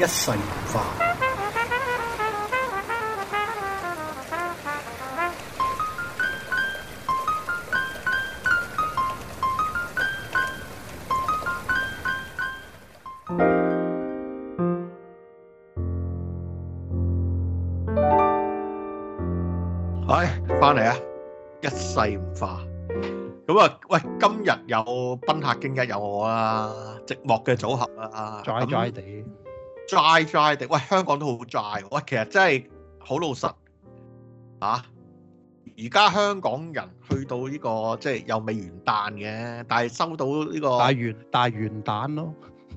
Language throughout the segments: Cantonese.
一世唔化。哎，翻嚟啊！一世唔化咁啊。喂，今日有賓客經一有我啊，寂寞嘅組合啊，拽拽地。dry dry 地喂，香港都好 dry，喂，其實真係好老實啊！而家香港人去到呢、這個即係又未元旦嘅，但係收到呢、這個大元大元旦咯，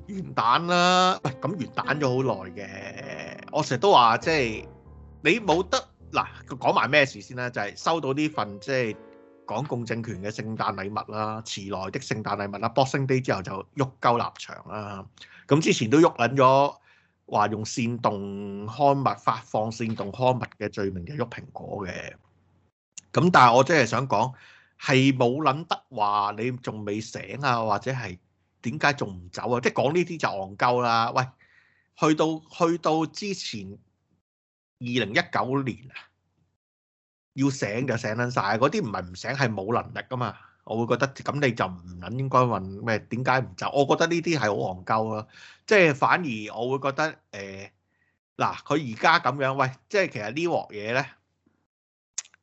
元旦啦！喂，咁元旦咗好耐嘅，我成日都話即係你冇得嗱，講埋咩事先啦？就係、是、收到呢份即係港共政權嘅聖誕禮物啦，遲來的聖誕禮物啦，boxing day 之後就喐鳩立場啦，咁之前都喐撚咗。話用煽動刊物、發放煽動刊物嘅罪名就喐蘋果嘅，咁但係我真係想講係冇諗得話你仲未醒啊，或者係點解仲唔走啊？即係講呢啲就戇鳩啦。喂，去到去到之前二零一九年啊，要醒就醒撚晒，嗰啲唔係唔醒，係冇能力啊嘛。我會覺得咁你就唔撚應該問咩？點解唔走？我覺得呢啲係好戇鳩啊，即係反而我會覺得誒嗱，佢而家咁樣，喂，即係其實呢鑊嘢咧，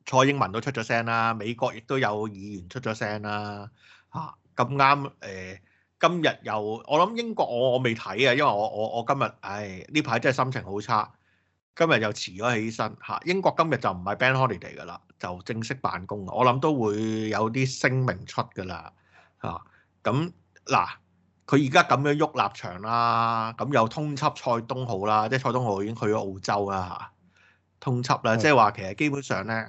蔡英文都出咗聲啦，美國亦都有議員出咗聲啦，嚇咁啱誒，今日又我諗英國我我未睇啊，因為我我我今日唉呢排真係心情好差，今日又遲咗起身嚇、啊，英國今日就唔係 bank holiday 噶啦。就正式辦公，我諗都會有啲聲明出㗎啦嚇。咁嗱，佢而家咁樣喐立場啦，咁、嗯、又通緝蔡東浩啦，即係蔡東浩已經去咗澳洲啦，通緝啦。即係話其實基本上呢，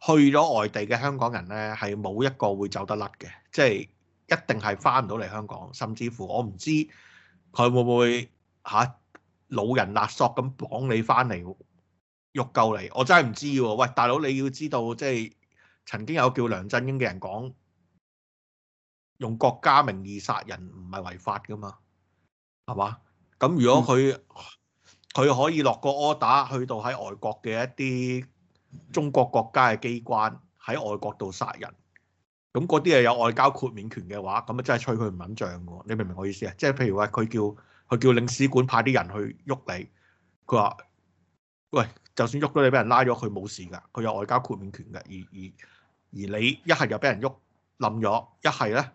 去咗外地嘅香港人呢，係冇一個會走得甩嘅，即係一定係翻唔到嚟香港，甚至乎我唔知佢會唔會嚇、啊、老人勒索咁綁你翻嚟喐夠你，我真係唔知喎、啊。喂，大佬，你要知道，即係曾經有叫梁振英嘅人講，用國家名義殺人唔係違法噶嘛，係嘛？咁如果佢佢可以落個 order 去到喺外國嘅一啲中國國家嘅機關喺外國度殺人，咁嗰啲係有外交豁免權嘅話，咁咪真係吹佢唔肯脹嘅喎？你明唔明我意思啊？即係譬如話，佢叫佢叫領事館派啲人去喐你，佢話喂。就算喐咗你，俾人拉咗佢冇事噶，佢有外交豁免權嘅，而而而你一係就俾人喐冧咗，一係咧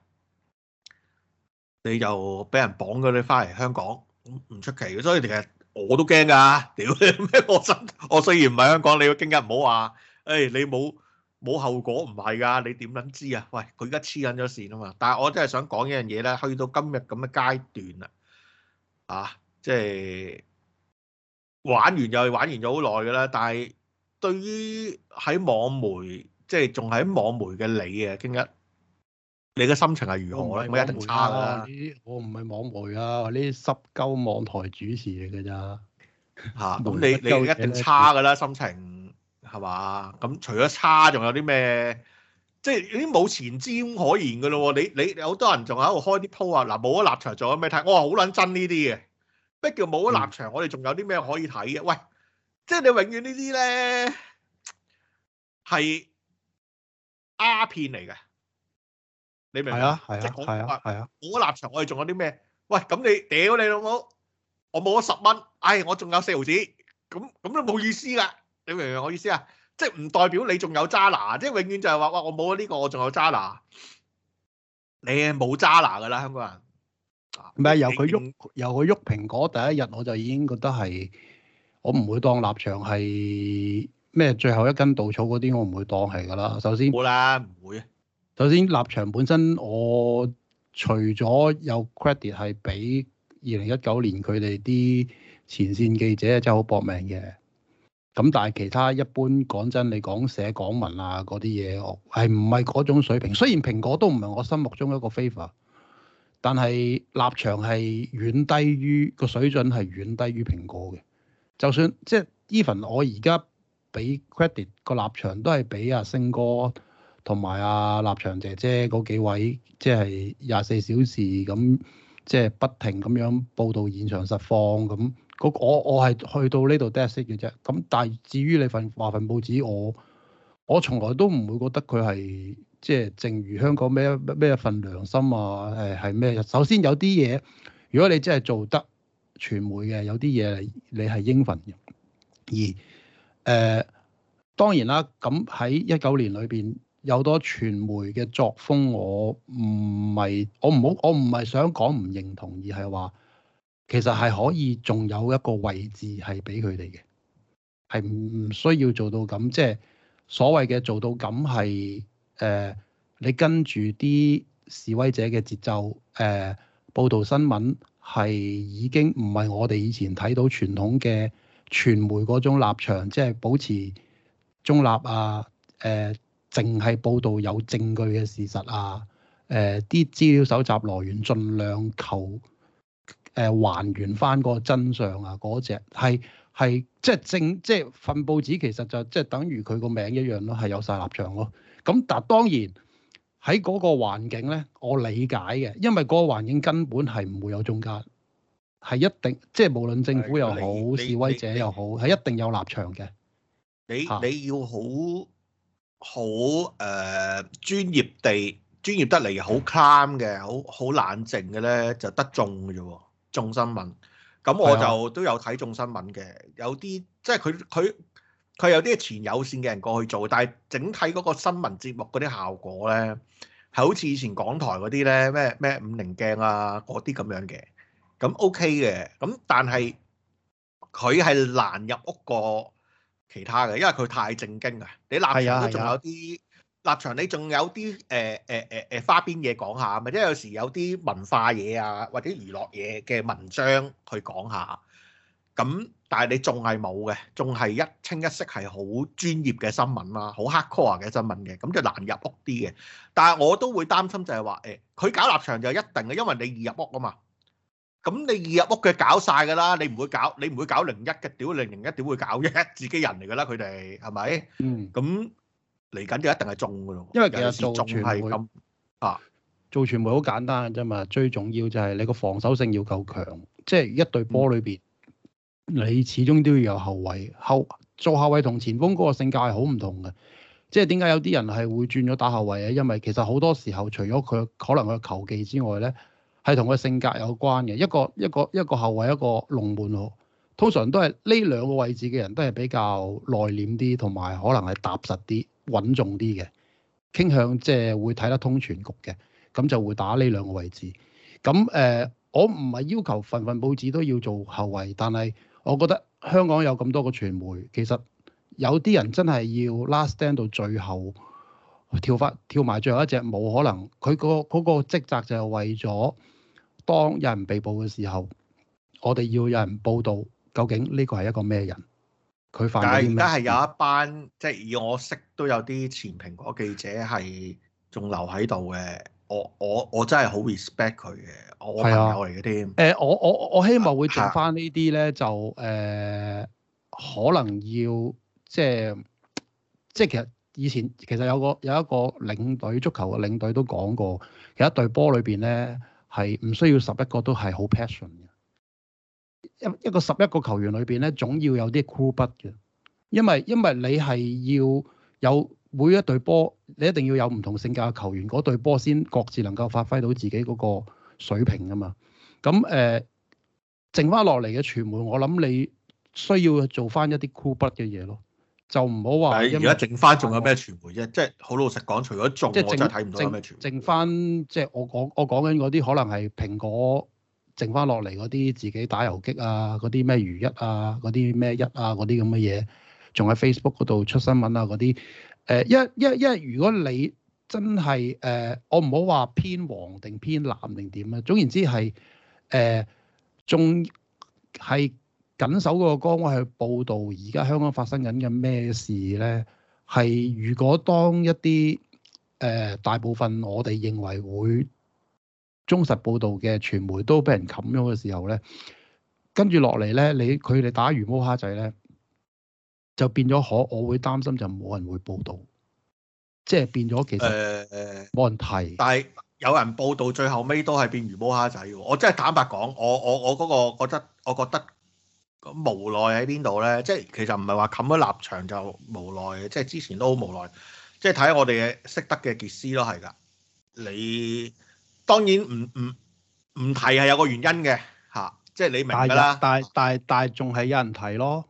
你就俾人綁咗你翻嚟香港，唔出奇嘅。所以其實我都驚噶，屌你咩我身，我雖然唔喺香港，你要驚一唔好話，誒你冇冇後果，唔係噶，你點撚知啊？喂，佢而家黐緊咗線啊嘛，但係我真係想講一樣嘢咧，去到今日咁嘅階段啦，啊，即係。玩完又係玩完咗好耐㗎啦，但係對於喺網媒，即係仲喺網媒嘅你啊，經一，你嘅心情係如何咧？我一定差㗎啦！我唔係網媒啊，啊啊我呢、啊、濕鳩網台主持嚟㗎咋嚇？咁、啊、 你你一定差㗎啦， 心情係嘛？咁除咗差，仲有啲咩？即係已經冇前瞻可言㗎咯喎！你你好多人仲喺度開啲鋪啊嗱，冇咗立場做，仲有咩睇？我話好撚憎呢啲嘅。咩叫冇咗立場？我哋仲有啲咩可以睇嘅？喂，即係你永遠呢啲咧係鴉片嚟嘅，你明唔明？係啊係啊係啊！冇咗立場，我哋仲有啲咩？喂，咁你屌你老母！我冇咗十蚊，唉，我仲有四毫子，咁咁都冇意思噶，你明唔明我意思啊？即係唔代表你仲有渣拿，即係永遠就係話哇，我冇咗呢個，我仲有渣拿。你係冇渣拿噶啦，香港人。唔係由佢喐，由佢喐蘋果第一日我就已經覺得係，我唔會當立場係咩最後一根稻草嗰啲，我唔會當係㗎喇。首先冇啦，唔會。首先立場本身，我除咗有 credit 係俾二零一九年佢哋啲前線記者真，真係好搏命嘅。咁但係其他一般講真，你講寫港文啊嗰啲嘢，我係唔係嗰種水平？雖然蘋果都唔係我心目中一個 favor。但係立場係遠低於個水準，係遠低於蘋果嘅，就算即係 even 我而家俾 credit 個立場都係俾阿星哥同埋阿立場姐姐嗰幾位，即係廿四小時咁即係不停咁樣報導現場實況咁。咁我我係去到呢度 dead seat 嘅啫。咁但係至於你份話份報紙，我我從來都唔會覺得佢係。即係正如香港咩咩一份良心啊，誒係咩？首先有啲嘢，如果你真係做得傳媒嘅，有啲嘢你係應份嘅。而誒、呃、當然啦，咁喺一九年裏邊有多傳媒嘅作風我，我唔係我唔好我唔係想講唔認同，而係話其實係可以仲有一個位置係俾佢哋嘅，係唔需要做到咁。即係所謂嘅做到咁係。誒、呃，你跟住啲示威者嘅節奏，誒、呃，報道新聞係已經唔係我哋以前睇到傳統嘅傳媒嗰種立場，即、就、係、是、保持中立啊，誒、呃，淨係報道有證據嘅事實啊，誒、呃，啲資料搜集來源盡量求誒還原翻個真相啊，嗰隻係係即係正即係份報紙，其實就即係等於佢個名一樣咯，係有晒立場咯。咁但當然喺嗰個環境呢，我理解嘅，因為嗰個環境根本係唔會有中間，係一定即係無論政府又好，示威者又好，係你一定有立場嘅。你你要好好誒專業地專業得嚟好 calm 嘅，好好的冷靜嘅呢，就得眾嘅啫喎，眾新聞。咁我就的都有睇眾新聞嘅，有啲即係佢佢。佢有啲係前有線嘅人過去做，但係整體嗰個新聞節目嗰啲效果咧，係好似以前港台嗰啲咧咩咩五菱鏡啊嗰啲咁樣嘅，咁 OK 嘅，咁但係佢係難入屋過其他嘅，因為佢太正經啊。你立場都仲有啲、啊啊、立場你你仲有啲誒誒誒誒花邊嘢講下，咪即係有時有啲文化嘢啊或者娛樂嘢嘅文章去講下。咁，但係你仲係冇嘅，仲係一清一色係好專業嘅新聞啦，好 hard core 嘅新聞嘅，咁就難入屋啲嘅。但係我都會擔心就係話，誒，佢搞立場就係一定嘅，因為你易入屋啊嘛。咁你易入屋嘅搞曬㗎啦，你唔會搞，你唔會搞零一嘅，屌零零一點會搞啫，自己人嚟㗎啦，佢哋係咪？嗯。咁嚟緊就一定係中㗎咯。因為有時仲係咁啊，做傳媒好簡單嘅啫嘛，最重要就係你個防守性要夠強，即係一隊波裏邊。你始終都要有後衛，後做後衛同前鋒嗰個性格係好唔同嘅，即係點解有啲人係會轉咗打後衛啊？因為其實好多時候除，除咗佢可能佢球技之外咧，係同佢性格有關嘅。一個一個一個後衛，一個龍門佬，通常都係呢兩個位置嘅人都係比較內斂啲，同埋可能係踏實啲、穩重啲嘅，傾向即係會睇得通全局嘅，咁就會打呢兩個位置。咁誒、呃，我唔係要求份份報紙都要做後衛，但係我覺得香港有咁多個傳媒，其實有啲人真係要 last stand 到最後跳翻跳埋最後一隻，冇可能。佢，嗰個嗰，嗰個職責就係為咗當有人被捕嘅時候，我哋要有人報導究竟呢個係一個咩人？但係而家係有一班即係，即係，以我識都有啲前蘋果記者係仲留喺度嘅。我我我真係好 respect 佢嘅，我朋友嚟嘅添。誒、啊呃，我我我希望會做翻呢啲咧，就誒、呃、可能要即係即係其實以前其實有個有一個領隊足球嘅領隊都講過，其實有一隊波裏邊咧係唔需要十一個都係好 passion 嘅，一一個十一個球員裏邊咧總要有啲 cool 筆嘅，因為因為你係要有。每一隊波，你一定要有唔同性格嘅球員，嗰隊波先各自能夠發揮到自己嗰個水平啊嘛。咁誒、呃，剩翻落嚟嘅傳媒，我諗你需要做翻一啲酷筆嘅嘢咯，就唔好話。而家剩翻仲有咩傳媒啫？即係好老實講，除咗作，即係睇唔到咩傳媒剩剩剩翻，即係我講我講緊嗰啲，可能係蘋果剩翻落嚟嗰啲自己打遊擊啊，嗰啲咩如一啊，嗰啲咩一啊，嗰啲咁嘅嘢，仲喺 Facebook 嗰度出新聞啊嗰啲。誒一一一，uh, yeah, yeah, 如果你真係誒，uh, 我唔好話偏黃定偏藍定點啊，總言之係誒，仲、uh, 係緊守個崗位去報導而家香港發生緊嘅咩事咧？係如果當一啲誒、uh, 大部分我哋認為會忠實報導嘅傳媒都俾人冚咗嘅時候咧，跟住落嚟咧，你佢哋打魚毛蝦仔咧？就變咗可，我會擔心就冇人會報道，即係變咗其實冇人提、呃。但係有人報道，最後尾都係變魚毛蝦仔。我真係坦白講，我我我嗰個覺得，我覺得無奈喺邊度咧？即係其實唔係話冚咗立場就無奈，即係之前都好無奈。即係睇我哋嘅識得嘅傑斯咯，係㗎。你當然唔唔唔提係有個原因嘅嚇、啊，即係你明㗎啦。但但但仲係有人睇咯。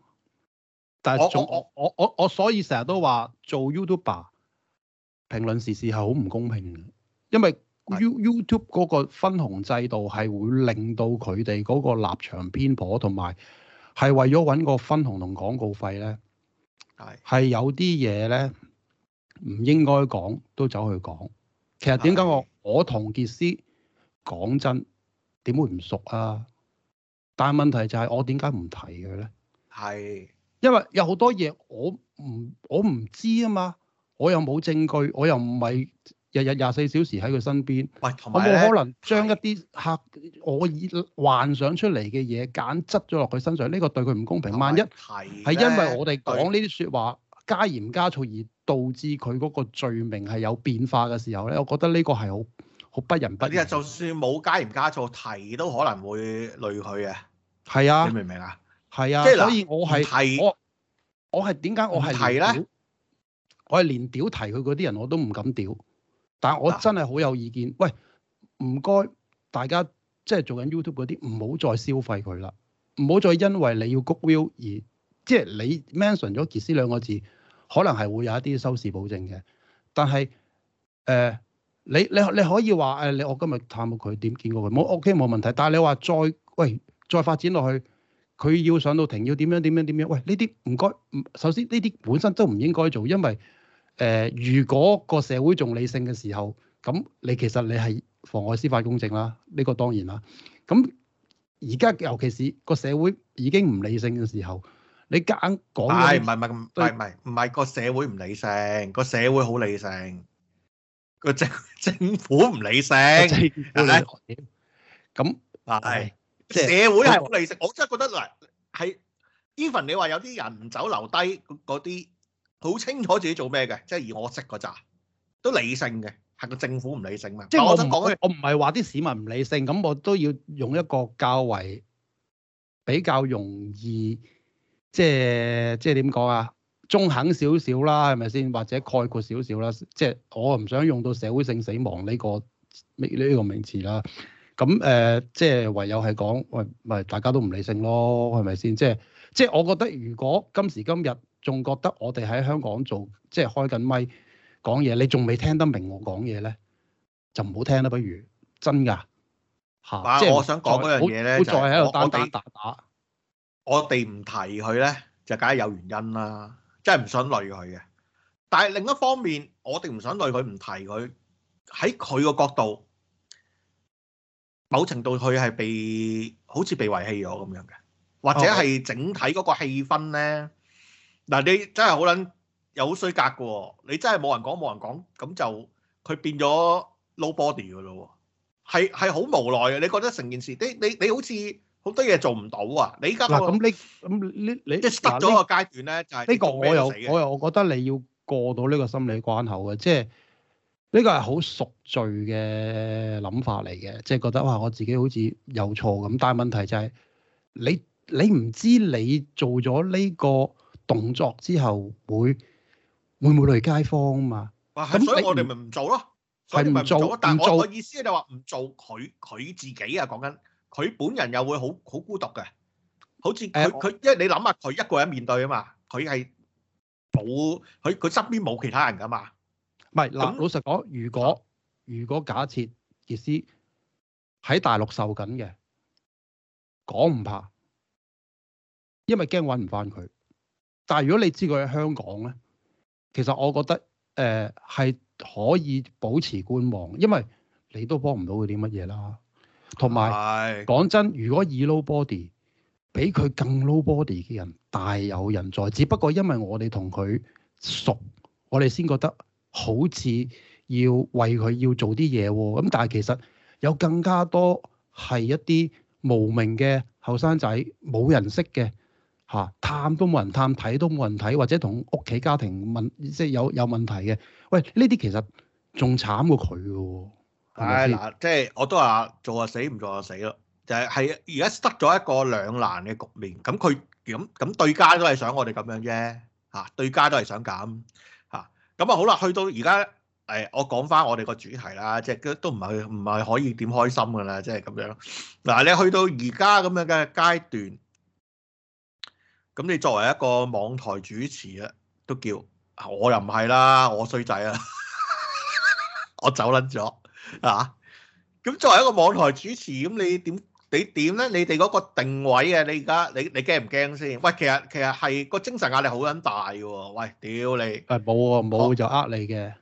但係我我我我所以成日都話做 YouTuber 評論時事係好唔公平嘅，因為 You 是的 YouTube 嗰個分紅制度係會令到佢哋嗰個立場偏頗，同埋係為咗揾個分紅同廣告費呢係係是的 有啲嘢呢唔應該講都走去講。其實點解我是的 我同傑斯講真點會唔熟啊？但係問題就係我點解唔提佢呢？係。因為有好多嘢我唔我唔知啊嘛，我又冇證據，我又唔係日日廿四小時喺佢身邊，我冇有可能將一啲客提我以幻想出嚟嘅嘢揀執咗落佢身上，呢個對佢唔公平。萬一係因為我哋講呢啲説話對加鹽加醋而導致佢嗰個罪名係有變化嘅時候咧，我覺得呢個係好好不仁不義。其實就算冇加鹽加醋，提都可能會累佢嘅。係啊，你明唔明啊？係啊，所以我係提我我係點解我係屌？我係連,連屌提佢嗰啲人我都唔敢屌，但係我真係好有意見。喂，唔該大家即係做緊 YouTube 嗰啲，唔好再消費佢啦，唔好再因為你要 Google 而即係你 mention 咗傑斯兩個字，可能係會有一啲收視保證嘅。但係誒、呃，你你你可以話誒、呃，你我今日探過佢點，見過佢冇 OK，冇問題。但係你話再喂再發展落去。佢要上到庭，要點樣點樣點樣？喂，呢啲唔該，首先呢啲本身都唔應該做，因為誒，如果個社會仲理性嘅時候，咁你其實你係妨礙司法公正啦，呢個當然啦。咁而家尤其是個社會已經唔理性嘅時候，你夾硬講，唔係唔係唔係唔係，唔係個社會唔理性，個社會好理性，個政政府唔理性，咁係。就係、社會係好理性， 我真係覺得嗱，喺 Even 你話有啲人唔走留低嗰啲，好清楚自己做咩嘅，即係而我識嗰扎都理性嘅，係個政府唔理性嘛。即係我想講我唔係話啲市民唔理性，咁我都要用一個較為比較容易，即係即係點講啊？中肯少少啦，係咪先？或者概括少少啦，即係我唔想用到社會性死亡呢、呢個呢呢、呢個名詞啦。咁誒、嗯呃，即係唯有係講，喂，咪大家都唔理性咯，係咪先？即係即係，我覺得如果今時今日仲覺得我哋喺香港做，即係開緊咪講嘢，你仲未聽得明我講嘢咧，就唔好聽啦。不如真㗎嚇，啊、即係是我想講嗰樣嘢咧、就是，就我哋我哋唔提佢咧，就梗係有原因啦，即係唔想累佢嘅。但係另一方面，我哋唔想累佢，唔提佢，喺佢個角度。某程度佢係被好似被遺棄咗咁樣嘅，或者係整體嗰個氣氛咧。嗱，你真係好撚有衰格嘅喎！你真係冇人講冇人講，咁就佢變咗 nobody 嘅咯喎，係係好無奈嘅。你覺得成件事，你你你好似好多嘢做唔到啊！你而家嗱咁你咁你你嗱，即係失咗個階段咧，就係呢個我又我又我覺得你要過到呢個心理關口嘅，即係。呢個係好贖罪嘅諗法嚟嘅，即係覺得哇，我自己好似有錯咁。但係問題就係你你唔知你做咗呢個動作之後會會唔會累街坊啊嘛？咁所以我哋咪唔做咯，係唔做，唔做。但係我嘅意思就話唔做佢佢自己啊，講緊佢本人又會好好孤獨嘅，好似佢佢因為你諗下佢一個人面對啊嘛，佢係冇佢佢側邊冇其他人噶嘛。唔係嗱，老實講，如果如果假設杰斯喺大陸受緊嘅，講唔怕，因為驚揾唔翻佢。但係如果你知佢喺香港咧，其實我覺得誒係、呃、可以保持觀望，因為你都幫唔到佢啲乜嘢啦。同埋係講真，如果以 nobody 比佢更 nobody 嘅人大有人在，只不過因為我哋同佢熟，我哋先覺得。好似要為佢要做啲嘢喎，咁但係其實有更加多係一啲無名嘅後生仔，冇人識嘅嚇，探都冇人探，睇都冇人睇，或者同屋企家庭問即係有有問題嘅。喂，呢啲其實仲慘過佢嘅喎。係嗱、哎，即係我都話做啊死唔做啊死咯，就係係而家得咗一個兩難嘅局面。咁佢咁咁對家都係想我哋咁樣啫嚇，對家都係想咁。咁啊好啦，去到而家，誒、哎、我講翻我哋個主題啦，即係都唔係唔係可以點開心噶啦，即係咁樣。嗱你去到而家咁樣嘅階段，咁你作為一個網台主持啊，都叫我又唔係啦，我衰仔啊， 我走撚咗啊！咁作為一個網台主持，咁你點？你點咧？你哋嗰個定位啊！你而家你你驚唔驚先？喂，其實其實係個精神壓力好撚大嘅喎。喂，屌你！誒冇喎，冇就呃你嘅，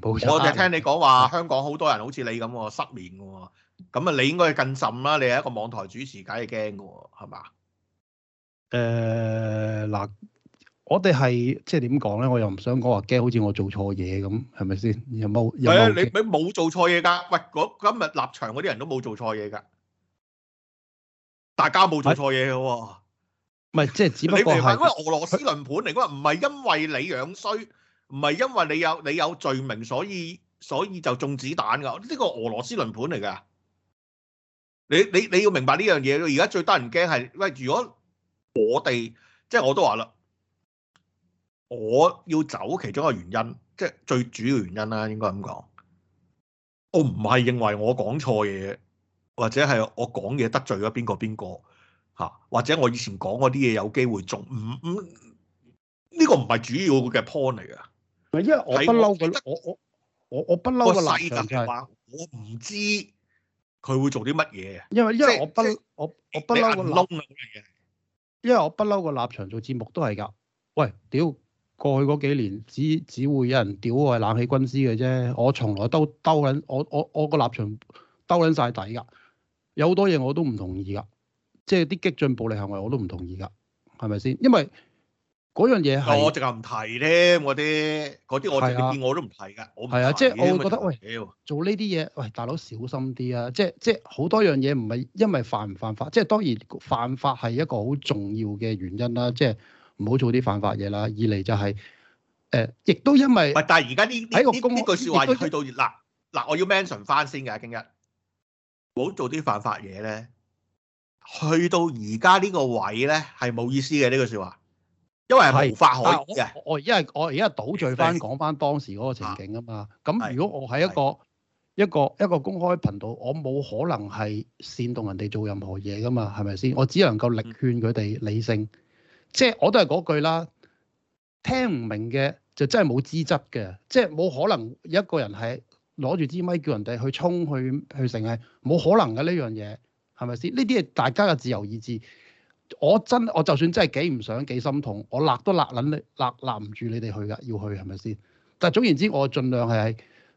冇就。我就聽你講話，香港好多人好似你咁喎，失眠嘅喎。咁啊，你應該係更甚啦。你係一個網台主持，梗係驚嘅喎，係嘛？誒嗱，我哋係即係點講咧？我又唔想講話驚，好似我做錯嘢咁，係咪先？有冇？有啊，你你冇做錯嘢㗎。喂，嗰今日立場嗰啲人都冇做錯嘢㗎。大家冇做錯嘢㗎喎，唔係，即係只不過係你唔係嗰個俄羅斯輪盤嚟，嗰個唔係因為你樣衰，唔係因為你有你有罪名，所以所以就中子彈㗎，呢個俄羅斯輪盤嚟㗎。你你你要明白呢樣嘢咯。而家最得人驚係，喂，如果我哋即係我都話啦，我要走其中一個原因，即係最主要原因啦，應該咁講。我唔係認為我講錯嘢。或者係我講嘢得罪咗邊個邊個嚇？或者我以前講嗰啲嘢有機會中，唔唔呢個唔係主要嘅 point 嚟噶。唔係因為我不嬲個我我我我，我不嬲個立場我唔知佢會做啲乜嘢啊。因為因為我不嬲我我不嬲個立，因為我不嬲個立場做節目都係噶。喂，屌，過去嗰幾年只只會有人屌我係冷氣軍師嘅啫。我從來都兜撚我我我個立場兜撚晒底㗎。有好多嘢我都唔同意噶，即係啲激進暴力行為我都唔同意噶，係咪先？因為嗰樣嘢係我淨係唔提咧，我啲嗰啲我淨係見我都唔提噶，我係啊，即係我會覺得、就是、喂，做呢啲嘢，喂大佬小心啲啊！即係即係好多樣嘢唔係因為犯唔犯法，即係當然犯法係一個好重要嘅原因啦，即係唔好做啲犯法嘢啦。二嚟就係、是、誒、亦、呃、都因為喂，但係而家呢喺呢呢句說話去到熱辣。嗱，我要 mention 翻先噶、啊啊，今日。冇做啲犯法嘢咧，去到而家呢個位咧係冇意思嘅呢個說話，因為係冇法可言嘅。我而家我而家倒敘翻講翻當時嗰個情景啊嘛。咁的如果我喺一個的一個一個公開頻道，我冇可能係煽動人哋做任何嘢噶嘛，係咪先？我只能夠力勸佢哋理性，嗯、即係我都係嗰句啦。聽唔明嘅就真係冇資質嘅，即係冇可能一個人係。攞住支咪叫人哋去衝去去成係冇可能嘅呢樣嘢，係咪先？呢啲係大家嘅自由意志。我真，我就算真係幾唔想、幾心痛，我勒都勒撚你勒勒唔住你哋去噶，要去係咪先？但總言之，我盡量係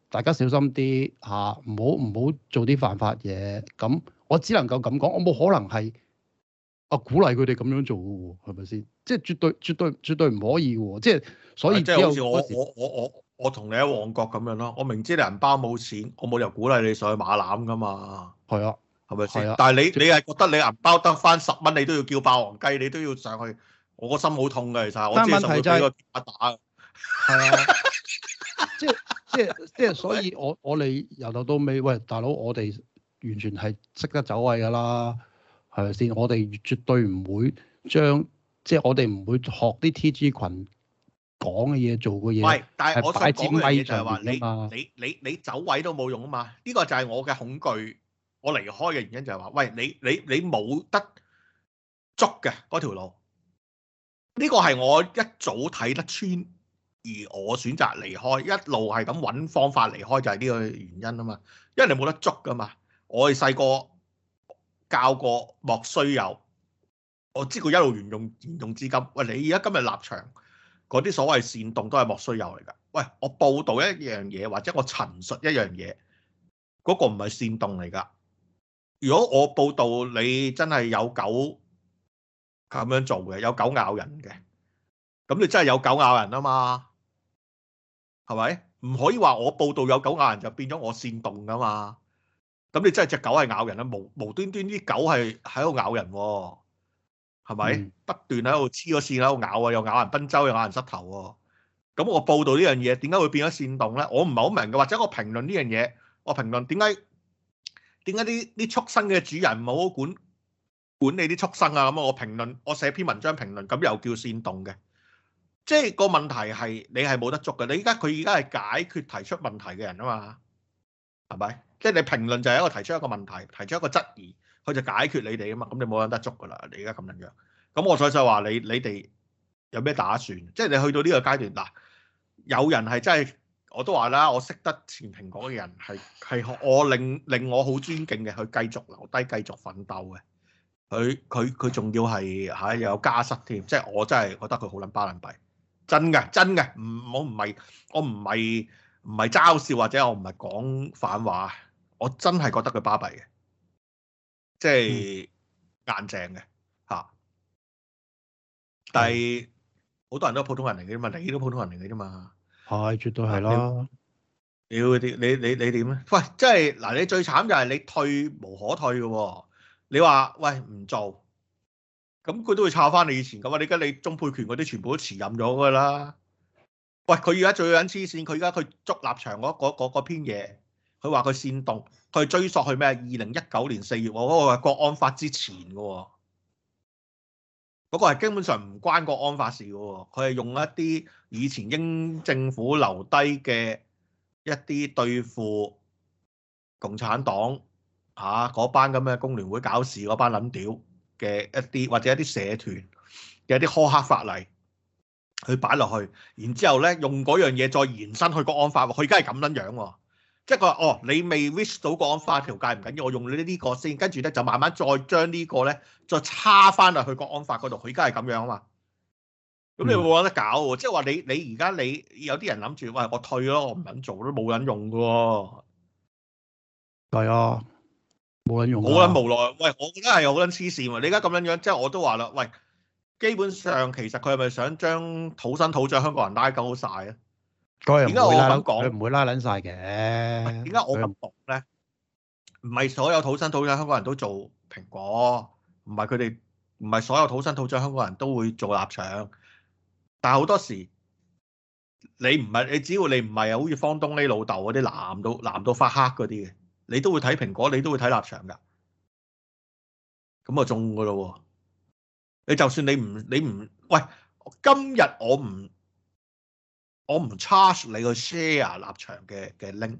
大家小心啲吓，唔好唔好做啲犯法嘢。咁我只能夠咁講，我冇可能係啊鼓勵佢哋咁樣做嘅喎，係咪先？即係絕對、絕對、絕對唔可以喎。即係所以只有我我我我。我同你喺旺角咁樣咯，我明知你銀包冇錢，我冇理由鼓勵你上去馬攬噶嘛？係啊，係咪先？啊、但係你即你係覺得你銀包得翻十蚊，你都要叫霸王雞，你都要上去？我個心好痛嘅，其實我知。但係問題就係、是、打。係啊， 即係即係即係，所以我我哋由頭到尾，喂大佬，我哋完全係識得走位噶啦，係咪先？我哋絕對唔會將即係我哋唔會學啲 TG 群。講嘅嘢，做嘅嘢，唔係，但係我想講嘅嘢就係話你你你你走位都冇用啊嘛。呢個就係我嘅恐懼，我離開嘅原因就係話，喂，你你你冇得捉嘅嗰條路，呢個係我一早睇得穿，而我選擇離開，一路係咁揾方法離開就係呢個原因啊嘛。因為你冇得捉噶嘛。我哋細個教過莫須有，我知佢一路沿用沿用至今。喂，你而家今日立場？嗰啲所謂煽動都係莫須有嚟㗎。喂，我報道一樣嘢或者我陳述一樣嘢，嗰個唔係煽動嚟㗎。如果我報道你真係有狗咁樣做嘅，有狗咬人嘅，咁你真係有狗咬人啊嘛？係咪？唔可以話我報道有狗咬人就變咗我煽動㗎嘛？咁你真係隻狗係咬人啊？無無端端啲狗係喺度咬人喎。係咪不斷喺度黐個線喺度咬啊？又咬人賓周，又咬人膝頭喎。咁我報道呢樣嘢，點解會變咗煽動咧？我唔係好明嘅，或者我評論呢樣嘢，我評論點解點解啲啲畜生嘅主人唔係好管管理啲畜生啊？咁我評論，我寫篇文章評論，咁又叫煽動嘅。即係個問題係你係冇得捉嘅。你依家佢依家係解決提出問題嘅人啊嘛，係咪？即係你評論就係一個提出一個問題，提出一個質疑。佢就解決你哋啊嘛，咁你冇得捉噶啦！你而家咁樣樣，咁我所以就話你，你哋有咩打算？即係你去到呢個階段，嗱，有人係真係，我都話啦，我識得前蘋果嘅人係係我令令我好尊敬嘅，去繼續留低，繼續奮鬥嘅。佢佢佢仲要係嚇、啊、有家室添，即係我真係覺得佢好撚巴撚閉，真嘅真嘅，唔我唔係我唔係唔係嘲笑或者我唔係講反話，我真係覺得佢巴閉嘅。即係硬淨嘅，嚇！但係好多人都係普通人嚟嘅啫嘛，你都普通人嚟嘅啫嘛，係、嗯、絕對係啦。你會點？你你你點咧？喂，即係嗱，你最慘就係你退無可退嘅喎、哦。你話喂唔做，咁佢都會炒翻你以前嘅嘛。你而家你中配權嗰啲全部都辭任咗嘅啦。喂，佢而家最緊黐線，佢而家佢捉立場嗰篇嘢。佢話佢煽動，佢追溯去咩？二零一九年四月，嗰、那個係國安法之前嘅，嗰、那個係根本上唔關國安法事嘅。佢係用一啲以前英政府留低嘅一啲對付共產黨嚇嗰、啊、班咁嘅工聯會搞事嗰班撚屌嘅一啲，或者一啲社團嘅一啲苛刻法例去擺落去，然之後咧用嗰樣嘢再延伸去國安法。佢而家係咁樣樣喎。即係佢話哦，你未 reach 到國安法條界唔緊要，我用你、呢個、呢個先，跟住咧就慢慢再將個呢個咧再差翻落去國安法嗰度，佢而家係咁樣嘛？咁你會冇得搞喎！即係話你你而家你有啲人諗住喂，我退咯，我唔肯做都冇人用嘅喎。係啊，冇、啊、人用。冇、啊、人無奈，喂！我覺得係好撚黐線喎！你而家咁樣樣，即、就、係、是、我都話啦，喂，基本上其實佢係咪想將土生土長香港人拉鳩晒啊？點解我咁講？佢唔會拉捻晒嘅。點解我咁搏咧？唔係所有土生土長香港人都做蘋果，唔係佢哋唔係所有土生土長香港人都會做立場。但係好多時，你唔係你，只要你唔係啊，好似方東尼老豆嗰啲藍到藍到發黑嗰啲嘅，你都會睇蘋果，你都會睇立場噶。咁啊，中噶咯。你就算你唔你唔喂，今日我唔。我唔 charge 你個 share 立場嘅嘅 link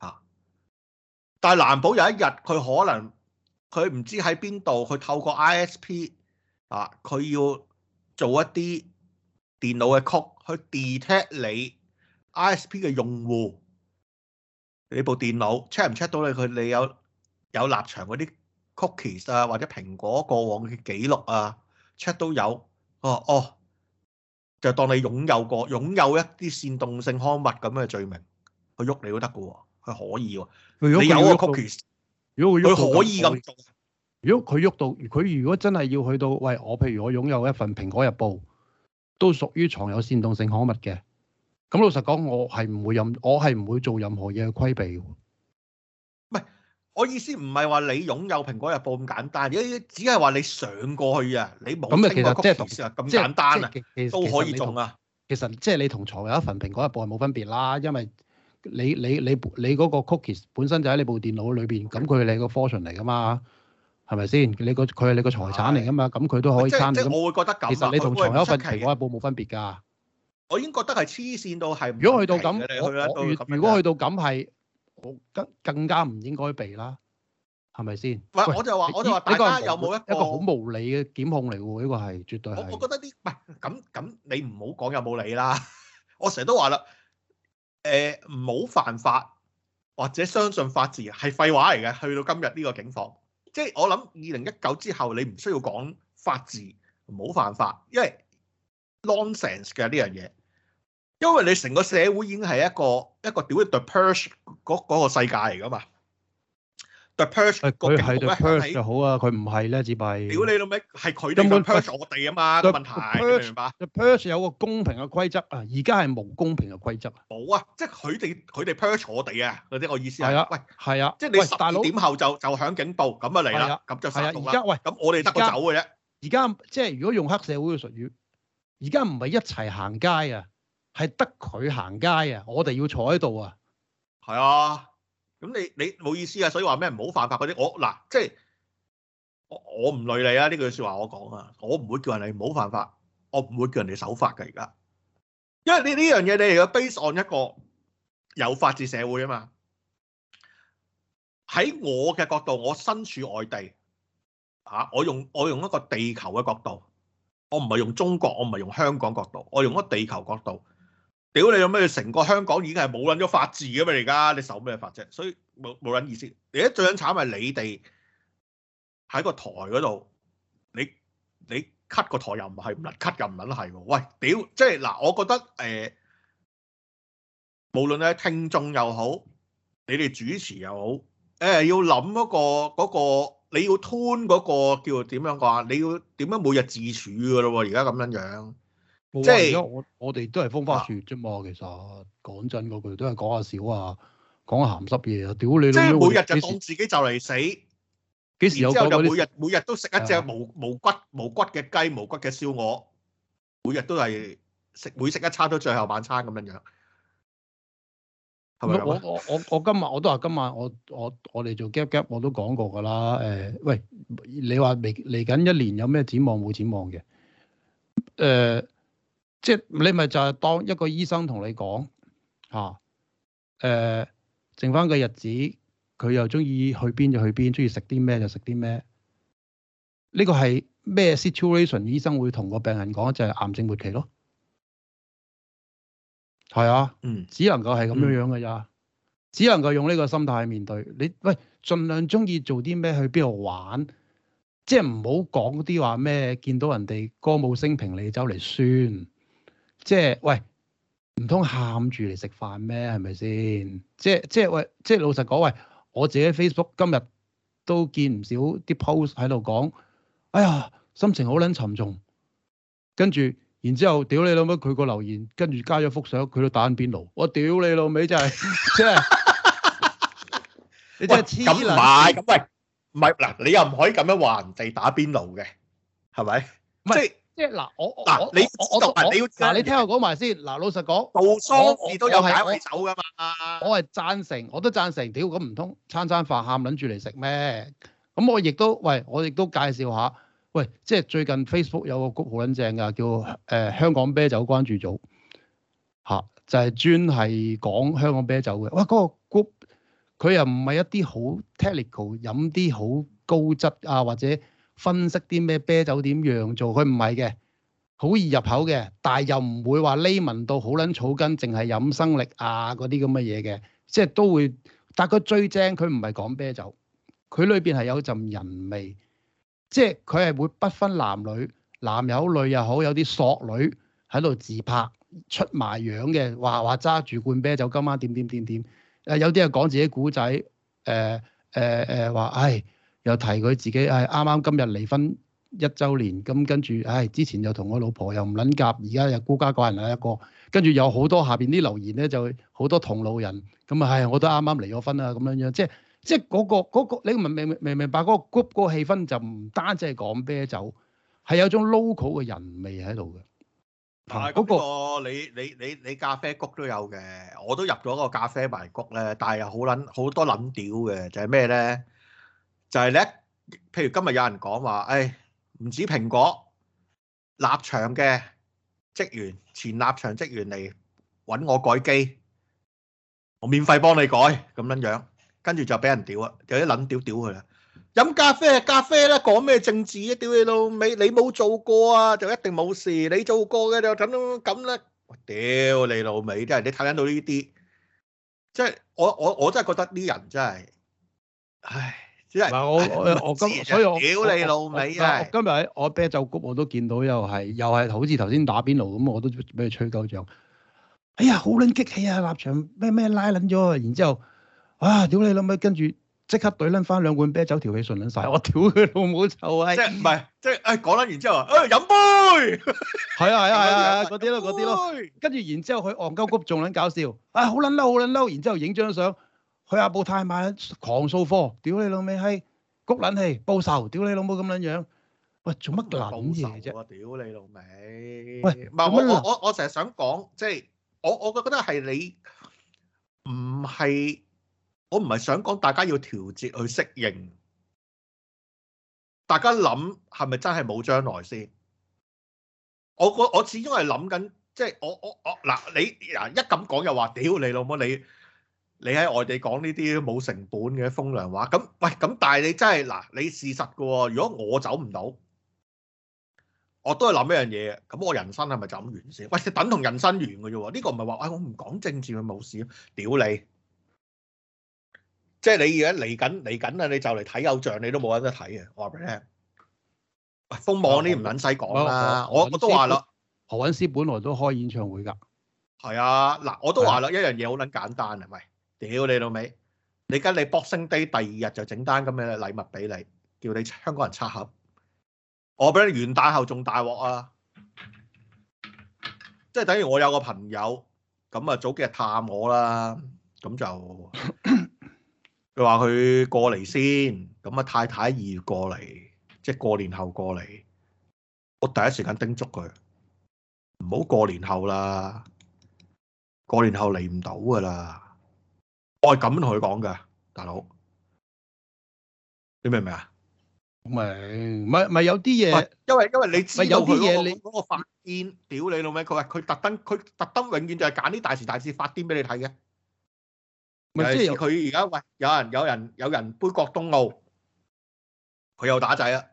嚇、啊，但係難保有一日佢可能佢唔知喺邊度，佢透過 ISP 啊，佢要做一啲電腦嘅 code 去 detect 你 ISP 嘅用戶，你部電腦 check 唔 check 到你，佢你有有立場嗰啲 cookies 啊，或者蘋果過往嘅記錄啊，check 都有哦、啊、哦。就當你擁有過擁有一啲煽動性刊物咁嘅罪名，佢喐你都得嘅喎，佢可以喎、哦。可以如果你有個 cookie，如果佢喐，佢可以咁做。如果佢喐到，佢如果真係要去到，喂，我譬如我擁有一份《蘋果日報》，都屬於藏有煽動性刊物嘅。咁老實講，我係唔會任，我係唔會做任何嘢去規避。我意思唔係話你擁有蘋果日報咁簡單，只係話你上過去啊，你冇蘋果 cookies 咁簡單啊，都可以用啊。其實即係你同藏有一份蘋果日報係冇分別啦，因為你你你你嗰個 cookies 本身就喺你部電腦裏邊，咁佢係你個 fortune 嚟㗎嘛，係咪先？你個佢係你個財產嚟㗎嘛，咁佢都可以攤。即我會覺得咁其實你同藏有一份蘋果日報冇分別㗎。我已經覺得係黐線到係。如果去到咁，如如果去到咁係。更更加唔應該避啦，係咪先？喂，我就話，我就話，就大家有冇一個一個好無理嘅檢控嚟㗎？呢個係絕對係。我覺得呢，唔咁咁，你唔好講有冇理啦。 我成日都話啦，誒唔好犯法，或者相信法治係廢話嚟嘅。去到今日呢個境況，即係我諗二零一九之後，你唔需要講法治，唔好犯法，因為 nonsense 嘅呢樣嘢。因為你成個社會已經係一個一個屌嘅 deperch 嗰嗰個世界嚟噶嘛？deperch 佢係 deperch 就好啊，佢唔係咧，只咪屌你老味，係佢哋根本 perch 我哋啊嘛？問題明白？perch 有個公平嘅規則啊，而家係冇公平嘅規則。冇啊，即係佢哋佢哋 perch 我哋啊！嗰啲我意思係，喂，係啊，即係你十二點後就就響警報咁啊嚟啦，咁就殺毒啦。而家喂，咁我哋得個走嘅啫。而家即係如果用黑社會嘅術語，而家唔係一齊行街啊！係得佢行街啊！我哋要坐喺度啊！係啊！咁你你冇意思啊！所以話咩唔好犯法嗰啲，我嗱即係我我唔累你啊！呢句說話我講啊！我唔會叫人哋唔好犯法，我唔會叫人哋守法噶。而家因為呢呢樣嘢，你哋要 base on 一個有法治社會啊嘛，喺我嘅角度，我身處外地吓，啊，我用我用一個地球嘅角度，我唔係用中國，我唔係用香港角度，我用一個地球角度。屌你有咩？成個香港已經係冇撚咗法治噶嘛？而家你守咩法啫？所以冇冇撚意思。而家最撚慘係你哋喺個台嗰度，你你 cut 個台又唔係唔撚 cut 又唔撚係喎。喂，屌！即係嗱，我覺得誒、呃，無論咧聽眾又好，你哋主持又好，誒、呃、要諗嗰、嗰個、嗰個、你要吞 u、嗰、嗰個叫點樣講啊？你要點樣每日自處噶咯？而家咁樣樣。即係我我哋都係風花雪啫嘛。其實講真嗰句，都係講下笑啊，講下鹹濕嘢啊。屌你！即係每日就當自己就嚟死，幾時有講嗰啲？之後就每日每日都食一隻冇冇骨冇骨嘅雞，冇骨嘅燒鵝，每日都係食每食一餐都最後晚餐咁樣樣係咪啊？我我我我今日我都話，今晚我我我哋做 gap gap 我都講過㗎啦。誒，喂，你話嚟嚟緊一年有咩展望冇展望嘅？誒。即係你咪就係當一個醫生同你講吓，誒、啊呃，剩翻個日子，佢又中意去邊就去邊，中意食啲咩就食啲咩。呢個係咩 situation？醫生會同個病人講就係、是、癌症末期咯，係啊，嗯，只能夠係咁樣樣㗎咋，嗯、只能夠用呢個心態去面對。你喂，盡量中意做啲咩，去邊度玩，即係唔好講啲話咩，見到人哋歌舞昇平，你走嚟酸。即係喂，唔通喊住嚟食飯咩？係咪先？即係即係喂，即係老實講喂，我自己 Facebook 今日都見唔少啲 post 喺度講，哎呀，心情好撚沉重。跟住，然之後，屌你老母佢個留言，跟住加咗幅相，佢都打緊邊爐。我屌你老味，真係，即係， 你真係黐咁唔係，咁咪唔係嗱？你又唔可以咁樣話人哋打邊爐嘅，係咪？唔係是。 嗱，我嗱你我都嗱你要嗱，你聽我講埋先。嗱老實講，杜蘇，我都有飲酒噶嘛。我係贊成，我都贊成。屌咁唔通餐餐飯喊撚住嚟食咩？咁我亦都喂，我亦都介紹下。喂，即係最近 Facebook 有個 group 好撚正㗎，叫誒、呃、香港啤酒關注組。嚇、啊，就係、是、專係講香港啤酒嘅。哇，嗰、那個 group 佢又唔係一啲好 technical，飲啲好高質啊或者。分析啲咩啤酒點樣做？佢唔係嘅，好易入口嘅，但係又唔會話匿聞到好撚草根，淨係飲生力啊嗰啲咁嘅嘢嘅，即係都會。但佢最正，佢唔係講啤酒，佢裏邊係有陣人味，即係佢係會不分男女，男又好女又好，有啲索女喺度自拍出埋樣嘅，話話揸住罐啤酒今晚點點點點。誒有啲係講自己古仔，誒誒誒話，唉。又提佢自己，唉，啱啱今日離婚一週年，咁跟住，唉，之前又同我老婆又唔撚夾，而家又孤家寡人啊一個，跟住有好多下邊啲留言咧，就好多同路人，咁啊，唉，我都啱啱離咗婚啦，咁樣樣，即係即係嗰個嗰個，你明明明明白嗰個 group 個氣氛就唔單止係講啤酒，係有種 local 嘅人味喺度嘅。但係嗰個、嗯、嗰個、嗰個、你你你你咖啡谷都有嘅，我都入咗個咖啡埋谷咧，但係又好撚好多撚屌嘅，就係咩咧？就係咧，譬如今日有人講話，誒唔止蘋果立場嘅職員、前立場職員嚟揾我改機，我免費幫你改咁樣樣，跟住就俾人屌啊，有啲撚屌屌佢啦。飲咖啡係咖啡啦，講咩政治啊？屌你老味，你冇做過啊，就一定冇事。你做過嘅就咁咁啦。我屌你老味，啲人你睇緊到呢啲，即係我我我真係覺得啲人真係，唉。我我今，所以我屌你老味！真今日喺我啤酒局我都見到又係又係好似頭先打邊爐咁，我都俾佢吹鳩脹。哎呀，好撚激氣啊！立場咩咩拉撚咗，然之後啊，屌你老母，跟住即刻隊撚翻兩罐啤酒，條氣順撚晒。我屌佢老母臭閪！即係唔係？即係誒講撚，然之後誒飲杯。係啊係啊係啊，嗰啲咯嗰啲咯。跟住然之後佢戇鳩谷仲撚搞笑，啊好撚嬲好撚嬲，然之後影張相。佢阿布泰買狂掃貨，屌你老味閪，谷撚氣報仇，屌你老母咁撚樣，喂做乜撚嘢啫？我屌你老味！喂，唔係我我我我成日想講，即係我我覺覺得係你唔係，我唔係想講大家要調節去適應，大家諗係咪真係冇將來先？我個我始終係諗緊，即係我我我嗱你嗱一咁講又話屌你老母你。你喺外地講呢啲冇成本嘅風涼話，咁喂咁，但係你真係嗱，你事實㗎喎。如果我走唔到，我都係諗一樣嘢，咁我人生係咪就咁完先？喂，等同人生完㗎啫。呢個唔係話，唉，我唔講政治咪冇事，屌你！即係你而家嚟緊嚟緊啦，你就嚟睇偶像，你都冇得睇嘅我話畀你聽，封網啲唔撚使講啦。我我都話啦，何韻詩本來都開演唱會㗎。係啊，嗱，我都話啦，一樣嘢好撚簡單係咪？屌你老味！你跟你 Boxing Day，第二日就整單咁嘅禮物俾你，叫你香港人拆盒。我俾你元旦後仲大鑊啊！即係等於我有個朋友咁啊，早幾日探我啦，咁就佢話佢過嚟先，咁啊太太二月過嚟，即係過年後過嚟。我第一時間叮囑佢唔好過年後啦，過年後嚟唔到噶啦。我係咁同佢講嘅，大佬，你明唔明啊？明，唔係，唔係有啲嘢，因為因為你知有啲嘢，你嗰個發癲，屌你老味！佢話佢特登，佢特登，永遠就係揀啲大事、大事發癲俾你睇嘅。咪即係佢而家喂，有人有人有人杯葛冬奧，佢又打仔啦，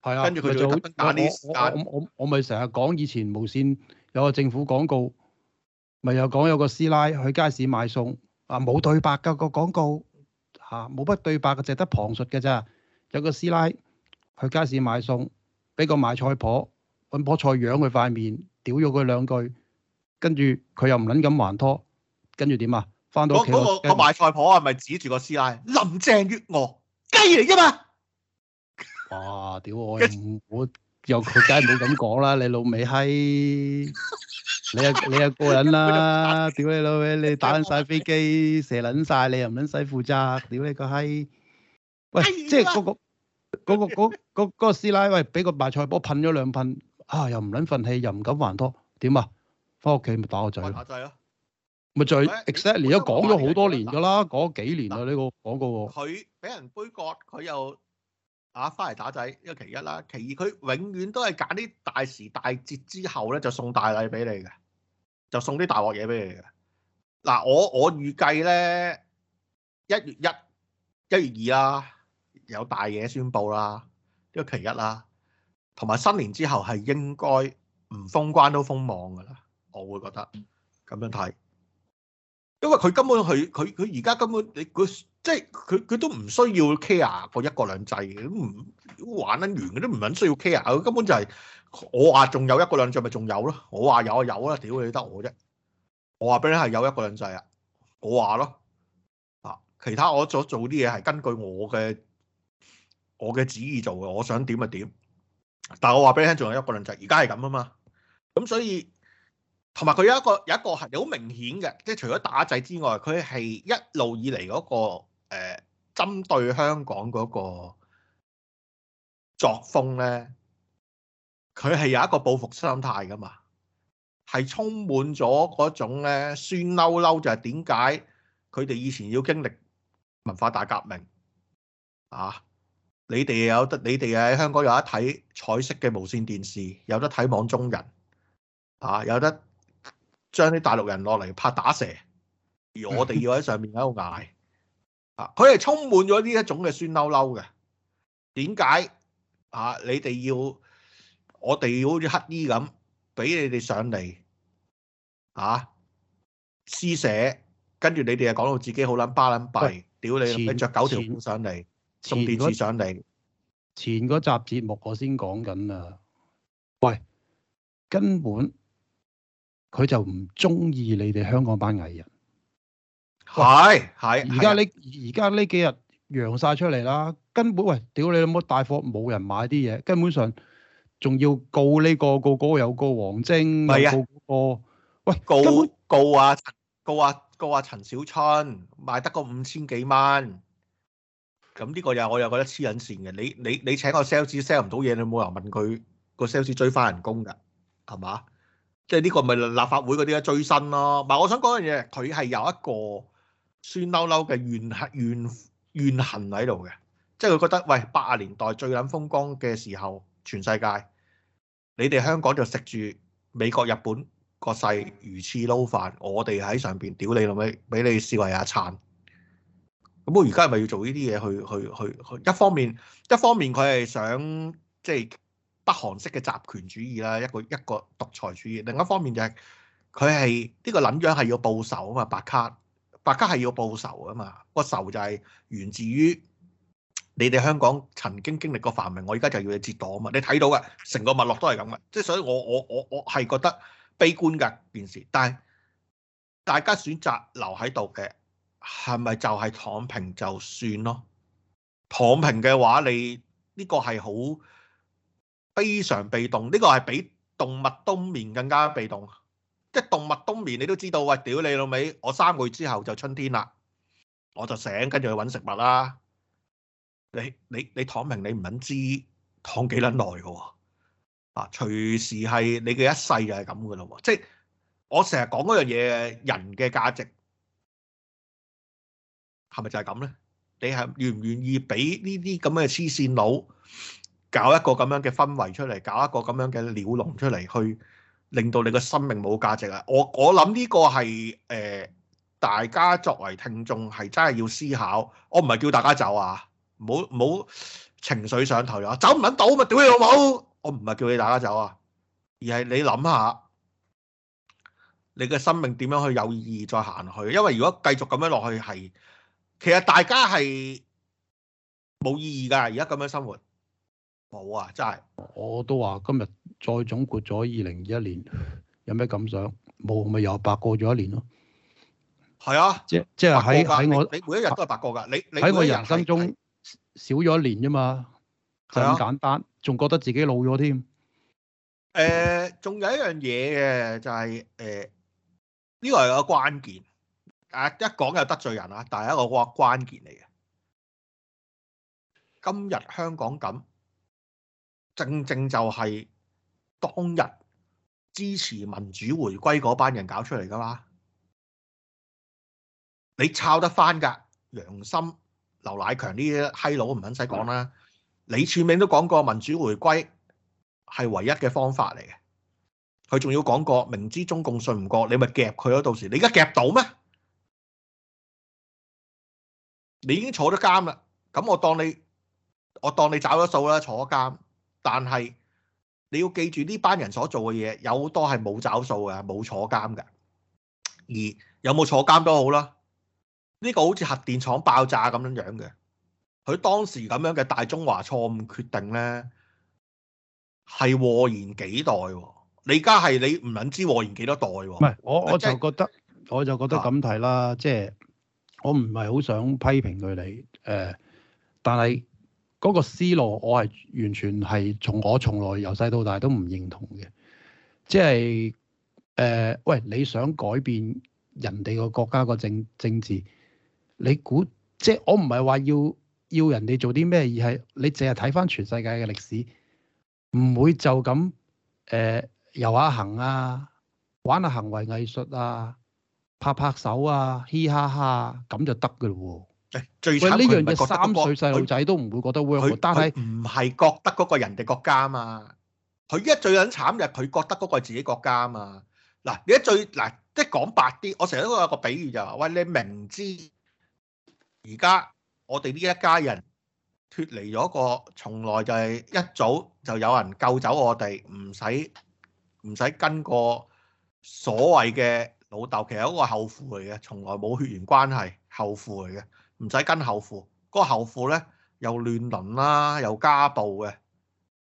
係啊，跟住佢就特登揀啲。我我我咪成日講以前無綫有個政府廣告，咪又講有個師奶去街市買餸。啊，冇對白噶，這個廣告嚇，冇、啊、乜對白嘅，淨得旁述嘅咋？有個師奶去街市買餸，俾個賣菜婆揾棵菜養佢塊面，屌咗佢兩句，跟住佢又唔撚敢還拖，跟住點啊？翻到屋企，那個、那個、那個、賣菜婆係咪指住個師奶？林鄭月娥雞嚟嘅嘛！ 哇！屌我，我又佢梗係冇咁講啦，你老味閪～你又你又過癮啦！屌你老味，你打緊晒飛機，射撚晒，你又唔撚使負責，屌你個閪！喂，即係嗰個嗰個嗰嗰嗰個師奶，喂，俾個賣菜波噴咗兩噴，啊，又唔撚忿氣，又唔敢還拖，點啊？返屋企咪打我仔咯！打仔咯，咪就係 exactly 都講咗好多年噶啦，講咗幾年啦呢個廣告。佢俾人杯葛，佢又打返嚟打仔，呢個其一啦。其二，佢永遠都係揀啲大時大節之後咧，就送大禮俾你嘅。就送啲大鑊嘢俾你嘅，嗱、啊、我我預計咧一月一、一月二啦、啊，有大嘢宣佈啦，呢、呢個其一啦，同埋新年之後係應該唔封關都封網噶啦，我會覺得咁樣睇，因為佢根本佢佢佢而家根本你佢即係佢佢都唔需要 care 個一國兩制嘅，都唔玩得完佢都唔肯需要 care，佢根本就係、是。我話仲有一個兩制咪仲有咯，我話有啊有啦，屌你得我啫，我話俾你係有一個兩制啊，我話咯，啊其他我所做啲嘢係根據我嘅我嘅旨意做嘅，我想點就點。但係我話俾你聽，仲有一個兩制，而家係咁啊嘛，咁所以同埋佢有一個有一個係好明顯嘅，即係除咗打仔之外，佢係一路以嚟嗰、那個誒、呃、針對香港嗰個作風咧。佢係有一個報復心態噶嘛，係充滿咗嗰種咧酸溜溜，就係點解佢哋以前要經歷文化大革命啊？你哋有得，你哋喺香港有得睇彩色嘅無綫電視，有得睇網中人啊，有得將啲大陸人落嚟拍打蛇，而我哋要喺上面喺度嗌啊！佢係充滿咗呢一種嘅酸溜溜嘅，點解啊？你哋要？我哋好似乞衣咁俾你哋上嚟啊！施捨。跟住你哋又講到自己好撚巴，撚閉，屌你！你着九條褲上嚟，送電視上嚟。前嗰集節目我先講緊啊。喂，根本佢就唔中意你哋香港班藝人，係係而家呢？而家呢幾日揚晒出嚟啦，根本喂，屌你老母！大貨冇人買啲嘢，根本上。仲要告呢個告嗰個又告王晶，咪告嗰個喂，告告啊陳告啊告啊陳小春，賣得個五千幾蚊，咁呢個又我又覺得黐撚線嘅。你你你請個 sales sell 唔到嘢，你冇人問，佢個 sales 追翻人工㗎，係嘛？即係呢個咪立法會嗰啲追薪咯。唔係，我想講嘅嘢，佢係有一個酸溜溜嘅怨恨怨怨恨喺度嘅，即係佢覺得喂，八十年代最撚風光嘅時候，全世界。你哋香港就食住美國、日本個細魚翅撈飯，我哋喺上邊屌你老味，俾你視為一餐。咁我而家係咪要做呢啲嘢去去去去？一方面，一方面佢係想即係、就是、北韓式嘅集權主義啦，一個一個獨裁主義。另一方面就係佢係呢個諗樣係要報仇啊嘛，白卡白卡係要報仇啊嘛，個仇就係源自於。你哋香港曾經經歷過繁榮，我而家就要你折墮啊嘛！你睇到嘅成個脈絡都係咁嘅，即係所以我，我我我我係覺得悲觀㗎件事。但係大家選擇留喺度嘅，係咪就係躺平就算咯？躺平嘅話，你呢個係好非常被動，呢個係比動物冬眠更加被動。即係動物冬眠，你都知道，喂，屌你老味。我三個月之後就春天啦，我就醒，跟住去揾食物啦。你你你躺平，你唔肯知躺幾捻耐嘅喎啊！啊、隨時係你嘅一世就係咁嘅咯，即係我成日講嗰樣嘢，人嘅價值係咪就係咁咧？你係願唔願意俾呢啲咁嘅黐線佬搞一個咁樣嘅氛圍出嚟，搞一個咁樣嘅鳥籠出嚟，去令到你個生命冇價值啊？我我諗呢個係誒、呃，大家作為聽眾係真係要思考，我唔係叫大家走啊。冇好情緒上頭又走唔揾到嘛，屌你老母！的我唔係叫你大家走啊，而係你諗下，你嘅生命點樣去有意義再行去？因為如果繼續咁樣落去係，其實大家係冇意義㗎。而家咁樣生活冇啊，真係。我都話今日再總括咗二零二一年有咩感想？冇咪又白過咗一年咯。係啊，即即係喺喺我你每一日都係白過㗎。你你喺我人生中。少咗一年啫嘛，係咁簡單，仲是的 覺得自己老咗添、呃。誒，仲有一樣嘢嘅就係、是、誒，呢個係個關鍵，誒一講就得罪人啦，但係一個關關鍵嚟嘅。今日香港咁，正正就係當日支持民主回歸嗰班人搞出嚟噶嘛，你抄得翻噶，良心。劉乃強呢啲閪佬唔肯使講啦，李柱銘都講過民主回歸係唯一嘅方法嚟嘅，佢仲要講過明知中共信唔過，你咪夾佢咯，到時你而家夾到咩？你已經坐咗監啦，咁我當你我當你找咗數啦，坐咗監，但係你要記住呢班人所做嘅嘢有好多係冇找數嘅，冇坐監嘅，而有冇坐監都好啦。呢個好似核電廠爆炸咁樣樣嘅，佢當時咁樣嘅大中華錯誤決定咧，係禍延幾代喎、哦？你家係你唔諗知禍延幾多代喎、哦？唔係，我、就是、我就覺得我就覺得咁睇啦，即係、啊就是、我唔係好想批評佢哋誒，但係嗰個思路我係完全係從我從來由細到大都唔認同嘅。即係誒喂，你想改變人哋個國家個政政治？你估即係我唔係話要要人哋做啲咩，而係你淨係睇翻全世界嘅歷史，唔會就咁誒、呃、遊下、啊、行啊，玩下、啊、行為藝術啊，拍拍手啊，嘻哈哈咁就得嘅咯喎。誒，最慘呢樣嘢三歲細路仔都唔會覺得會但係唔係覺得嗰個人哋國家啊嘛，佢一最撚慘就係佢覺得嗰個係自己國家啊嘛。嗱，你最一最嗱即係講白啲，我成日都有個比喻就話，喂，你明知。而家我哋呢一家人脫離咗個，從來就係一早就有人救走我哋，唔使唔使跟個所謂嘅老豆，其實一個後父嚟嘅，從來冇血緣關係，後父嚟嘅，唔使跟後父。個後父呢又亂倫啦，又家暴嘅，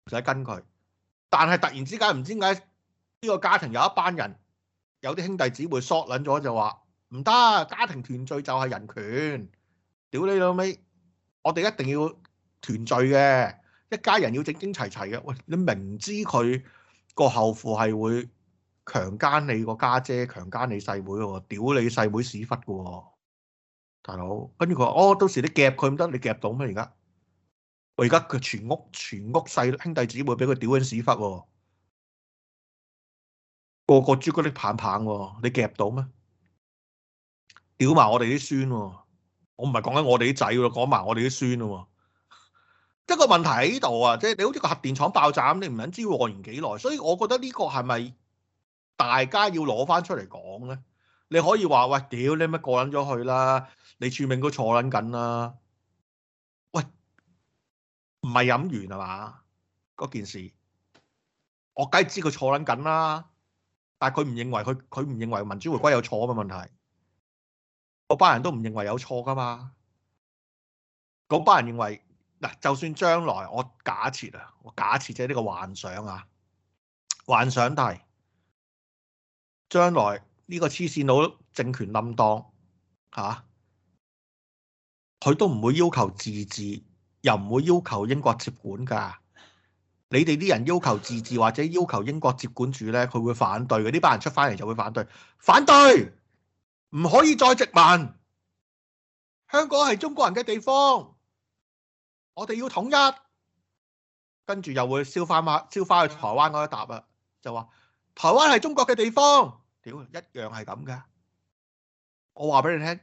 唔使跟佢。但係突然之間唔知點解呢個家庭有一班人，有啲兄弟姊妹索捻咗就話唔得，家庭團聚就係人權。屌你老味，我哋一定要團聚嘅，一家人要整整齊齊嘅。喂，你明知佢個後父係會強姦你個家姐，強姦你細妹喎，屌你細妹屎忽嘅喎，大佬。跟住佢話：哦，到時你夾佢唔得，你夾到咩？而家我而家個全屋全屋細兄弟姊妹俾佢屌緊屎忽喎，個個朱古力棒棒喎，你夾到咩？屌埋我哋啲孫喎！我唔係講緊我哋啲仔喎，講埋我哋啲孫咯喎，一個問題喺度啊！即係你好似個核電廠爆炸咁，你唔忍知過完幾耐，所以我覺得呢個係咪大家要攞翻出嚟講咧？你可以話，喂，屌你乜過撚咗去啦，李柱銘都坐撚緊啦，喂唔係飲完係嘛？嗰件事我梗係知佢坐撚緊啦，但係佢唔認為佢，佢唔認為民主回歸有錯嘅問題。嗰班人都唔認為有錯㗎嘛？嗰班人認為嗱，就算將來我假設啊，我假設即係呢個幻想啊，幻想大將來呢個黐線佬政權冧檔嚇，佢、啊、都唔會要求自治，又唔會要求英國接管㗎。你哋啲人要求自治或者要求英國接管住呢，佢會反對嘅。呢班人出翻嚟就會反對，反對。唔可以再殖民，香港係中國人嘅地方，我哋要統一，跟住又會燒翻馬，燒翻去台灣嗰一笪啊！就話台灣係中國嘅地方，屌，一樣係咁嘅。我話俾你聽，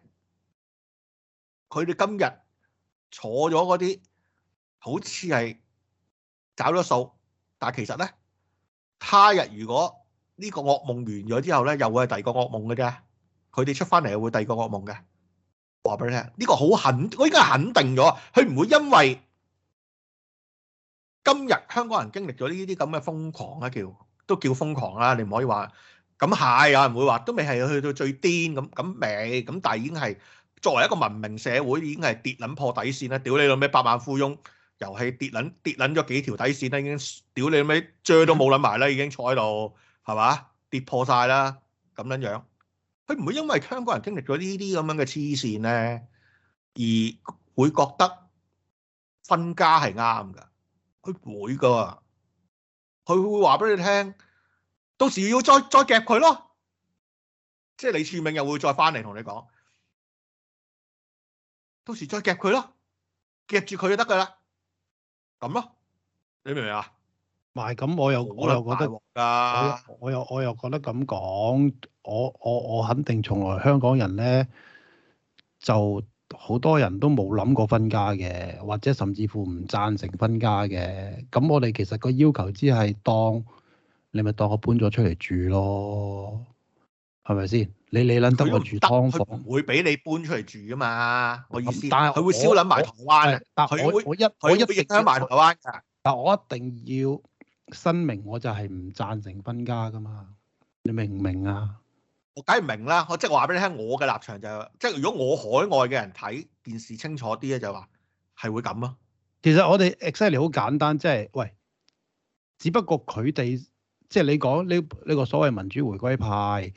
佢哋今日坐咗嗰啲，好似係找咗數，但係其實咧，他日如果呢個噩夢完咗之後咧，又會係第二個噩夢嘅啫。佢哋出翻嚟又會第二個噩夢嘅，話俾你聽，呢個好肯，我應該肯定咗，佢唔會因為今日香港人經歷咗呢啲咁嘅瘋狂啊，叫都叫瘋狂啦，你唔可以話咁係有人會話，都未係去到最癲咁咁未，咁但係已經係作為一個文明社會，已經係跌撚破底線啦，屌你老味，百萬富翁遊戲跌撚跌撚咗幾條底線啦，已經屌你老味，追都冇撚埋啦，已經坐喺度係嘛，跌破曬啦，咁樣樣。佢唔會因為香港人經歷咗呢啲咁樣嘅黐線咧，而會覺得分家係啱嘅。佢唔會噶，佢會話俾你聽，到時要再再夾佢咯。即係李柱銘又會再翻嚟同你講，到時再夾佢咯，夾住佢就得噶啦，咁咯，你明唔明啊？咪咁、啊啊，我又我又覺得，我又我又覺得咁講，我我我肯定從來香港人咧，就好多人都冇諗過分家嘅，或者甚至乎唔贊成分家嘅。咁我哋其實個要求只係當，你咪當我搬咗出嚟住咯，係咪先？你你諗得我住劏房，唔會俾你搬出嚟住噶嘛？我意思，但係佢會少諗埋台灣會但係我我一我一定都諗埋台灣但我一定要。新明我就係唔贊成分家噶嘛，你明唔明啊？我梗係唔明啦，我即係話俾你聽，我嘅立場就係、即係如果我海外嘅人睇件事清楚啲咧，就話係會咁咯、啊。其實我哋 exactly 好簡單，即、就、係、是、喂，只不過佢哋即係你講呢呢個所謂民主回歸派，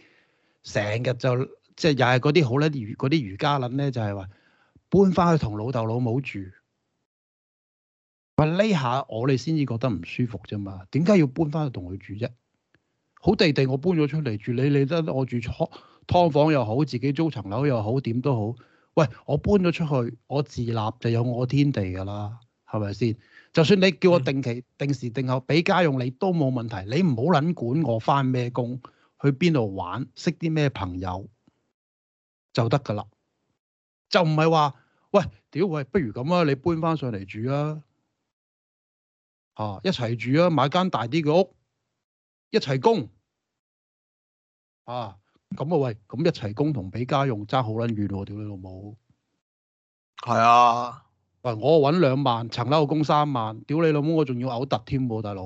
成日就即係又係嗰啲好叻啲嗰啲儒家撚咧，就係、是、話搬翻去同老豆老母住。喂，呢下我哋先至覺得唔舒服啫嘛？點解要搬翻去同佢住啫？好地地我搬咗出嚟住，你你得我住劏房又好，自己租層樓又好，點都好。喂，我搬咗出去，我自立就有我天地噶啦，係咪先？就算你叫我定期、定時定後、定候俾家用你，你都冇問題。你唔好撚管我翻咩工，去邊度玩，識啲咩朋友就得噶啦。就唔係話喂屌喂，不如咁啊，你搬翻上嚟住啊！啊！一齊住啊，買間大啲嘅屋，一齊供啊！咁啊，啊喂，咁一齊供同俾家用爭好撚遠喎！屌你老母！係啊，喂，我搵兩萬，層樓我供三萬，屌你老母，我仲要嘔突添喎，大佬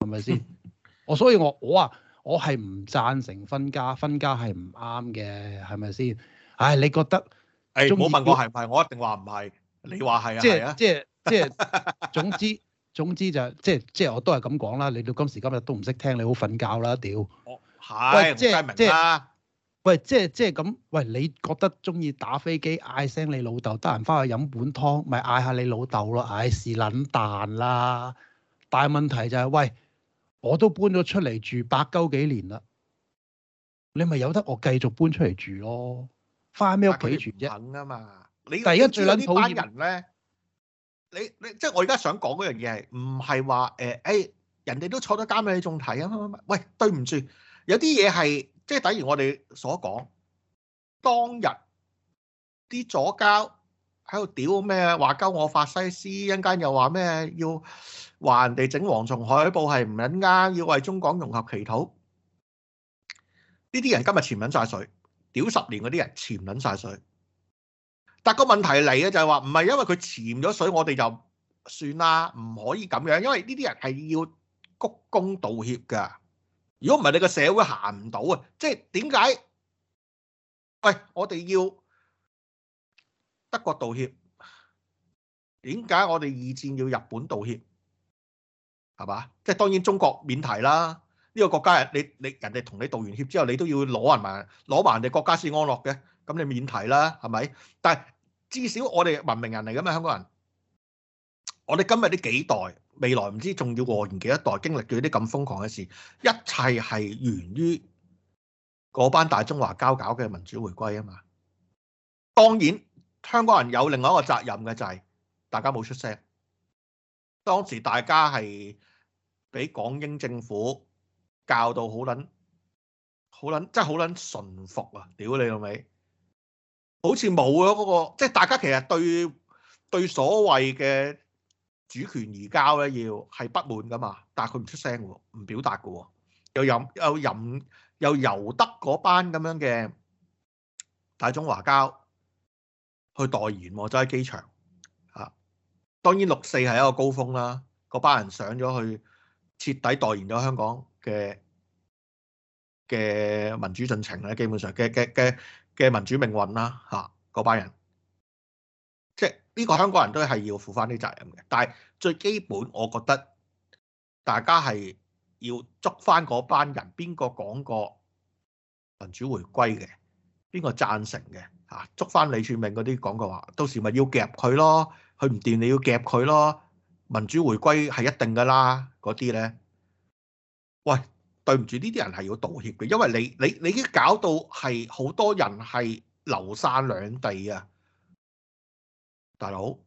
係咪先？我 所以我，我我啊，我係唔贊成分家，分家係唔啱嘅，係咪先？唉、哎，你覺得？唉、哎，唔好歡問我係唔係，我一定話唔係。你話係啊，啊？即係即係即係，總之。 總之就係、即係即係我都係咁講啦，你到今時今日都唔識聽，你好瞓覺啦，屌！我係即係即係，喂即係即係咁，喂你覺得中意打飛機，嗌聲你老豆，得閒翻去飲碗湯，咪嗌下你老豆咯，唉是撚蛋啦！但係問題就係、是，喂我都搬咗出嚟住八九幾年啦，你咪由得我繼續搬出嚟住咯？翻咩屋企住啫嘛？你但係而家住緊嗰班人咧。第一你你即係我而、欸、家想講嗰樣嘢係唔係話誒誒人哋都坐咗監你仲睇啊喂對唔住有啲嘢係即係等於我哋所講當日啲左膠喺度屌咩話鳩我法西斯一陣間又話咩要話人哋整蝗蟲海報係唔撚啱要為中港融合祈禱呢啲人今日潛撚晒水屌十年嗰啲人潛撚晒水。但個問題嚟嘅就係話，唔係因為佢潛咗水，我哋就算啦，唔可以咁樣，因為呢啲人係要鞠躬道歉嘅。如果唔係，你個社會行唔到啊！即係點解？喂，我哋要德國道歉，點解我哋二戰要日本道歉？係嘛？即係當然中國免提啦。呢個國家你你人哋同你道完歉之後，你都要攞人埋攞埋人哋國家先安樂嘅，咁你免提啦，係咪？但係。至少我哋文明人嚟噶嘛，香港人。我哋今日呢幾代，未來唔知仲要過完幾多代，經歷咗啲咁瘋狂嘅事，一切係源於嗰班大中華交搞嘅民主回歸啊嘛。當然，香港人有另外一個責任嘅就係、是、大家冇出聲。當時大家係俾港英政府教到好撚好撚，真係好撚順服啊！屌你老味。好似冇咗嗰個，即係大家其實對對所謂嘅主權移交咧，要係不滿噶嘛，但係佢唔出聲，唔表達噶，又任又任又由得嗰班咁樣嘅大中華膠去代言，喺機場吓、啊。當然六四係一個高峰啦，嗰班人上咗去徹底代言咗香港嘅嘅民主進程咧，基本上嘅嘅嘅。嘅民主命運啦、啊，嚇嗰班人，即係呢個香港人都係要負翻啲責任嘅。但係最基本，我覺得大家係要捉翻嗰班人，邊個講過民主回歸嘅，邊個贊成嘅吓，捉翻李柱銘嗰啲講過話，到時咪要夾佢咯，佢唔掂你要夾佢咯，民主回歸係一定噶啦，嗰啲咧喂。對唔住，呢啲人係要道歉嘅，因為你你你已經搞到係好多人係流散兩地啊！大佬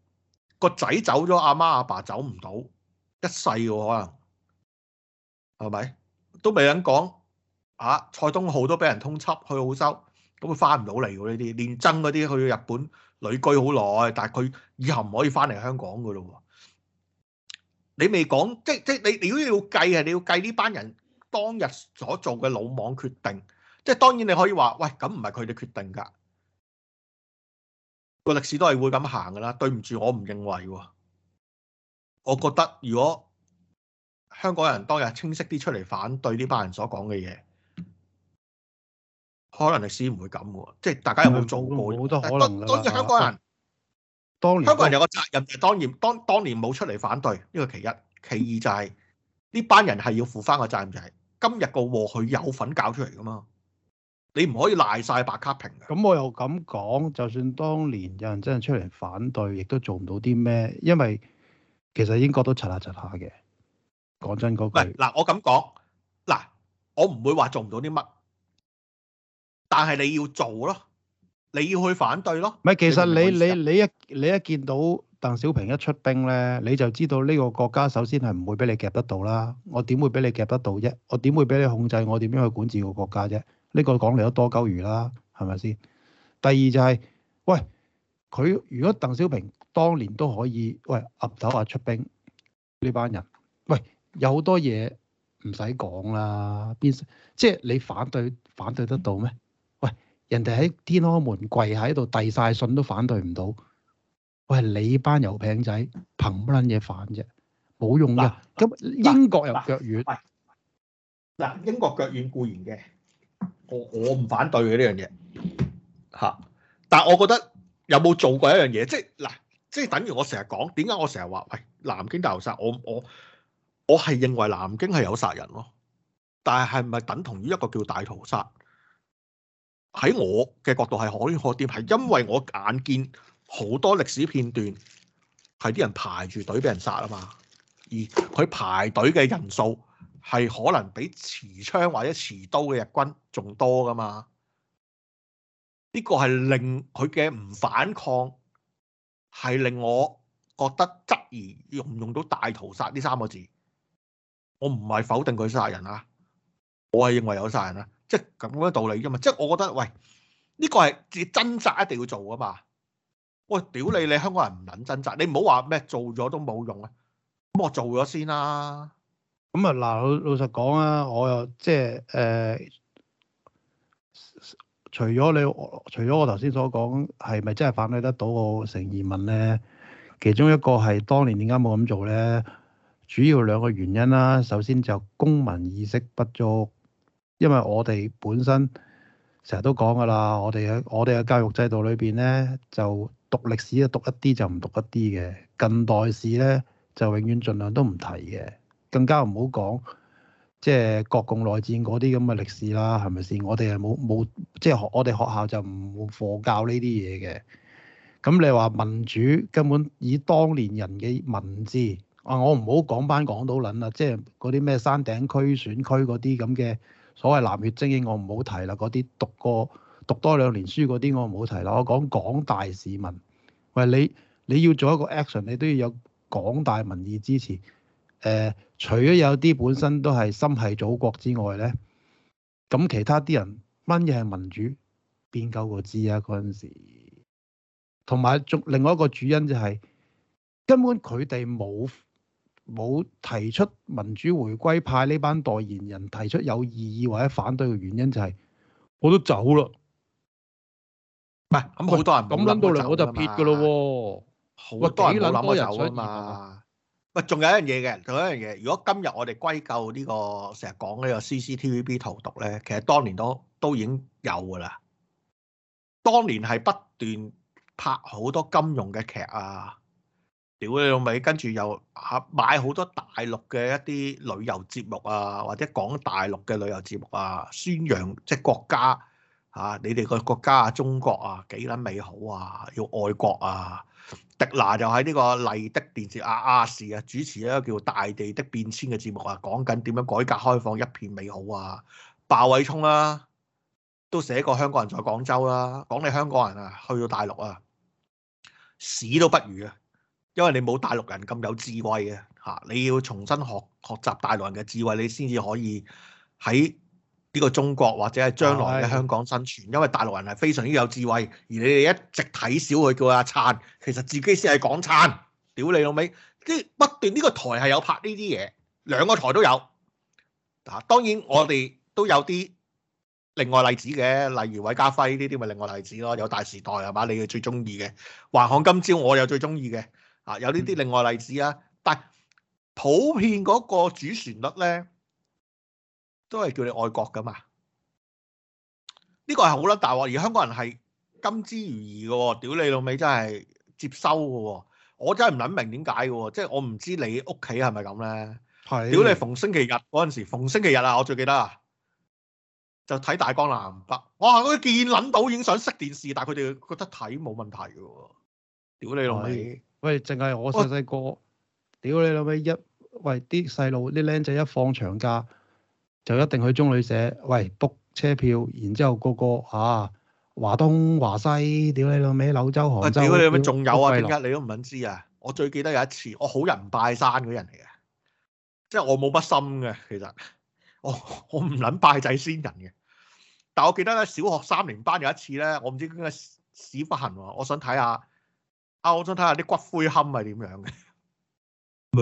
個仔走咗，阿媽阿爸走唔到一世喎，可能係咪？都未敢講啊！蔡東豪都俾人通緝去澳洲，咁佢翻唔到嚟喎。呢啲練乙錚嗰啲去日本旅居好耐，但係佢以後唔可以翻嚟香港噶咯喎！你未講，即即，即你你如果要計係，你要計呢班人。當日所做嘅魯莽決定，即係當然你可以話：喂，咁唔係佢哋決定㗎，個歷史都係會咁行㗎啦。對唔住，我唔認為喎。我覺得如果香港人當日清晰啲出嚟反對呢班人所講嘅嘢，可能歷史唔會咁喎。即係大家有冇做過？冇冇多可能啦。當年香港人，啊、當年香港人有個責任，就當然當當年冇出嚟反對呢、呢個其一，其二就係呢班人係要負翻個責任，就係今日個佢有份搞出嚟㗎嘛？你唔可以賴晒白卡評嘅。咁我又咁講，就算當年有人真係出嚟反對，亦都做唔到啲咩，因為其實英國都窒下窒下嘅。講真嗰句。喂，嗱我咁講，嗱我唔會話做唔到啲乜，但係你要做咯，你要去反對咯。唔係，其實你你你一你一見到，鄧小平一出兵咧，你就知道呢個國家首先係唔會俾你夾得到啦。我點會俾你夾得到啫？我點會俾你控制？我點樣去管治個國家啫？呢個講嚟都多鳩餘啦，係咪先？第二就係，喂，佢如果鄧小平當年都可以，喂，岌頭啊，出兵呢班人，喂，有好多嘢唔使講啦。邊即係你反對反對得到咩？喂，人哋喺天安門跪喺度遞晒信都反對唔到。我係你班油餅仔，憑乜撚嘢反啫？冇用㗎。咁英國又腳軟。嗱，英國腳軟固然嘅，我我唔反對呢樣嘢吓。但係我覺得有冇做過一樣嘢？即係嗱，即係等於我成日講點解我成日話喂南京大屠殺，我我我係認為南京係有殺人咯。但係係咪等同於一個叫大屠殺？喺我嘅角度係可圈可點，係因為我眼見。好多歷史片段係啲人排住隊俾人殺啊嘛，而佢排隊嘅人數係可能比持槍或者持刀嘅日軍仲多噶嘛，呢個係令佢嘅唔反抗係令我覺得質疑用唔用到大屠殺呢三個字。我唔係否定佢殺人啊，我係認為有殺人啊，即係咁樣道理啫嘛。即係我覺得喂，呢個係自己掙扎一定要做噶嘛。我屌你！你香港人唔撚掙扎，你唔好話咩做咗都冇用啊！咁我做咗先啦，啊。咁啊嗱，老實講啊，我又即係誒，除咗你，除咗我頭先所講，係咪真係反對得到我成移民咧？其中一個係當年點解冇咁做咧？主要兩個原因啦。首先就公民意識不足，因為我哋本身成日都講㗎啦，我哋嘅我哋嘅教育制度裏邊咧就。讀歷史啊，讀一啲就唔讀一啲嘅，近代史咧就永遠盡量都唔提嘅，更加唔好講即係國共內戰嗰啲咁嘅歷史啦，係咪先？我哋係冇冇即係學我哋學校就唔會課教呢啲嘢嘅。咁你話民主根本以當年人嘅文字啊，我唔好講返港島撚啦，即係嗰啲咩山頂區選區嗰啲咁嘅，所謂南越精英我唔好提啦，嗰啲讀過。讀多兩年書嗰啲，我冇提啦。我講廣大市民，喂你，你要做一個 action，你都要有廣大民意支持。誒、呃，除咗有啲本身都係心係祖國之外咧，咁其他啲人，乜嘢係民主，邊鳩個知啊？嗰陣時，同埋仲另外一個主因就係、係、根本佢哋冇冇提出民主回歸派呢班代言人提出有異議或者反對嘅原因、就係，就係我都走啦。唔係，咁好、嗯嗯、多人咁諗到兩個就撇噶咯喎，好、嗯、多人冇諗到有啊嘛。喂，仲有一樣嘢嘅，仲有一樣嘢。如果今日我哋歸咎、這個、個呢個成日講呢個 CCTVB 荼毒咧，其實當年都都已經有噶啦。當年係不斷拍好多金融嘅劇啊，屌你老味，跟住又吓買好多大陸嘅一啲旅遊節目啊，或者講大陸嘅旅遊節目啊，宣揚即係國家。嚇、啊！你哋個國家啊，中國啊，幾撚美好啊！要愛國啊！狄娜就喺呢個麗的電視亞亞視啊，主持一個叫《大地的變遷》嘅節目啊，講緊點樣改革開放一片美好啊！鮑偉聰啦、啊，都寫過《香港人在廣州》、啊啦，講你香港人啊，去到大陸啊，屎都不如啊！因為你冇大陸人咁有智慧啊。嚇、啊，你要重新學學習大陸人嘅智慧，你先至可以喺呢個中國或者係將來嘅香港生存，因為大陸人係非常之有智慧，而你哋一直睇小佢叫阿燦、啊，其實自己先係港燦，屌你老味，即不斷呢個台係有拍呢啲嘢，兩個台都有。啊，當然我哋都有啲另外例子嘅，例如韋家輝呢啲咪另外例子咯，有《大時代》係嘛？你哋最中意嘅《還看今朝》，我又最中意嘅啊，有呢啲另外例子啊。但普遍嗰個主旋律咧。都係叫你愛國噶嘛？呢、這個係好甩大喎，而香港人係甘之如飴噶喎，屌你老味真係接收噶喎、哦，我真係唔諗明點解噶，即係我唔知你屋企係咪咁咧。係的，屌你逢星期日嗰陣時，逢星期日啊，我最記得啊，就睇大江南北。哇，嗰啲見捻到影相，想熄電視，但係佢哋覺得睇冇問題噶喎、哦。屌你老味，喂，淨係喂我細細個，屌你老味，一喂啲細路啲僆仔一放長假。就一定去中旅社，喂，book 車票，然之後、那個個啊，華東、華西，屌你老味柳州、河么，屌你老味，仲北有啊？點解你都唔肯知啊？我最記得有一次，我好人拜山嗰人嚟嘅，即係我冇乜心嘅，其實我我唔諗拜祭先人嘅。但係我記得咧，小學三年班有一次咧，我唔知點解屎忽痕喎，我想睇下，啊，我想睇下啲骨灰龕係點樣嘅，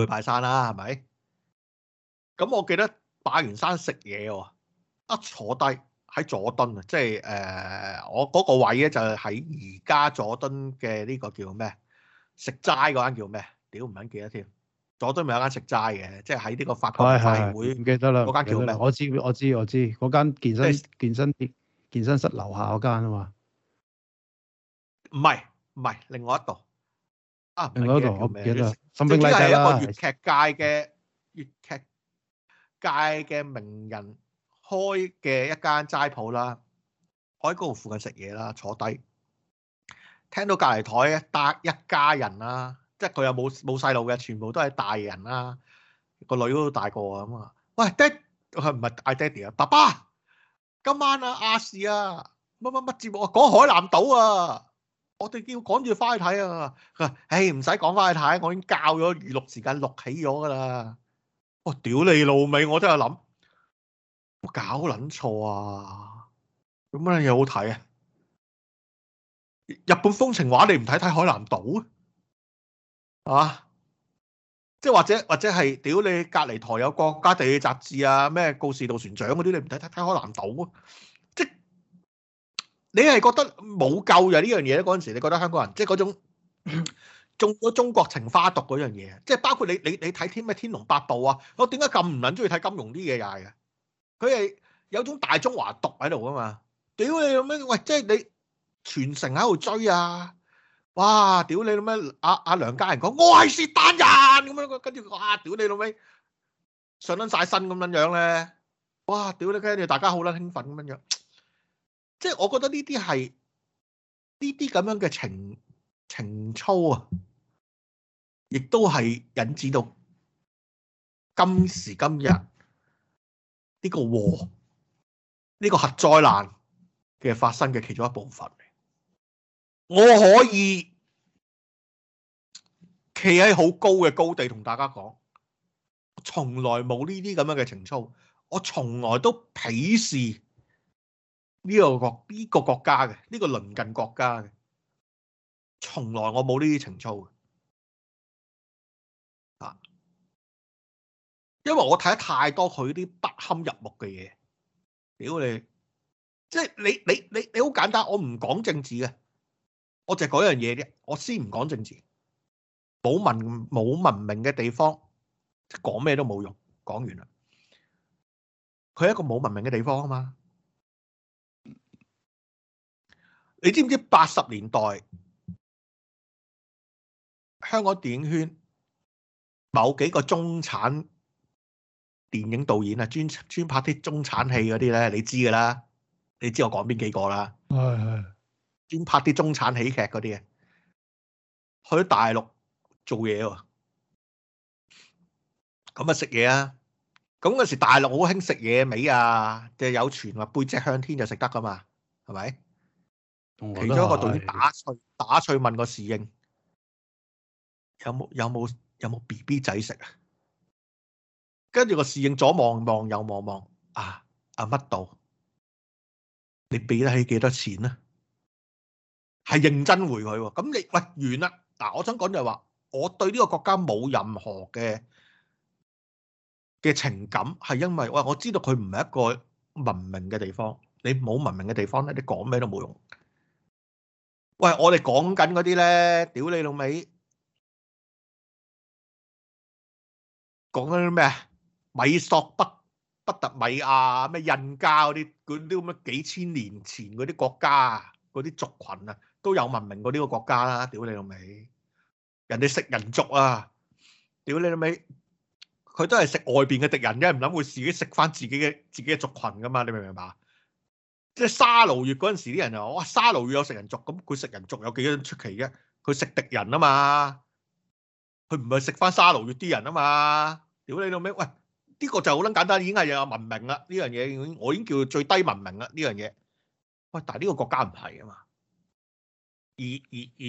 去拜山啦，係咪？咁我記得。拜完山食嘢喎，一坐低喺佐敦啊，即係誒我嗰個位咧就喺而家佐敦嘅呢個叫咩食齋嗰間叫咩？屌唔肯記得添。佐敦咪有間食齋嘅，即係喺呢個法國大會唔記得啦。嗰間叫咩？我知我知我知嗰間健身健身，啲健身室樓下嗰間啊嘛。唔係唔係，另外一度啊，另外一度我唔記得，即係一個粵劇界嘅粵劇。界嘅名人開嘅一間齋鋪啦，我喺嗰度附近食嘢啦，坐低聽到隔籬台搭一家人啦，即係佢又冇冇細路嘅，全部都係大人啦，個女都大個咁啊！喂，爹，佢唔係嗌爹哋啊，爸爸，今晚啊亞視啊乜乜乜節目啊，講海南島啊，我哋要趕住翻去睇啊！佢話：，誒，唔使趕翻去睇，我已經教咗娛樂時間錄起咗噶啦。我、哦、屌你老味，我都有諗，搞捻錯啊！有乜嘢好睇啊？日本風情畫你唔睇，睇海南島啊？即係或者或者係屌你隔籬台有國家地理雜誌啊？咩告示導船長嗰啲你唔睇，睇睇海南島啊？即係你係覺得冇救嘅呢樣嘢咧？嗰陣時你覺得香港人即係嗰種？ 中咗中國情花毒嗰樣嘢，即係包括你你你睇天咩天龍八部啊！我點解咁唔撚中意睇金融啲嘢又係啊？佢係有種大中華毒喺度噶嘛？屌你老咩！喂，即係你全城喺度追啊！哇！屌你老咩！阿、啊、阿、啊、梁家仁講我係契丹人咁樣，跟住佢話屌你老味，上撚晒身咁樣樣咧！哇！屌你跟住大家好撚興奮咁樣樣，即係我覺得呢啲係呢啲咁樣嘅情情操啊！亦都係引致到今時今日呢個禍呢個核災難嘅發生嘅其中一部分。我可以企喺好高嘅高地同大家講，我從來冇呢啲咁樣嘅情操，我從來都鄙視呢個國呢個國家嘅呢個鄰近國家嘅，從來我冇呢啲情操。因為我睇得太多佢啲不堪入目嘅嘢，屌你！即係你你你你好簡單，我唔講政治嘅，我就係樣嘢嘅。我先唔講政治，冇文冇文明嘅地方，講咩都冇用。講完啦，佢係一個冇文明嘅地方啊嘛。你知唔知八十年代香港電影圈某幾個中產？電影導演啊，專專拍啲中產戲嗰啲咧，你知噶啦，你知我講邊幾個啦。係係，專拍啲中產喜劇嗰啲，去大陸做嘢喎。咁啊食嘢啊，咁嗰時大陸好興食野味啊，即係有傳聞背脊向天就食得噶嘛，係咪？哦，其中一個導演是是打趣打趣問個侍應，有冇有冇有冇 B B 仔食啊？跟住個侍應左望望右望望，啊啊乜到？你俾得起幾多錢咧？係認真回佢喎。咁你喂完啦嗱，我想講就係話，我對呢個國家冇任何嘅嘅情感，係因為喂我知道佢唔係一個文明嘅地方。你冇文明嘅地方咧，你講咩都冇用。喂，我哋講緊嗰啲咧，屌你老味，講緊啲咩啊？米索北不特米亞咩印加嗰啲啲咁嘅幾千年前嗰啲國家啊嗰啲族群啊都有文明過呢個國家啦！屌你老味，人哋食人族啊！屌你老味，佢都係食外邊嘅敵人嘅，唔諗會自己食翻自己嘅自己嘅族群噶嘛？你明唔明白？即係沙勞越嗰陣時啲人又話，哇！沙勞越有食人族，咁佢食人族有幾多出奇嘅？佢食敵人啊嘛，佢唔係食翻沙勞越啲人啊嘛！屌你老味！」喂！呢個就好撚簡單，已經係有文明啦。呢樣嘢我已經叫最低文明啦。呢樣嘢喂，但係呢個國家唔係啊嘛。而而而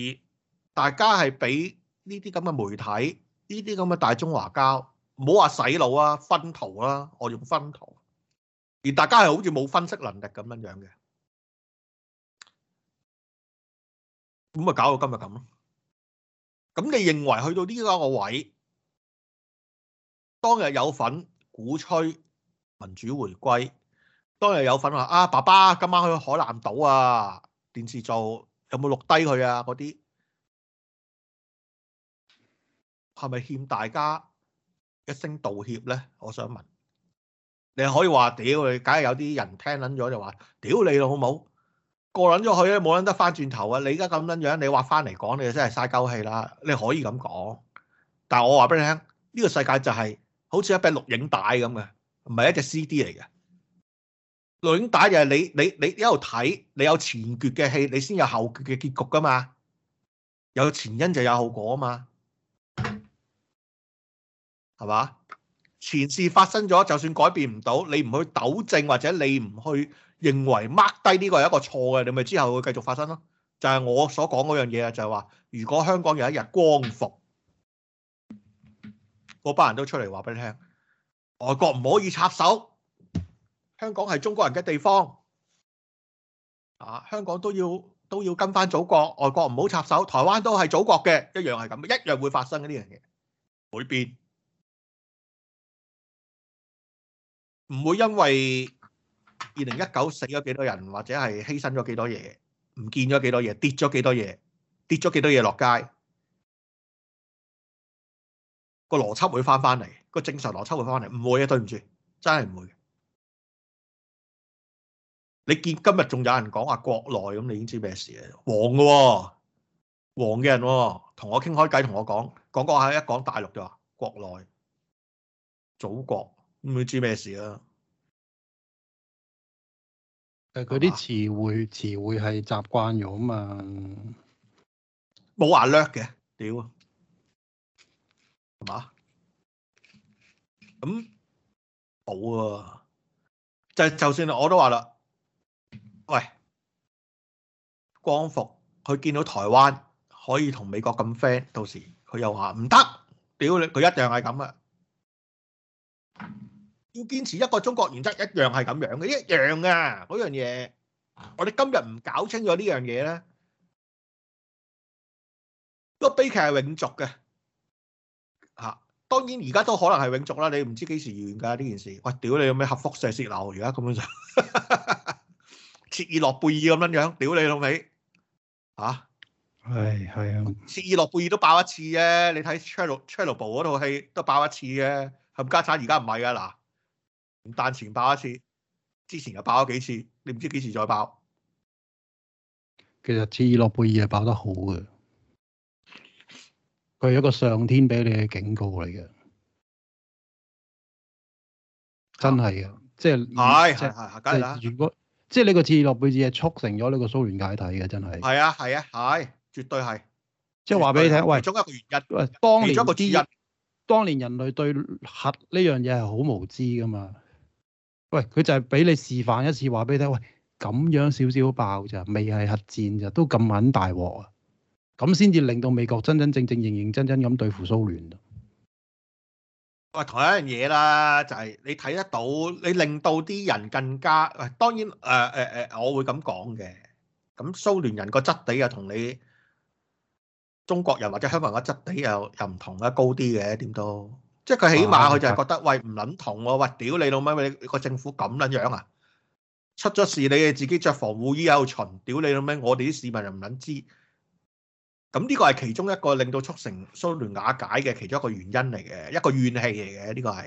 大家係俾呢啲咁嘅媒體，呢啲咁嘅大中華膠，唔好話洗腦啊、薰陶啦、啊，我用薰陶。而大家係好似冇分析能力咁樣樣嘅，咁啊搞到今日咁。咁你認為去到呢個位，當日有份。鼓吹民主回歸，當日有份話啊，爸爸今晚去海南島啊，電視做有冇錄低佢啊？嗰啲係咪欠大家一聲道歉咧？我想問，你可以話屌你，梗係有啲人聽撚咗就話屌你咯，好唔好？過撚咗去咧，冇撚得翻轉頭啊！你而家咁撚樣，你話翻嚟講，你真係嘥鳩氣啦！你可以咁講，但係我話俾你聽，呢個世界就係。好似一隻錄影帶咁嘅，唔係一隻 CD 嚟嘅。錄影帶就係你你你一路睇，你有前決嘅戲，你先有後決嘅結局㗎嘛。有前因就有後果啊嘛。係嘛？前事發生咗，就算改變唔到，你唔去糾正或者你唔去認為 mark 低呢個係一個錯嘅，你咪之後會繼續發生咯。就係、是、我所講嗰樣嘢啊，就係話如果香港有一日光復。嗰班人都出嚟話俾你聽，外國唔可以插手，香港係中國人嘅地方，啊，香港都要都要跟翻祖國，外國唔好插手。台灣都係祖國嘅，一樣係咁，一樣會發生呢樣嘢，會變，唔會因為二零一九死咗幾多人，或者係犧牲咗幾多嘢，唔見咗幾多嘢，跌咗幾多嘢，跌咗幾多嘢落街。個邏輯會翻翻嚟，個正常邏輯會翻嚟，唔會嘅，對唔住，真係唔會。你見今日仲有人講話國內咁，你已經知咩事啦？黃嘅喎、哦，黃嘅人喎、哦，同我傾開偈，同我講講講下，一講大陸就話國內，祖國，唔會知咩事啦。誒，佢啲詞彙詞彙係習慣咗啊嘛，冇話叻嘅，屌啊！嘛咁保啊！就就算我都話啦，喂，光復佢見到台灣可以同美國咁 friend，到時佢又話唔得，屌你！佢一樣係咁嘅，要堅持一個中國原則一樣係咁樣嘅，一樣嘅！嗰樣嘢，我哋今日唔搞清楚呢樣嘢咧，個悲劇係永續嘅。嚇、啊！當然而家都可能係永續啦，你唔知幾時完㗎呢、啊、件事。哇！屌你有咩核輻射泄漏、啊？而家根本樣， 切爾諾貝爾咁樣樣，屌你老味嚇！係係啊，切、哎哎、爾諾貝爾都爆一次啫、啊，你睇《Chernobyl》嗰套戲都爆一次嘅。冚家產而家唔係啊，嗱，彈前爆一次，之前又爆咗幾次，你唔知幾時再爆。其實切爾諾貝爾係爆得好嘅。佢係一個上天俾你嘅警告嚟嘅，真係嘅好、就是，即係係係係梗係啦。如果即係呢個切諾貝爾係促成咗呢個蘇聯解體嘅，真係。係啊，係啊，係，絕對係。即係話俾你聽，喂，其中一個原因，喂、嗯，當年之日，當年人類對核呢樣嘢係好無知噶嘛？喂、嗯，佢就係俾你示範一次，話俾你聽，喂，咁樣少少爆咋，未係核戰咋，都咁撚大鑊啊！咁先至令到美國真真正正認認真真咁對付蘇聯。喂，同有一樣嘢啦，就係你睇得到，你令到啲人更加。喂，當然誒誒誒，我會咁講嘅。咁蘇聯人個質地又同你中國人或者香港人個質地又又唔同啦，高啲嘅點都。即係佢起碼佢就係覺得喂唔撚同喎，喂屌你老母，你個政府咁撚樣啊！出咗事你哋自己著防護衣喺度巡，屌你老母，我哋啲市民又唔撚知。咁呢個係其中一個令到促成蘇聯瓦解嘅其中一個原因嚟嘅，一個怨氣嚟嘅，呢個係。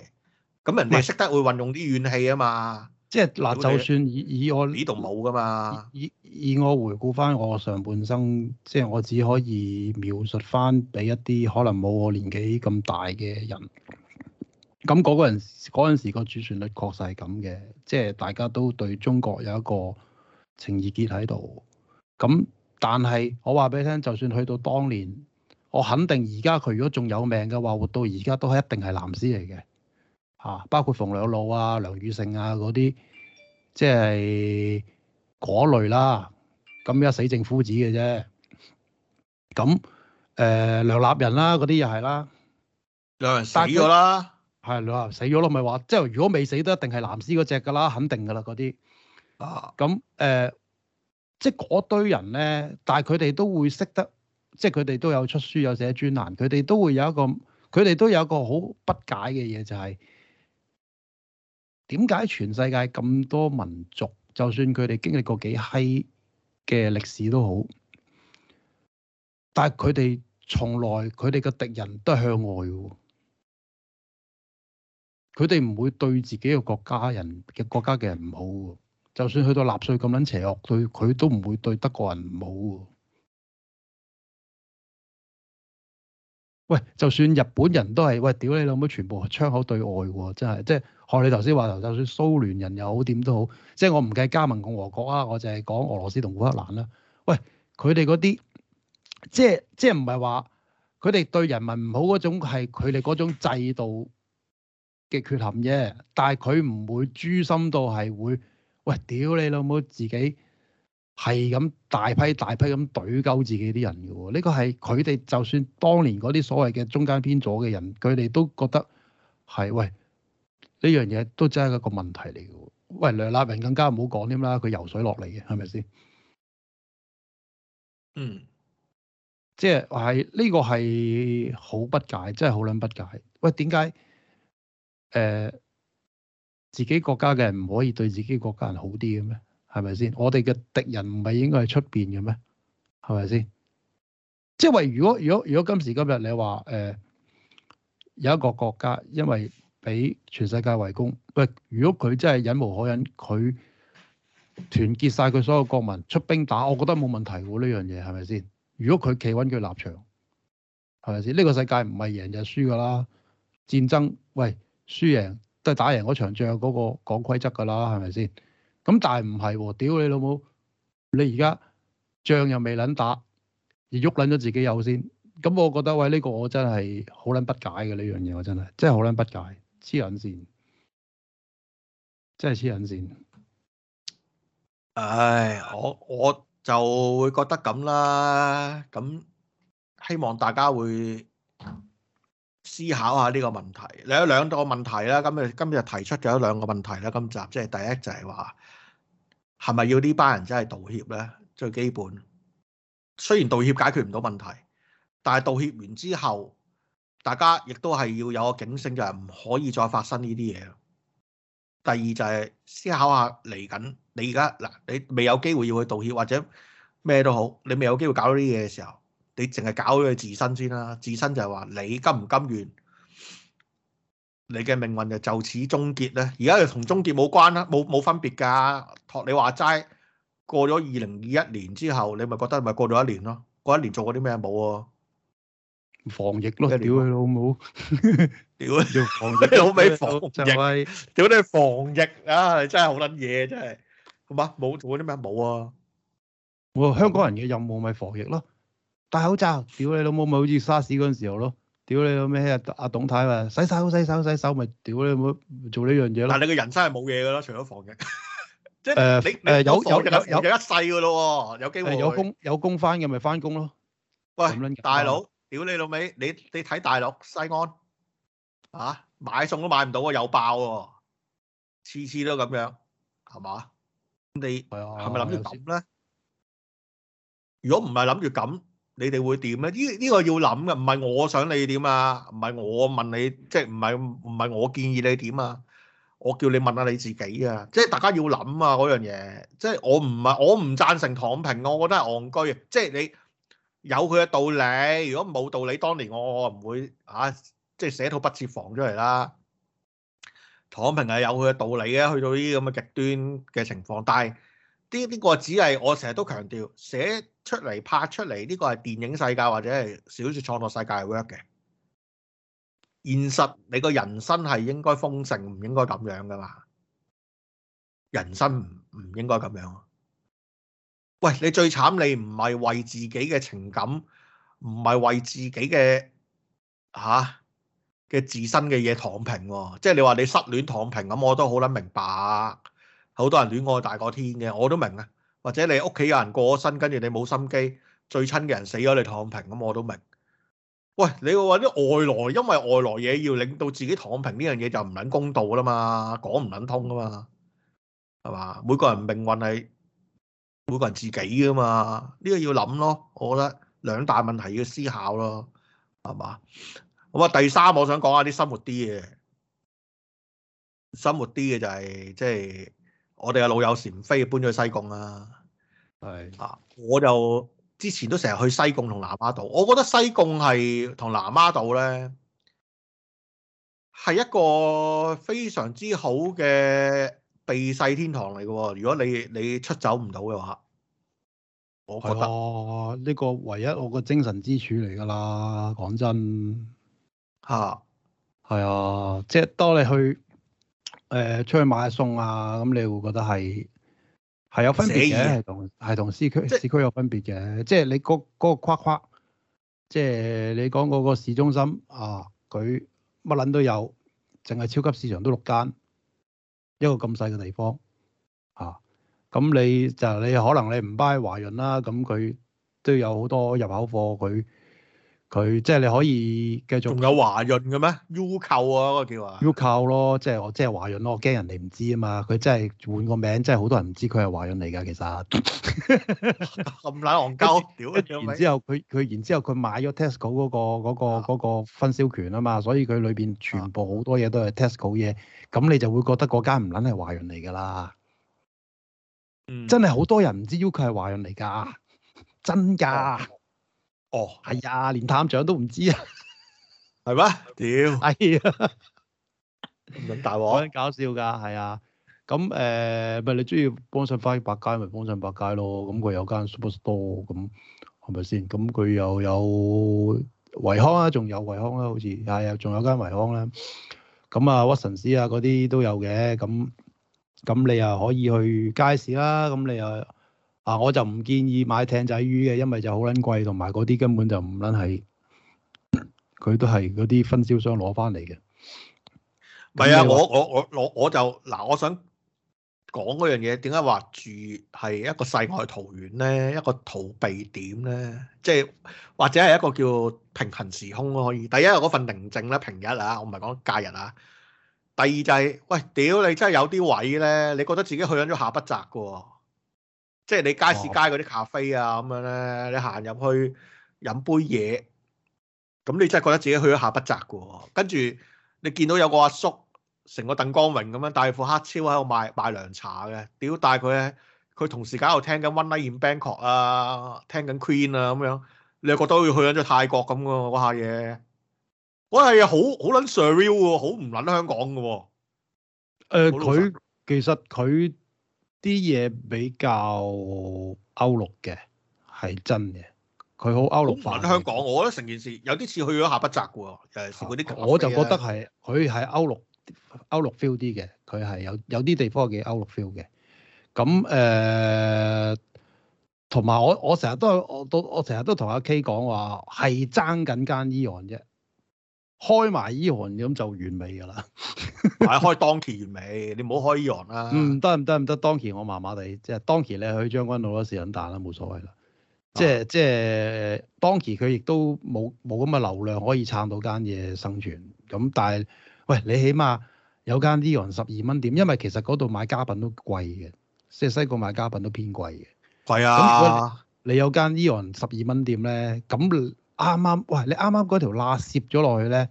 咁人哋識得會運用啲怨氣啊嘛。即係嗱，你就算以以我呢度冇㗎嘛。以以我回顧翻我上半生，即係我只可以描述翻俾一啲可能冇我年紀咁大嘅人。咁嗰人嗰陣時個主旋律確實係咁嘅，即係大家都對中國有一個情意結喺度。咁但係我話俾你聽，就算去到當年，我肯定而家佢如果仲有命嘅話，活到而家都係一定係藍絲嚟嘅嚇。包括馮兩路啊、梁宇成啊嗰啲，即係嗰類啦、啊。咁而家死正夫子嘅啫。咁誒、呃，梁立人啦、啊，嗰啲又係啦。梁人死咗啦。係是梁立人死咗咯，咪話即係如果未死都一定係藍絲嗰隻㗎啦，肯定㗎啦嗰啲。啊。咁誒。呃即係嗰堆人咧，但係佢哋都會識得，即係佢哋都有出書，有寫專欄，佢哋都會有一個，佢哋都有一個好不解嘅嘢，就係點解全世界咁多民族，就算佢哋經歷過幾閪嘅歷史都好，但係佢哋從來，佢哋嘅敵人都係向外嘅，佢哋唔會對自己嘅國家人，嘅國家嘅人唔好嘅。就算去到納粹咁撚邪惡對佢都唔會對德國人唔好喎。喂，就算日本人都係喂屌你老母，全部窗口對外喎，真係即係學你頭先話頭。就算蘇聯人又好點都好，即係我唔計加盟共和國啊，我就係講俄羅斯同烏克蘭啦。喂，佢哋嗰啲即係即係唔係話佢哋對人民唔好嗰種係佢哋嗰種制度嘅缺陷啫，但係佢唔會誅心到係會。喂，屌你老母！自己係咁大批大批咁懟鳩自己啲人嘅喎，呢、這個係佢哋就算當年嗰啲所謂嘅中間偏左嘅人，佢哋都覺得係喂呢樣嘢都真係一個問題嚟嘅喎。喂，梁立文更加唔好講添啦，佢游水落嚟嘅，係咪先？嗯，即係係呢個係好不解，真係好撚不解。喂，點解？誒、呃？自己國家嘅人唔可以對自己國家人好啲嘅咩？係咪先？我哋嘅敵人唔係應該係出邊嘅咩？係咪先？即係因為如果如果如果今時今日你話誒、呃、有一個國家因為俾全世界圍攻，喂，如果佢真係忍無可忍，佢團結晒佢所有國民出兵打，我覺得冇問題喎，呢樣嘢係咪先？如果佢企穩佢立場係咪先？呢、呢個世界唔係贏就係輸噶啦，戰爭喂，輸贏。都係打贏嗰場仗嗰個講規則㗎啦，係咪先？咁但係唔係喎，屌你老母，你而家仗又未撚打，而喐撚咗自己有先，咁、嗯、我覺得喂呢、這個我真係好撚不解嘅呢樣嘢，這個、我真係真係好撚不解，黐撚線，真係黐撚線。唉，我我就會覺得咁啦，咁希望大家會。思考下呢個問題，你有兩個問題啦。咁啊，今日提出咗兩個問題啦。今集即係第一就係話係咪要呢班人真係道歉呢？最基本，雖然道歉解決唔到問題，但係道歉完之後，大家亦都係要有個警醒，就係唔可以再發生呢啲嘢。第二就係思考下嚟緊，你而家嗱，你未有機會要去道歉或者咩都好，你未有機會搞到呢啲嘢嘅時候。你淨係搞佢自身先啦，自身就係話你甘唔甘願，你嘅命運就就此終結咧。而家就同終結冇關啦，冇冇分別噶。託你話齋，過咗二零二一年之後，你咪覺得咪過咗一年咯？過一年做過啲咩冇啊？防疫咯，屌佢老母，屌你！防疫，屌你！防疫啊！真係好撚嘢，真係好嘛？冇做過啲咩冇啊？我香港人嘅任務咪防疫咯。戴口罩，屌你老母，咪好似沙士嗰陣時候咯，屌你老咩啊！阿董太話：洗手、洗手、洗手，咪屌你老母做呢樣嘢咯。但係你個人生係冇嘢㗎咯，除咗防疫，即係誒你誒有有有有一世㗎咯喎，有機會。有工有工翻嘅咪翻工咯。喂，大佬屌你老味，你你睇大陸西安啊，買餸都買唔到啊，又爆喎，次次都咁樣係嘛？你係咪諗住咁咧？如果唔係諗住咁。你哋會點咧？呢、這、呢個要諗嘅，唔係我想你點啊，唔係我問你，即係唔係唔係我建議你點啊？我叫你問下你自己啊！即係大家要諗啊嗰樣嘢，即係我唔係我唔贊成躺平，我覺得係戇居啊！即係你有佢嘅道理，如果冇道理，當年我我唔會嚇、啊，即係寫套不設防出嚟啦。躺平係有佢嘅道理嘅，去到呢啲咁嘅極端嘅情況，但係呢呢個只係我成日都強調寫。出嚟拍出嚟，呢個係電影世界或者係小説創作世界 work 嘅。現實你個人生係應該豐盛，唔應該咁樣噶嘛。人生唔唔應該咁樣啊。喂，你最慘，你唔係為自己嘅情感，唔係為自己嘅嚇嘅自身嘅嘢躺平喎。即係你話你失戀躺平咁，我都好撚明白啊。好多人戀愛大過天嘅，我都明啊。或者你屋企有人過咗身，跟住你冇心機，最親嘅人死咗，你躺平咁，我都明。喂，你會話啲外來，因為外來嘢要令到自己躺平呢樣嘢就唔撚公道啦嘛，講唔撚通噶嘛，係嘛？每個人命運係每個人自己噶嘛，呢個要諗咯。我覺得兩大問題要思考咯，係嘛？咁啊，第三我想講下啲生活啲嘅，生活啲嘅就係即係我哋嘅老友馮飛搬咗去西貢啦。係啊！是我就之前都成日去西貢同南丫島，我覺得西貢係同南丫島咧，係一個非常之好嘅避世天堂嚟噶，哦。如果你你出走唔到嘅話，我覺得呢、啊這個唯一我個精神支柱嚟噶啦。講真，吓係啊！即係、啊就是、當你去誒、呃、出去買下餸啊，咁你會覺得係。係有分別嘅，係同係同市區市區有分別嘅，就是、即係你嗰嗰個框框，即、就、係、是、你講嗰個市中心啊，佢乜撚都有，淨係超級市場都六間，一個咁細嘅地方嚇，咁、啊、你就你可能你唔 buy 華潤啦，咁佢都有好多入口貨佢。佢即係你可以繼續，仲有華潤嘅咩？U 購啊，嗰個叫啊 U 購咯，即係我即係華潤咯。我驚人哋唔知啊嘛。佢真係換個名，真係好多人唔知佢係華潤嚟噶。其實咁撚戇鳩，屌啊！然之後佢佢，然之後佢買咗 Tesco 嗰個、嗰個、嗰個分銷權啊嘛，所以佢裏邊全部好多嘢都係 Tesco 嘢。咁你就會覺得嗰間唔撚係華潤嚟㗎啦。嗯，真係好多人唔知 U 購係華潤嚟㗎，真㗎。哦，係啊，連探長都唔知啊，係嘛？屌，係啊，咁大鑊，好搞笑噶，係啊。咁誒，咪你中意幫襯返百佳咪幫襯百佳咯。咁佢有間 Superstore，咁係咪先？咁佢又有維康啊，仲有維康啦，好似係啊，仲有間維康啦。咁啊，Watsons 啊嗰啲都有嘅。咁咁你又可以去街市啦。咁你又～啊！我就唔建議買艇仔魚嘅，因為就好撚貴，同埋嗰啲根本就唔撚係，佢都係嗰啲分銷商攞翻嚟嘅。唔係啊！我我我我我就嗱，我想講嗰樣嘢，點解話住係一個世外桃源咧？一個逃避點咧？即係或者係一個叫平行時空都可以。第一，嗰份寧靜咧，平日啊，我唔係講假日啊。第二就係、是、喂，屌你真係有啲位咧，你覺得自己去緊咗下不雜嘅喎。即係你街市街嗰啲咖啡啊咁、哦、樣咧，你行入去飲杯嘢，咁你真係覺得自己去咗下北澤嘅喎。跟住你見到有個阿叔成個鄧光榮咁樣，戴副黑超喺度賣賣涼茶嘅，屌！但佢咧，佢同時喺度聽緊 One Night in Bangkok 啊，聽緊 Queen 啊咁樣，你又覺得我要去緊咗泰國咁嘅嗰下嘢？我係好好撚 surreal 好唔撚香港嘅喎。佢、呃、其實佢。啲嘢比較歐陸嘅係真嘅，佢好歐陸化。香港、嗯，我覺得成件事有啲似去咗下北澤嘅喎，就係啲。我就覺得係佢喺歐陸歐陸 feel 啲嘅，佢係有有啲地方嘅歐陸 feel 嘅。咁、嗯、誒，同、呃、埋我我成日都我，我都我成日都同阿 K 講話係爭緊間醫院啫。開埋依行咁就完美噶啦。係啊，開當期完美，你唔好開依、e 啊、行啦。嗯，得唔得唔得？當期我麻麻地，即係當期你去將軍澳都蝕緊蛋啦，冇所謂啦。即係即係當期佢亦都冇冇咁嘅流量可以撐到間嘢生存。咁但係喂，你起碼有間依行十二蚊店，因為其實嗰度買家品都貴嘅，即係西貢買家品都偏貴嘅。貴啊，你有間依行十二蚊店咧，咁。啱啱，哇！你啱啱嗰條罅攝咗落去咧，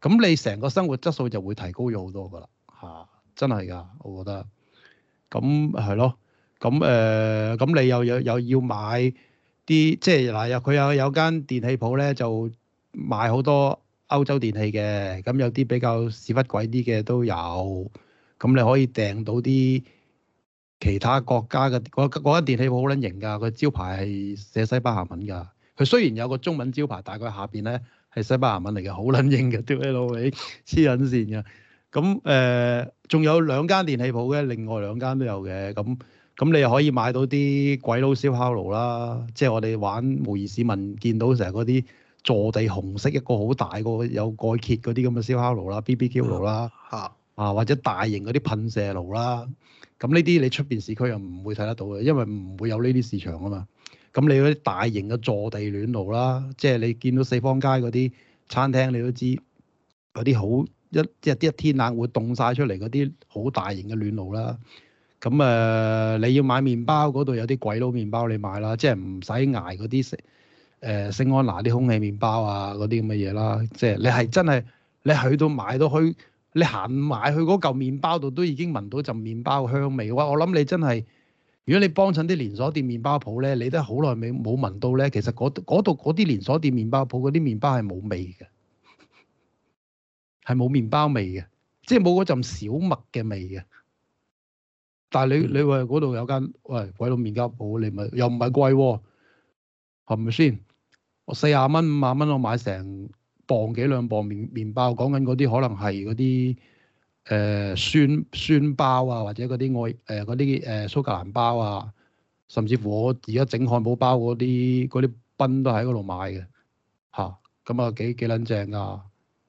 咁你成個生活質素就會提高咗好多噶啦，嚇、啊！真係㗎，我覺得。咁係咯，咁誒，咁、呃、你又又又要買啲，即係嗱，又佢又有間電器鋪咧，就買好多歐洲電器嘅，咁有啲比較屎忽鬼啲嘅都有。咁你可以訂到啲其他國家嘅嗰嗰間電器鋪好撚型㗎，佢招牌係寫西班牙文㗎。佢雖然有個中文招牌，大概佢下邊咧係西班牙文嚟嘅，好撚英嘅，屌你老味，你黐撚線嘅。咁、嗯、誒，仲、呃、有兩間電器鋪嘅，另外兩間都有嘅。咁、嗯、咁、嗯嗯、你又可以買到啲鬼佬燒烤爐啦，即係我哋玩模擬市民見到成日嗰啲坐地紅色一個好大個有蓋揭嗰啲咁嘅燒烤爐啦、B B Q 爐啦嚇啊，或者大型嗰啲噴射爐啦。咁呢啲你出邊市區又唔會睇得到嘅，因為唔會有呢啲市場啊嘛。咁你嗰啲大型嘅坐地暖爐啦，即係你見到四方街嗰啲餐廳，你都知嗰啲好一即係啲一天冷會凍晒出嚟嗰啲好大型嘅暖爐啦。咁誒，你要買麵包，嗰度有啲鬼佬麵包你買啦，即係唔使捱嗰啲誒聖安娜啲空氣麵包啊嗰啲咁嘅嘢啦。即係你係真係你去到買到去，你行埋去嗰嚿麵包度都已經聞到陣麵包嘅香味嘅話，我諗你真係～如果你幫襯啲連鎖店麵包鋪咧，你都好耐未冇聞到咧。其實嗰度嗰啲連鎖店麵包鋪嗰啲麵包係冇味嘅，係冇麵包味嘅，即係冇嗰陣小麥嘅味嘅。但係你你話嗰度有間喂鬼佬麵包鋪，你咪又唔係貴，係咪先？我四十蚊五十蚊，我買成磅幾兩磅麵麵包，講緊嗰啲可能係嗰啲。誒、呃、酸酸包啊，或者嗰啲我誒嗰啲誒蘇格蘭包啊，甚至乎我而家整漢堡包嗰啲嗰啲賓都喺嗰度買嘅嚇，咁啊幾幾撚正㗎，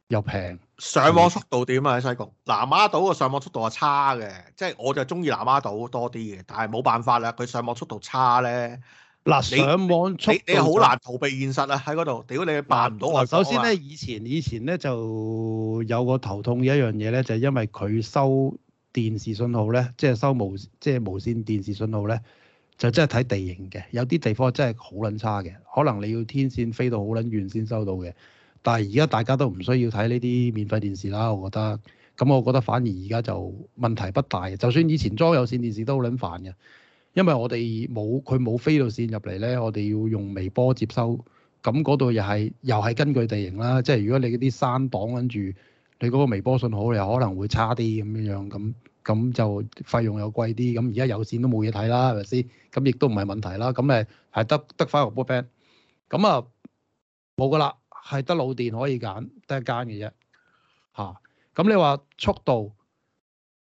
又平。上網速度點啊？喺西貢，南丫島個上網速度係差嘅，即係我就中意南丫島多啲嘅，但係冇辦法啦，佢上網速度差咧。嗱，上網你你好難逃避現實啊！喺嗰度，屌你辦唔到啊！首先咧，以前以前咧就有個頭痛嘅一樣嘢咧，就係因為佢收電視信號咧，即係收無即係無線電視信號咧，就真係睇地形嘅。有啲地方真係好撚差嘅，可能你要天線飛到好撚遠先收到嘅。但係而家大家都唔需要睇呢啲免費電視啦，我覺得。咁我覺得反而而家就問題不大嘅。就算以前裝有線電視都好撚煩嘅。因為我哋冇佢冇飛到線入嚟咧，我哋要用微波接收，咁嗰度又係又係根據地形啦，即係如果你啲山擋跟住，你嗰個微波信號又可能會差啲咁樣樣，咁咁就費用又貴啲，咁而家有線都冇嘢睇啦係咪先？咁亦都唔係問題啦，咁誒係得得翻個 broadband 咁啊冇噶啦，係得、得老電可以揀，得一間嘅啫吓，咁、啊、你話速度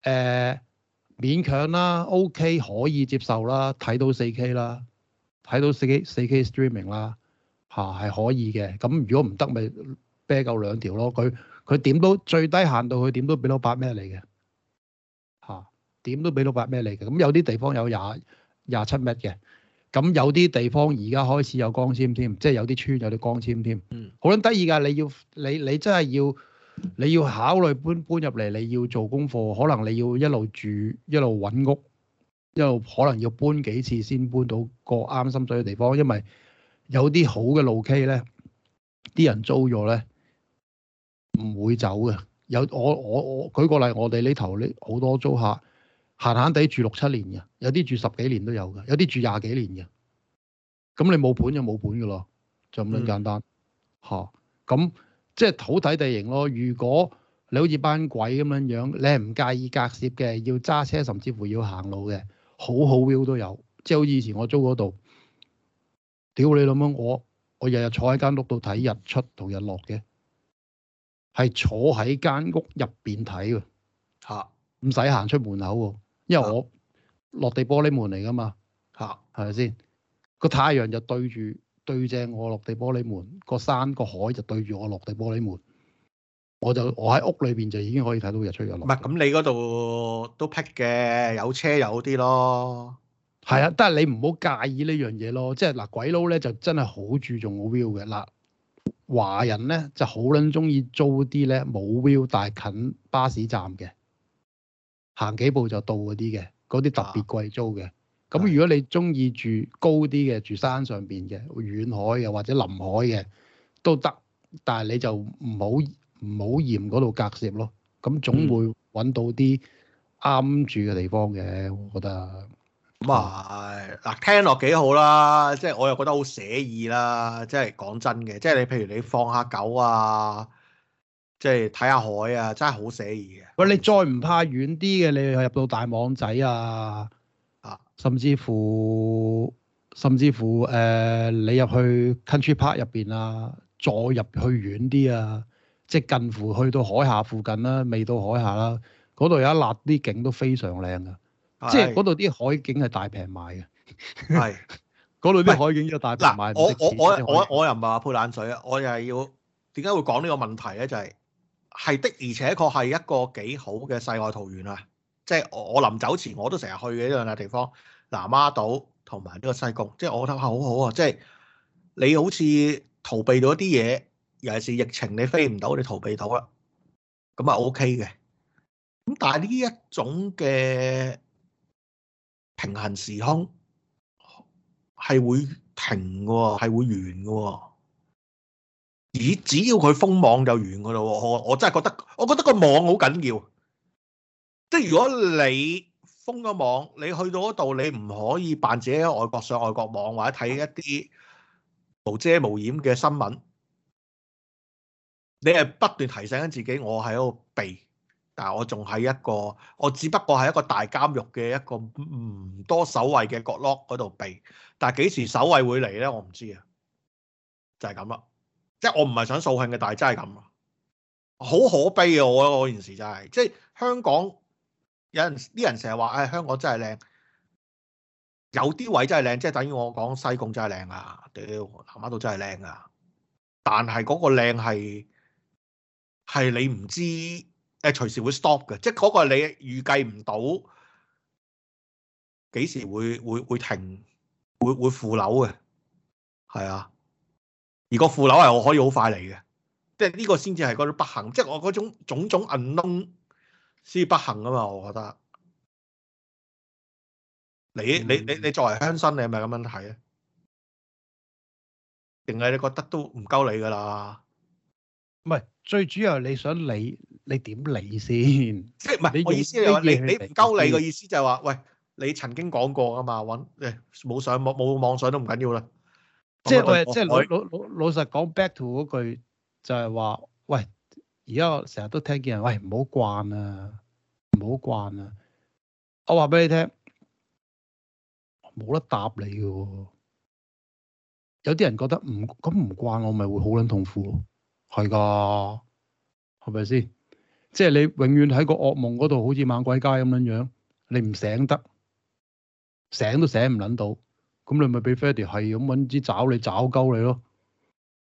誒？欸勉強啦，OK 可以接受啦，睇到 4K 啦，睇到 4K 4K streaming 啦，嚇、啊、係可以嘅。咁、啊、如果唔得咪啤夠兩條咯。佢佢點都最低限度、ah，佢、啊、點都俾到八咩嚟嘅，嚇，點都俾到八咩嚟嘅。咁有啲地方有廿廿七咩嘅，咁有啲地方而家開始有光纖添，即係有啲村有啲光纖添。嗯，好撚得意㗎，你要你你，你真係要。你要考慮搬搬入嚟，你要做功課，可能你要一路住，一路揾屋，一路可能要搬幾次先搬到個啱心水嘅地方。因為有啲好嘅路 K 呢，啲人租咗呢唔會走嘅。有我我我舉個例，我哋呢頭呢好多租客，閒閒地住六七年嘅，有啲住十幾年都有嘅，有啲住廿幾年嘅。咁你冇本就冇本噶咯，就咁樣簡單吓。咁、嗯。啊即係好睇地形咯。如果你好似班鬼咁樣樣，你係唔介意隔涉嘅，要揸車甚至乎要行路嘅，好好 view 都有。即係好似以前我租嗰度，屌你老母！我我日日坐喺間屋度睇日出同日落嘅，係坐喺間屋入邊睇喎。吓、啊，唔使行出門口喎，因為我、啊、落地玻璃門嚟㗎嘛。吓、啊，係咪先？個太陽就對住。對正我落地玻璃門，個山，個海就對住我落地玻璃門，我就我喺屋裏邊就已經可以睇到日出日落。唔係咁，你嗰度都僻嘅，有車有啲咯。係啊，但係你唔好介意呢樣嘢咯。即係嗱，鬼佬咧就真係好注重我 view 嘅嗱，華人咧就好撚中意租啲咧冇 view 但係近巴士站嘅，行幾步就到嗰啲嘅嗰啲特別貴租嘅。啊。咁如果你中意住高啲嘅，住山上邊嘅，遠海嘅或者臨海嘅都得，但係你就唔好唔好嫌嗰度隔涉咯。咁總會揾到啲啱住嘅地方嘅，我覺得。咁、嗯、啊，聽落幾好啦，即係我又覺得好寫意啦，即係講真嘅，即係你譬如你放下狗啊，即係睇下海啊，真係好寫意嘅。喂，你再唔怕遠啲嘅，你入到大網仔啊！甚至乎，甚至乎，誒、呃，你入去 country park 入邊啊，再入去遠啲啊，即近乎去到海下附近啦，未到海下啦，嗰度有一立啲景都非常靚噶，是即係嗰度啲海景係大平賣嘅，係嗰度啲海景又大平賣，我我我我我又唔係話潑冷水啊，我又係要點解會講呢個問題咧？就係、是、係的，的，的，而且確係一個幾好嘅世外桃源啊！即係我我臨走前我都成日去嘅呢兩笪地方，南丫島同埋呢個西貢，即係我諗下好好啊！即係你好似逃避到一啲嘢，尤其是疫情你飛唔到，你逃避到啦，咁啊 OK 嘅。咁但係呢一種嘅平行時空係會停嘅，係會完嘅。只只要佢封網就完噶啦！我我真係覺得，我覺得個網好緊要。即係如果你封咗網，你去到嗰度，你唔可以扮自己喺外國上外國網或者睇一啲無遮無掩嘅新聞，你係不斷提醒緊自己，我喺度避，但係我仲喺一個，我只不過係一個大監獄嘅一個唔多守衞嘅角落嗰度避，但係幾時守衞會嚟呢？我唔知啊，就係咁啦。即係我唔係想掃興嘅，但係真係咁啊，好可悲啊！我覺得嗰件事就係，即係香港。有人啲人成日話誒香港真係靚，有啲位真係靚，即係等於我講西貢真係靚啊，屌南丫島真係靚啊，但係嗰個靚係係你唔知誒隨時會 stop 嘅，即係嗰個你預計唔到幾時會會會停會會負樓嘅，係啊，而個負樓係我可以好快嚟嘅，即係呢個先至係嗰種不幸，即係我嗰種,種種種 unknown 輸不幸啊嘛，我覺得你。你你你你作為鄉親，你係咪咁樣睇咧？定係你覺得都唔鳩你噶啦？唔係，最主要係你想理，你點理先？即係唔係？你要我意思、就係、你你唔鳩你個意思就係、係、話，嗯、喂，你曾經講過啊嘛，揾誒冇上網冇網上都唔緊要啦。即係即係老老老老實講 back to 嗰句，就係話，喂。而家我成日都聽見人，喂唔好慣啊，唔好慣啊。我話俾你聽，冇得答你嘅喎。有啲人覺得唔咁唔慣，我咪會好撚痛苦咯，係噶，係咪先？即係你永遠喺個噩夢嗰度，好似猛鬼街咁樣樣，你唔醒得，醒都醒唔撚到，咁你咪俾 Freddy 係咁揾支爪你爪鳩你，你咯，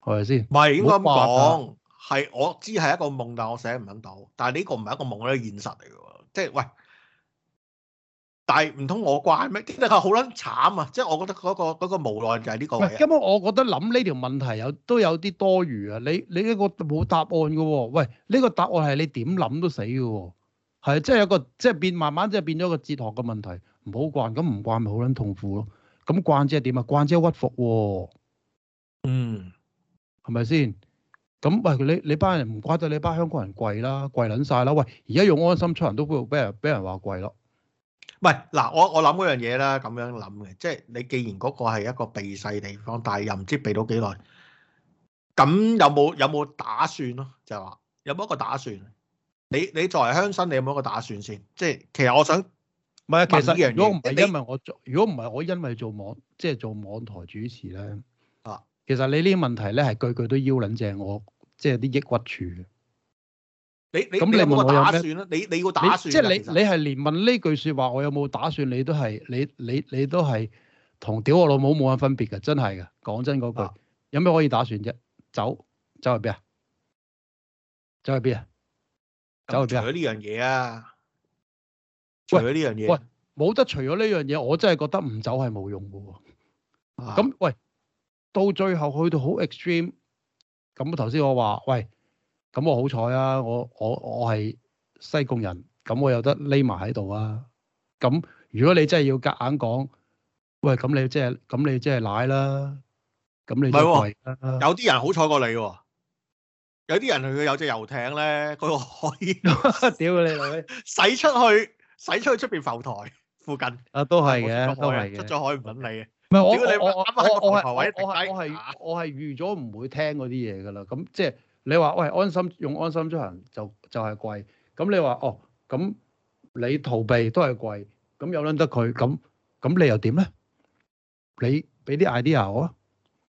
係咪先？唔好講。係我知係一個夢，但係我寫唔到。但係呢個唔係一個夢咧，個現實嚟嘅。即係喂，但係唔通我慣咩？真係好撚慘啊！即係我覺得嗰、那個嗰、那個無奈就係呢個。咁我我覺得諗呢條問題有都有啲多餘啊。你你呢個冇答案嘅喎、哦。喂，呢、這個答案係你點諗都死嘅喎、哦。係即係有個即係、就是、變慢慢即係變咗個哲學嘅問題。唔好慣，咁唔慣咪好撚痛苦咯。咁慣即係點啊？慣即係屈服、哦。嗯，係咪先？咁喂，你你班人唔怪得你班香港人跪啦，跪撚曬啦！喂，而家用安心出行都會俾人俾人話跪咯。唔係嗱，我我諗嗰樣嘢啦，咁樣諗嘅，即係你既然嗰個係一個避世地方，但係又唔知避到幾耐，咁有冇有冇打算咯？就係話有冇一個打算？你你作為鄉紳，你有冇一個打算先？即係其實我想，唔係其實如果唔係因為我做，如果唔係我因為做網即係做網台主持咧，啊，其實你呢啲問題咧係句句都邀撚正我。即係啲抑鬱處你你咁你問我有咩？你你要打算？即係你其實你係連問呢句說話，我有冇打算？你都係你你你都係同屌我老母冇乜分別嘅，真係嘅。講真嗰句，啊、有咩可以打算啫？走走去邊啊？走去邊啊？走去邊啊？除咗呢樣嘢啊？除咗呢樣嘢，喂，冇得除咗呢樣嘢，我真係覺得唔走係冇用嘅。咁、啊、喂，到最後去到好 extreme。咁頭先我話，喂，咁我好彩啊，我我我係西貢人，咁我有得匿埋喺度啊。咁如果你真係要夾硬講，喂，咁你即係咁你即係奶啦。咁你都奶啦。有啲人好彩過你喎，有啲人佢有隻遊艇咧，佢可以屌你老味，使出去，使出去出邊浮台附近。啊，都係嘅，都係嘅，出咗海唔揾你嘅。唔係我，我我我係我係我係我係預咗唔會聽嗰啲嘢㗎啦。咁即係你話我係安心用安心出行就就係貴。咁你話哦，咁你逃避都係貴。咁有撚得佢咁咁你又點咧？你俾啲 idea 我？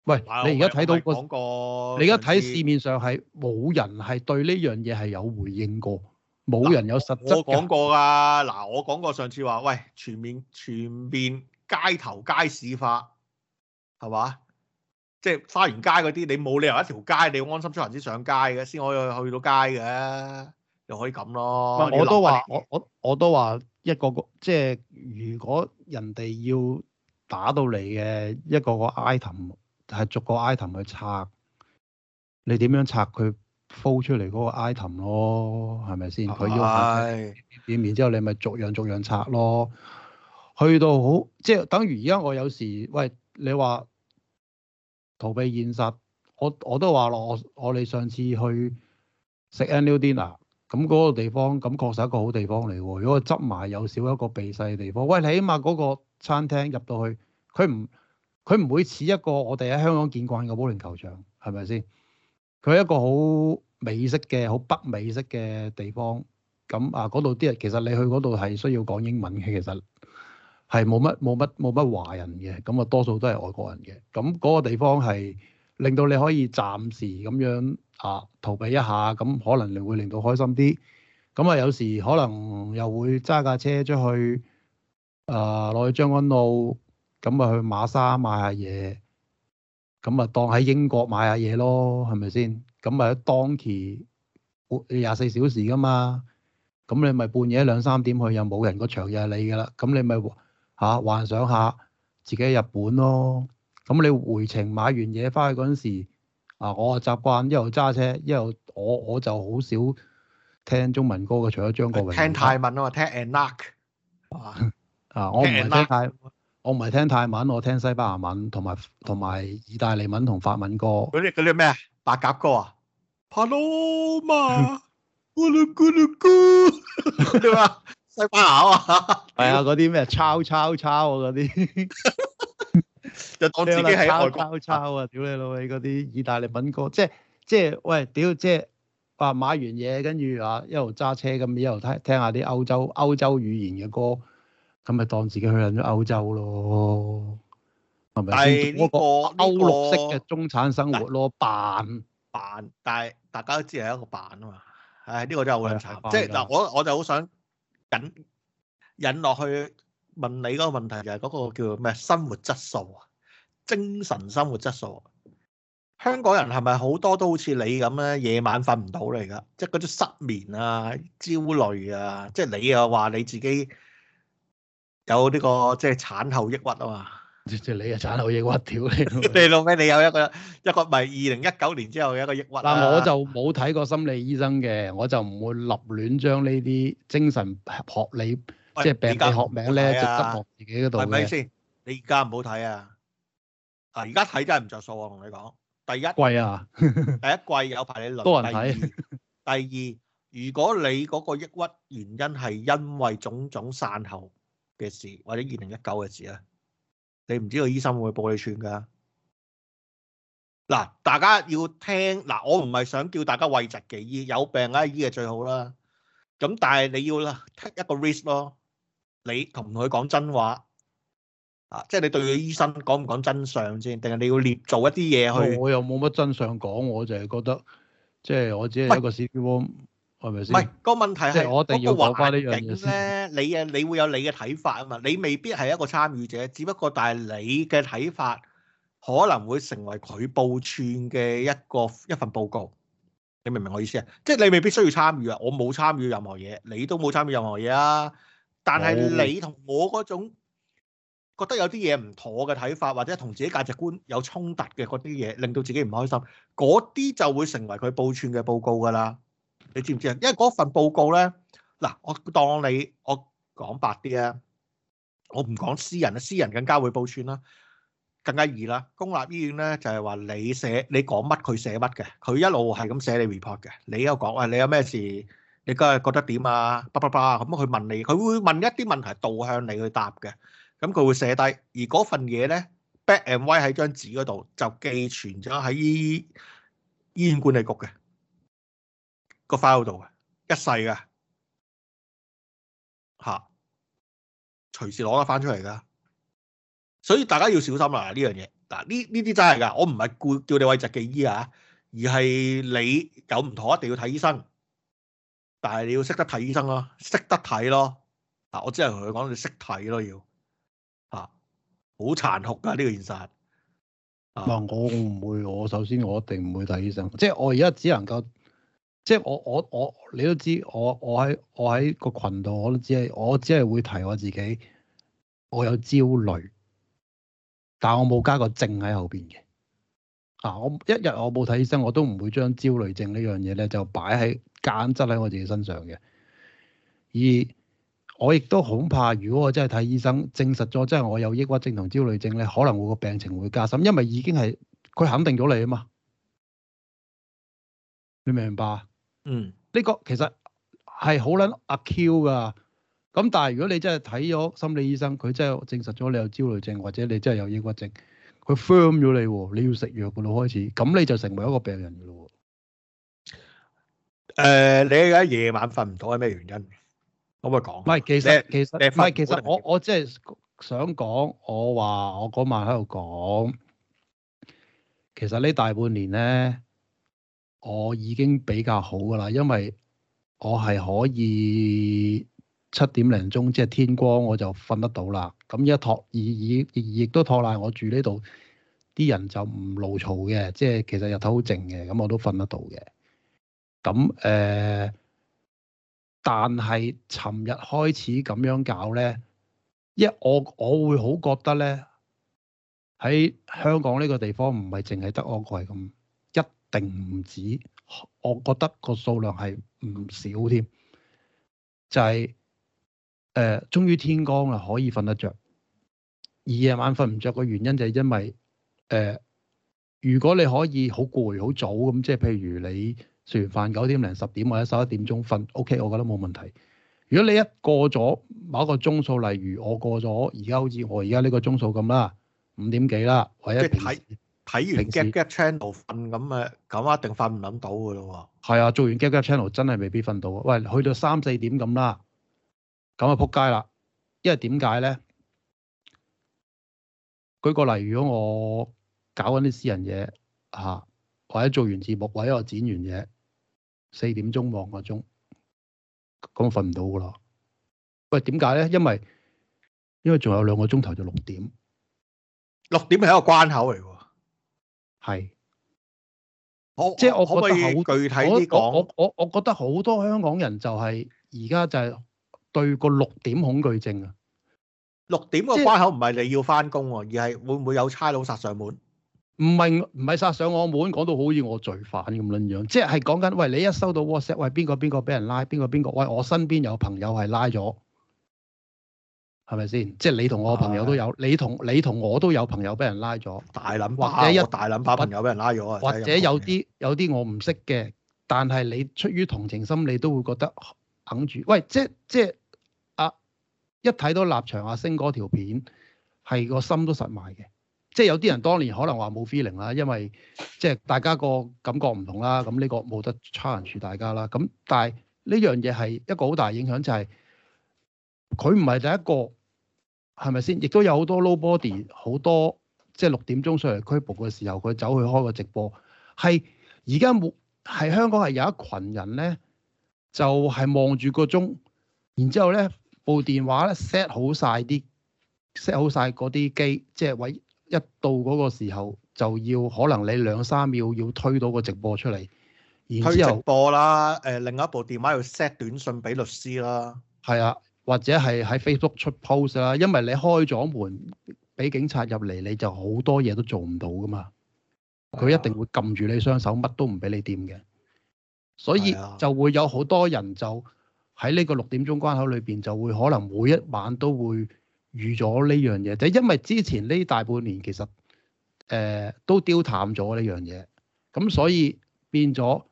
喂，你而家睇到個你而家睇市面上係冇人係對呢樣嘢係有回應過，冇人有實質。我講過㗎，嗱，我講過上次話，喂，全面全面。街頭街市化係嘛？即係、就是、花園街嗰啲，你冇理由一條街你要安心出下先上街嘅，先可以去到街嘅，又可以咁咯我我我。我都話，我我我都話一個個，即係如果人哋要打到你嘅一個個 item 係逐個 item 去拆，你點樣拆佢鋪出嚟嗰個 item 咯？係咪先？佢要點？然之後你咪逐樣逐樣拆咯。去到好，即係等於而家我有時喂你話逃避現實，我我都話咯。我我哋上次去食 annual dinner，咁嗰個地方咁、那個、確實一個好地方嚟喎。如果執埋有少一個避世嘅地方，喂，你起碼嗰個餐廳入到去，佢唔佢唔會似一個我哋喺香港見慣嘅保齡球場，係咪先？佢係一個好美式嘅、好北美式嘅地方。咁啊，嗰度啲人其實你去嗰度係需要講英文嘅，其實。係冇乜冇乜冇乜華人嘅，咁啊多數都係外國人嘅。咁嗰個地方係令到你可以暫時咁樣啊逃避一下，咁可能你會令到開心啲。咁啊有時可能又會揸架車出去啊落、呃、去將軍澳，咁啊去馬莎買下嘢，咁啊當喺英國買下嘢咯，係咪先？咁喺當期廿四小時噶嘛，咁你咪半夜兩三點去，又冇人，個場又係你㗎啦，咁你咪。嚇、啊，幻想下自己喺日本咯。咁、嗯、你回程買完嘢翻去嗰陣時，啊，我啊習慣一路揸車，一路我我就好少聽中文歌嘅，除咗張國榮。我聽泰文啊嘛，我聽 e n a c k 啊，我唔聽，聽，聽泰，我唔係聽泰文，我聽西班牙文同埋同埋意大利文同法文歌。嗰啲嗰啲咩啊？白鴿歌啊？Paloma？Good good good，西班牙啊，係啊，嗰啲咩抄抄抄啊，嗰啲就當自己喺外國抄抄啊，屌你老味嗰啲意大利文歌，即係即係喂，屌即係話、啊、買完嘢，跟住啊一路揸車咁，一路聽聽下啲歐洲歐洲語言嘅歌，咁咪當自己去緊歐，歐洲咯，係咪先？嗰個歐陸式嘅中產生活咯，扮扮辦，但係大家都知係一個扮啊嘛，唉，呢個真係好即係嗱，我我就好想。引落去問你嗰個問題就係嗰個叫咩？生活質素啊，精神生活質素啊，香港人係咪好多都好似你咁咧？夜晚瞓唔到嚟噶，即係嗰啲失眠啊、焦慮啊，即係你又話你自己有呢個即係產後抑鬱啊嘛？即係你又產後抑鬱，屌你！你老尾，你有一個一個咪二零一九年之後有一個抑鬱。嗱，我就冇睇過心理醫生嘅，我就唔會立亂將呢啲精神學理即係病理學名咧，就執落自己嗰度嘅。係咪先？你而家唔好睇啊！啊，而家睇真係唔着數，我同你講。第一貴啊，第一貴有排你輪。多人睇。第二，如果你嗰個抑鬱原因係因為種種傘後嘅事，或者二零一九嘅事咧。你唔知道醫生會唔會報你串噶，嗱，大家要聽嗱，我唔係想叫大家諱疾忌醫，有病咧醫係最好啦，咁但係你要啦，Take 一個 risk 咯，你同佢講真話啊？即係你對佢醫生講唔講真相先，定係你要捏做一啲嘢去、哦？我又冇乜真相講，我就係覺得，即係我只係一個唔係個問題係個環境咧，你啊，你會有你嘅睇法啊嘛，你未必係一個參與者，只不過但係你嘅睇法可能會成為佢報串嘅一個一份報告。你明唔明我意思啊？即係你未必需要參與啊，我冇參與任何嘢，你都冇參與任何嘢啊。但係你同我嗰種覺得有啲嘢唔妥嘅睇法，或者同自己價值觀有衝突嘅嗰啲嘢，令到自己唔開心，嗰啲就會成為佢報串嘅報告㗎啦。你知唔知啊？因為嗰份報告咧，嗱，我當你我講白啲啊，我唔講私人啊，私人更加會報串啦，更加易啦。公立醫院咧就係話你寫你講乜佢寫乜嘅，佢一路係咁寫你 report 嘅。你又講，喂，你有咩事，你家覺得點啊？啪啪啪咁佢問你，佢會問一啲問題導向你去答嘅，咁佢會寫低。而嗰份嘢咧，black and white 喺張紙嗰度就寄存咗喺醫院管理局嘅。個 file 度嘅，一世噶，吓、啊，隨時攞得翻出嚟噶，所以大家要小心喇呢樣嘢，嗱呢呢啲真係噶，我唔係叫你諱疾忌醫吓，而係你有唔妥一定要睇醫生，但係你要識得睇醫生、啊、咯，識、啊、得睇咯，嗱我只係同佢講你識睇咯要，吓、啊，好殘酷噶呢個現實，嗱、啊嗯、我唔會，我首先我一定唔會睇醫生，即係我而家只能夠。即係我我我，你都知我我喺我喺個群度，我都只係我只係會提我自己，我有焦慮，但我冇加個症喺後邊嘅。啊，我一日我冇睇醫生，我都唔會將焦慮症呢樣嘢咧就擺喺夾硬喺我自己身上嘅。而我亦都恐怕，如果我真係睇醫生，證實咗真係我有抑鬱症同焦慮症咧，可能我個病情會加深，因為已經係佢肯定咗你啊嘛。你明唔明白啊？嗯，呢個其實係好捻阿 Q 噶咁但係如果你真係睇咗心理醫生，佢真係證實咗你有焦慮症或者你真係有抑鬱症，佢 firm 咗你，你要食藥噶咯，開始，咁你就成為一個病人噶咯。誒、呃，你而家夜晚瞓唔到係咩原因？我咪講，唔係，其實你其實唔係你，其實我我真係想講，我話我嗰晚喺度講，其實呢大半年咧。我已經比較好㗎喇，因為我係可以七點零鐘即係天光我就瞓得到啦。咁一托，而而亦都托賴我住呢度啲人就唔露嘈嘅，即係其實日頭好靜嘅，咁我都瞓得到嘅。咁誒、呃，但係尋日開始咁樣搞咧，一我我會好覺得咧喺香港呢個地方唔係淨係得我一個係咁。並唔止，我覺得個數量係唔少添。就係、是、誒，終於、呃、天光啦，可以瞓得着。而夜晚瞓唔着嘅原因就係因為誒、呃，如果你可以好攰、好早咁，即係譬如你食完飯九點零、十點或者十一點鐘瞓，OK，我覺得冇問題。如果你一過咗某一個鐘數，例如我過咗而家好似我而家呢個鐘數咁啦，五點幾啦，或者睇完 g a channel 瞓咁啊，咁一定瞓唔到噶咯喎。係啊，做完 g a channel 真係未必瞓到。啊。喂，去到三四點咁啦，咁啊撲街啦。因為點解咧？舉個例，如果我搞緊啲私人嘢嚇、啊，或者做完節目或者我剪完嘢，四點鐘望個鐘，咁瞓唔到噶咯。喂，點解咧？因為因為仲有兩個鐘頭，就六點。六點係一個關口嚟喎。係，即我即係我，我覺得好具體啲講，我我，我覺得好多香港人就係而家就係對個六點恐懼症啊。六點個關口唔係你要翻工喎，就係、而係會唔會有差佬殺上門？唔係唔係殺上我門，講到好似我罪犯咁樣樣，即係講緊，喂，你一收到 WhatsApp，喂，邊個邊個俾人拉，邊個邊個，喂，我身邊有朋友係拉咗。係咪先？即係你同我朋友都有，啊、你同你同我都有朋友俾人拉咗，大諗，或者一大撚把朋友俾人拉咗啊，或者有啲有啲我唔識嘅，但係你出於同情心，你都會覺得肯住。喂，即係即係啊！一睇到立場阿、啊、星嗰條片，係個心都實埋嘅。即係有啲人當年可能話冇 feeling 啦，因為即係大家個感覺唔同啦。咁呢個冇得 challenge 住大家啦。咁但係呢樣嘢係一個好大影響，就係佢唔係第一個。係咪先？亦都有好多 low body，好多即係六點鐘上嚟拘捕嘅時候，佢走去開個直播。係而家冇，係香港係有一群人咧，就係望住個鐘，然之後咧部電話咧 set 好晒啲 set 好晒嗰啲機，即係話一到嗰個時候就要，可能你兩三秒要推到個直播出嚟。然後推直播啦，誒、呃，另一部電話要 set 短信俾律師啦。係啊。或者係喺 Facebook 出 post 啦，因為你開咗門俾警察入嚟，你就好多嘢都做唔到噶嘛。佢一定會撳住你雙手，乜都唔俾你掂嘅。所以就會有好多人就喺呢個六點鐘關口裏邊，就會可能每一晚都會預咗呢樣嘢。就因為之前呢大半年其實誒、呃、都丟淡咗呢樣嘢，咁所以變咗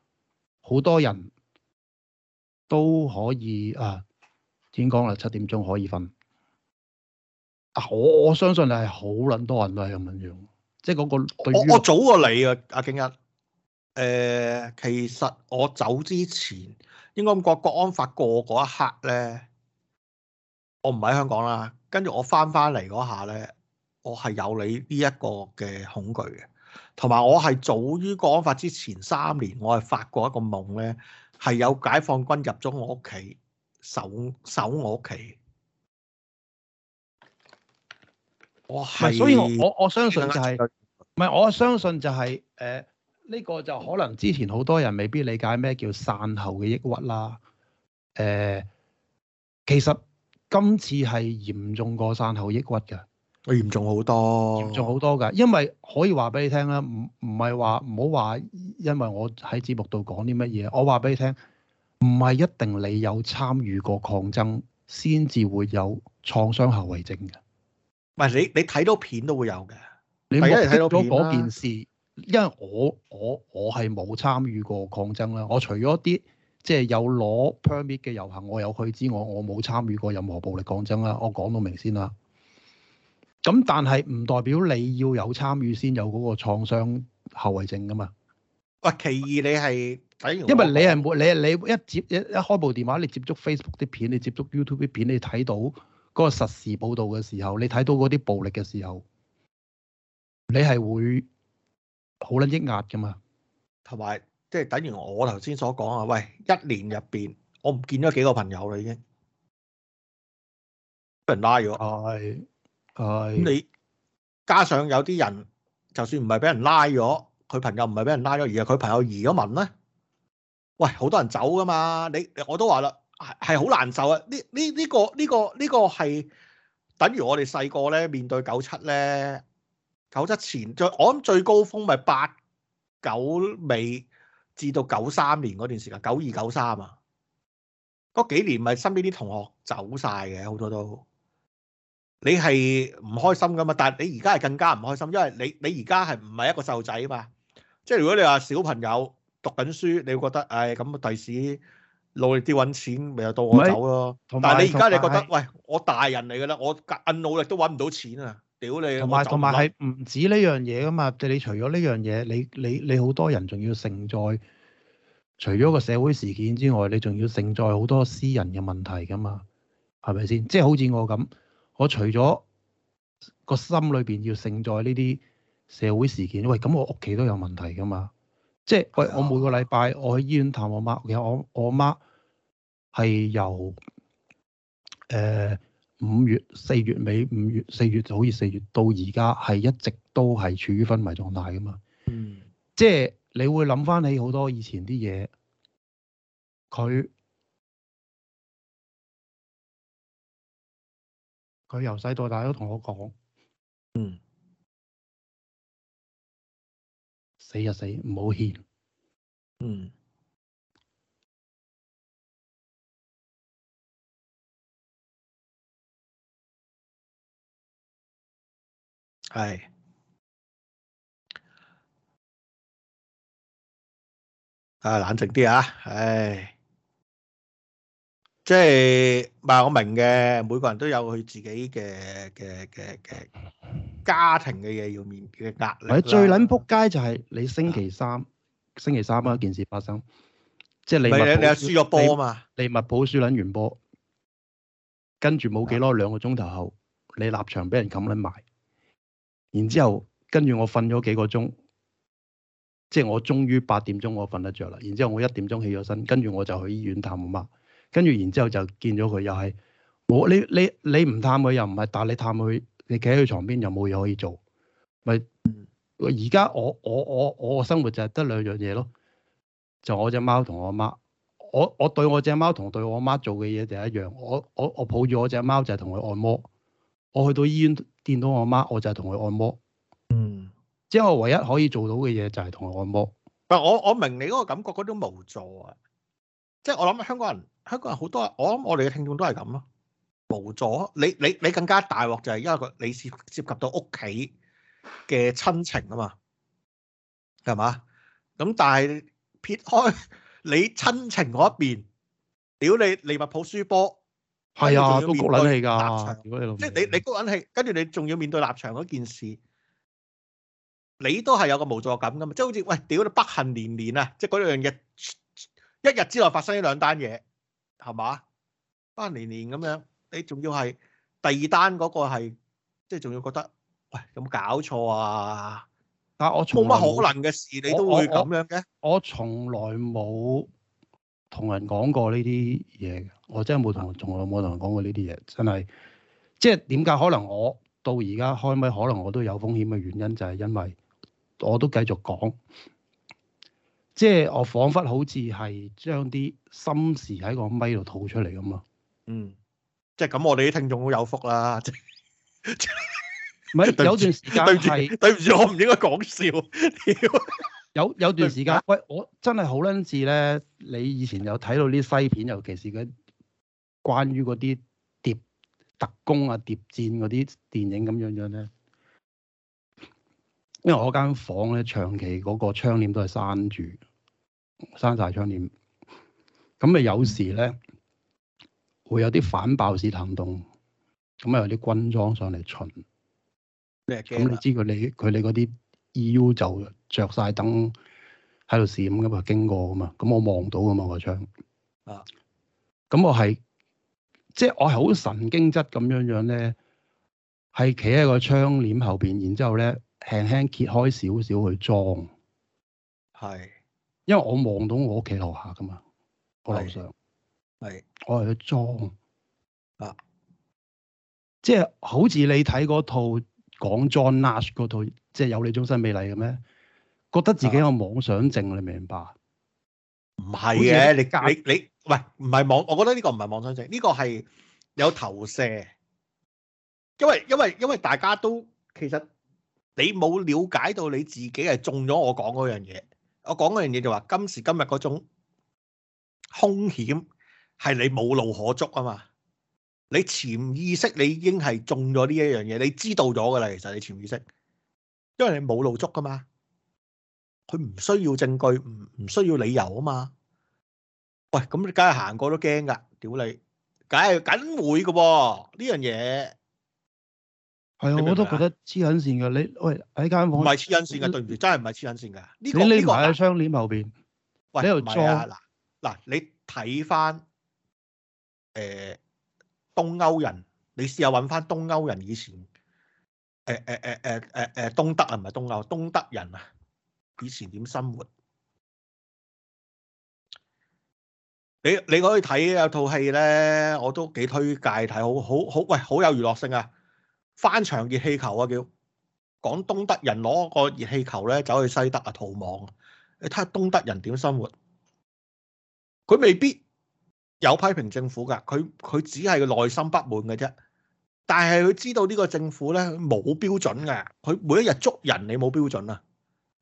好多人都可以啊。先講啊，七點鐘可以瞓。啊，我我相信你係好撚多人都係咁樣樣，即係嗰個對我我。我早過你啊，阿景一。誒、呃，其實我走之前，應該咁講，國安法過嗰一刻咧，我唔喺香港啦。跟住我翻翻嚟嗰下咧，我係有你呢一個嘅恐懼嘅，同埋我係早於國安法之前三年，我係發過一個夢咧，係有解放軍入咗我屋企。守守我屋企，我係，哦，所以我我相信就係，唔係我相信就係，誒、呃、呢個就可能之前好多人未必理解咩叫散後嘅抑鬱啦，誒、呃，其實今次係嚴重過散後抑鬱嘅，嚴重好多，嚴重好多㗎，因為可以話俾你聽啦，唔唔係話唔好話，因為我喺節目度講啲乜嘢，我話俾你聽。唔係一定你有參與過抗爭先至會有創傷後遺症嘅。唔係你你睇到片都會有嘅。你睇到片睇到件事，因為我我我係冇參與過抗爭啦。我除咗啲即係有攞 permit 嘅遊行我有去之外，我冇參與過任何暴力抗爭啦。我講到明先啦。咁但係唔代表你要有參與先有嗰個創傷後遺症㗎嘛？喂，其二你係。因為你係冇你你一接一一開部電話，你接觸 Facebook 啲片，你接觸 YouTube 啲片，你睇到嗰個實時報導嘅時候，你睇到嗰啲暴力嘅時候，你係會好撚抑壓噶嘛？同埋即係等於我頭先所講啊！喂，一年入邊我唔見咗幾個朋友啦，已經俾人拉咗。係係你加上有啲人就算唔係俾人拉咗，佢朋友唔係俾人拉咗，而係佢朋友移咗民咧。喂，好多人走噶嘛？你，我都話啦，係好難受啊！呢呢呢個呢個呢個係等於我哋細個咧面對九七咧，九七前最，我諗最高峰咪八九尾至到九三年嗰段時間，九二九三啊嘛，嗰幾年咪身邊啲同學走晒嘅，好多都，你係唔開心噶嘛？但係你而家係更加唔開心，因為你你而家係唔係一個細路仔啊嘛，即係如果你話小朋友。讀緊書，你會覺得，哎，咁第時努力啲揾錢，咪又是到我走咯，啊。但係你而家你覺得，悉喂，我大人嚟噶啦，我硬努力都揾唔到錢啊！屌你。同埋同埋係唔止呢樣嘢噶嘛？即你除咗呢樣嘢，你你你好多人仲要承載，除咗個社會事件之外，你仲要承載好多私人嘅問題噶嘛？係咪先？即、就、係、是、好似我咁，我除咗個心裏邊要承載呢啲社會事件，喂，咁我屋企都有問題噶嘛？即係，喂！我每個禮拜我去醫院探我媽，其實我我阿媽係由誒五月四月尾，五月四月就好似四月到而家係一直都係處於昏迷狀態噶嘛。嗯。即係你會諗翻起好多以前啲嘢，佢佢由細到大都同我講。嗯。死就死，唔好嫌。嗯，係 。啊，冷靜啲啊，唉。即係唔係？我明嘅，每個人都有佢自己嘅嘅嘅嘅家庭嘅嘢要面對嘅壓力。最撚仆街就係你星期三，星期三啊，一件事發生，即係你。你利物浦輸咗波啊嘛！利物浦輸撚完波，跟住冇幾耐兩個鐘頭後，你立場俾人冚撚埋，然之後跟住我瞓咗幾個鐘，即係我終於八點鐘我瞓得着啦。然之後我一點鐘起咗身，跟住我就去醫院探阿媽。跟住，然之後就見咗佢，又係我你你你唔探佢又唔係，但係你探佢，你企喺佢床邊又冇嘢可以做，咪而家我我我我嘅生活就係得兩樣嘢咯，就我隻貓同我媽，我我對我隻貓同對我媽做嘅嘢就係一樣，我我我抱住我隻貓就係同佢按摩，我去到醫院見到我媽我就係同佢按摩，嗯，即係我唯一可以做到嘅嘢就係同佢按摩。但、嗯，我我明你嗰個感覺嗰種無助啊，即係我諗香港人。香港人好多，我諗我哋嘅聽眾都係咁咯，無助。你你你更加大鑊就係因為佢，你涉涉及到屋企嘅親情啊嘛，係嘛？咁但係撇開你親情嗰一邊，屌你利物浦輸波，係啊，都焗卵氣谷撚氣噶。即係你你谷撚氣，跟住你仲要面對立場嗰、啊、件事，你都係有個無助感噶嘛？即係好似喂，屌你不幸連連啊！即係嗰樣嘢，一日之內發生呢兩單嘢。係嘛？翻年年咁樣，你仲要係第二單嗰個係，即係仲要覺得喂，有冇搞錯啊？但我冇乜可能嘅事，你都會咁樣嘅。我從來冇同人講過呢啲嘢嘅，我真係冇同，從來冇同人講過呢啲嘢，真係。即係點解可能我到而家開咪，可能我都有風險嘅原因，就係因為我都繼續講。即係我彷彿好似係將啲心事喺個咪度吐出嚟咁啊！嗯，即係咁，我哋啲聽眾都有福啦！唔係有段時間係對唔住，我唔應該講笑。 有有段時間，喂，我真係好撚似咧。你以前有睇到啲西片，尤其是啲關於嗰啲諜特工啊、諜戰嗰啲電影咁樣樣咧。因為我間房咧長期嗰個窗簾都係閂住，閂晒窗簾。咁咪有時咧會有啲反爆市行動，咁啊有啲軍裝上嚟巡。咁你，你知佢你佢哋嗰啲 EU 就着晒燈喺度閃咁嘛，經過噶嘛，咁我望到噶嘛個窗。啊！咁我係即係我係好神經質咁樣樣咧，係企喺個窗簾後邊，然之後咧。輕輕揭開少少去裝，係，因為我望到我屋企樓下噶嘛，我樓上，係，我係去裝啊，即係好似你睇嗰套講 John Nash 嗰套，即係有你終身美麗嘅咩？覺得自己有妄想症，你明唔明白？唔係嘅，你你你，喂，唔係妄，我覺得呢個唔係妄想症，呢個係有投射，因為因為因為大家都其實。你冇了解到你自己係中咗我講嗰樣嘢，我講嗰樣嘢就話今時今日嗰種凶險係你冇路可捉啊嘛！你潛意識你已經係中咗呢一樣嘢，你知道咗㗎啦，其實你潛意識，因為你冇路捉噶嘛，佢唔需要證據，唔唔需要理由啊嘛。喂，咁你梗係行過都驚㗎，屌你，梗係梗會嘅噃呢樣嘢。係，我都覺得黐緊線嘅。你喂喺間房唔係黐緊線嘅，你對唔住，真係唔係黐緊線嘅。呢個、你呢排喺窗簾後邊，或者裝？唔係啊，嗱嗱，你睇翻誒東歐人，你試下揾翻東歐人以前誒誒誒誒誒誒東德啊，唔係東歐，東德人啊，以前點生活？你你可以睇有套戲咧，我都幾推介睇，好好好，喂，好有娛樂性啊！翻牆熱氣球啊，叫講東德人攞個熱氣球咧，走去西德啊，逃亡。你睇下東德人點生活，佢未必有批評政府噶，佢佢只係內心不滿嘅啫。但係佢知道呢個政府咧冇標準嘅，佢每一日捉人你冇標準啊，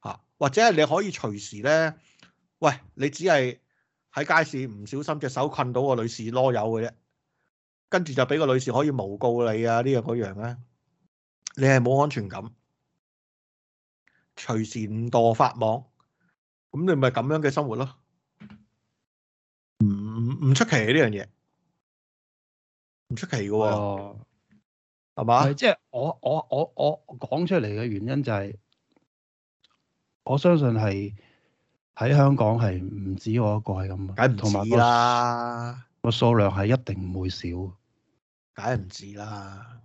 吓或者係你可以隨時咧，喂，你只係喺街市唔小心隻手困到個女士囉柚嘅啫。跟住就俾個女士可以誣告你啊！呢樣嗰樣咧，你係冇安全感，隨時墮法網，咁你咪咁樣嘅生活咯，唔唔出奇呢樣嘢，唔出奇嘅、啊、喎，係嘛、哦？即係吧、就是、我我我我講出嚟嘅原因就係、是，我相信係喺香港係唔止我一個係咁解唔同意啦，個數量係一定唔會少。梗係唔知啦！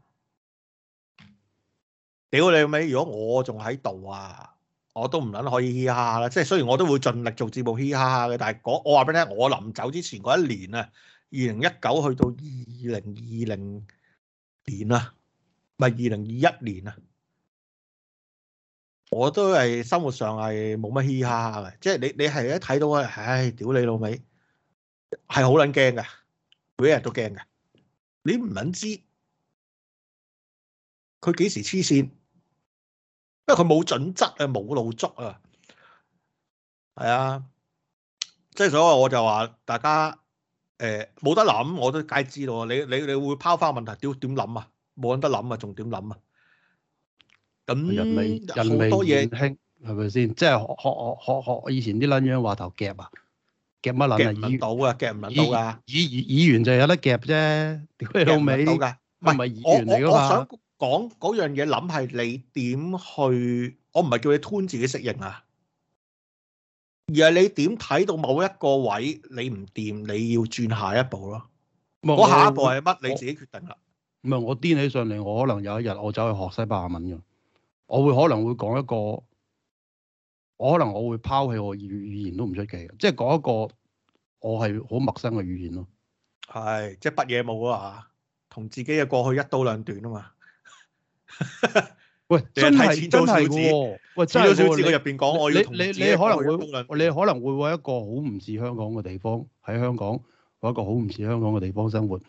屌你老味！如果我仲喺度啊，我都唔撚可以嘻哈啦。即係雖然我都會盡力做節目嘻哈下嘅，但係我話俾你聽，我臨走之前嗰一年啊，二零一九去到二零二零年啊，唔係二零二一年啊，我都係生活上係冇乜嘻哈下嘅。即係你你係一睇到啊，唉，屌你老味，係好撚驚嘅，每一日都驚嘅。你唔撚知佢幾時黐線，因為佢冇準則啊，冇路捉啊，係啊，即係所以我就話大家誒冇、欸、得諗，我都解知道。你你你會拋翻問題點點諗啊？冇得諗啊，仲點諗啊？咁人哋人哋年輕係咪先？即係學學學學以前啲撚樣話頭夾啊？夾乜能啊？議員到啊，夾唔輪到噶？議員議員就有得夾啫，屌你老味，唔係議員嚟噶嘛？我我我想講嗰樣嘢諗係你點去，我唔係叫你吞自己適應啊，而係你點睇到某一個位你唔掂，你要轉下一步咯。我下一步係乜？你自己決定啦。唔係我癲起上嚟，我可能有一日我走去學西班牙文嘅，我會可能會講一個。我可能我會拋棄我語語言都唔出奇，即係講一個我係好陌生嘅語言咯。係，即係乜嘢冇啊？同自己嘅過去一刀兩斷啊嘛。喂，真係真係嘅喎，寫咗少字，我入邊講我要同自己。你你，你可能會，你可能會喎一個好唔似香港嘅地方喺香港，或一個好唔似香港嘅地方生活。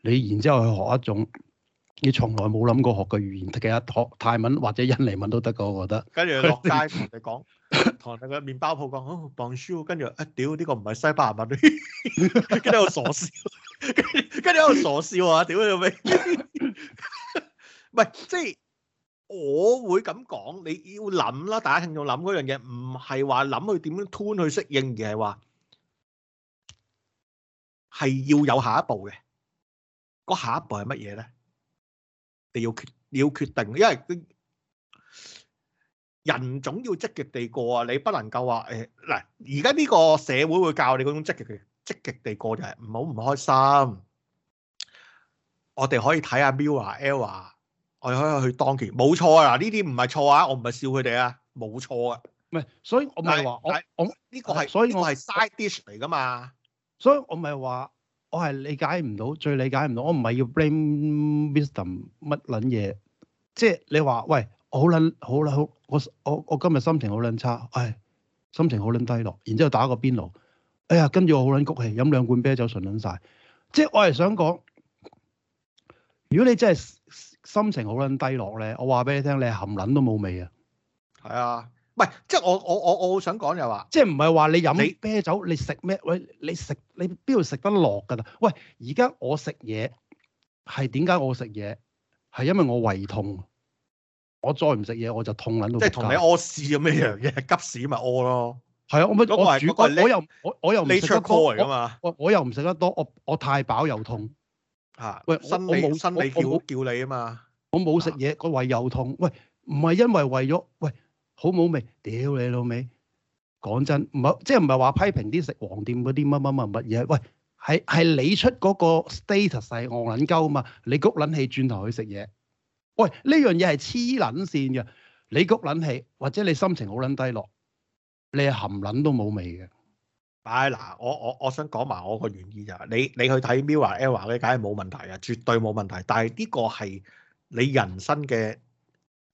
你然之後去學一種，你從來冇諗過學個語言得嘅，學泰文或者印尼文都得嘅，我覺得。跟住落街同人哋講，同個麵包鋪講，哦，bangsu，跟住誒，屌呢個唔係西班牙文，跟住喺度傻笑，跟住跟住喺度傻笑啊，屌你老味！唔係，即係我會咁講，你要諗啦。大家喺度諗嗰樣嘢，唔係話諗去點樣 tune 去適應，而係話係要有下一步嘅。嗰下一步係乜嘢咧？你要決要決定，因為人總要積極地過啊！你不能夠話誒嗱，而家呢個社會會教你嗰種積極積極地過就係唔好唔開心。我哋可以睇下 Mirror、Error，我哋可以去當其，冇錯啊！呢啲唔係錯啊，我唔係笑佢哋啊，冇錯啊。唔係，所以我咪話但我我呢個係，所以我係 side dish 嚟㗎嘛，所以我咪話。我係理解唔到，最理解唔到。我唔係要 blame wisdom 乜撚嘢，即係你話喂，好撚好撚好，我我我今日心情好撚差，唉，心情好撚低落，然之後打個邊爐，哎呀，跟住我好撚谷氣，飲兩罐啤酒，純撚晒。即係我係想講，如果你真係心情好撚低落咧，我話俾你聽，你係含撚都冇味啊。係啊。唔係，即係我我我我好想講就話，即係唔係話你飲啤酒，你食咩？喂，你食你邊度食得落㗎啦？喂，而家我食嘢係點解我食嘢係因為我胃痛，我再唔食嘢我就痛撚到。即係同你屙屎咁一樣嘢，急屎咪屙咯。係啊，我咪我主，我又我我又唔食得多啊嘛。我我又唔食得多，我我太飽又痛嚇。喂，我冇心你叫叫你啊嘛。我冇食嘢，個胃又痛。喂，唔係因為為咗喂。好冇味，屌你老味！講真，唔係即係唔係話批評啲食黃店嗰啲乜乜乜乜嘢。喂，係，係你出嗰個 status 係我卵鳩嘛？你谷卵氣轉頭去食嘢？喂，呢樣嘢係黐卵線嘅。你谷卵氣，或者你心情好卵低落，你含卵都冇味嘅。唉、哎，嗱，我我我想講埋我個原意就係，你你去睇 MIRROR、ERROR 嗰啲，梗係冇問題嘅，絕對冇問題。但係呢個係你人生嘅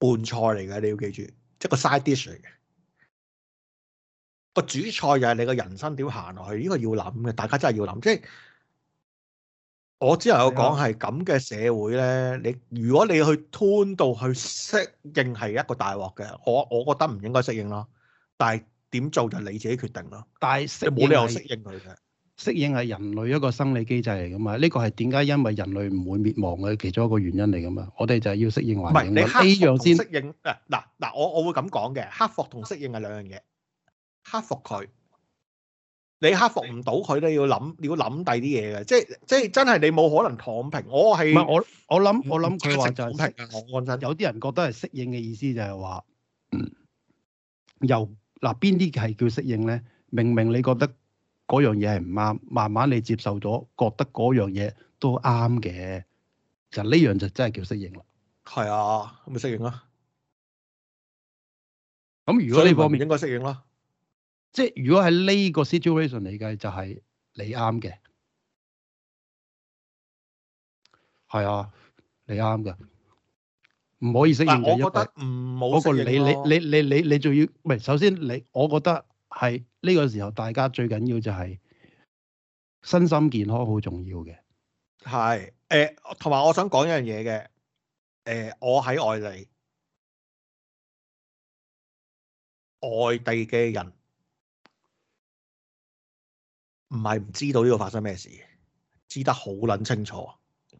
伴菜嚟嘅，你要記住。即係一個 side dish 嚟嘅，個主菜又係你個人生點行落去，呢個要諗嘅，大家真係要諗。即係我之前有講係咁嘅社會咧，你如果你去吞到去適應係一個大鑊嘅，我我覺得唔應該適應咯。但係點做就你自己決定咯。但係適冇理由適應佢嘅。適應係人類一個生理機制嚟㗎嘛？呢個係點解因為人類唔會滅亡嘅其中一個原因嚟㗎嘛？我哋就係要適應環境。唔係你克服同適應啊！嗱嗱，我我會咁講嘅，克服同適應係兩樣嘢。克服佢，你克服唔到佢咧，要諗要諗第啲嘢嘅。即即真係你冇可能躺平。我係唔係我我諗我諗佢話就係躺平。我覺得有啲人覺得係適應嘅意思就係話嗯，又嗱邊啲係叫適應咧？明明你覺得。嗰樣嘢係唔啱，慢慢你接受咗，覺得嗰樣嘢都啱嘅，就呢樣就真係叫適應啦。係啊，咪適應啦。咁如果呢方面應該適應啦。即係如果喺呢個 situation 嚟嘅，就係你啱嘅。係啊，你啱嘅。唔可以適應嘅，我覺得唔冇適應。嗰個你你你你你你仲要？唔係，首先你我覺得。係呢、這個時候，大家最緊要就係身心健康好重要嘅。係、呃，誒，同埋我想講一樣嘢嘅，誒、呃，我喺外地，外地嘅人唔係唔知道呢度發生咩事，知得好撚清楚。誒、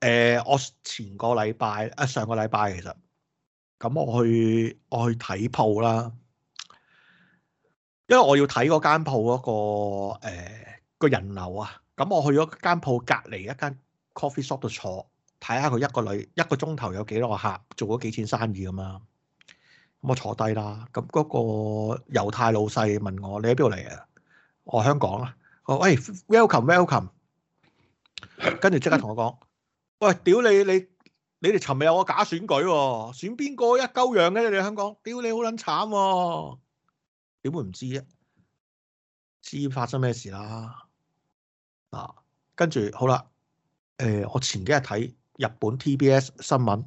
呃，我前個禮拜啊，上個禮拜其實，咁我去我去睇鋪啦。因為我要睇嗰間鋪嗰、個、欸、個人流啊，咁我去咗間鋪隔離一間 coffee shop 度坐，睇下佢一個女一個鐘頭有幾多個客，做咗幾錢生意咁啊。咁我坐低啦，咁嗰個猶太老細問我：你喺邊度嚟啊？我香港啊。」我喂 welcome welcome，跟住即刻同我講：嗯、喂，屌你你你哋尋日有個假選舉喎、啊，選邊個一鳩樣嘅你哋香港？屌你好撚慘喎！點會唔知啫？知發生咩事啦！啊，跟住好啦，誒、呃，我前幾日睇日本 TBS 新聞，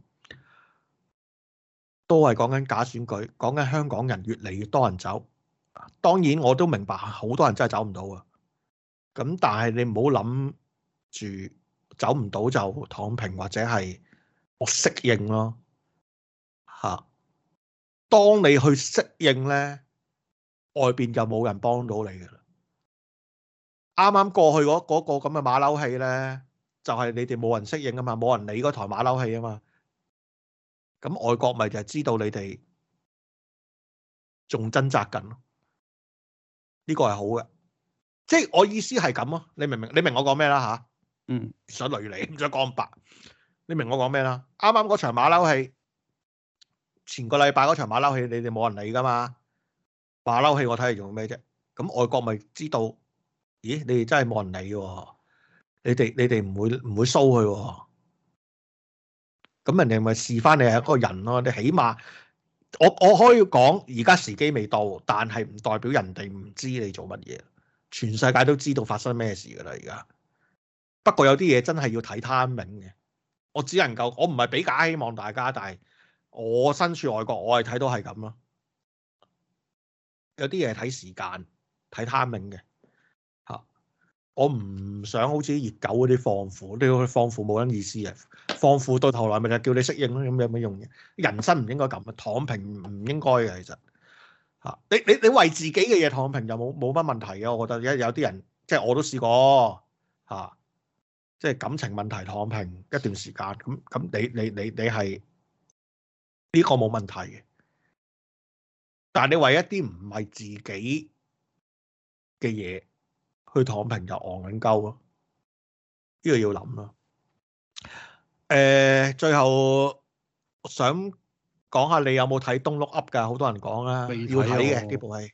都係講緊假選舉，講緊香港人越嚟越多人走。當然我都明白，好多人真係走唔到啊。咁但係你唔好諗住走唔到就躺平或者係我適應咯。吓，當你去適應呢。外邊就冇人幫到你噶啦，啱啱過去嗰嗰個咁嘅馬騮戲咧，就係你哋冇人適應啊嘛，冇人理嗰台馬騮戲啊嘛，咁外國咪就係知道你哋仲掙扎緊咯，呢個係好嘅，即係我意思係咁咯，你明唔明？你明我講咩啦吓？嗯，想累你唔想講白？你明我講咩啦？啱啱嗰場馬騮戲，前個禮拜嗰場馬騮戲，你哋冇人理噶嘛。馬騮戲我睇係做咩啫？咁外國咪知道？咦，你哋真係冇人理嘅，哦，你哋你哋唔會唔會收佢，哦？咁人哋咪試翻你係嗰個人咯，哦？你起碼我我可以講，而家時機未到，但係唔代表人哋唔知你做乜嘢。全世界都知道發生咩事噶啦，而家。不過有啲嘢真係要睇 timing 嘅。我只能夠，我唔係比較希望大家，但係我身處外國我，我係睇到係咁咯。有啲嘢睇時間，睇 timing 嘅嚇。我唔想好似熱狗嗰啲放負，呢、啊、去放負冇咁意思嘅。放負到頭來咪就叫你適應咯，咁有乜用嘅？人生唔應該咁啊，躺平唔應該嘅。其實嚇，你你你為自己嘅嘢躺平又冇冇乜問題嘅。我覺得而家有啲人，即係我都試過嚇、啊，即係感情問題躺平一段時間。咁咁你你你你係呢、呢個冇問題嘅。但你為一啲唔係自己嘅嘢去躺平就昂緊鳩咯？呢個要諗咯。誒、呃，最後想講下，你有冇睇《Don't Look Up》噶，好多人講啦，要睇嘅呢部戲、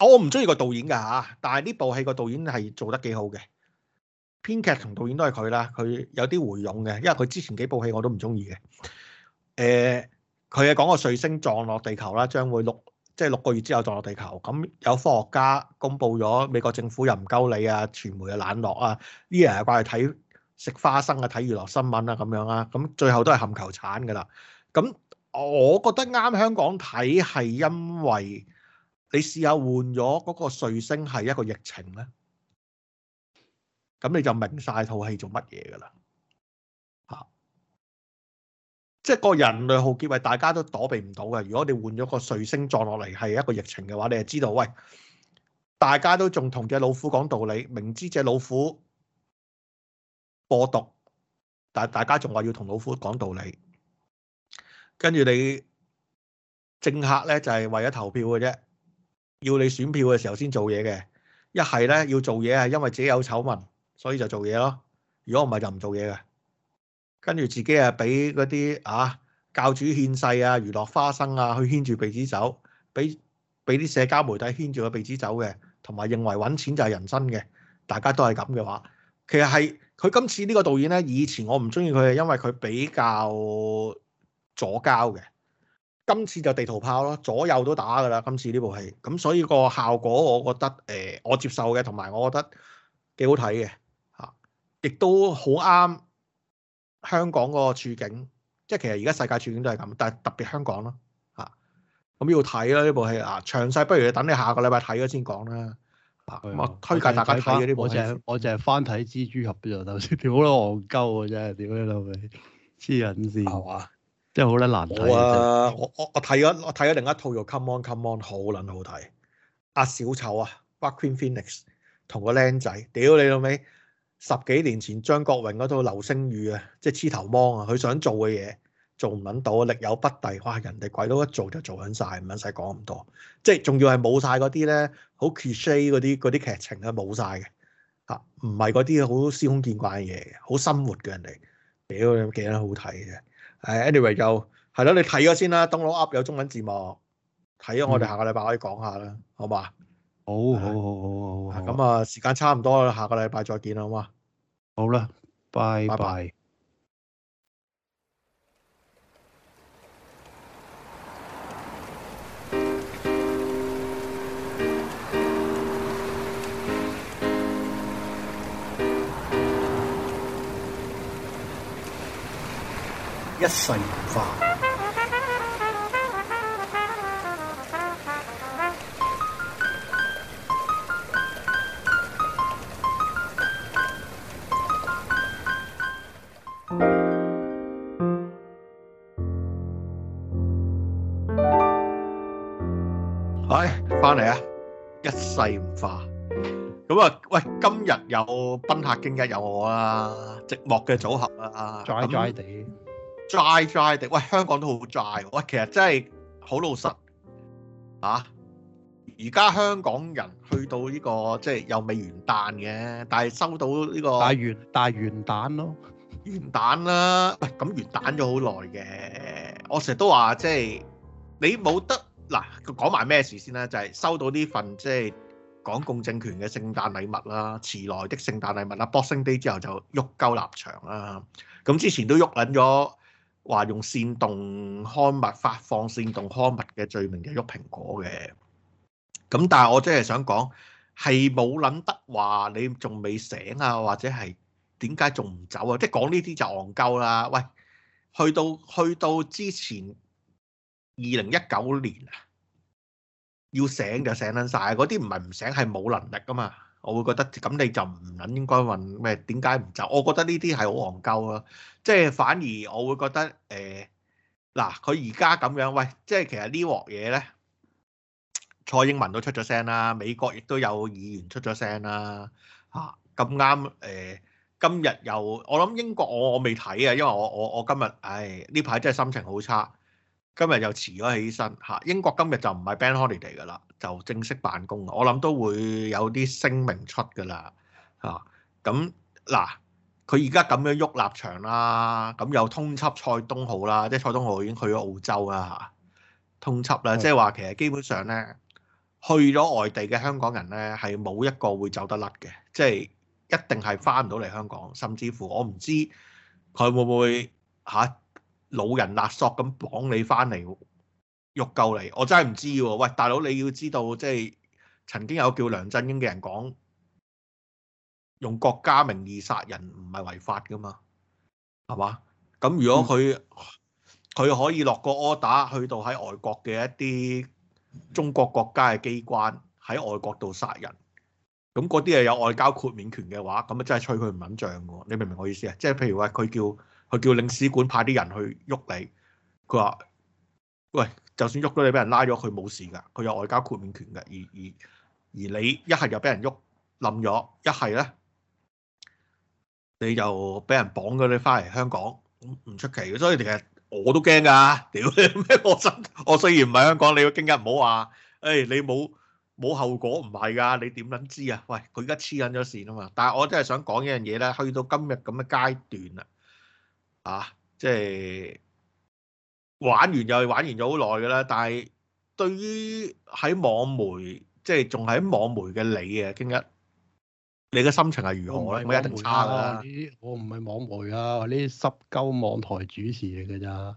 哦。我唔中意個導演噶吓，但係呢部戲個導演係做得幾好嘅，編劇同導演都係佢啦。佢有啲回勇嘅，因為佢之前幾部戲我都唔中意嘅。誒、呃，佢係講個彗星撞落地球啦，將會六。即係六個月之後撞落地球，咁有科學家公布咗，美國政府又唔夠你啊，傳媒又冷落啊，啲人係掛去睇食花生啊，睇娛樂新聞啊咁樣啦，咁最後都係冚球鏟噶啦。咁我覺得啱香港睇，係因為你試下換咗嗰個彗星係一個疫情呢。咁你就明晒套戲做乜嘢噶啦。即係個人類浩劫，係大家都躲避唔到嘅。如果你換咗個瑞星撞落嚟，係一個疫情嘅話，你就知道喂，大家都仲同隻老虎講道理，明知隻老虎播毒，但大家仲話要同老虎講道理。跟住你政客咧，就係為咗投票嘅啫，要你選票嘅時候先做嘢嘅。一係咧要做嘢係因為自己有醜聞，所以就做嘢咯。如果唔係就唔做嘢嘅。跟住自己啊，俾嗰啲啊教主獻世啊，娛樂花生啊，去牽住鼻子走，俾俾啲社交媒體牽住個鼻子走嘅，同埋認為揾錢就係人生嘅，大家都係咁嘅話，其實係佢今次呢個導演呢，以前我唔中意佢係因為佢比較左膠嘅，今次就地圖炮咯，左右都打噶啦，今次呢部戲，咁所以個效果我覺得誒、呃，我接受嘅，同埋我覺得幾好睇嘅，嚇、啊，亦都好啱。香港嗰個處境，即係其實而家世界處境都係咁，但係特別香港咯嚇。咁、啊、要睇啦呢部戲啊，詳細不如等你下個禮拜睇咗先講啦。我、啊、推介大家睇嘅呢部我就係我翻睇蜘蛛俠啫。頭先屌你戇鳩啊真係，屌你老味，黐人線係嘛？真係好撚難睇、啊的啊。我我我睇咗我睇咗另一套又 Come On Come On，好撚好睇。阿、啊、小丑啊，Joaquin Phoenix 同個僆仔，屌你老味。十幾年前張國榮嗰套《流星雨》啊，即係黐頭芒啊，佢想做嘅嘢做唔揾到，力有不逮。哇，人哋鬼佬一做就做緊晒，唔使講咁多。即係仲要係冇晒嗰啲咧，好 cliche 嗰啲啲劇情咧，冇晒嘅嚇，唔係嗰啲好司空見慣嘅嘢，好生活嘅人哋。屌幾多好睇嘅？誒，anyway 就係咯，你睇咗先啦，Don't Look Up 有中文字幕，睇咗我哋下個禮拜可以講下啦，嗯、好嘛？好好好好好好，咁 啊，時間差唔多啦，下個禮拜再見啦，好嗎？好啦，拜拜。 bye bye 一世唔化。有《賓客經一》有我啊，寂寞嘅組合啊。dry dry 哋，dry dry 哋，喂，香港都好 dry，喂，其實真係好老實啊！而家香港人去到呢個即係又未元旦嘅，但係收到呢個大元大元旦咯，元旦啦，喂，咁元旦咗好耐嘅，我成日都話即係你冇得嗱，佢、啊、講埋咩事先啦，就係、是、收到呢份即係。港共政權嘅聖誕禮物啦、啊，遲來的聖誕禮物啦、啊，Boxing Day 之後就喐鳩立場啦、啊。咁之前都喐撚咗，話用煽動刊物發放煽動刊物嘅罪名就喐蘋果嘅。咁但係我真係想講，係冇諗得話你仲未醒啊，或者係點解仲唔走啊？即係講呢啲就戇鳩啦。喂，去到去到之前二零一九年要醒就醒得晒，嗰啲唔係唔醒，係冇能力㗎嘛！我會覺得咁你就唔撚應該問咩點解唔走。我覺得呢啲係好戇鳩啊！即係反而我會覺得誒嗱，佢而家咁樣喂，即係其實呢鑊嘢咧，蔡英文都出咗聲啦，美國亦都有議員出咗聲啦嚇，咁啱誒，今日又我諗英國我我未睇啊，因為我我我今日唉呢排真係心情好差。今日又遲咗起身吓，英國今日就唔係 bank holiday 噶啦，就正式辦公。我諗都會有啲聲明出噶啦吓。咁嗱，佢而家咁樣喐立場啦，咁又通緝蔡東浩啦，即係蔡東浩已經去咗澳洲啦吓，通緝啦，即係話其實基本上呢，去咗外地嘅香港人呢，係冇一個會走得甩嘅，即係一定係翻唔到嚟香港，甚至乎我唔知佢會唔會吓。啊老人勒索咁綁你返嚟欲救你，我真係唔知喎、啊。喂，大佬你要知道，即、就、係、是、曾經有叫梁振英嘅人講，用國家名義殺人唔係違法㗎嘛，係嘛？咁如果佢佢、嗯、可以落個 order 去到喺外國嘅一啲中國國家嘅機關喺外國度殺人，咁嗰啲係有外交豁免權嘅話，咁啊真係吹佢唔緊張㗎。你明唔明我意思啊？即、就、係、是、譬如話佢叫。佢叫領事館派啲人去喐你，佢話：喂，就算喐咗你，俾人拉咗佢冇事㗎，佢有外交豁免權嘅。而而而你一係就俾人喐冧咗，一係咧你就俾人綁咗你翻嚟香港，咁唔出奇。所以其實我都驚㗎，屌咩我身，我雖然唔喺香港，你要驚日唔好話，誒你冇冇後果，唔係㗎，你點撚知啊？喂，佢而家黐緊咗線啊嘛。但係我真係想講一樣嘢咧，去到今日咁嘅階段啊！啊！即係玩完又玩完咗好耐噶啦，但係對於喺網媒，即係仲喺網媒嘅你嘅傾一，你嘅心情係如何咧？我，啊、我一定差噶、啊、我唔係網媒啊，我呢啲濕鳩網台主持嚟噶咋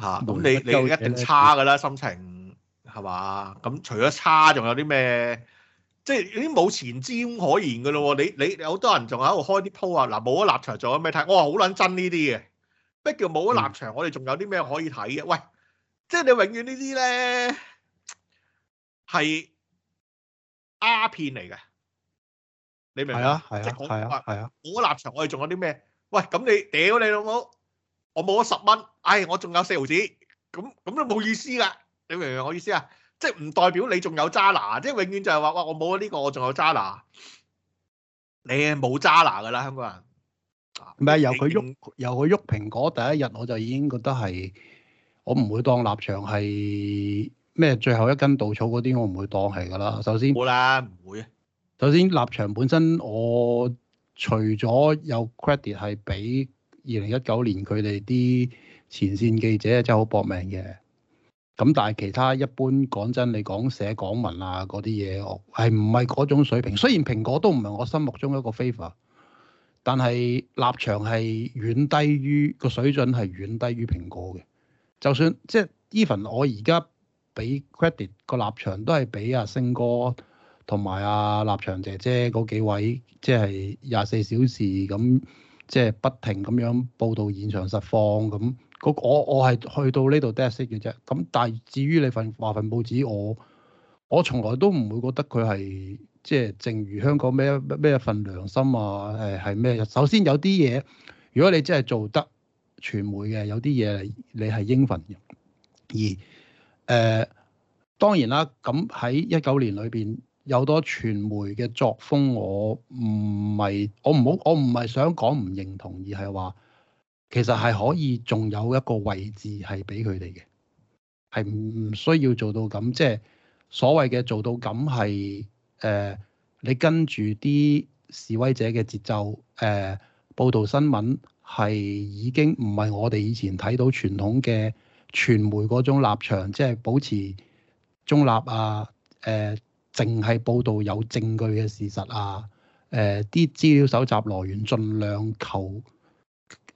嚇？咁、 啊、你你一定差噶啦、啊、心情係嘛？咁除咗差，仲有啲咩？即係已經冇前瞻可言嘅咯喎，你你你好多人仲喺度開啲鋪啊，嗱冇咗立場仲有咩睇？我話好撚真呢啲嘅，乜叫冇咗立場？我哋仲有啲咩可以睇嘅？喂，即係你永遠呢啲咧係鴉片嚟嘅，你明唔明？係啊係啊係啊！冇咗立場，我哋仲有啲咩？喂，咁你屌你老母，我冇咗十蚊，唉，我仲有四毫子，咁咁都冇意思㗎，你明唔明我意思啊？即係唔代表你仲有渣拿，即係永遠就係話：哇！我冇咗呢個，我仲有渣拿。你係冇渣拿㗎啦，香港人。唔係由佢喐，由佢喐蘋果第一日，我就已經覺得係我唔會當立場係咩最後一根稻草嗰啲，我唔會當係㗎啦。首先冇啦，唔會，唔會。首先立場本身，我除咗有 credit 係俾二零一九年佢哋啲前線記者，真係好搏命嘅。咁但係其他一般講真，你講寫港文啊嗰啲嘢，我係唔係嗰種水平？雖然蘋果都唔係我心目中一個 favor，但係立場係遠低於個水準，係遠低於蘋果嘅。就算即係 even 我而家俾 credit 個立場，都係俾阿星哥同埋阿立場姐姐嗰幾位，即係廿四小時咁，即係不停咁樣報導現場實況咁。個我我係去到呢度 d a d s t i 嘅啫，咁但係至於你份話份報紙，我我從來都唔會覺得佢係即係正如香港咩咩一份良心啊，誒係咩？首先有啲嘢，如果你真係做得傳媒嘅，有啲嘢你係應份嘅。而誒、呃、當然啦，咁喺一九年裏邊有多傳媒嘅作風，我唔係我唔好我唔係想講唔認同，而係話。其實係可以仲有一個位置係俾佢哋嘅，係唔需要做到咁，即係所謂嘅做到咁係誒，你跟住啲示威者嘅節奏誒、呃，報道新聞係已經唔係我哋以前睇到傳統嘅傳媒嗰種立場，即係保持中立啊誒，淨、呃、係報導有證據嘅事實啊誒，啲、呃、資料搜集來源盡量求。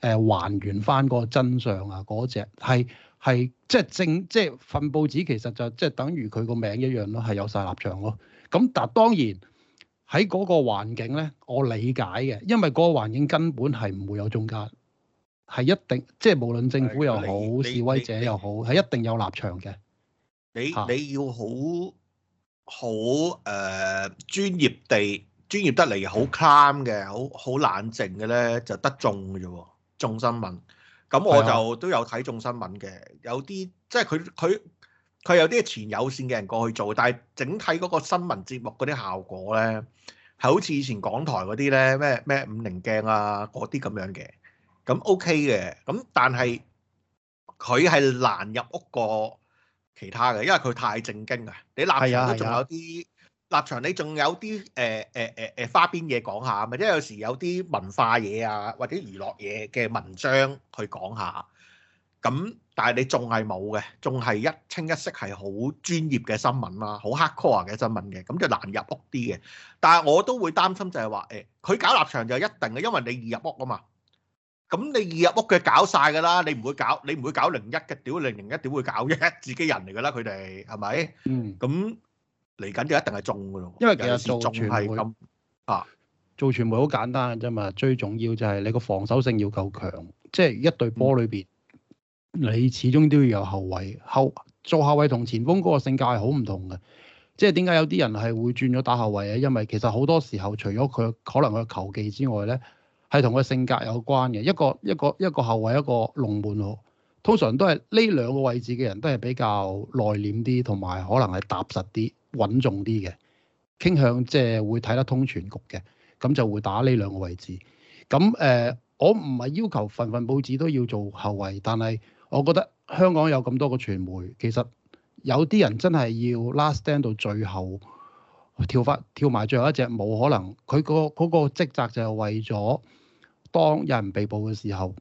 誒還原返個真相啊！嗰只係係即係正即係、就是、份報紙，其實就即係等於佢個名一樣咯，係有晒立場咯。咁但當然喺嗰個環境咧，我理解嘅，因為嗰個環境根本係唔會有中間，係一定即係、就是、無論政府又好示威者又好，係你一定有立場嘅。你你要好好誒、呃、專業地專業得嚟，好 calm 嘅，好好冷靜嘅咧，就得中嘅啫喎。眾新聞，咁我就都有睇眾新聞嘅，有啲即係佢佢佢有啲前有線嘅人過去做，但係整體嗰個新聞節目嗰啲效果咧，係好似以前港台嗰啲咧咩咩五菱鏡啊嗰啲咁樣嘅，咁 OK 嘅，咁但係佢係難入屋過其他嘅，因為佢太正經啊，你立場都仲有啲。是的，是的。立場你仲有啲誒誒誒誒花邊嘢講下，或者有時有啲文化嘢啊，或者娛樂嘢嘅文章去講下。咁但係你仲係冇嘅，仲係一清一色係好專業嘅新聞啦，好 hardcore 嘅新聞嘅，咁就難入屋啲嘅。但係我都會擔心就係話誒，佢搞立場就係一定嘅，因為你易入屋啊嘛。咁你易入屋嘅搞曬㗎啦，你唔會搞，你唔會搞零一嘅，屌零零一點會搞啫，自己人嚟㗎啦，佢哋係咪？嗯，咁。嚟緊就、就是、一定係中噶咯，因為其實做傳媒咁啊，做傳媒好簡單嘅啫嘛。最重要就係你個防守性要夠強，即係一隊波裏邊，你始終都要有後衛，後做後衛同前鋒嗰個性格係好唔同嘅。即係點解有啲人係會轉咗打後衛啊？因為其實好多時候除咗佢可能佢嘅球技之外咧，係同佢性格有關嘅。一個一個一個後衛，一個龍門佬，通常都係呢兩個位置嘅人都係比較內斂啲，同埋可能係踏實啲。穩重啲嘅，傾向即係會睇得通全局嘅，咁就會打呢兩個位置。咁誒、呃，我唔係要求份份報紙都要做後衞，但係我覺得香港有咁多個傳媒，其實有啲人真係要 last stand 到最後跳翻跳埋最後一隻，冇可能。佢個嗰個職責就係為咗當有人被捕嘅時候，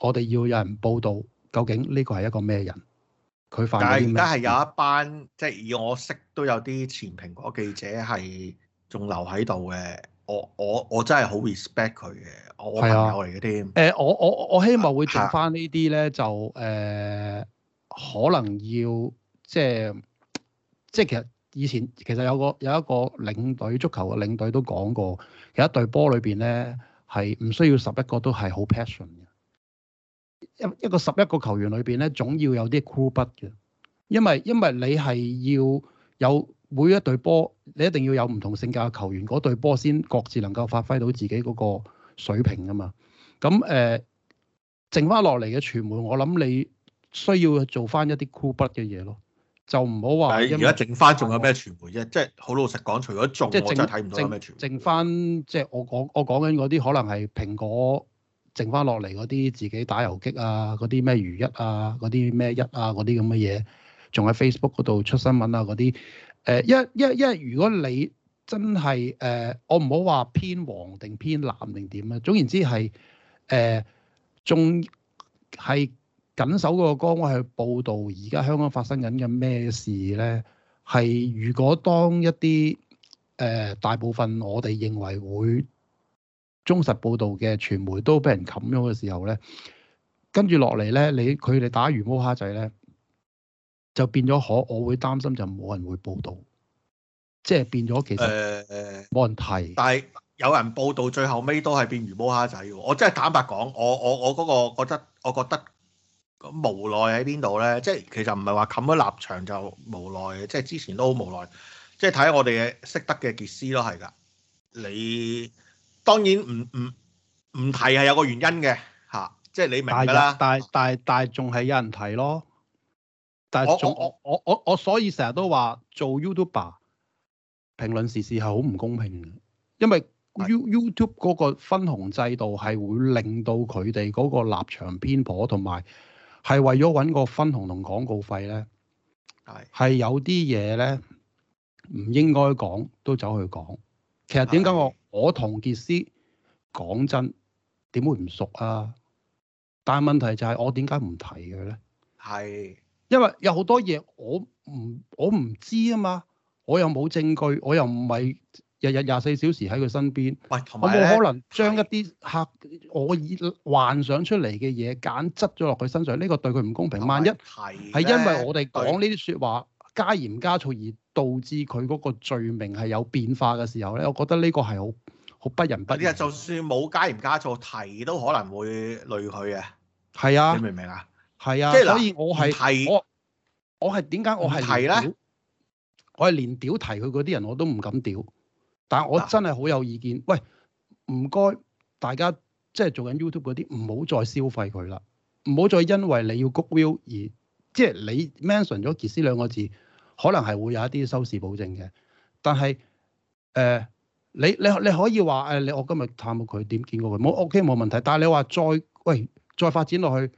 我哋要有人報導究竟呢個係一個咩人。但係而家係有一班，即係以我識都有啲前蘋果記者係仲留喺度嘅。我我我真係好 respect 佢嘅，我，啊、我朋友嚟嘅添。誒、呃，我我我希望會做翻呢啲咧，就誒、呃、可能要即係即係其實以前其實有個有一個領隊足球嘅領隊都講過，其實一隊波裏邊咧係唔需要十一個都係好 passion 嘅。一一個十一個球員裏邊咧，總要有啲 cool 筆嘅，因為因為你係要有每一隊波，你一定要有唔同性格嘅球員，嗰隊波先各自能夠發揮到自己嗰個水平啊嘛。咁、嗯、誒、呃，剩翻落嚟嘅傳媒，我諗你需要做翻一啲 cool 筆嘅嘢咯，就唔好話。但係而家剩翻仲有咩傳媒啫？即係好老實講，除咗綜，即係剩剩剩翻，即、就、係、是、我講我講緊嗰啲，可能係蘋果。剩翻落嚟嗰啲自己打游擊啊，嗰啲咩如一啊，嗰啲咩一啊，嗰啲咁嘅嘢，仲喺 Facebook 度出新聞啊，嗰啲誒一一一，如果你真係誒、呃，我唔好話偏黃定偏藍定點啊，總言之係誒仲係緊守嗰個崗位去報導而家香港發生緊嘅咩事咧？係如果當一啲誒、呃、大部分我哋認為會。忠實報導嘅傳媒都俾人冚咗嘅時候咧，跟住落嚟咧，你佢哋打魚摸蝦仔咧，就變咗可。我會擔心就冇人會報導，即係變咗其實誒冇人睇、呃呃。但係有人報導，最後尾都係變魚摸蝦仔。我真係坦白講，我我我嗰個覺得，我覺得無奈喺邊度咧？即係其實唔係話冚咗立場就無奈，即係之前都好無奈。即係睇我哋嘅識得嘅傑斯都係㗎，你。當然唔唔唔提係有個原因嘅嚇、啊，即係你明㗎啦。但係但係但係仲係有人提咯。但係我我我我我所以成日都話做 YouTuber 評論時事係好唔公平嘅，因為 You 是的 YouTube 嗰個分紅制度係會令到佢哋嗰個立場偏頗，同埋係為咗揾個分紅同廣告費咧。係係有啲嘢咧唔應該講都走去講。其實點解我？我同杰斯講真，點會唔熟啊？但係問題就係我點解唔提佢咧？係，因為有好多嘢我唔我唔知啊嘛，我又冇證據，我又唔係日日廿四小時喺佢身邊。喂，同埋咧，我冇可能將一啲客我以幻想出嚟嘅嘢揀執咗落佢身上，呢個對佢唔公平。萬一係係因為我哋講呢啲說話。加鹽加醋而導致佢嗰個罪名係有變化嘅時候咧，我覺得呢個係好好不仁不義。就算冇加鹽加醋，提都可能會累佢嘅。係啊，你明唔明啊？係啊，即係所以我係提我我係點解我係提咧？我係連屌提佢嗰啲人我都唔敢屌，但係我真係好有意見。喂，唔該大家即係做緊 YouTube 嗰啲，唔好再消費佢啦，唔好再因為你要谷 Google 而即係你 mention 咗杰斯兩個字。可能係會有一啲收視保證嘅，但係誒、呃，你你你可以話誒、哎，你我今日探過佢，點見過佢冇 OK 冇問題，但係你話再喂再發展落去，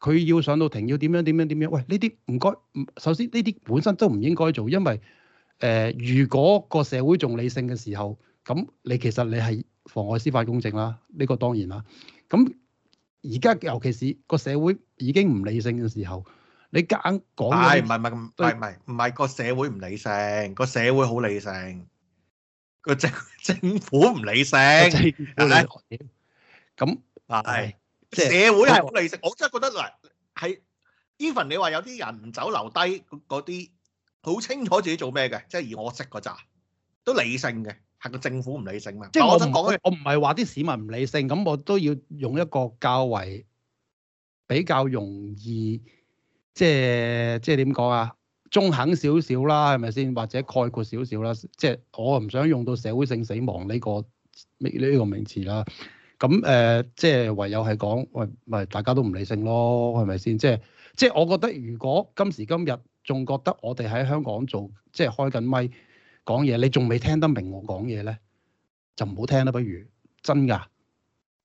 佢要上到庭要點樣點樣點樣？喂，呢啲唔該，首先呢啲本身都唔應該做，因為誒、呃，如果個社會仲理性嘅時候，咁你其實你係妨礙司法公正啦，呢、這個當然啦。咁而家尤其是個社會已經唔理性嘅時候。你夾硬講，係唔係唔係唔係唔係個社會唔理性，個社會好理性，個政政府唔理性，係咪？咁啊係，社會係好理性，我真係覺得嗱，係 even 你話有啲人唔走留低嗰嗰啲，好清楚自己做咩嘅，即係而我識嗰扎都理性嘅，係個政府唔理性嘛。即係我想講嘅，我唔係話啲市民唔理性，咁我都要用一個較為比較容易。即係即係點講啊？中肯少少啦，係咪先？或者概括少少啦。即係我唔想用到社會性死亡呢、呢個呢呢、呢個、名詞啦。咁誒、呃，即係唯有係講喂，咪大家都唔理性咯，係咪先？即係即係，我覺得如果今時今日仲覺得我哋喺香港做即係開緊咪講嘢，你仲未聽得明我講嘢咧，就唔好聽啦。不如真㗎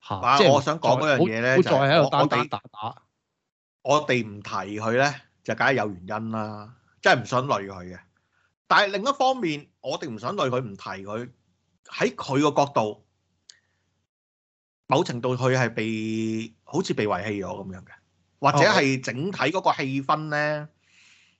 嚇，啊啊、即係我想講樣嘢咧好再喺度打打打。我哋唔提佢咧，就梗係有原因啦，真係唔想累佢嘅。但係另一方面，我哋唔想累佢，唔提佢喺佢個角度，某程度佢係被好似被遺棄咗咁樣嘅，或者係整體嗰個氣氛咧。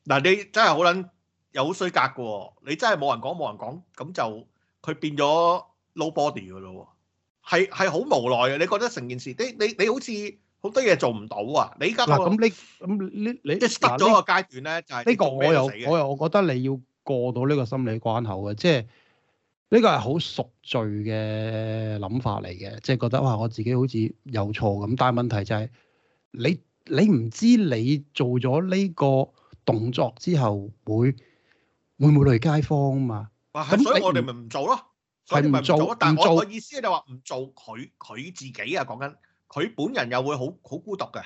嗱，你真係好撚有好衰格嘅喎！你真係冇人講冇人講，咁就佢變咗 nobody 嘅咯喎，係係好無奈嘅。你覺得成件事，你你你好似～好多嘢做唔到啊！你依家嗰個嗱咁你咁你你即係失咗個階段咧，就係呢個我又我又我覺得你要過到呢個心理關口嘅，即係呢個係好贖罪嘅諗法嚟嘅，即係覺得哇，我自己好似有錯咁，但係問題就係你你唔知你做咗呢個動作之後會會唔會累街坊啊嘛？哇！咁所以我哋咪唔做咯，係唔做啊？但係我嘅意思係就話唔做佢佢自己啊，講緊。佢本人又會好好孤獨嘅，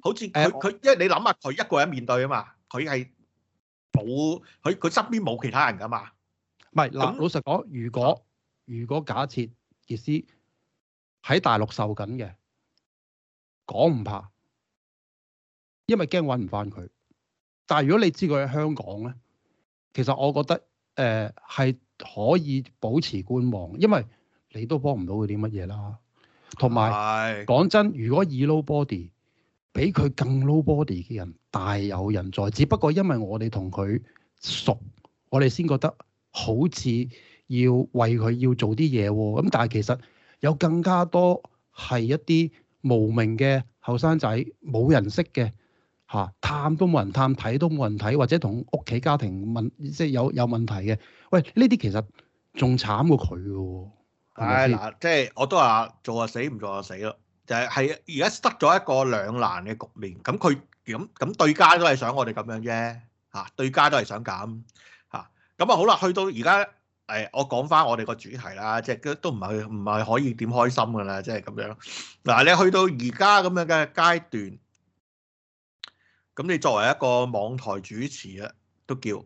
好似佢佢，因為你諗下，佢一個人面對啊嘛，佢係冇佢佢身邊冇其他人噶嘛。唔係嗱，這樣 老實講，如果如果假設傑斯喺大陸受緊嘅，講唔怕，因為驚揾唔翻佢。但係如果你知佢喺香港咧，其實我覺得誒係、呃、可以保持觀望，因為你都幫唔到佢啲乜嘢啦。同埋講真，如果以 nobody，比佢更 nobody 嘅人大有人在，只不過因為我哋同佢熟，我哋先覺得好似要為佢要做啲嘢喎。咁但係其實有更加多係一啲無名嘅後生仔，冇人識嘅吓，探都冇人探，睇都冇人睇，或者同屋企家庭問，即係有有問題嘅。喂，呢啲其實仲慘過佢喎、啊。唉嗱，即係我都話做啊死唔做啊死咯，就係係而家塞咗一個兩難嘅局面。咁佢點咁對家都係想我哋咁樣啫嚇、啊，對家都係想咁嚇。咁啊好啦，去到而家誒，我講翻我哋個主題啦，即係都唔係唔係可以點開心㗎、就是、啦，即係咁樣嗱。你去到而家咁樣嘅階段，咁你作為一個網台主持呀，都叫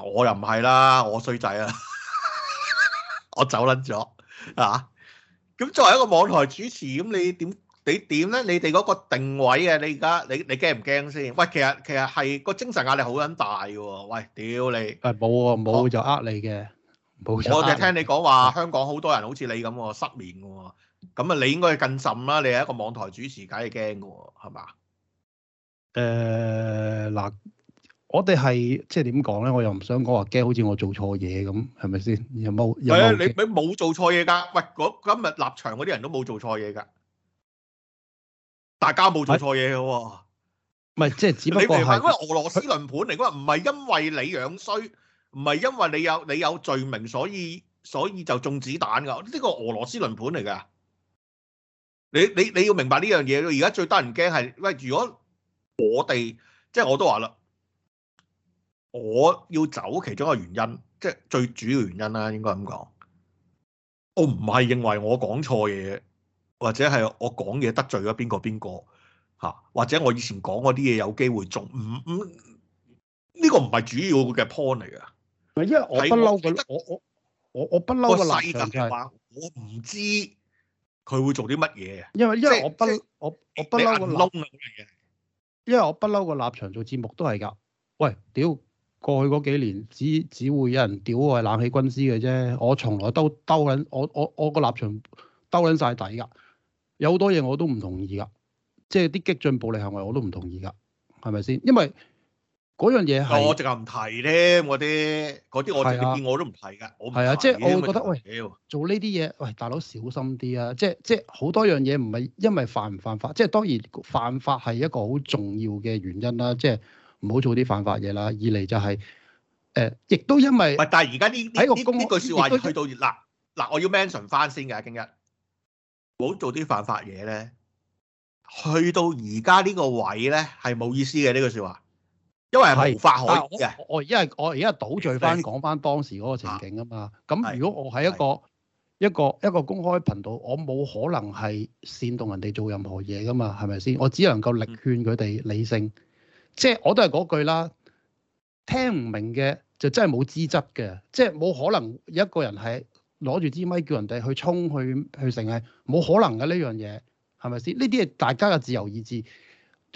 我又唔係啦，我衰仔啊， 我走撚咗。啊！咁作為一個網台主持，咁你點你點咧？你哋嗰個定位啊？你而家你你驚唔驚先？喂，其實其實係、個精神壓力好撚大嘅、啊。喂，屌你！你啊冇喎，冇就呃你嘅，冇就我就聽你講話，香港好多人好似你咁，失眠嘅。咁啊，你應該要更甚啦。你係一個網台主持，梗係驚嘅，係嘛？誒、呃，嗱。我哋係即係點講咧？我又唔想講話驚，好似我做錯嘢咁，係咪先？有冇？係啊，你你冇做錯嘢噶。喂，今日立場嗰啲人都冇做錯嘢噶，大家冇做錯嘢嘅喎。唔係即係只不過係。你明白嗰個俄羅斯輪盤嚟？嗰個唔係因為你樣衰，唔係因為你有你有罪名所，所以所以就中子彈噶？呢個俄羅斯輪盤嚟噶？你你你要明白呢樣嘢。而家最得人驚係喂，如果我哋即係我都話啦。我要走，其中一個原因，即係最主要原因啦，應該咁講。我唔係認為我講錯嘢，或者係我講嘢得罪咗邊個邊個吓，或者我以前講嗰啲嘢有機會做，唔唔呢個唔係主要嘅 point 嚟嘅。唔係因為我不嬲嘅，我我我我不嬲嘅立場我唔知佢會做啲乜嘢。因為因為我不我我不嬲嘅立場，因為我不嬲嘅立場做節目都係噶。喂，屌！過去嗰幾年，只只會有人屌我係冷氣軍師嘅啫。我從來都兜撚，我我我個立場兜撚晒底噶。有好多嘢我都唔同意噶，即係啲激進暴力行為我都唔同意噶，係咪先？因為嗰樣嘢係我直頭唔提咧。嗰啲啲我直接見我都唔提噶。我係啊，啊，即係我會覺得喂，做呢啲嘢，喂，大佬小心啲啊！即係即係好多樣嘢唔係因為犯唔犯法，即係當然犯法係一個好重要嘅原因啦。即係。即唔好做啲犯法嘢啦。二嚟就係，誒，亦都因為，唔但係而家呢呢呢句説話去到嗱嗱，我要 mention 翻先嘅，經一，唔好做啲犯法嘢咧。去到而家呢個位咧，係冇意思嘅呢句説話，因為係無法可講。我我而家我而家倒敍翻講翻當時嗰個情景啊嘛。咁如果我喺一個一個一個公開頻道，我冇可能係煽動人哋做任何嘢噶嘛，係咪先？我只能夠力勸佢哋理性。即係我都係嗰句啦，聽唔明嘅就真係冇資質嘅，即係冇可能一個人係攞住支咪叫人哋去衝去去成係冇可能嘅呢樣嘢，係咪先？呢啲係大家嘅自由意志。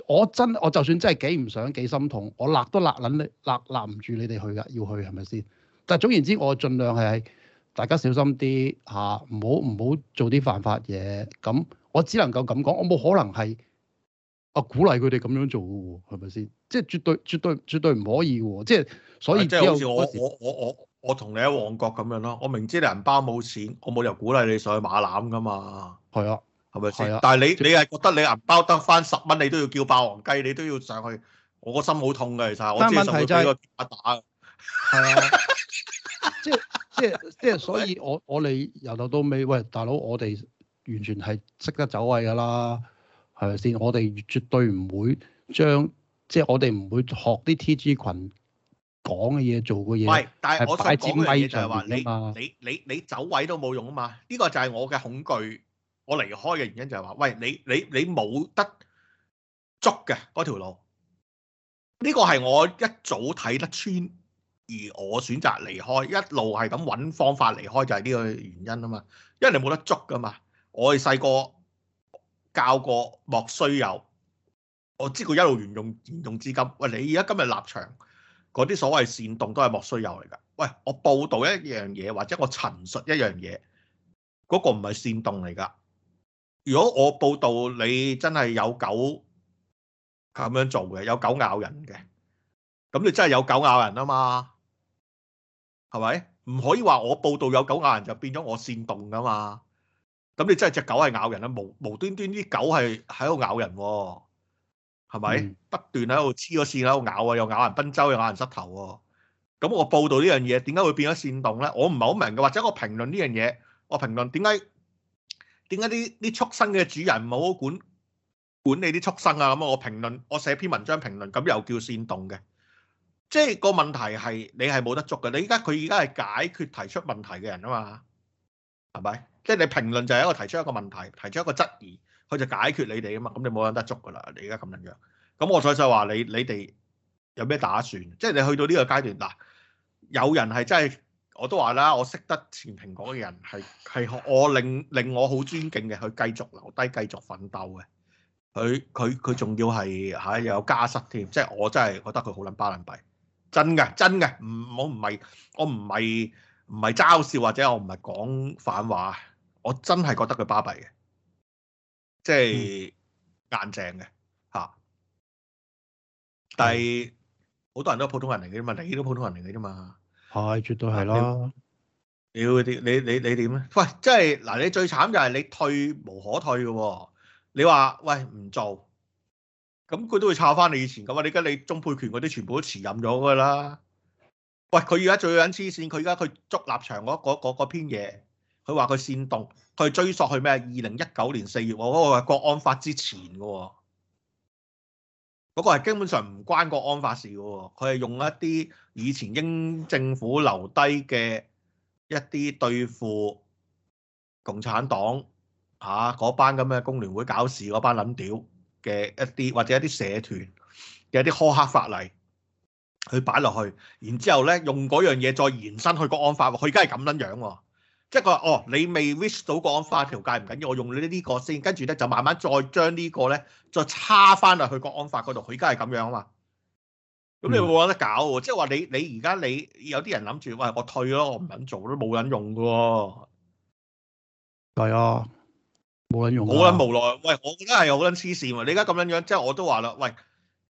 我真我就算真係幾唔想幾心痛，我勒都勒撚你勒勒唔住你哋去噶，要去係咪先？但總言之，我盡量係大家小心啲吓，唔好唔好做啲犯法嘢。咁我只能夠咁講，我冇可能係。啊！鼓勵佢哋咁樣做嘅喎，係咪先？即係絕對、絕對、絕對唔可以喎！即係所以，即係好似我、我、我、我、我同你喺旺角咁樣咯。我明知你銀包冇錢，我冇理由鼓勵你上去馬攬㗎嘛。係啊，係咪先？但係你你係覺得你銀包得返十蚊，你都要叫霸王雞，你都要上去。我個心好痛嘅，其實。我係問題就係打打。係啊，即係即係即係，所以我我你由頭到尾，喂大佬，我哋完全係識得走位㗎啦。係咪先？我哋絕對唔會將即係，我哋唔會學啲 T G 群講嘅嘢，做嘅嘢。唔係，但係我想講嘅嘢就係話 你你你你走位都冇用啊嘛！呢個就係我嘅恐懼，我離開嘅原因就係話：喂，你你你冇得捉嘅嗰條路。呢個係我一早睇得穿，而我選擇離開，一路係咁揾方法離開就係呢個原因啊嘛。因為你冇得捉㗎嘛。我哋細個。教過莫須有，我知佢一路沿用沿用至今。喂，你而家今日立場，嗰啲所謂煽動都係莫須有嚟㗎。喂，我報道一樣嘢或者我陳述一樣嘢，嗰個唔係煽動嚟㗎。如果我報道你真係有狗咁樣做嘅，有狗咬人嘅，咁你真係有狗咬人啊嘛？係咪？唔可以話我報道有狗咬人就變咗我煽動㗎嘛？咁你真係隻狗係咬人啦，無無端端啲狗係喺度咬人喎，係咪不斷喺度黐個線喺度咬啊？又咬人賓州，又咬人膝頭喎。咁我報道呢樣嘢，點解會變咗煽動咧？我唔係好明嘅，或者我評論呢樣嘢，我評論點解點解啲啲畜生嘅主人唔好管管理啲畜生啊？咁我評論，我寫篇文章評論，咁又叫煽動嘅？即係個問題係你係冇得捉嘅。你依家佢依家係解決提出問題嘅人啊嘛，係咪？即係你評論就係一個提出一個問題，提出一個質疑，佢就解決你哋啊嘛，咁你冇撚得捉噶啦，你而家咁樣樣。咁我所以就話你，你哋有咩打算？即係你去到呢個階段，嗱，有人係真係，我都話啦，我識得前蘋果嘅人係係我令令我好尊敬嘅，佢繼續留低，繼續奮鬥嘅。佢佢佢仲要係嚇、啊、有家室添，即係我真係覺得佢好撚巴撚閉，真嘅真嘅，唔我唔係我唔係唔係嘲笑或者我唔係講反話。我真係覺得佢巴閉嘅，即係硬淨嘅嚇。但係好多人都係普通人嚟嘅啫嘛，你都普通人嚟嘅啫嘛。係，絕對係啦。屌你，你你你點咧？喂，即係嗱，你最慘就係你退無可退嘅喎、哦。你話喂唔做，咁佢都會抄翻你以前咁啊！你而家你中配權嗰啲全部都辭任咗㗎啦。喂，佢而家最緊黐線，佢而家佢捉立場嗰篇嘢。佢話佢煽動，佢追索去咩？二零一九年四月，嗰個係國安法之前嘅，嗰個係根本上唔關國安法事嘅。佢係用一啲以前英政府留低嘅一啲對付共產黨嚇嗰、啊、班咁嘅工聯會搞事嗰班撚屌嘅一啲，或者一啲社團嘅一啲苛刻法例去擺落去，然之後咧用嗰樣嘢再延伸去國安法。佢而家係咁樣樣喎。即係佢話哦，你未 reach 到國安法條界唔緊要，我用你、這個、呢呢個先，跟住咧就慢慢再將呢個咧再差翻落去國安法嗰度，佢而家係咁樣啊嘛。咁、嗯嗯、你，你，你有冇得搞？即係話你你而家你有啲人諗住喂，我退咯，我唔肯做都冇人用嘅喎。係啊，冇、啊、人用、啊。冇咁無奈，喂！我覺得係好撚黐線喎。你而家咁樣樣，即、就、係、是、我都話啦，喂，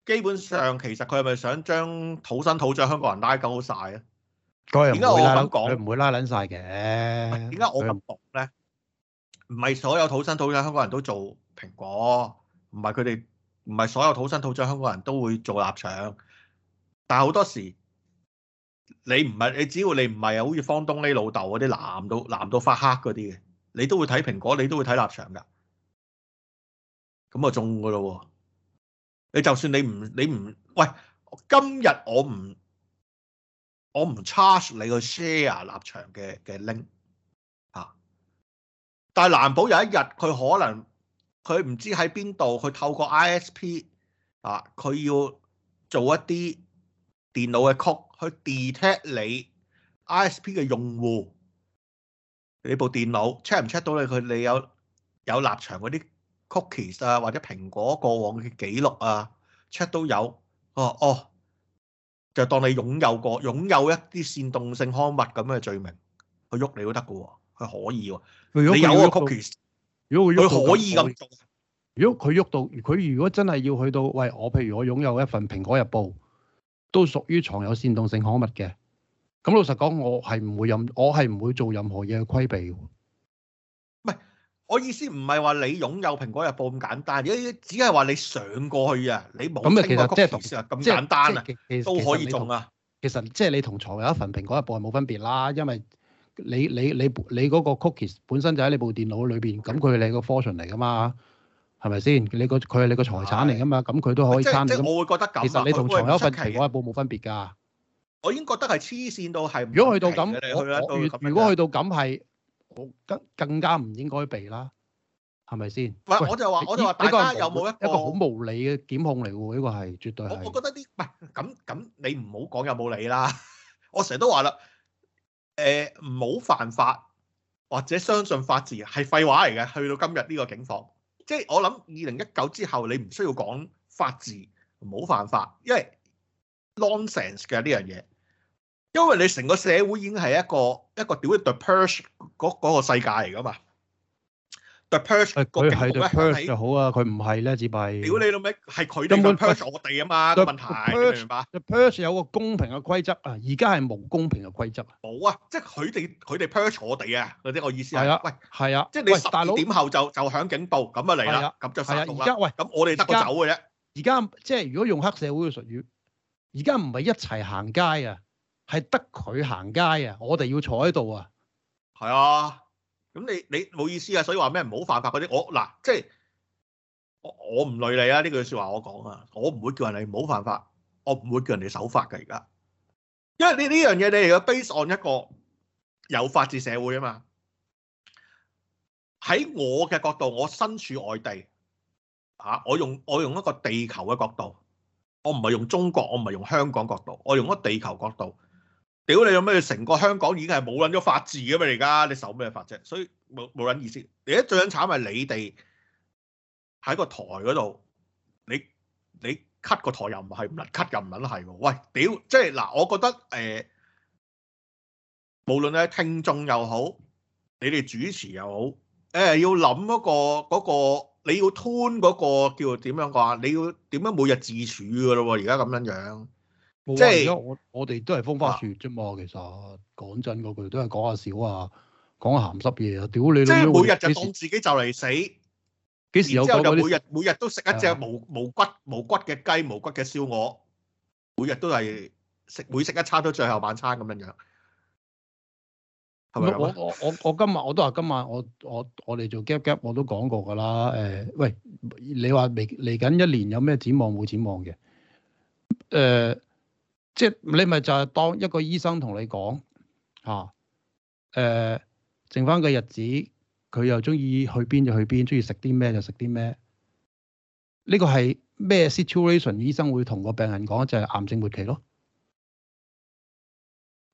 基本上其實佢係咪想將土生土長香港人拉鳩晒啊？點解我咁講？佢唔會拉捻晒嘅。點解我咁搏咧？唔係所有土生土長香港人都做蘋果，唔係佢哋，唔係所有土生土長香港人都會做立場。但係好多時，你唔係你，只要你唔係啊，好似方東尼老豆嗰啲藍到藍到發黑嗰啲嘅，你都會睇蘋果，你都會睇立場噶。咁啊，中噶咯喎！你就算你唔你唔喂，今日我唔。我唔 charge 你去 share 立場嘅嘅 link 啊，但係難保有一日佢可能佢唔知喺邊度，去透過 ISP 啊，佢要做一啲電腦嘅 code 去 detect 你 ISP 嘅用戶，你部電腦 check 唔 check 到你？佢你有有立場嗰啲 cookies 啊，或者蘋果過往嘅記錄啊，check 都有哦、啊、哦。就當你擁有過擁有一啲煽動性刊物咁嘅罪名，佢喐你都得嘅喎，佢可以喎。可以如果你有個 cookie，如果佢喐到，佢可以咁做。如果佢喐到，佢如果真係要去到，喂，我譬如我擁有一份《蘋果日報》，都屬於藏有煽動性刊物嘅。咁老實講，我係唔會任，我係唔會做任何嘢去規避。我意思唔係話你擁有蘋果日報咁簡單，只係話你上過去啊，你冇拎個 cookies 咁簡單啊，都可以用啊。其實即係你同藏有一份蘋果日報係冇分別啦，因為你你你你嗰個 cookies 本身就喺你部電腦裏邊，咁佢係你個 fortune 嚟噶嘛，係咪先？你個佢係你個財產嚟噶嘛，咁佢的都可以攤你。其實你同藏有一份蘋果日報冇分別㗎。我已經覺得係黐線到係。如果去到咁，如如果去到咁係。更更加唔應該避啦，係咪先？唔喂喂我就話，我就話，大家有冇一個好無理嘅檢控嚟㗎？呢、這個係絕對係。我覺得呢，唔咁咁，你唔好講有冇理啦。 我成日都話啦，誒唔好犯法，或者相信法治係廢話嚟嘅。去到今日呢個警況，即係我諗二零一九之後，你唔需要講法治，唔好犯法，因為 nonsense 嘅呢樣嘢。因為你成個社會已經係一個一個屌嘅 deperch 嗰嗰個世界嚟㗎嘛？deperch 佢係 deperch 就好啊，佢唔係咧，至弊。屌你老味，係佢哋 perch 我哋啊嘛？問題，明唔明白？deperch 有個公平嘅規則啊，而家係冇公平嘅規則。冇啊，即係佢哋佢哋 perch 我哋啊嗰啲。我意思係，喂，係啊，即係你十二點後就就響警報咁啊嚟啦，咁就失控啦。而家喂，咁我哋得個走嘅啫。而家即係如果用黑社會嘅術語，而家唔係一齊行街啊！係得佢行街啊！我哋要坐喺度啊！係啊！咁你你冇意思啊！所以話咩唔好犯法嗰啲，我嗱即係我唔累你啊！呢句說話我講啊！我唔會叫人哋唔好犯法，我唔會叫人哋守法㗎而家，因為呢呢樣嘢你哋要 base on 一個有法治社會啊嘛，喺我嘅角度，我身處外地吓，啊，我用我用一個地球嘅角度，我唔係用中國，我唔係用香港角度，我用一個地球角度。屌你有咩？成個香港已經係冇撚咗法治噶嘛？而家你守咩法啫？所以冇冇撚意思。而家最緊慘係你哋喺個台嗰度，你你 cut 個台又唔係唔撚 cut 又唔撚係喎。喂，屌！即係嗱，我覺得誒、呃，無論咧聽眾又好，你哋主持又好，誒、呃、要諗嗰、那個你要吞 u 嗰個叫點樣講啊？你要點、那個、樣，樣每日自處噶咯？而家咁樣樣。即係我我哋都係風花雪月啫嘛。其實講真嗰句，都係講下笑啊，講下鹹濕嘢啊。屌你！即係每日就當自己就嚟死，幾時有？之後就每日每日都食一隻無無骨無骨嘅雞，無骨嘅燒鵝，每日都係食每食一餐都最後晚餐咁樣樣係咪？我我我我今日我都話，今晚我我我哋做 gap gap 我都講過㗎啦。誒，喂，你話未嚟緊一年有咩展望冇展望嘅？誒。即係你咪就係當一個醫生同你講吓，誒、啊呃，剩翻個日子，佢又中意去邊就去邊，中意食啲咩就食啲咩。呢個係咩 situation？醫生會同個病人講就係、是、癌症末期咯。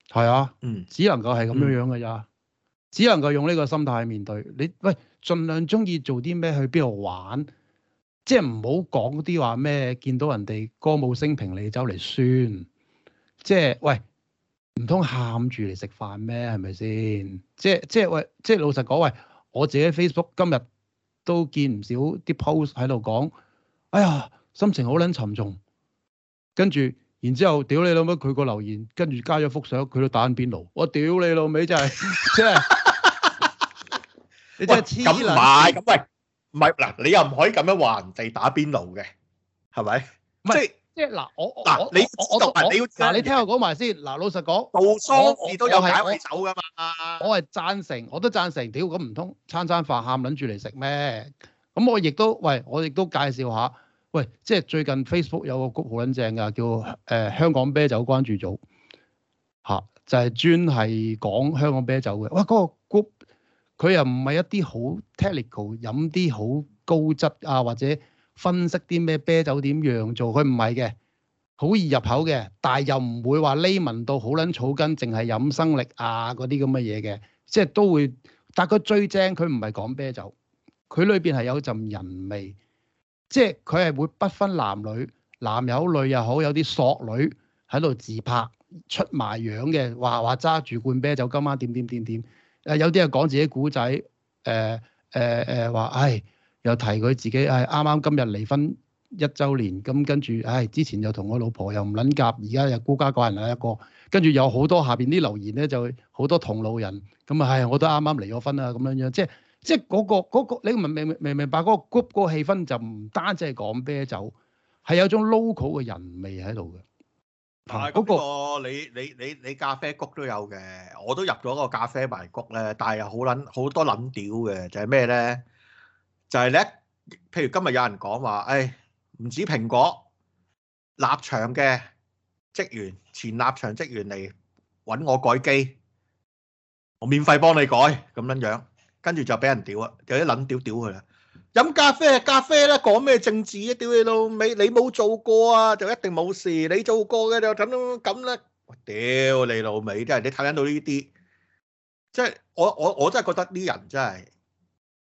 係啊，嗯，只能夠係咁樣樣㗎咋，嗯、只能夠用呢個心態去面對你。喂，盡量中意做啲咩，去邊度玩，即係唔好講啲話咩，見到人哋歌舞升平，你走嚟酸。即係喂，唔通喊住嚟食飯咩？係咪先？即係即係喂，即係老實講喂，我自己 Facebook 今日都見唔少啲 post 喺度講，哎呀心情好撚沉重，跟住然之後屌你老尾，佢個留言跟住加咗幅相，佢都打緊邊爐，我屌你老味，真係，即係 你真係痴咁唔係，咁咪唔係嗱？你又唔可以咁樣話人哋打邊爐嘅，係咪？唔係是。即係嗱，我嗱你我我，嗱你嗱你聽我講埋先，嗱老實講，我都有解開酒㗎嘛，我係贊成，我都贊成，屌咁唔通餐餐飯喊撚住嚟食咩？咁、嗯、我亦都喂，我亦都介紹下，喂，即係最近 Facebook 有個 group 好撚正㗎，叫誒、呃、香港啤酒關注組，嚇、啊、就係、是、專係講香港啤酒嘅。哇，嗰、那個 group 佢又唔係一啲好 technical，飲啲好高質啊或者。分析啲咩啤酒點樣做？佢唔係嘅，好易入口嘅，但係又唔會話匿聞到好撚草根，淨係飲生力啊嗰啲咁嘅嘢嘅，即係都會。但佢最正，佢唔係講啤酒，佢裏邊係有陣人味，即係佢係會不分男女，男又好女又好，有啲索女喺度自拍出埋樣嘅，話話揸住罐啤酒今晚點點點點。誒有啲係講自己古仔，誒誒誒話，唉。又提佢自己係啱啱今日離婚一周年，咁跟住唉、哎，之前又同我老婆又唔撚夾，而家又孤家寡人啊一個，跟住有好多下邊啲留言咧，就好多同路人，咁啊係，我都啱啱離咗婚啊，咁樣樣，即係即係、嗰、嗰個、嗰個、你明唔明明明白嗰、嗰個 group 個氣氛就唔單止係講啤酒，係有種 local 嘅人味喺度嘅。嗱、嗰個，嗰個你你你你咖啡谷都有嘅，我都入咗個咖啡埋谷咧，但係又好撚好多撚屌嘅，就係咩咧？就係咧，譬如今日有人講話，誒唔止蘋果立場嘅職員、前立場職員嚟揾我改機，我免費幫你改咁樣樣，跟住就俾人屌啊！有啲撚屌屌佢啦，飲咖啡係咖啡啦，講咩政治啊？屌你老味，你冇做過啊，就一定冇事。你做過嘅就咁咁啦。我屌你老味，真係你睇緊到呢啲，即係我我我真係覺得啲人真係，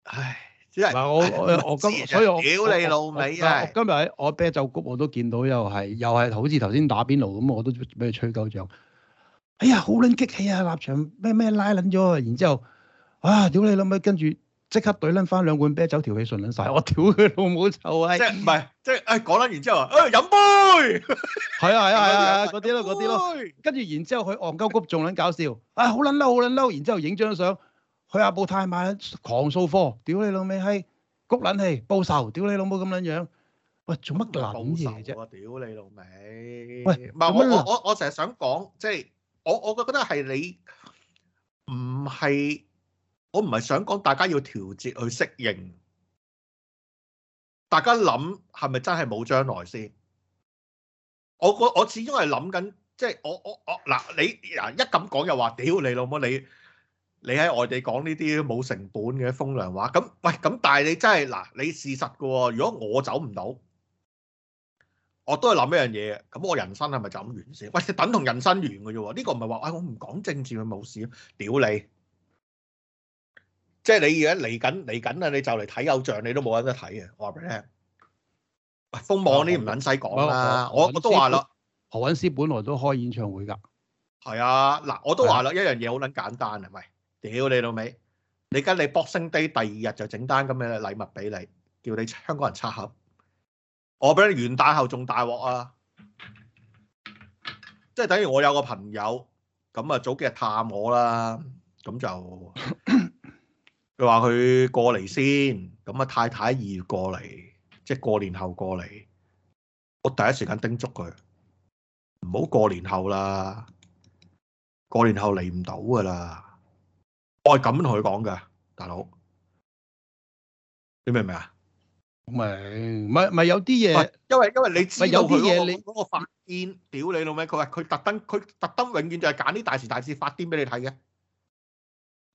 唉～啊、我我今所以我屌你老味！真係今日喺我啤酒局，我都見到，又係又係好似頭先打邊爐咁，我都俾佢吹鳩仗。哎呀好撚激氣啊！立場咩咩拉撚咗，然之後哇屌你老母，跟住即刻對撚翻兩罐啤酒，條氣順撚晒！我屌佢老母臭閪！即係唔係？即係誒講撚，然之後誒飲杯。係啊係啊係啊嗰啲咯嗰啲咯。跟住然之後去戇鳩谷仲撚搞笑啊！好撚嬲好撚嬲，然之後影張相。佢阿布太買狂掃貨，屌你老味閪，谷撚氣報仇，屌你老母咁撚樣，喂做乜撚嘢啫？報仇啊！我屌你老味！喂，唔係我我我我成日想講，即係我我覺覺得係你唔係，我唔係想講大家要調節去適應，大家諗係咪真係冇將來先？我我我始終係諗緊，即係我我我嗱你嗱一咁講又話屌你老母你。你喺外地講呢啲冇成本嘅風涼話，咁喂咁，但係你真係嗱，你事實㗎喎。如果我走唔到，我都係諗一樣嘢，咁我人生係咪就咁完先？喂，等同人生完㗎啫喎。呢、這個唔係話，唉、哎，我唔講政治咪冇事，屌你！即係你而家嚟緊嚟緊啊！你就嚟睇偶像，你都冇得睇嘅。我話俾你聽，封網啲唔撚使講啦。我我，我，我都話啦，何韻詩本來都開演唱會㗎。係啊，嗱，我都話啦，啊、一樣嘢好撚簡單，係咪？屌你老味！你跟你 Boxing Day，第二日就整單咁嘅禮物俾你，叫你香港人拆盒。我俾你元旦後仲大鑊啊！即係等於我有個朋友咁啊，早幾日探我啦，咁就佢話佢過嚟先，咁啊太太二月過嚟，即係過年後過嚟。我第一時間叮囑佢唔好過年後啦，過年後嚟唔到噶啦。我係咁同佢講嘅，大佬，你明唔明啊？明唔係唔係有啲嘢，因為因為你知道佢嗰、嗰個、個發癲，屌你老味！佢話佢特登，佢特登，永遠就係揀啲大事，大事發癲俾你睇嘅。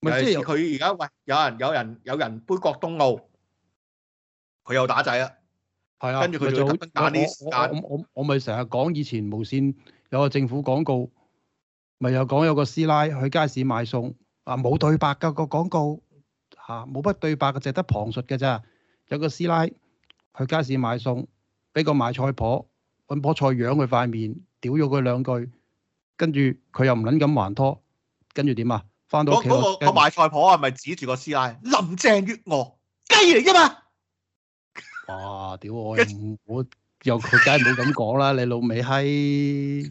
咪即係佢而家喂，有人有人有人杯葛冬奧，佢又打仔啦，係啊，跟住佢就特登揀啲。我我我咪成日講以前無線有個政府廣告，咪又講有個師奶去街市買餸。啊，冇對白噶個廣告嚇，冇乜對白嘅，淨得旁述嘅咋？有個師奶去街市買餸，俾個賣菜婆揾樖菜養佢塊面，屌咗佢兩句，跟住佢又唔撚咁還拖，跟住點啊？翻到屋企，嗰嗰個個賣菜婆係咪指住個師奶？林鄭月娥雞嚟㗎嘛！哇！屌我！我 又佢梗係冇咁講啦，你老味閪！哎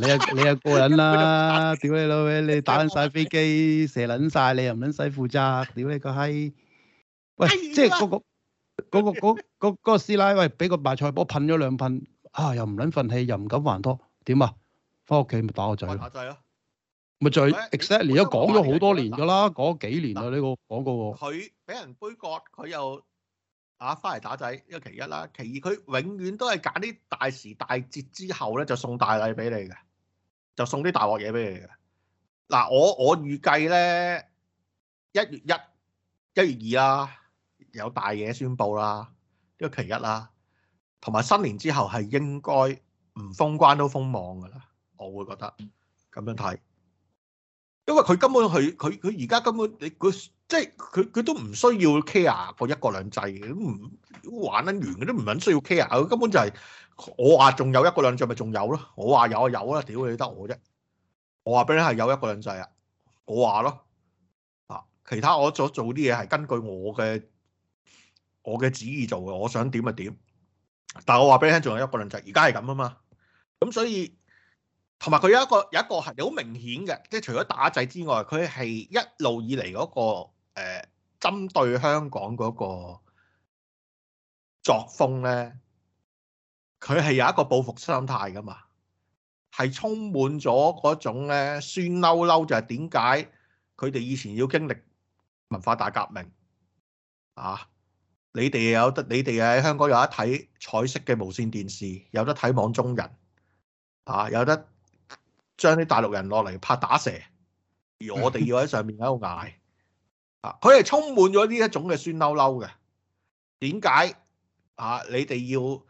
你又你又過癮啦！屌你老味，你打緊曬飛機，射撚曬，你又唔撚使負責，屌你個閪！喂，即係嗰個嗰個嗰嗰嗰個師奶，喂，俾個賣菜婆噴咗兩噴，啊，又唔撚憤氣，又唔敢還拖，點啊？翻屋企咪打我仔咯！打仔咯，咪就係 exactly 都講咗好多年噶啦，講幾年啦呢個廣告喎。佢俾人杯葛，佢又打翻嚟打仔，呢個其一啦，其二佢永遠都係揀啲大時大節之後咧，就送大禮俾你嘅。就送啲大鑊嘢俾你嘅。嗱、啊，我我預計咧一月一、一月二啦、啊，有大嘢宣佈啦，呢、這個其一啦、啊。同埋新年之後係應該唔封關都封網噶啦，我會覺得咁樣睇。因為佢根本係佢佢而家根本你佢即係佢佢都唔需要 care 個一國兩制嘅，都唔玩得完嘅，都唔肯需要 care。佢根本就係、是。我話仲有一個兩制咪仲有咯，我話有啊有啦，屌你得我啫，我話俾你係有一個兩制啊，我話咯，啊其他我所做啲嘢係根據我嘅我嘅旨意做嘅，我想點咪點。但係我話俾你聽，仲有一個兩制，而家係咁啊嘛，咁所以同埋佢有一個有一個係好明顯嘅，即係除咗打仔之外，佢係一路以嚟嗰、那個誒、呃、針對香港嗰個作風咧。佢係有一個報復心態噶嘛，係充滿咗嗰種咧，酸溜溜，就係點解佢哋以前要經歷文化大革命啊？你哋有得，你哋喺香港有得睇彩色嘅無綫電視，有得睇網中人啊，有得將啲大陸人落嚟拍打蛇，而我哋要喺上面喺度嗌啊，佢係充滿咗呢一種嘅酸溜溜嘅。點解啊？你哋要？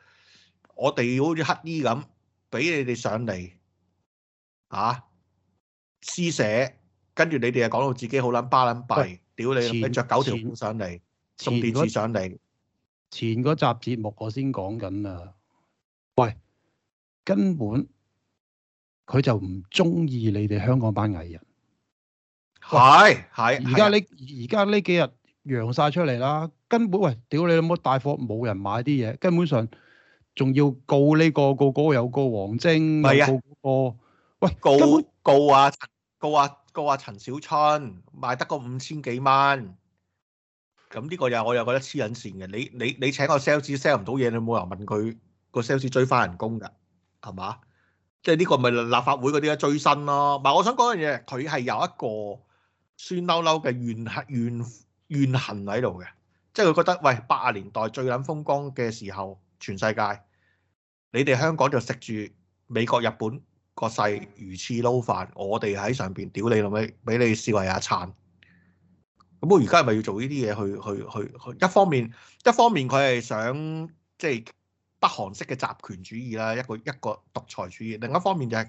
我哋要好似乞衣咁俾你哋上嚟啊！施捨。跟住你哋又講到自己好撚巴撚閉，屌前你！你著九條褲上嚟，送前電視上嚟。前嗰集節目我先講緊啊。喂，根本佢就唔中意你哋香港班藝人，係係而家呢？而家呢幾日揚晒出嚟啦，根本喂，屌你老母！大貨冇人買啲嘢，根本上。仲要告呢個告嗰個有個王晶，唔係啊？喂，告告啊！告啊！告啊！陳小春賣得個五千幾蚊，咁呢個又我又覺得黐撚線嘅。你你你請個 sales sell 唔到嘢，你冇人問佢個 sales 追翻人工㗎，係嘛？即係呢個咪立法會嗰啲啊追薪咯。唔係，我想講嘅嘢係佢係有一個酸溜溜嘅怨恨怨怨恨喺度嘅，即係佢覺得喂八十年代最撚風光嘅時候，全世界。你哋香港就食住美國、日本個細魚翅撈飯，我哋喺上邊屌你老味，俾你視為阿餐。咁、啊、我而家係咪要做呢啲嘢去去去去？一方面，一方面佢係想即係、就是、北韓式嘅集權主義啦，一個一個獨裁主義。另一方面就係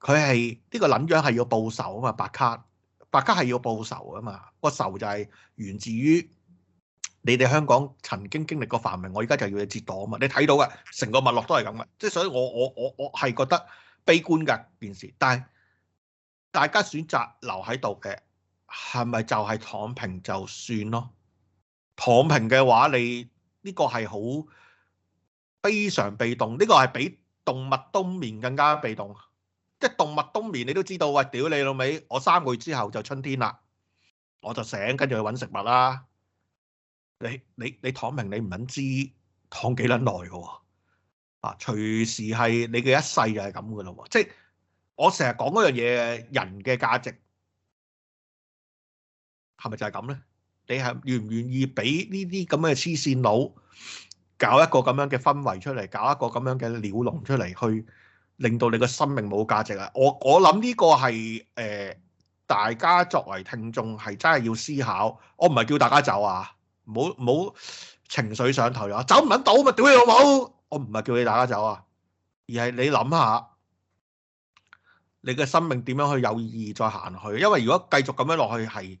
佢係呢個諗樣係要報仇啊嘛，白卡白卡係要報仇啊嘛，個仇就係源自於。你哋香港曾經經歷過繁榮，我而家就要你折墮啊嘛！你睇到嘅成個脈絡都係咁嘅，即係所以我，我我我我係覺得悲觀嘅件事。但係大家選擇留喺度嘅，係咪就係躺平就算咯？躺平嘅話，你呢、這個係好非常被動，呢、這個係比動物冬眠更加被動。即係動物冬眠，你都知道喂！屌你老味。我三個月之後就春天啦，我就醒跟住去揾食物啦。你你你躺平，你唔肯知躺幾捻耐嘅喎啊！隨時係你嘅一世就係咁嘅咯喎，即係我成日講嗰樣嘢，人嘅價值係咪就係咁咧？你係願唔願意俾呢啲咁嘅黐線佬搞一個咁樣嘅氛圍出嚟，搞一個咁樣嘅鳥籠出嚟，去令到你個生命冇價值啊？我我諗呢個係誒、呃，大家作為聽眾係真係要思考，我唔係叫大家走啊。唔好情緒上頭又走唔揾到咪屌你老母！我唔係叫你大家走啊，而係你諗下，你嘅生命點樣去有意義再行去？因為如果繼續咁樣落去係，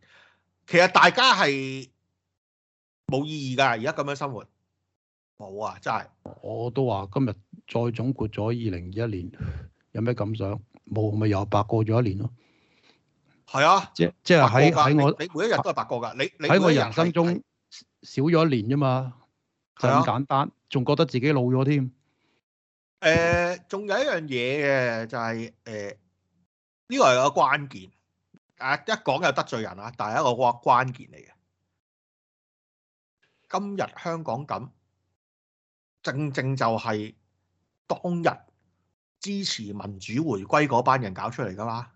其實大家係冇意義㗎。而家咁樣生活冇啊，真係。我都話今日再總括咗二零二一年有咩感想？冇咪、就是、又白過咗一年咯。係啊，即即係喺喺我你每一日都係白過㗎。你你喺我人生中。少咗一年啫嘛，係咁是的 簡單，仲覺得自己老咗添、呃。誒，仲有一樣嘢嘅就係、是、誒，呢個係個關鍵，誒一講就得罪人啦，但係一個關關鍵嚟嘅。今日香港咁，正正就係當日支持民主回歸嗰班人搞出嚟噶嘛，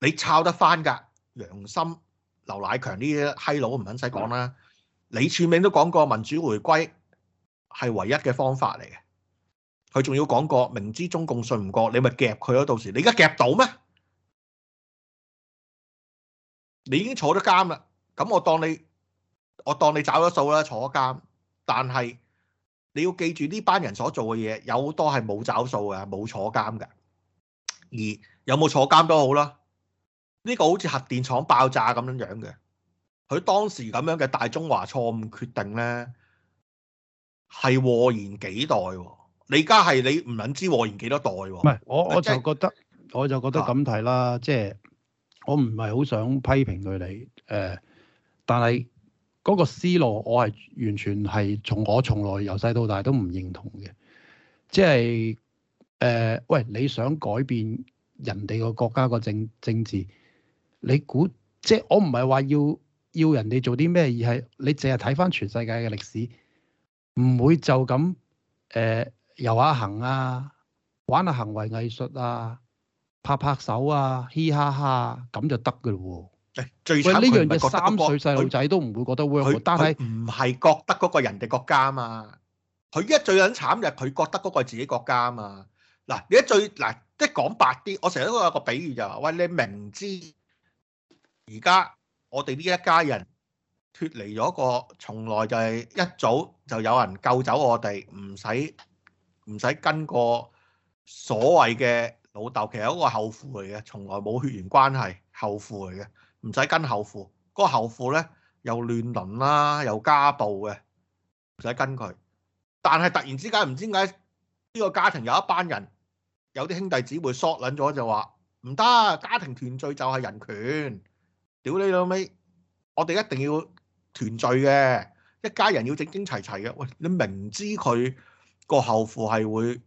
你抄得翻噶，良心。劉乃強呢啲閪佬唔肯使講啦，李柱銘都講過民主回歸係唯一嘅方法嚟嘅，佢仲要講過明知中共信唔過，你咪夾佢咯，到時你而家夾到咩？你已經坐咗監啦，咁我當你我當你找咗數啦，坐監，但係你要記住呢班人所做嘅嘢，有好多係冇找數嘅，冇坐監嘅，而有冇坐監都好啦。呢個好似核電廠爆炸咁樣樣嘅，佢當時咁樣嘅大中華錯誤決定呢，係禍延幾代喎、哦？你家係你唔諗知禍延幾多代喎、哦？唔係，我、就是、我就覺得，我就覺得咁睇啦，即係、啊、我唔係好想批評佢哋，誒、呃，但係嗰個思路我係完全係從我從來由細到大都唔認同嘅，即係誒喂，你想改變人哋個國家個政政治？你估即係我唔係話要要人哋做啲咩，而係你淨係睇翻全世界嘅歷史，唔會就咁誒、呃、遊下行啊，玩下行為藝術啊，拍拍手啊，嘻哈哈咁就得嘅咯喎。最最慘呢樣嘢，三歲細路仔都唔會覺得嗰個，但係唔係覺得嗰個人哋國家啊嘛。佢一最撚慘就係佢覺得嗰個係自己國家啊嘛。嗱，你一最嗱即係講白啲，我成日都有個比喻就話：喂，你明知。而家我哋呢一家人脫離咗個，從來就係一早就有人救走我哋，唔使唔使跟個所謂嘅老豆，其實一個後父嚟嘅，從來冇血緣關係，後父嚟嘅，唔使跟後父。嗰個後父呢又亂倫啦，又家暴嘅，唔使跟佢。但係突然之間唔知點解呢個家庭有一班人，有啲兄弟姊妹索撚咗就話唔得，家庭團聚就係人權。屌你老味，我哋一定要團聚嘅，一家人要整整齊齊嘅。喂，你明知佢個後父係會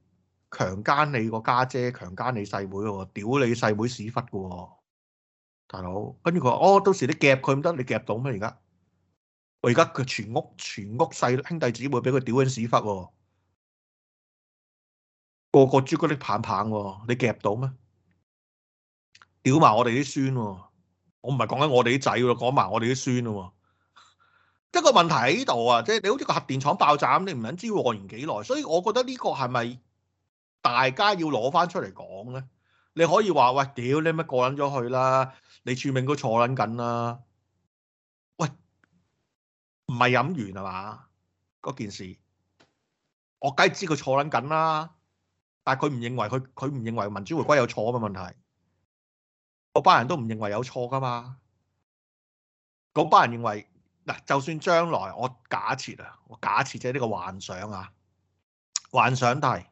強姦你個家姐，強姦你細妹喎，屌你細妹屎忽嘅喎，大佬。跟住佢話：哦，到時你夾佢唔得，你夾到咩？而家我而家佢全屋全屋細兄弟姊妹俾佢屌緊屎忽喎，個個朱古力棒棒喎，你夾到咩？屌埋我哋啲孫喎！我唔係講緊我哋啲仔咯，講埋我哋啲孫咯。一個問題喺度啊，即係你好似個核電廠爆炸咁，你唔撚知會惡完幾耐？所以我覺得呢個係咪大家要攞翻出嚟講咧？你可以話喂，屌你乜過捻咗去啦？李柱銘都坐捻緊啦？喂，唔係飲完係嘛？嗰件事我梗係知佢坐捻緊啦，但係佢唔認為佢佢唔認為民主回歸有錯咁嘅問題。嗰班人都唔認為有錯㗎嘛？嗰班人認為嗱，就算將來我假設啊，我假設即係呢個幻想啊，幻想但係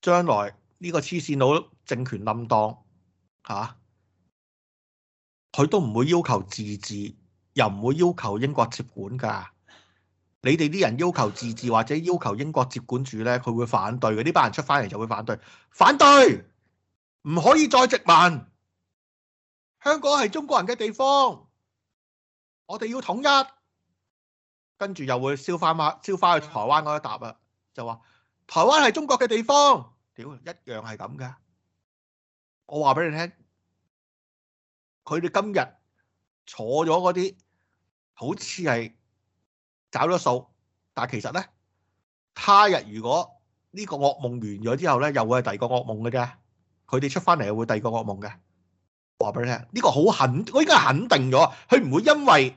將來呢個黐線佬政權冧當嚇，佢、啊、都唔會要求自治，又唔會要求英國接管㗎。你哋啲人要求自治或者要求英國接管住呢，佢會反對嘅。呢班人出翻嚟就會反對，反對。唔可以再殖民，香港係中國人嘅地方，我哋要統一，跟住又會燒翻馬，燒翻去台灣嗰一笪啦，就話台灣係中國嘅地方，屌，一樣係咁噶。我話俾你聽，佢哋今日坐咗嗰啲，好似係找咗數，但係其實咧，他日如果呢個噩夢完咗之後咧，又會係第二個噩夢嘅啫。佢哋出翻嚟又會第二個噩夢嘅，話俾你聽，呢個好肯，我已經係肯定咗，佢唔會因為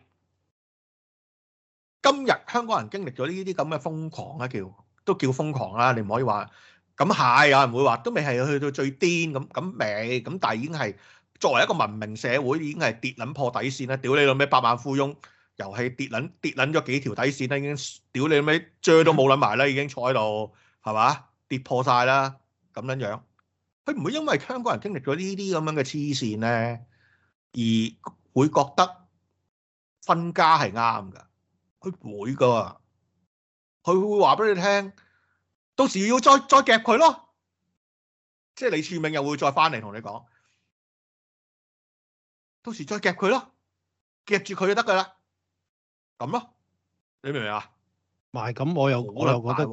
今日香港人經歷咗呢啲咁嘅瘋狂啊，叫都叫瘋狂啦，你唔可以話咁係有人會話，都未係去到最癲咁咁未，咁但係已經係作為一個文明社會，已經係跌撚破底線啦！屌你老味，百萬富翁遊戲跌撚跌撚咗幾條底線啦，已經屌你老味，追都冇撚埋啦，已經坐喺度係嘛，跌破曬啦，咁樣樣。佢唔會因為香港人這這經歷咗呢啲咁樣嘅黐綫咧，而會覺得分家係啱噶。佢會噶，佢會話俾你聽，到時要再再夾佢咯。即係李柱銘又會再翻嚟同你講，到時再夾佢咯，夾住佢就得噶啦，咁咯，你明唔明啊？唔係咁，我又我又覺得，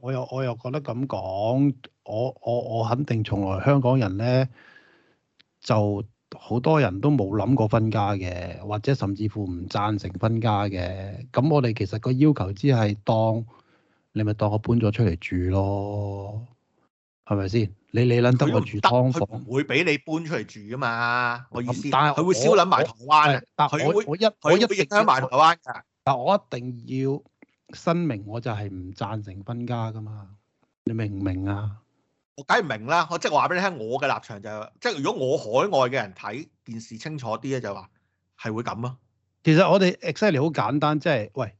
我又我又覺得咁講，我我我肯定從來香港人咧，就好多人都冇諗過分家嘅，或者甚至乎唔贊成分家嘅。咁我哋其實個要求只係當，你咪當我搬咗出嚟住咯，係咪先？你你諗得我住劏房，唔會俾你搬出嚟住噶嘛？我意思，嗯、但係佢會少諗埋台灣，但係我我一我一定都埋台灣噶，但我一定要。新明我就係唔贊成分家噶嘛，你明唔明啊？我梗係唔明啦，我即係話俾你聽，我嘅立場就係、即係如果我海外嘅人睇件事清楚啲咧，就話係會咁咯、啊。其實我哋 exactly 好簡單，即、就、係、係、喂，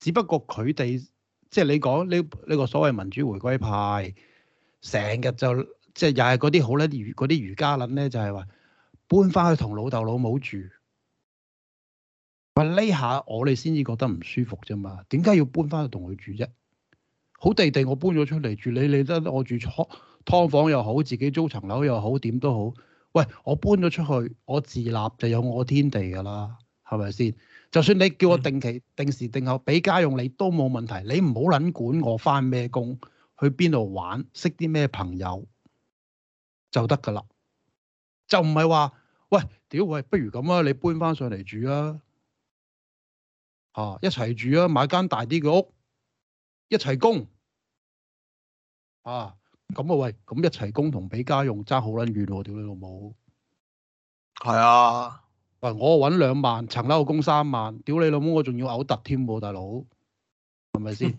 只不過佢哋即係你講呢呢個所謂民主回歸派，成日就即係又係嗰啲好咧啲嗰啲儒家諗咧，就係、係、話搬翻去同老豆老母住。喂，呢下我哋先至覺得唔舒服啫嘛？點解要搬翻去同佢住啫？好地地我搬咗出嚟住，你你得我住劏房又好，自己租層樓又好，點都好。喂，我搬咗出去，我自立就有我天地噶啦，係咪先？就算你叫我定期、定時定候俾家用，你都冇問題。你唔好捻管我翻咩工，去邊度玩，識啲咩朋友就得噶啦。就唔係話喂屌喂，不如咁啊，你搬翻上嚟住啊！啊！一齊住啊，買間大啲嘅屋，一齊供啊！咁啊喂，咁一齊供同俾家用爭好捻遠喎！屌你老母！係啊！喂，我搵兩萬，層樓我供三萬，屌你老母，我仲要嘔突添喎，大佬係咪先？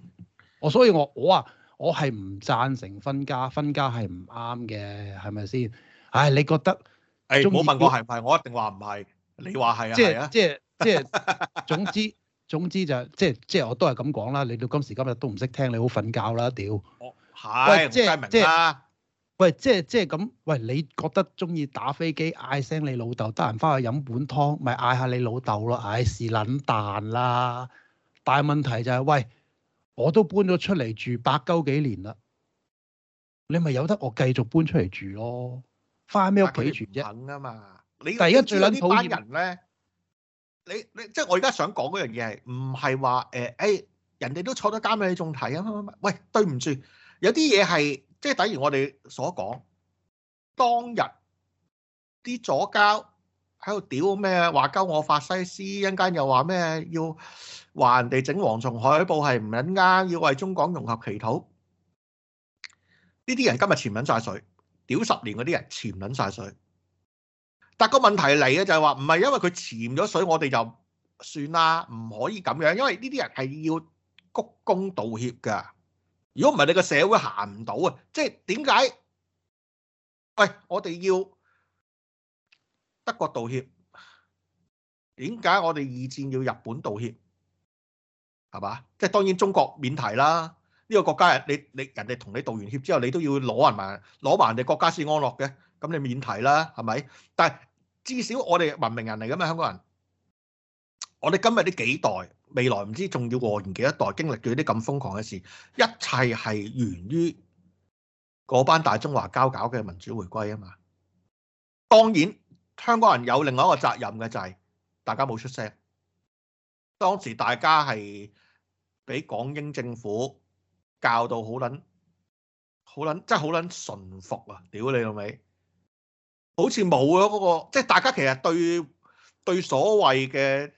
我、啊、 所以我，我我啊，我係唔贊成分家，分家係唔啱嘅，係咪先？唉、哎，你覺得？唉、哎，冇之問過係唔係，我一定話唔係。你話係啊，啊？就是就是、即係即係即係，總之。總之就係、即係即係我都係咁講啦，你到今時今日都唔識聽，你好瞓覺啦，屌！我係唔齋明啦。喂，唉即係即係咁，喂，你覺得中意打飛機嗌聲你老豆，得閒翻去飲碗湯，咪嗌下你老豆咯。唉，是撚蛋啦！但係問題就係、是，喂，我都搬咗出嚟住八九幾年啦，你咪由得我繼續搬出嚟住咯？翻咩屋企住啫嘛？你但係而家住緊啲班人咧？你你即係我而、欸、家想講嗰樣嘢係唔係話，誒誒人哋都坐咗監，你仲睇啊？喂，對唔住，有啲嘢係即係等於我哋所講，當日啲左膠喺度屌咩話鳩我法西斯，一陣間又話咩要話人哋整蝗蟲海報係唔撚啱，要為中港融合祈禱，呢啲人今日潛撚晒水，屌十年嗰啲人潛撚晒水。但個問題嚟嘅就係話，唔係因為佢潛咗水，我哋就算啦，唔可以咁樣，因為呢啲人係要鞠躬道歉嘅。如果唔係，你個社會行唔到啊！即係點解？喂，我哋要德國道歉，點解我哋二戰要日本道歉？係嘛？即係當然中國免提啦。呢個國家人，你你人哋同你道完歉之後，你都要攞人埋攞埋人哋國家先安樂嘅，咁你免提啦，係咪？但係。至少我哋文明人嚟嘅嘛，香港人，我哋今日呢幾代，未來唔知仲要過完幾多代，經歷咗啲咁瘋狂嘅事，一切係源於嗰班大中華交搞嘅民主回歸啊嘛。當然，香港人有另外一個責任嘅就係大家冇出聲。當時大家係俾港英政府教到好捻，好捻，即係好捻順服啊！屌你老味！好似冇啊！嗰個即係大家其實對對所謂嘅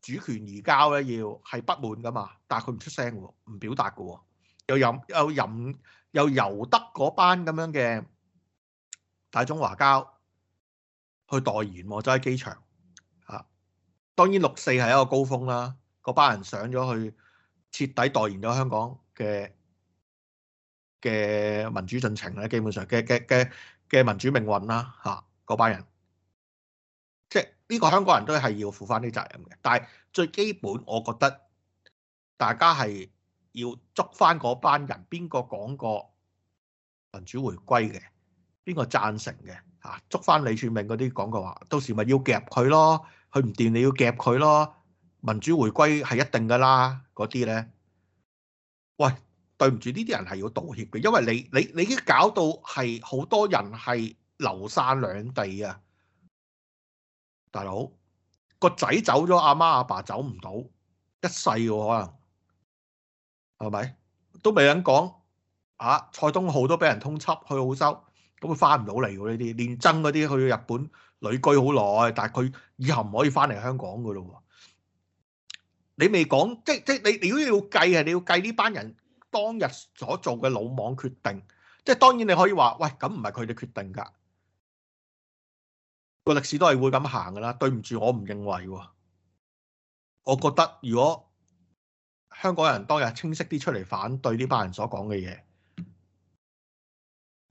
主權移交咧，要係不滿噶嘛？但係佢唔出聲喎，唔表達噶喎，又任又任又由得嗰班咁樣嘅大中華膠去代言喎，即係機場吓。當然六四係一個高峰啦，嗰班人上咗去徹底代言咗香港嘅嘅民主進程咧，基本上嘅嘅嘅。嘅民主命運啦、啊，嚇嗰班人，即係呢個香港人都係要負翻啲責任嘅。但係最基本，我覺得大家係要捉翻嗰班人，邊個講過民主回歸嘅，邊個贊成嘅嚇，捉、啊、翻李柱銘嗰啲講嘅話，到時咪要夾佢咯，佢唔掂你要夾佢咯，民主回歸係一定噶啦，嗰啲咧喂。對唔住，呢啲人係要道歉嘅，因為你你你已經搞到係好多人係流散兩地啊！大佬個仔走咗，阿媽阿爸走唔到一世喎，可能係咪？都未敢講啊！蔡東浩都俾人通緝去澳洲，咁佢翻唔到嚟喎。呢啲連曾嗰啲去日本旅居好耐，但係佢以後唔可以翻嚟香港噶咯喎！你未講，即即你你如果要計係你要計呢班人。當日所做嘅魯莽決定，即係當然你可以話喂，咁唔係佢哋決定噶，個歷史都係會咁行噶啦。對唔住，我唔認為，我覺得如果香港人當日清晰啲出嚟反對呢班人所講嘅嘢，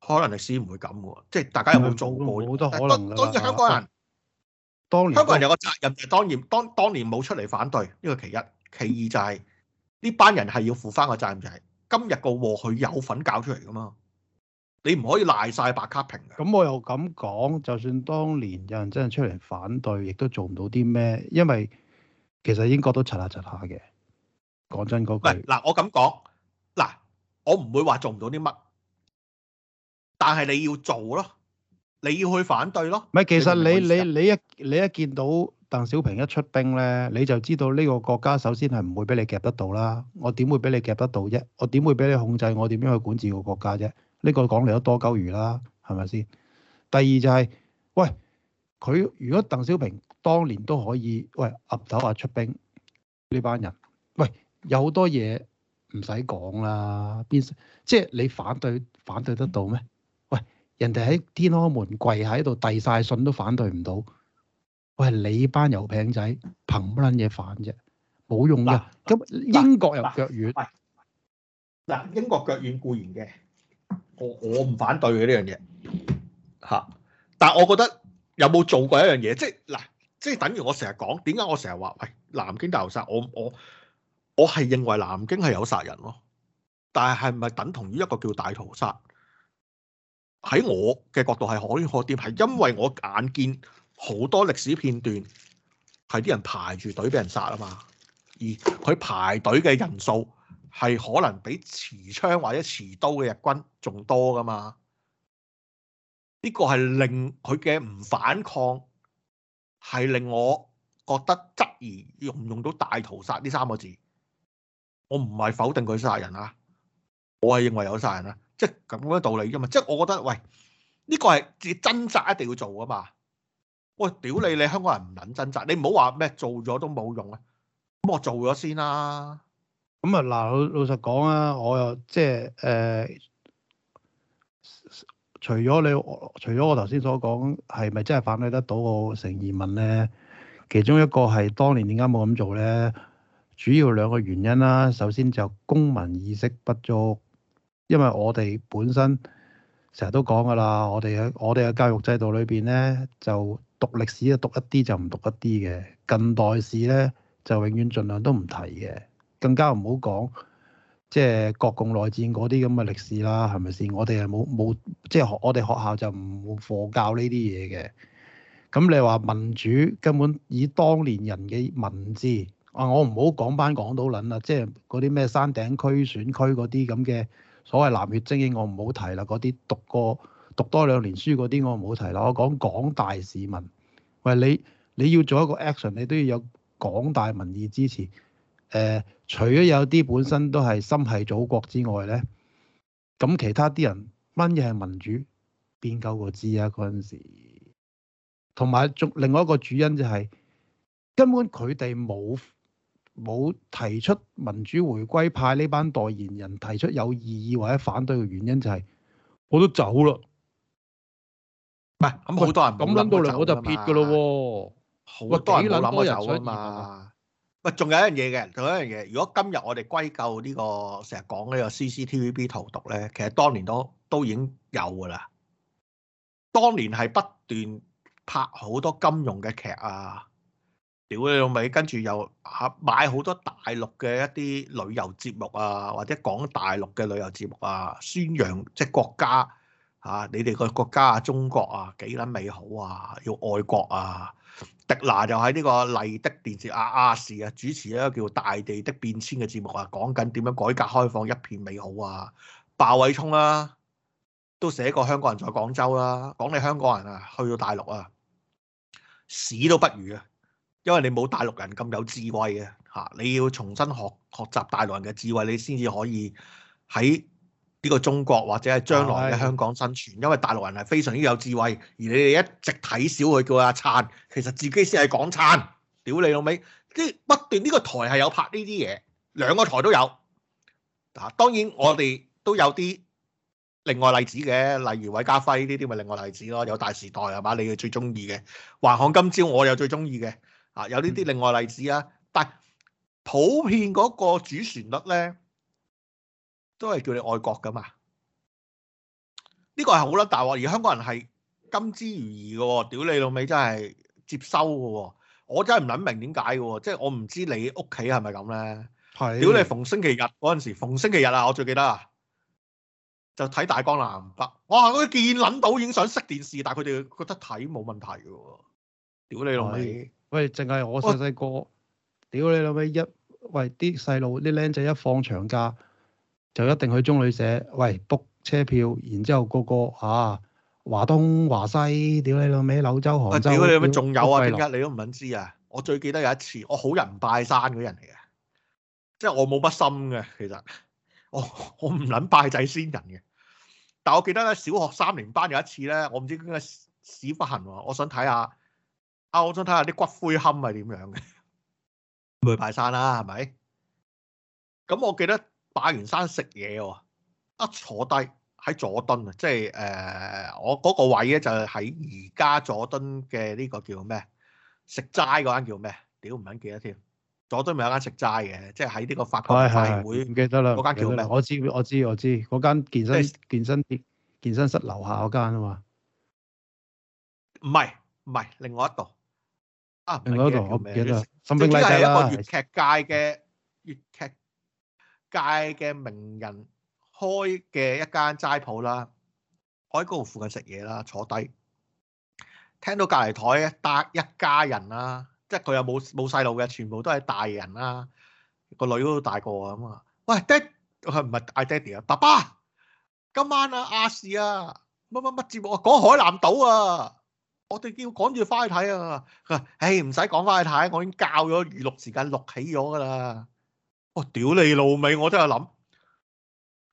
可能歷史唔會咁噶。即係大家有冇做過？冇好多可能啦。當然，香港人，啊、當年香港人有個責任，就當然當當年冇出嚟反對呢、這個其一，其二就係呢班人係要負翻個責任、就是，就係。今日個鑊佢有份搞出嚟噶嘛？你唔可以賴晒白卡評嘅。咁我又咁講，就算當年有人真係出嚟反對，亦都做唔到啲咩，因為其實英國都窒下窒下嘅。講真嗰句。唔係嗱，我咁講嗱，我唔會話做唔到啲乜，但係你要做咯，你要去反對咯。唔係，其實你你你一你一見到。鄧小平一出兵咧，你就知道呢個國家首先係唔會俾你夾得到啦。我點會俾你夾得到啫？我點會俾你控制？我點樣去管治個國家啫？呢、呢個講嚟都多鳩餘啦，係咪先？第二就係、係，喂，佢如果鄧小平當年都可以，喂，岌頭啊出兵呢班人，喂，有好多嘢唔使講啦。邊即係你反對反對得到咩？喂，人哋喺天安門跪喺度遞晒信都反對唔到。我係你班油餅仔，憑乜撚嘢反啫？冇用㗎。咁英國又腳軟，嗱英國腳軟固然嘅，我我唔反對呢樣嘢嚇。但係我覺得有冇做過一樣嘢？即係嗱，即係等於我成日講點解我成日話喂南京大屠殺，我我我係認為南京係有殺人咯。但係係咪等同於一個叫大屠殺？喺我嘅角度係可圈可點，係因為我眼見。好多歷史片段係啲人排住隊俾人殺啊嘛，而佢排隊嘅人數係可能比持槍或者持刀嘅日軍仲多噶嘛，呢個係令佢嘅唔反抗係令我覺得質疑用唔用到大屠殺呢三個字，我唔係否定佢殺人啊，我係認為有殺人啊，即係咁樣道理噶嘛，即係我覺得喂，呢個係自己掙扎一定要做噶嘛。我屌你！你香港人唔撚掙扎，你唔好話咩做咗都冇用啊！咁我做咗先啦，啊。咁啊嗱，老實講啊，我又即係誒，除咗你，除咗我頭先所講，係咪真係反對得到我成疑問咧？其中一個係當年點解冇咁做咧？主要兩個原因啦。首先就公民意識不足，因為我哋本身成日都講㗎啦，我哋喺我哋嘅教育制度裏邊咧就，讀歷史咧，讀一啲就唔讀一啲嘅，近代史咧就永遠盡量都唔提嘅，更加唔好講即係國共內戰嗰啲咁嘅歷史啦，係咪先？我哋係冇冇即係學我哋學校就唔課教呢啲嘢嘅。咁、嗯、你話民主根本以當年人嘅文字啊，我唔好講翻港島撚啦，即係嗰啲咩山頂區選區嗰啲咁嘅，所謂藍血精英我唔好提啦，嗰啲讀過。讀多兩年書嗰啲我冇提啦，我講廣大市民，喂，你你要做一個 action，你都要有廣大民意支持。誒、呃，除咗有啲本身都係心係祖國之外咧，咁其他啲人乜嘢係民主，邊鳩個知啊？嗰陣時，同埋仲另外一個主因就係根本佢哋冇冇提出民主回歸派呢班代言人提出有異議或者反對嘅原因，就係我都走啦。唔係，咁好、嗯嗯、多人咁諗到兩，我就撇噶咯喎。好多人冇諗到走啊嘛。喂、嗯，仲有一樣嘢嘅，仲有一樣嘢。如果今日我哋歸咎呢、這個成日講呢個 CCTVB 荼毒咧，其實當年都都已經有噶啦。當年係不斷拍好多金融嘅劇啊，屌你老味，跟住又啊買好多大陸嘅一啲旅遊節目啊，或者講大陸嘅旅遊節目啊，宣揚即係國家。嚇、啊！你哋個國家啊，中國啊，幾撚美好啊！要愛國啊！迪娜就喺呢個麗的電視亞亞視啊，主持一個叫《大地的變遷》嘅節目啊，講緊點樣改革開放一片美好啊！鮑偉聰啦、啊，都寫過《香港人在廣州、啊》啦，講你香港人啊，去到大陸啊，屎都不如啊！因為你冇大陸人咁有智慧啊。嚇、啊，你要重新學學習大陸人嘅智慧，你先至可以喺，呢個中國或者係將來嘅香港生存，的因為大陸人係非常之有智慧，而你哋一直睇小佢叫阿燦，其實自己先係港燦，屌你老味，即不斷呢、這個台係有拍呢啲嘢，兩個台都有。嗱，當然我哋都有啲另外例子嘅，例如韋家輝呢啲咪另外例子咯，有《大時代》係嘛？你哋最中意嘅《還看今朝》，我又最中意嘅啊，有呢啲另外例子啊。但普遍嗰個主旋律咧。都係叫你愛國噶嘛？呢、呢個係好甩大喎，而香港人係甘之如飴嘅喎，屌你老味真係接收嘅喎、哦，我真係唔諗明點解嘅喎，即係我唔知你屋企係咪咁咧。係的。屌你逢星期日嗰陣時，逢星期日啊，我最記得啊，就睇大江南北。我嗰啲見撚到已經想熄電視，但係佢哋覺得睇冇問題嘅喎。屌你老味，喂，淨係我細細個，哦、屌你老味。一喂啲細路啲僆仔一放長假。就一定去中旅社，喂，book 車票，然之後，個個啊，華東、華西，屌你老味柳州、河，屌你老味，仲有啊？點解你都唔肯知啊？我最記得有一次，我好人拜山嗰人嚟嘅，即係我冇乜心嘅，其實我我唔撚拜仔先人嘅。但我記得咧，小學三年班有一次咧，我唔知點解屎忽痕喎，我想睇下啊，我想睇下啲骨灰龕係點樣嘅，唔會拜山啦，係咪？咁我記得。霸元山食嘢喎，一坐低喺佐敦啊，即係誒我嗰個位咧就喺而家佐敦嘅呢個叫咩食齋嗰間叫咩？屌唔肯記得添，佐敦咪有間食齋嘅，即係喺呢個法國大會唔記得啦，嗰間叫咩？我知我知我知嗰間健身健身健身室樓下嗰間啊嘛，唔係唔係另外一度啊，另外一度我唔記得啦，甚至係一個粵劇界嘅粵劇界嘅名人開嘅一間齋鋪啦，我喺嗰度附近食嘢啦，坐低聽到隔籬台搭一家人啦，即係佢又冇冇細路嘅，全部都係大人啦，個女都大個咁啊！喂，爹佢唔係嗌爹哋啊，爸爸，今晚啊亞視啊乜乜乜節目啊，講海南島啊，我哋要趕住翻去睇啊！佢話，誒，唔使講翻去睇，我已經教咗娛樂時間錄起咗噶啦。我屌你老味，我都有諗，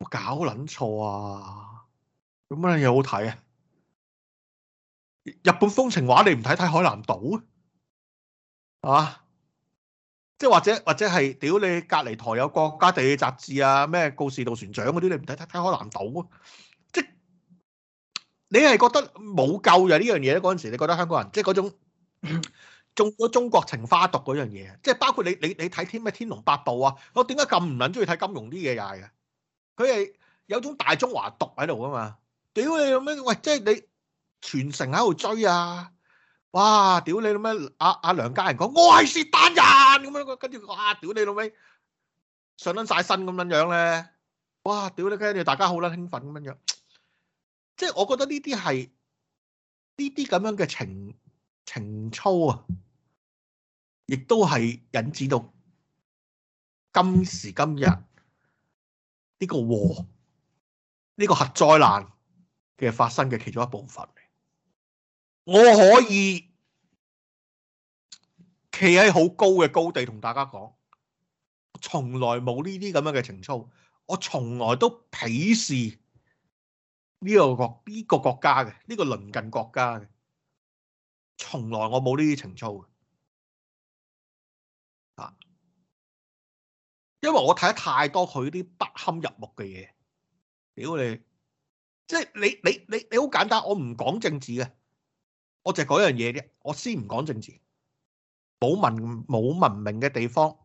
搞捻錯啊！有乜嘢好睇啊？日本風情畫你唔睇睇海南島啊？即係或者或者係屌你隔籬台有國家地理雜誌啊？咩告示導船長嗰啲你唔睇睇睇海南島啊？即係你係覺得冇救嘅呢樣嘢咧？嗰陣時你覺得香港人即係嗰種？ 中咗中國情花毒嗰樣嘢，即係包括你你你睇天咩天龍八部啊！我點解咁唔撚中意睇金庸啲嘢又係？佢係有種大中華毒喺度啊嘛！屌你老咩！喂，即係你全城喺度追啊！哇！屌你老咩！阿阿梁家仁講我係薛丹人咁樣，跟住佢話屌你老味」，上撚晒身咁樣樣咧！哇！屌你，跟住大家好撚興奮咁樣樣，即係我覺得呢啲係呢啲咁樣嘅情情操啊！亦都係引致到今時今日呢個禍，呢個核災難嘅發生嘅其中一部分。我可以企喺好高嘅高地同大家講，從來冇呢啲咁樣嘅情操，我從來都鄙視呢個國呢個國家嘅呢個鄰近國家嘅，從來我冇呢啲情操。因為我睇得太多佢啲不堪入目嘅嘢，屌你！即係你你你你好簡單，我唔講政治嘅，我就係講一樣嘢啫。我先唔講政治，冇文冇文明嘅地方，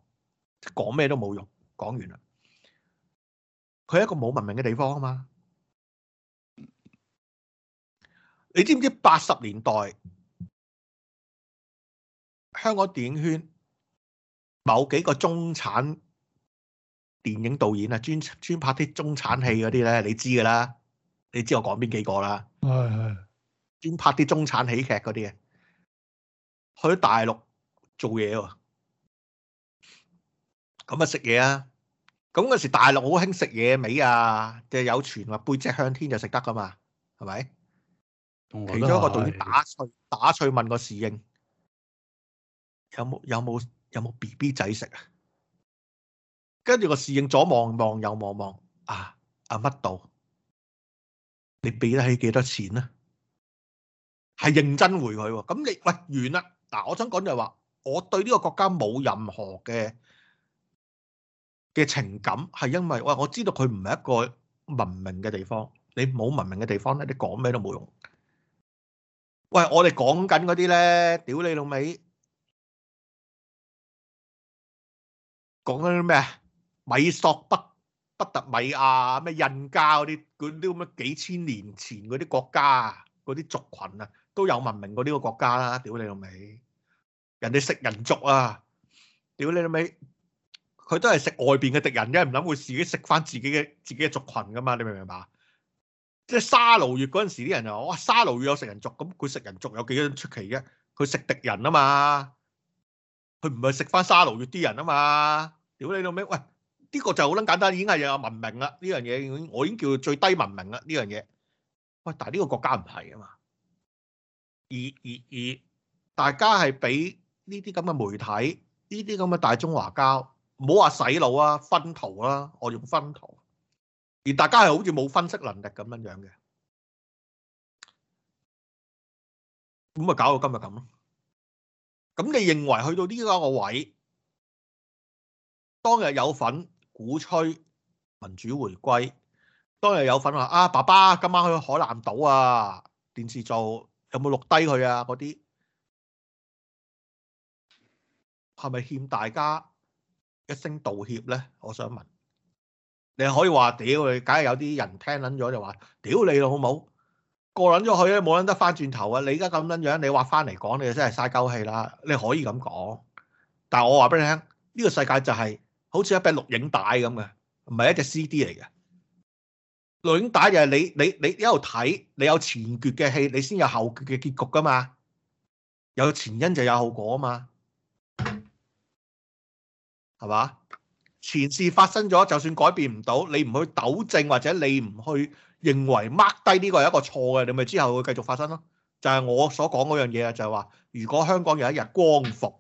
講咩都冇用。講完啦，佢係一個冇文明嘅地方啊嘛。你知唔知八十年代香港電影圈某幾個中產？電影導演啊，專專拍啲中產戲嗰啲咧，你知噶啦，你知我講邊幾個啦？係係，專拍啲中產喜劇嗰啲嘅，去大陸做嘢喎。咁啊食嘢啊，咁嗰時大陸好興食野味啊，即係有傳話背脊向天就食得噶嘛，係咪？其中一個導演打趣打趣問個侍應：有冇有冇有冇 BB 仔食啊？跟住個侍應左望望，右望望，啊啊，乜道？你俾得起幾多錢咧？係認真回佢喎。咁你喂完啦嗱，我想講就係話，我對呢個國家冇任何嘅嘅情感，係因為喂我知道佢唔係一個文明嘅地方。你冇文明嘅地方咧，你講咩都冇用。喂，我哋講緊嗰啲咧，屌你老味，講緊啲咩啊？米索不不特米亞咩印加嗰啲啲咁嘅幾千年前嗰啲國家嗰啲族群啊都有文明過呢個國家啦！屌你老味，人哋食人族啊！屌你老味，佢都係食外邊嘅敵人啫，唔諗會自己食翻自己嘅自己嘅族群噶嘛？你明唔明白？即係沙勞越嗰陣時啲人就話，哇！沙勞越有食人族，咁佢食人族有幾多出奇嘅？佢食敵人啊嘛，佢唔係食翻沙勞越啲人啊嘛！屌你老味！」喂！呢個就好撚簡單，已經係有文明啦。呢樣嘢我已經叫最低文明啦。呢樣嘢，喂，但係呢個國家唔係啊嘛。而而而，而大家係俾呢啲咁嘅媒體，呢啲咁嘅大中華膠，唔好話洗腦啊、薰陶啦、啊。我用薰陶，而大家係好似冇分析能力咁樣樣嘅，咁啊搞到今日咁。咁你認為去到呢個位，當日有份。鼓吹民主回歸，當日有份話啊，爸爸今晚去海南島啊，電視做有冇錄低佢啊？嗰啲係咪欠大家一聲道歉咧？我想問，你可以話屌，屌你，梗係有啲人聽捻咗就話屌你咯，好唔好？過捻咗去咧，冇捻得翻轉頭啊！你而家咁撚樣，你話翻嚟講，你真係嘥鳩氣啦！你可以咁講，但係我話俾你聽，呢個世界就係……好似一隻錄影帶咁嘅，唔係一隻 CD 嚟嘅。錄影帶就係你你你一路睇，你有前決嘅戲，你先有後決嘅結局㗎嘛。有前因就有後果啊嘛。係嘛？前事發生咗，就算改變唔到，你唔去糾正或者你唔去認為 mark 低呢個係一個錯嘅，你咪之後會繼續發生咯。就係、是、我所講嗰樣嘢啊，就係話如果香港有一日光復。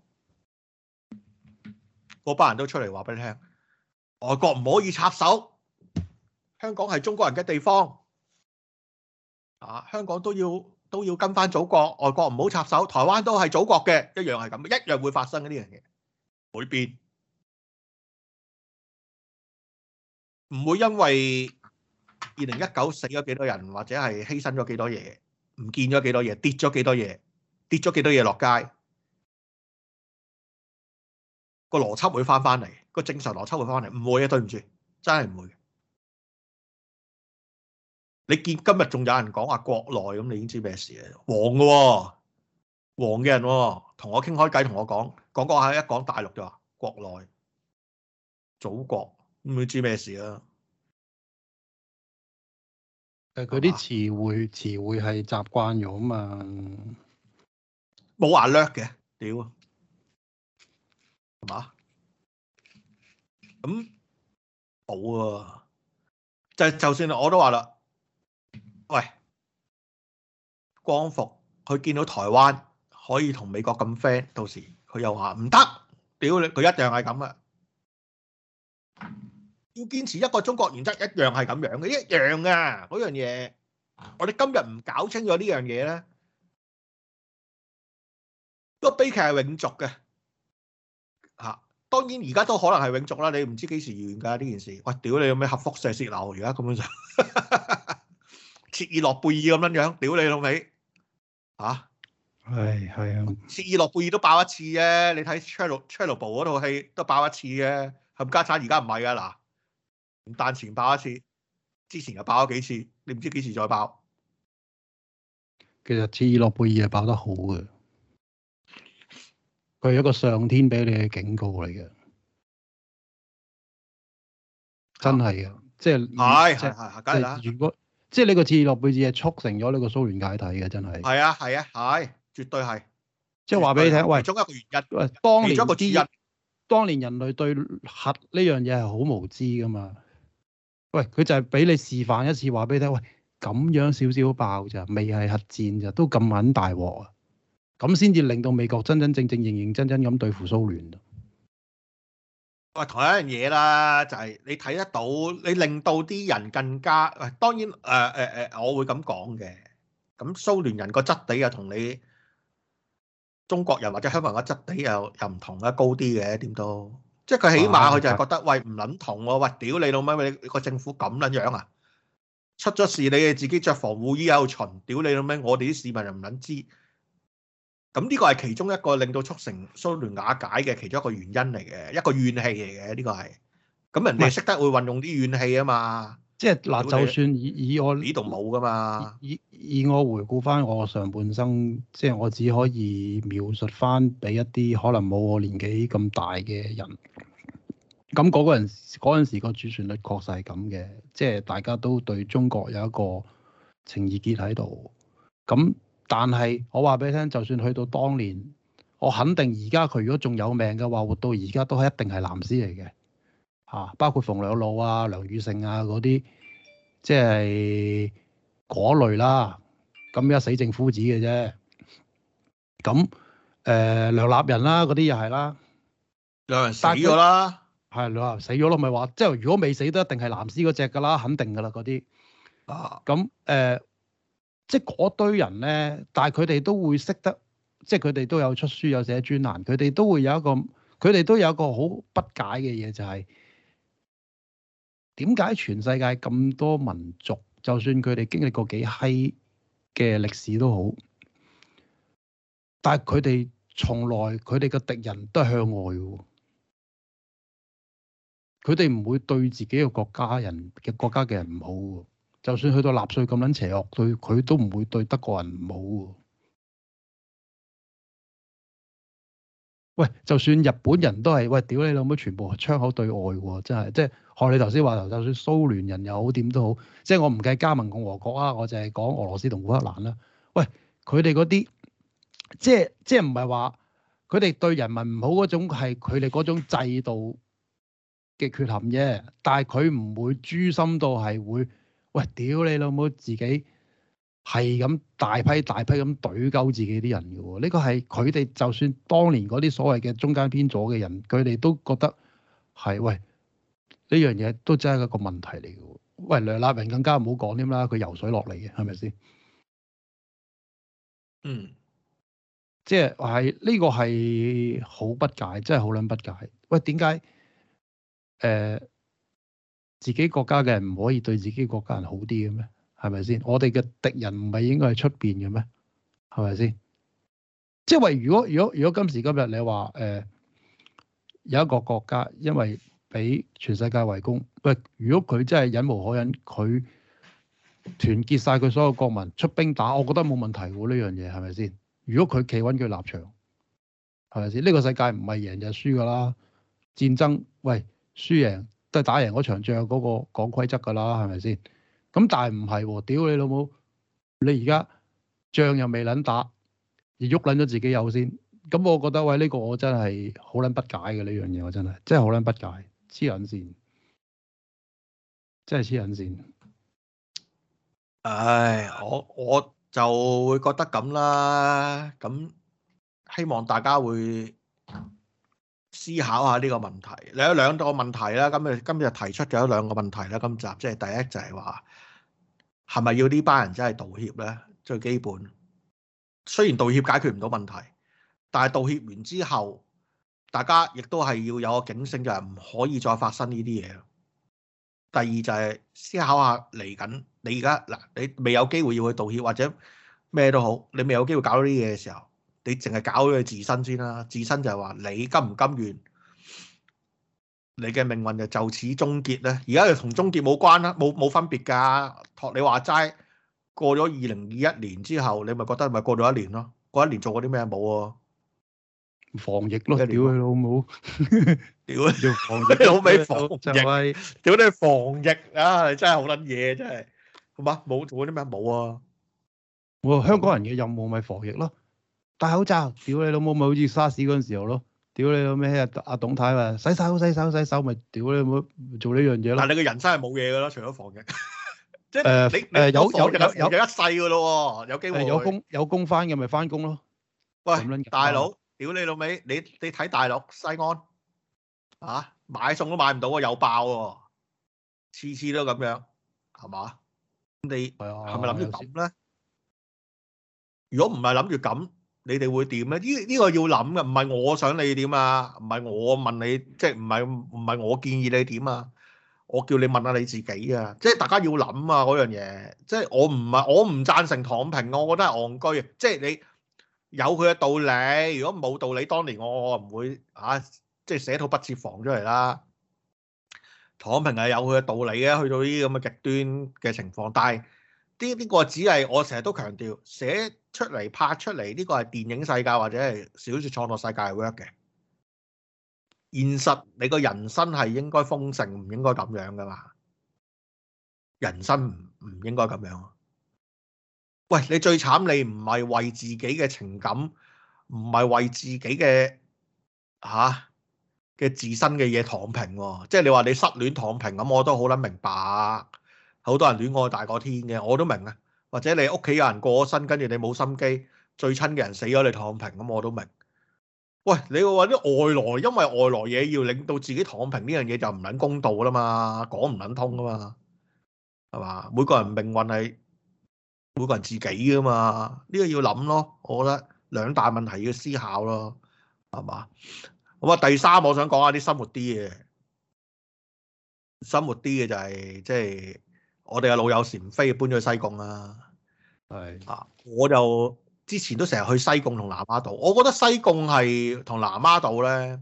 嗰班人都出嚟話俾你聽，外國唔可以插手，香港係中國人嘅地方，啊，香港都要都要跟返祖國，外國唔好插手。台灣都係祖國嘅，一樣係咁，一樣會發生呢樣嘢，會變，唔會因為二零一九死咗幾多人，或者係犧牲咗幾多嘢，唔見咗幾多嘢，跌咗幾多嘢，跌咗幾多嘢落街。個邏輯會翻翻嚟，個正常邏輯會翻嚟，唔會啊！對唔住，真係唔會。你見今日仲有人講話國內咁，你已經知咩事啦？黃嘅喎、哦，黃嘅人喎、哦，同我傾開偈，同我講講講下，一講大陸就話國內、祖國，唔會知咩事啊。誒，佢啲詞彙詞彙係習慣咗啊嘛，冇話叻嘅，屌！嘛咁，冇啊！就就算我都話啦，喂，光復佢見到台灣可以同美國咁 friend，到時佢又話唔得，屌你，佢一樣係咁嘅，要堅持一個中國原則一樣係咁樣嘅，一樣啊！嗰樣嘢，我哋今日唔搞清楚呢樣嘢咧，個悲劇係永續嘅。吓、啊，當然而家都可能係永續啦。你唔知幾時完㗎呢件事。哇！屌你有咩核輻射泄漏流？而家根本就， 切爾諾貝爾咁樣樣，屌你老味？嚇？係係啊。哎哎、切爾諾貝爾都爆一次啫，你睇《Chernobyl》嗰套戲都爆一次嘅。冚家產而家唔係啊，嗱，彈前爆一次，之前就爆咗幾次，你唔知幾時再爆。其實切爾諾貝爾係爆得好嘅。佢係一個上天俾你嘅警告嚟嘅，真係嘅，即係係係梗係如果即係呢個切爾諾貝爾係促成咗呢個蘇聯解體嘅，真係。係啊，係啊，係，絕對係。即係話俾你聽，喂，其中一個原因，喂，當年當年人類對核呢樣嘢係好無知噶嘛？喂，佢就係俾你示範一次，話俾你聽，喂，咁樣少少爆咋，未係核戰咋，都咁撚大鑊啊！咁先至令到美國真真正正認認真真咁對付蘇聯咯。喂，同有一樣嘢啦，就係你睇得到，你令到啲人更加誒，當然誒誒誒，我會咁講嘅。咁蘇聯人個質地又同你中國人或者香港人個質地又又唔同啦，高啲嘅點都，即係佢起碼佢就係覺得喂唔撚同喎，喂屌你老母，你個政府咁撚樣啊！出咗事你哋自己著防護衣喺度巡，屌你老母，我哋啲市民又唔撚知。咁呢個係其中一個令到促成蘇聯瓦解嘅其中一個原因嚟嘅，一個怨氣嚟嘅，呢個係。咁人哋識得會運用啲怨氣啊嘛。即係嗱，就算以以我呢度冇㗎嘛。以以我回顧翻我上半生，即係我只可以描述翻俾一啲可能冇我年紀咁大嘅人。咁嗰人嗰陣時個主旋律確實係咁嘅，即係大家都對中國有一個情意結喺度。咁但係我話俾你聽，就算去到當年，我肯定而家佢如果仲有命嘅話，活到而家都係一定係藍絲嚟嘅嚇。包括馮兩老啊、梁宇成啊嗰啲，即係嗰類啦、啊。咁而家死正夫子嘅啫。咁誒、呃，梁立人啦、啊，嗰啲又係啦。梁人死咗啦。係梁人死咗咯，咪話即係如果未死都一定係藍絲嗰隻㗎啦，肯定㗎啦嗰啲。啊。咁誒。呃即係嗰堆人咧，但係佢哋都會識得，即係佢哋都有出書、有寫專欄，佢哋都會有一個，佢哋都有一個好不解嘅嘢，就係點解全世界咁多民族，就算佢哋經歷過幾閪嘅歷史都好，但係佢哋從來佢哋嘅敵人都係向外嘅，佢哋唔會對自己嘅國家人嘅國家嘅人唔好嘅。就算去到納粹咁撚邪惡，佢佢都唔會對德國人唔好喎。喂，就算日本人都係，喂屌你老母，全部窗口對外喎，真係即係學你頭先話頭。就算蘇聯人又好點都好，即係我唔計加盟共和國啊，我就係講俄羅斯同烏克蘭啦，啊。喂，佢哋嗰啲即係即係唔係話佢哋對人民唔好嗰種，係佢哋嗰種制度嘅缺陷啫，但係佢唔會誅心到係會。喂，屌你老母！自己係咁大批大批咁懟鳩自己啲人嘅喎、哦，呢、這個係佢哋就算當年嗰啲所謂嘅中間偏左嘅人，佢哋都覺得係喂呢樣嘢都真係一個問題嚟嘅喎。喂，梁立人更加唔好講添啦，佢游水落嚟嘅，係咪先？嗯，即係係呢個係好不解，真係好撚不解。喂，點解？誒、呃？自己國家嘅人唔可以對自己國家人好啲嘅咩？係咪先？我哋嘅敵人唔係應該係出邊嘅咩？係咪先？即係，如果如果如果今時今日你話誒、呃、有一個國家因為俾全世界圍攻喂、呃，如果佢真係忍無可忍，佢團結晒佢所有國民出兵打，我覺得冇問題喎，呢樣嘢係咪先？如果佢企穩佢立場係咪先？呢個世界唔係贏就係輸㗎啦，戰爭喂，輸贏。都係打贏嗰場仗嗰個講規則㗎啦，係咪先？咁但係唔係喎？屌你老母！你而家仗又未撚打，而喐撚咗自己有先。咁、嗯、我覺得喂，呢、呢個我真係好撚不解嘅呢樣嘢，我真係真係好撚不解，黐撚線，真係黐撚線。唉，我我就會覺得咁啦。咁希望大家會思考下呢個問題，你有兩個問題啦。咁啊，今日提出咗一兩個問題啦。今集即係第一就係話係咪要呢班人真係道歉咧？最基本，雖然道歉解決唔到問題，但係道歉完之後，大家亦都係要有個警醒，就係唔可以再發生呢啲嘢。第二就係思考下嚟緊，你而家嗱，你未有機會要去道歉或者咩都好，你未有機會搞到呢啲嘢嘅時候。你淨係搞佢自身先啦，自身就係話你甘唔甘願，你嘅命運就就此終結咧？而家就同終結冇關啦，冇冇分別噶。托你話齋，過咗二零二一年之後，你咪覺得咪過咗一年咯？過一年做過啲咩啊？冇啊，防疫咯，屌佢老母，屌你老屌你防疫，屌你防疫啊！真係好捻嘢，真係係嘛？冇做啲咩啊？冇啊！我香港人嘅任務咪防疫咯。戴口罩，屌你老母咪好似沙士嗰陣時候咯，屌你老咩啊！阿董太話：洗手、洗手、洗手，咪屌你冇做呢樣嘢咯。但係你個人生係冇嘢㗎咯，除咗防疫，即係誒誒有有有有一世㗎咯喎，有機會。有工有工翻嘅咪翻工咯。喂，大佬屌你老味，你你睇大陸西安啊，買餸都買唔到啊，又爆喎，次次都咁樣，係嘛？你係咪諗住咁咧？如果唔係諗住咁？你哋會點咧？呢、呢、呢個要諗嘅，唔係我想你點啊，唔係我問你，即係唔係唔係我建議你點啊？我叫你問下你自己啊！即係大家要諗啊嗰樣嘢，即係我唔係我唔贊成躺平，我覺得係戇居啊！即係你有佢嘅道理，如果冇道理，當年我我唔會嚇、啊，即係寫套不設防出嚟啦。躺平係有佢嘅道理嘅，去到呢啲咁嘅極端嘅情況，但係呢呢個只係我成日都強調寫，出嚟拍出嚟，呢個係電影世界或者係小説創作世界 work 嘅。現實你個人生係應該豐盛，唔應該咁樣噶嘛。人生唔唔應該咁樣啊。喂，你最慘，你唔係為自己嘅情感，唔係為自己嘅嚇嘅自身嘅嘢躺平喎。即係你話你失戀躺平咁，我都好撚明白。好多人戀愛大過天嘅，我都明啊。或者你屋企有人過咗身，跟住你冇心機，最親嘅人死咗，你躺平咁，我都明。喂，你會話啲外來，因為外來嘢要令到自己躺平呢樣嘢就唔撚公道啦嘛，講唔撚通噶嘛，係嘛？每個人命運係每個人自己噶嘛，呢個要諗咯。我覺得兩大問題要思考咯，係嘛？好啊，第三我想講下啲生活啲嘢，生活啲嘅就係，即係我哋嘅老友馮飛搬咗去西貢啦。係啊！是我就之前都成日去西貢同南丫島，我覺得西貢係同南丫島咧，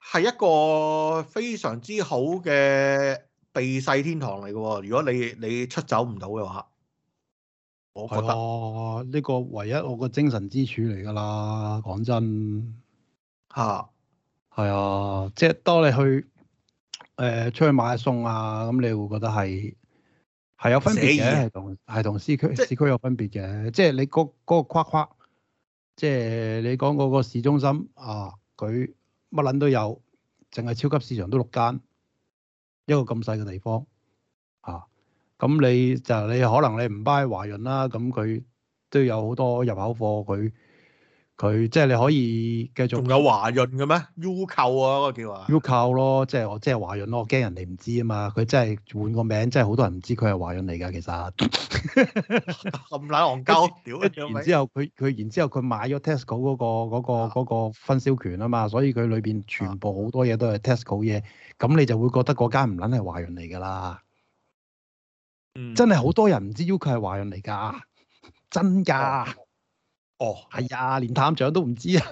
係一個非常之好嘅避世天堂嚟噶、哦。如果你你出走唔到嘅話，我覺得呢、啊呢個唯一我個精神支柱嚟噶啦。講真，吓係啊，即係、啊就是、當你去誒、呃、出去買下餸啊，咁你會覺得係，係有分別嘅，係同係同市區即市區有分別嘅，即係你嗰嗰個框框，即係你講嗰個市中心啊，佢乜撚都有，淨係超級市場都六間，一個咁細嘅地方嚇，咁、啊、你就你可能你唔 buy 華潤啦，咁佢都有好多入口貨佢。佢即係你可以繼續，仲有華潤嘅咩？U 購啊，嗰個叫華。U 購咯，即係我即係華潤咯。我驚人哋唔知啊嘛。佢真係換個名，真係好多人唔知佢係華潤嚟㗎。其實咁撚戇鳩，然之後佢佢，然之後佢買咗 Tesco 嗰個嗰個嗰個分銷權啊嘛，所以佢裏邊全部好多嘢都係 Tesco 嘢。咁你就會覺得嗰間唔撚係華潤嚟㗎啦。嗯，真係好多人唔知 U 購係華潤嚟㗎，真㗎。哦，係、哎、啊，連探長都唔知啊，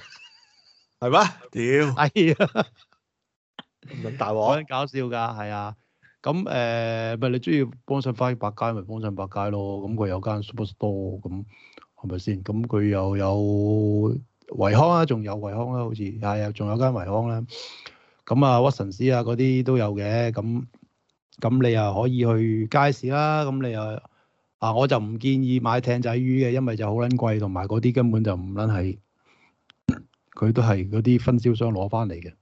係嘛？屌、呃，哎、就是、啊，大鑊，搞笑噶，係啊。咁誒，咪你中意幫襯百佳咪幫襯百佳咯。咁佢有間 Superstore，咁係咪先？咁佢又有維康啊，仲、啊、有維康啦，好似係啊，仲有間維康啦。咁啊，Watsons 啊嗰啲都有嘅。咁咁你又可以去街市啦、啊。咁你又～啊！我就唔建議買艇仔魚嘅，因為就好撚貴，同埋嗰啲根本就唔撚係，佢都係嗰啲分銷商攞翻嚟嘅。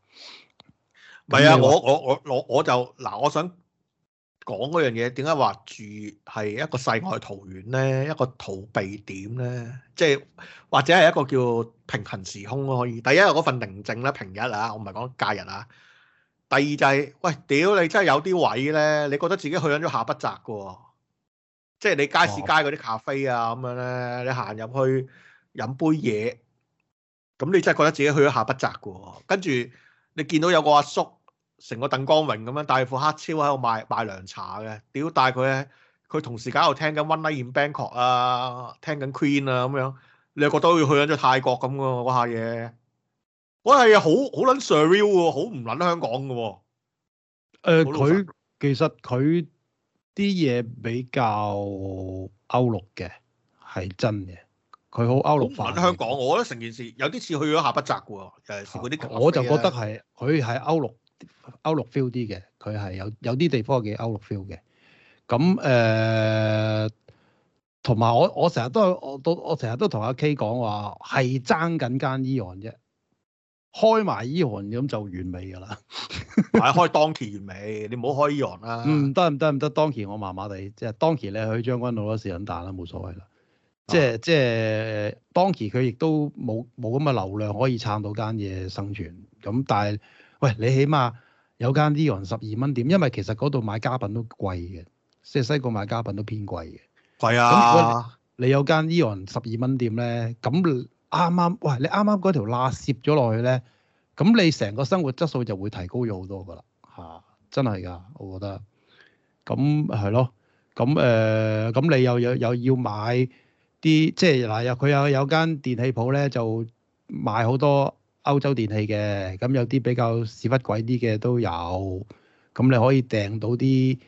唔係啊！我我我我我就嗱，我想講嗰樣嘢，點解話住係一個世外桃源咧？一個逃避點咧？即係，或者係一個叫平行時空咯，可以。第一，嗰份寧靜咧，平日啊，我唔係講假日啊。第二就係，喂，屌你真係有啲位咧，你覺得自己去緊咗下不雜嘅喎。即係你街市街嗰啲咖啡啊咁樣咧，你行入去飲杯嘢，咁你真係覺得自己去咗下不雜嘅喎。跟住你見到有個阿叔，成個鄧光榮咁樣，戴副黑超喺度賣賣涼茶嘅，屌！但佢咧，佢同時喺度聽緊 One Night in Bangkok 啊，聽緊 Queen 啊咁樣，你又覺得好似去緊咗泰國咁嘅嗰下嘢。我係好好撚 surreal 喎，好唔撚香港嘅喎。佢、呃、其實佢。啲嘢比較歐陸嘅係真嘅，佢好歐陸化。返香港，我覺得成件事有啲似去咗下北澤嘅喎，就係啲我就覺得係佢喺歐陸歐陸 feel 啲嘅，佢係有有啲地方嘅歐陸 feel 嘅。咁誒，同、呃、埋我我成日都我，我都我成日都同阿 K 講話係爭緊間醫院啫。開埋依行咁就完美噶啦， 係啊，開當期完美，你唔好開依行啦。嗯，得唔得唔得？當期我麻麻地，即係當期你去將軍澳都蝕緊蛋啦，冇所謂啦。即係即係當期佢亦都冇冇咁嘅流量可以撐到間嘢生存。咁但係喂，你起碼有間依行十二蚊店，因為其實嗰度買家品都貴嘅，即係西貢買家品都偏貴嘅。貴啊，你有間依行十二蚊店咧，咁。啱啱，喂！你啱啱嗰條罅攝咗落去咧，咁你成個生活質素就會提高咗好多噶啦，嚇、啊！真係㗎，我覺得。咁係咯，咁誒，咁、呃、你又又又要買啲，即係嗱，又佢有有間電器鋪咧，就買好多歐洲電器嘅，咁有啲比較屎忽鬼啲嘅都有。咁你可以訂到啲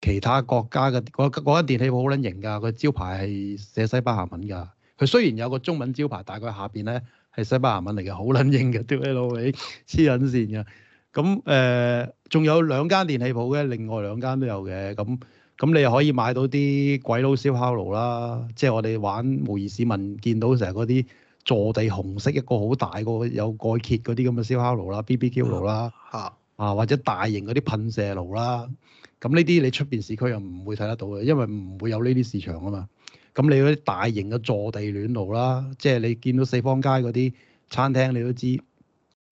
其他國家嘅嗰嗰間電器鋪好撚型㗎，佢招牌係寫西班牙文㗎。佢雖然有個中文招牌，大概佢下邊咧係西班牙文嚟嘅，好撚英嘅。屌你黐撚線㗎咁誒？仲、呃、有兩間電器鋪嘅，另外兩間都有嘅。咁咁你又可以買到啲鬼佬燒烤爐啦，嗯、即係我哋玩模擬市民見到成日嗰啲坐地紅色一個好大個有蓋揭嗰啲咁嘅燒烤爐啦、B B Q 爐啦嚇、嗯、啊，或者大型嗰啲噴射爐啦。咁呢啲你出邊市區又唔會睇得到嘅，因為唔會有呢啲市場啊嘛。咁你嗰啲大型嘅坐地暖爐啦，即係你見到四方街嗰啲餐廳，你都知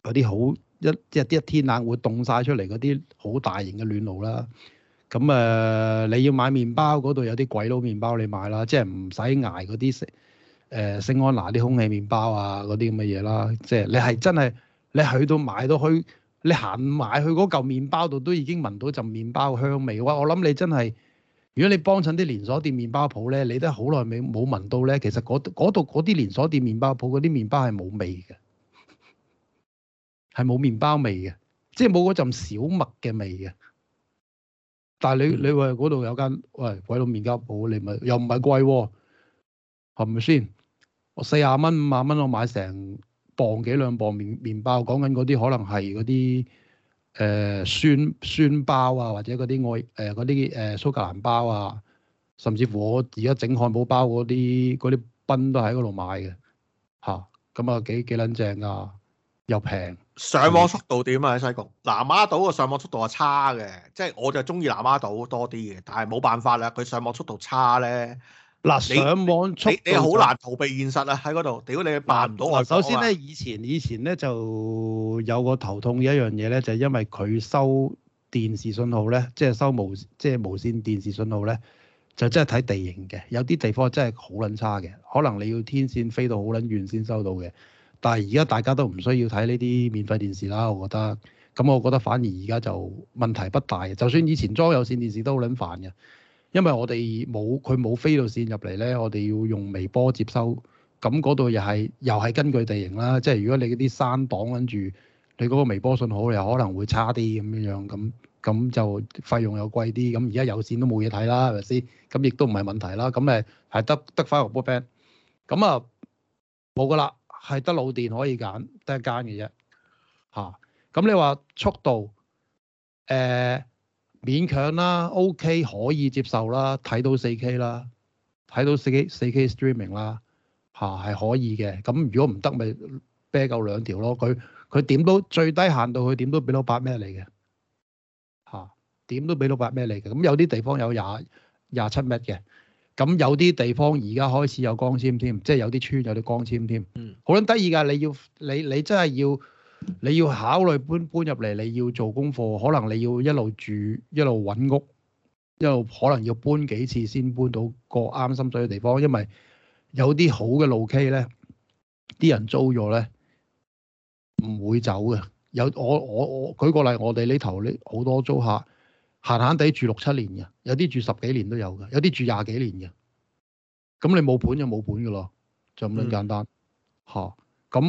嗰啲好一即係啲一天冷會凍晒出嚟嗰啲好大型嘅暖爐啦。咁誒、呃，你要買麵包嗰度有啲鬼佬麵包你買啦，即係唔使捱嗰啲誒聖安娜啲空氣麵包啊嗰啲咁嘅嘢啦。即係你係真係你去到買到去，你行埋去嗰嚿麵包度都已經聞到陣麵包香味喎！我諗你真係～如果你幫襯啲連鎖店麵包鋪咧，你都好耐未冇聞到咧。其實嗰度嗰啲連鎖店麵包鋪嗰啲麵包係冇味嘅，係冇麵包味嘅，即係冇嗰陣小麥嘅味嘅。但係你你話嗰度有間喂鬼佬麵包鋪，你咪又唔係貴，係咪先？我四十蚊五十蚊，我買成磅幾兩磅麵麵包，講緊嗰啲可能係嗰啲。誒、呃、酸酸包啊，或者嗰啲我誒嗰啲誒蘇格蘭包啊，甚至乎我而家整漢堡包嗰啲嗰啲賓都喺嗰度買嘅嚇，咁啊幾幾撚正啊，正正又平。上網速度點啊？喺西貢，南丫島個上網速度係差嘅，即、就、係、是、我就中意南丫島多啲嘅，但係冇辦法啦，佢上網速度差咧。嗱，上網，你你好難逃避現實啊！喺嗰度，屌你辦唔到啊！首先咧，以前以前咧就有個頭痛嘅一樣嘢咧，就係因為佢收電視信號咧，即係收無即係無線電視信號咧，就真係睇地形嘅。有啲地方真係好撚差嘅，可能你要天線飛到好撚遠先收到嘅。但係而家大家都唔需要睇呢啲免費電視啦，我覺得。咁我覺得反而而家就問題不大嘅。就算以前裝有線電視都好撚煩嘅。因為我哋冇佢冇飛到線入嚟咧，我哋要用微波接收，咁嗰度又係又係根據地形啦，即係如果你啲山擋跟住，你嗰個微波信號又可能會差啲咁樣樣，咁咁就費用又貴啲，咁而家有線都冇嘢睇啦，係咪先？咁亦都唔係問題啦，咁誒係得得翻個 broadband，咁啊冇噶啦，係得老電可以揀，得一間嘅啫吓，咁你話速度誒？勉強啦，OK 可以接受啦，睇到 4K 啦，睇到 4K 4K streaming 啦，嚇、啊、係可以嘅。咁、啊、如果唔得咪啤夠兩條咯。佢佢點都最低限度都到、ah，佢、啊、點都俾到八咩嚟嘅，嚇點都俾到八咩嚟嘅。咁有啲地方有廿廿七咩嘅，咁有啲地方而家開始有光纖添，即係有啲村有啲光纖添。嗯，好啦，第二嘅你要你你，你真係要。你要考慮搬搬入嚟，你要做功課，可能你要一路住，一路揾屋，一路可能要搬幾次先搬到個啱心水嘅地方。因為有啲好嘅路 K 呢，啲人租咗呢唔會走嘅。有我我我舉個例，我哋呢頭呢好多租客閒閒地住六七年嘅，有啲住十幾年都有嘅，有啲住廿幾年嘅。咁你冇本就冇本噶咯，就咁簡單吓咁。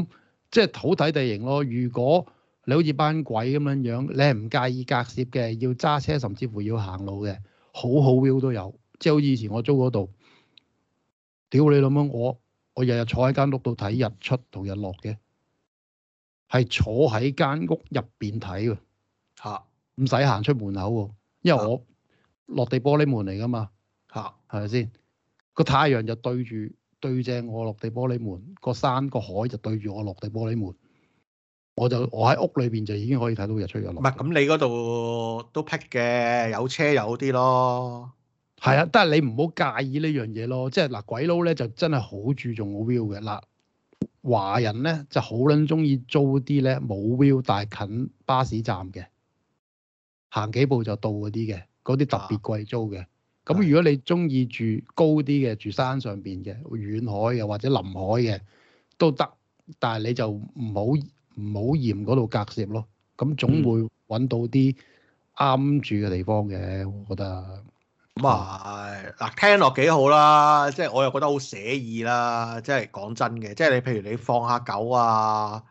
嗯啊即係好睇地形咯。如果你好似班鬼咁樣樣，你係唔介意隔涉嘅，要揸車甚至乎要行路嘅，好好 view 都有。即係好似以前我租嗰度，屌你老母！我我日日坐喺間屋度睇日出同日落嘅，係坐喺間屋入邊睇喎。吓、啊，唔使行出門口喎，因為我、啊、落地玻璃門嚟噶嘛。吓、啊，係咪先？個太陽就對住。對正我落地玻璃門，個山個海就對住我落地玻璃門，我就我喺屋裏邊就已經可以睇到日出日落。唔係，咁你嗰度都辟嘅，有車有啲咯。係啊，但係你唔好介意呢樣嘢咯。即係嗱，鬼佬咧就真係好注重個 view 嘅。嗱，華人咧就好撚中意租啲咧冇 view 但近巴士站嘅，行幾步就到嗰啲嘅，嗰啲特別貴租嘅。啊咁、嗯、如果你中意住高啲嘅，住山上邊嘅，遠海嘅或者臨海嘅都得，但係你就唔好唔好嫌嗰度隔涉咯。咁、嗯、總會揾到啲啱住嘅地方嘅，我覺得。咁啊、嗯，聽落幾好啦，即係我又覺得好寫意啦，即係講真嘅，即係你譬如你放下狗啊，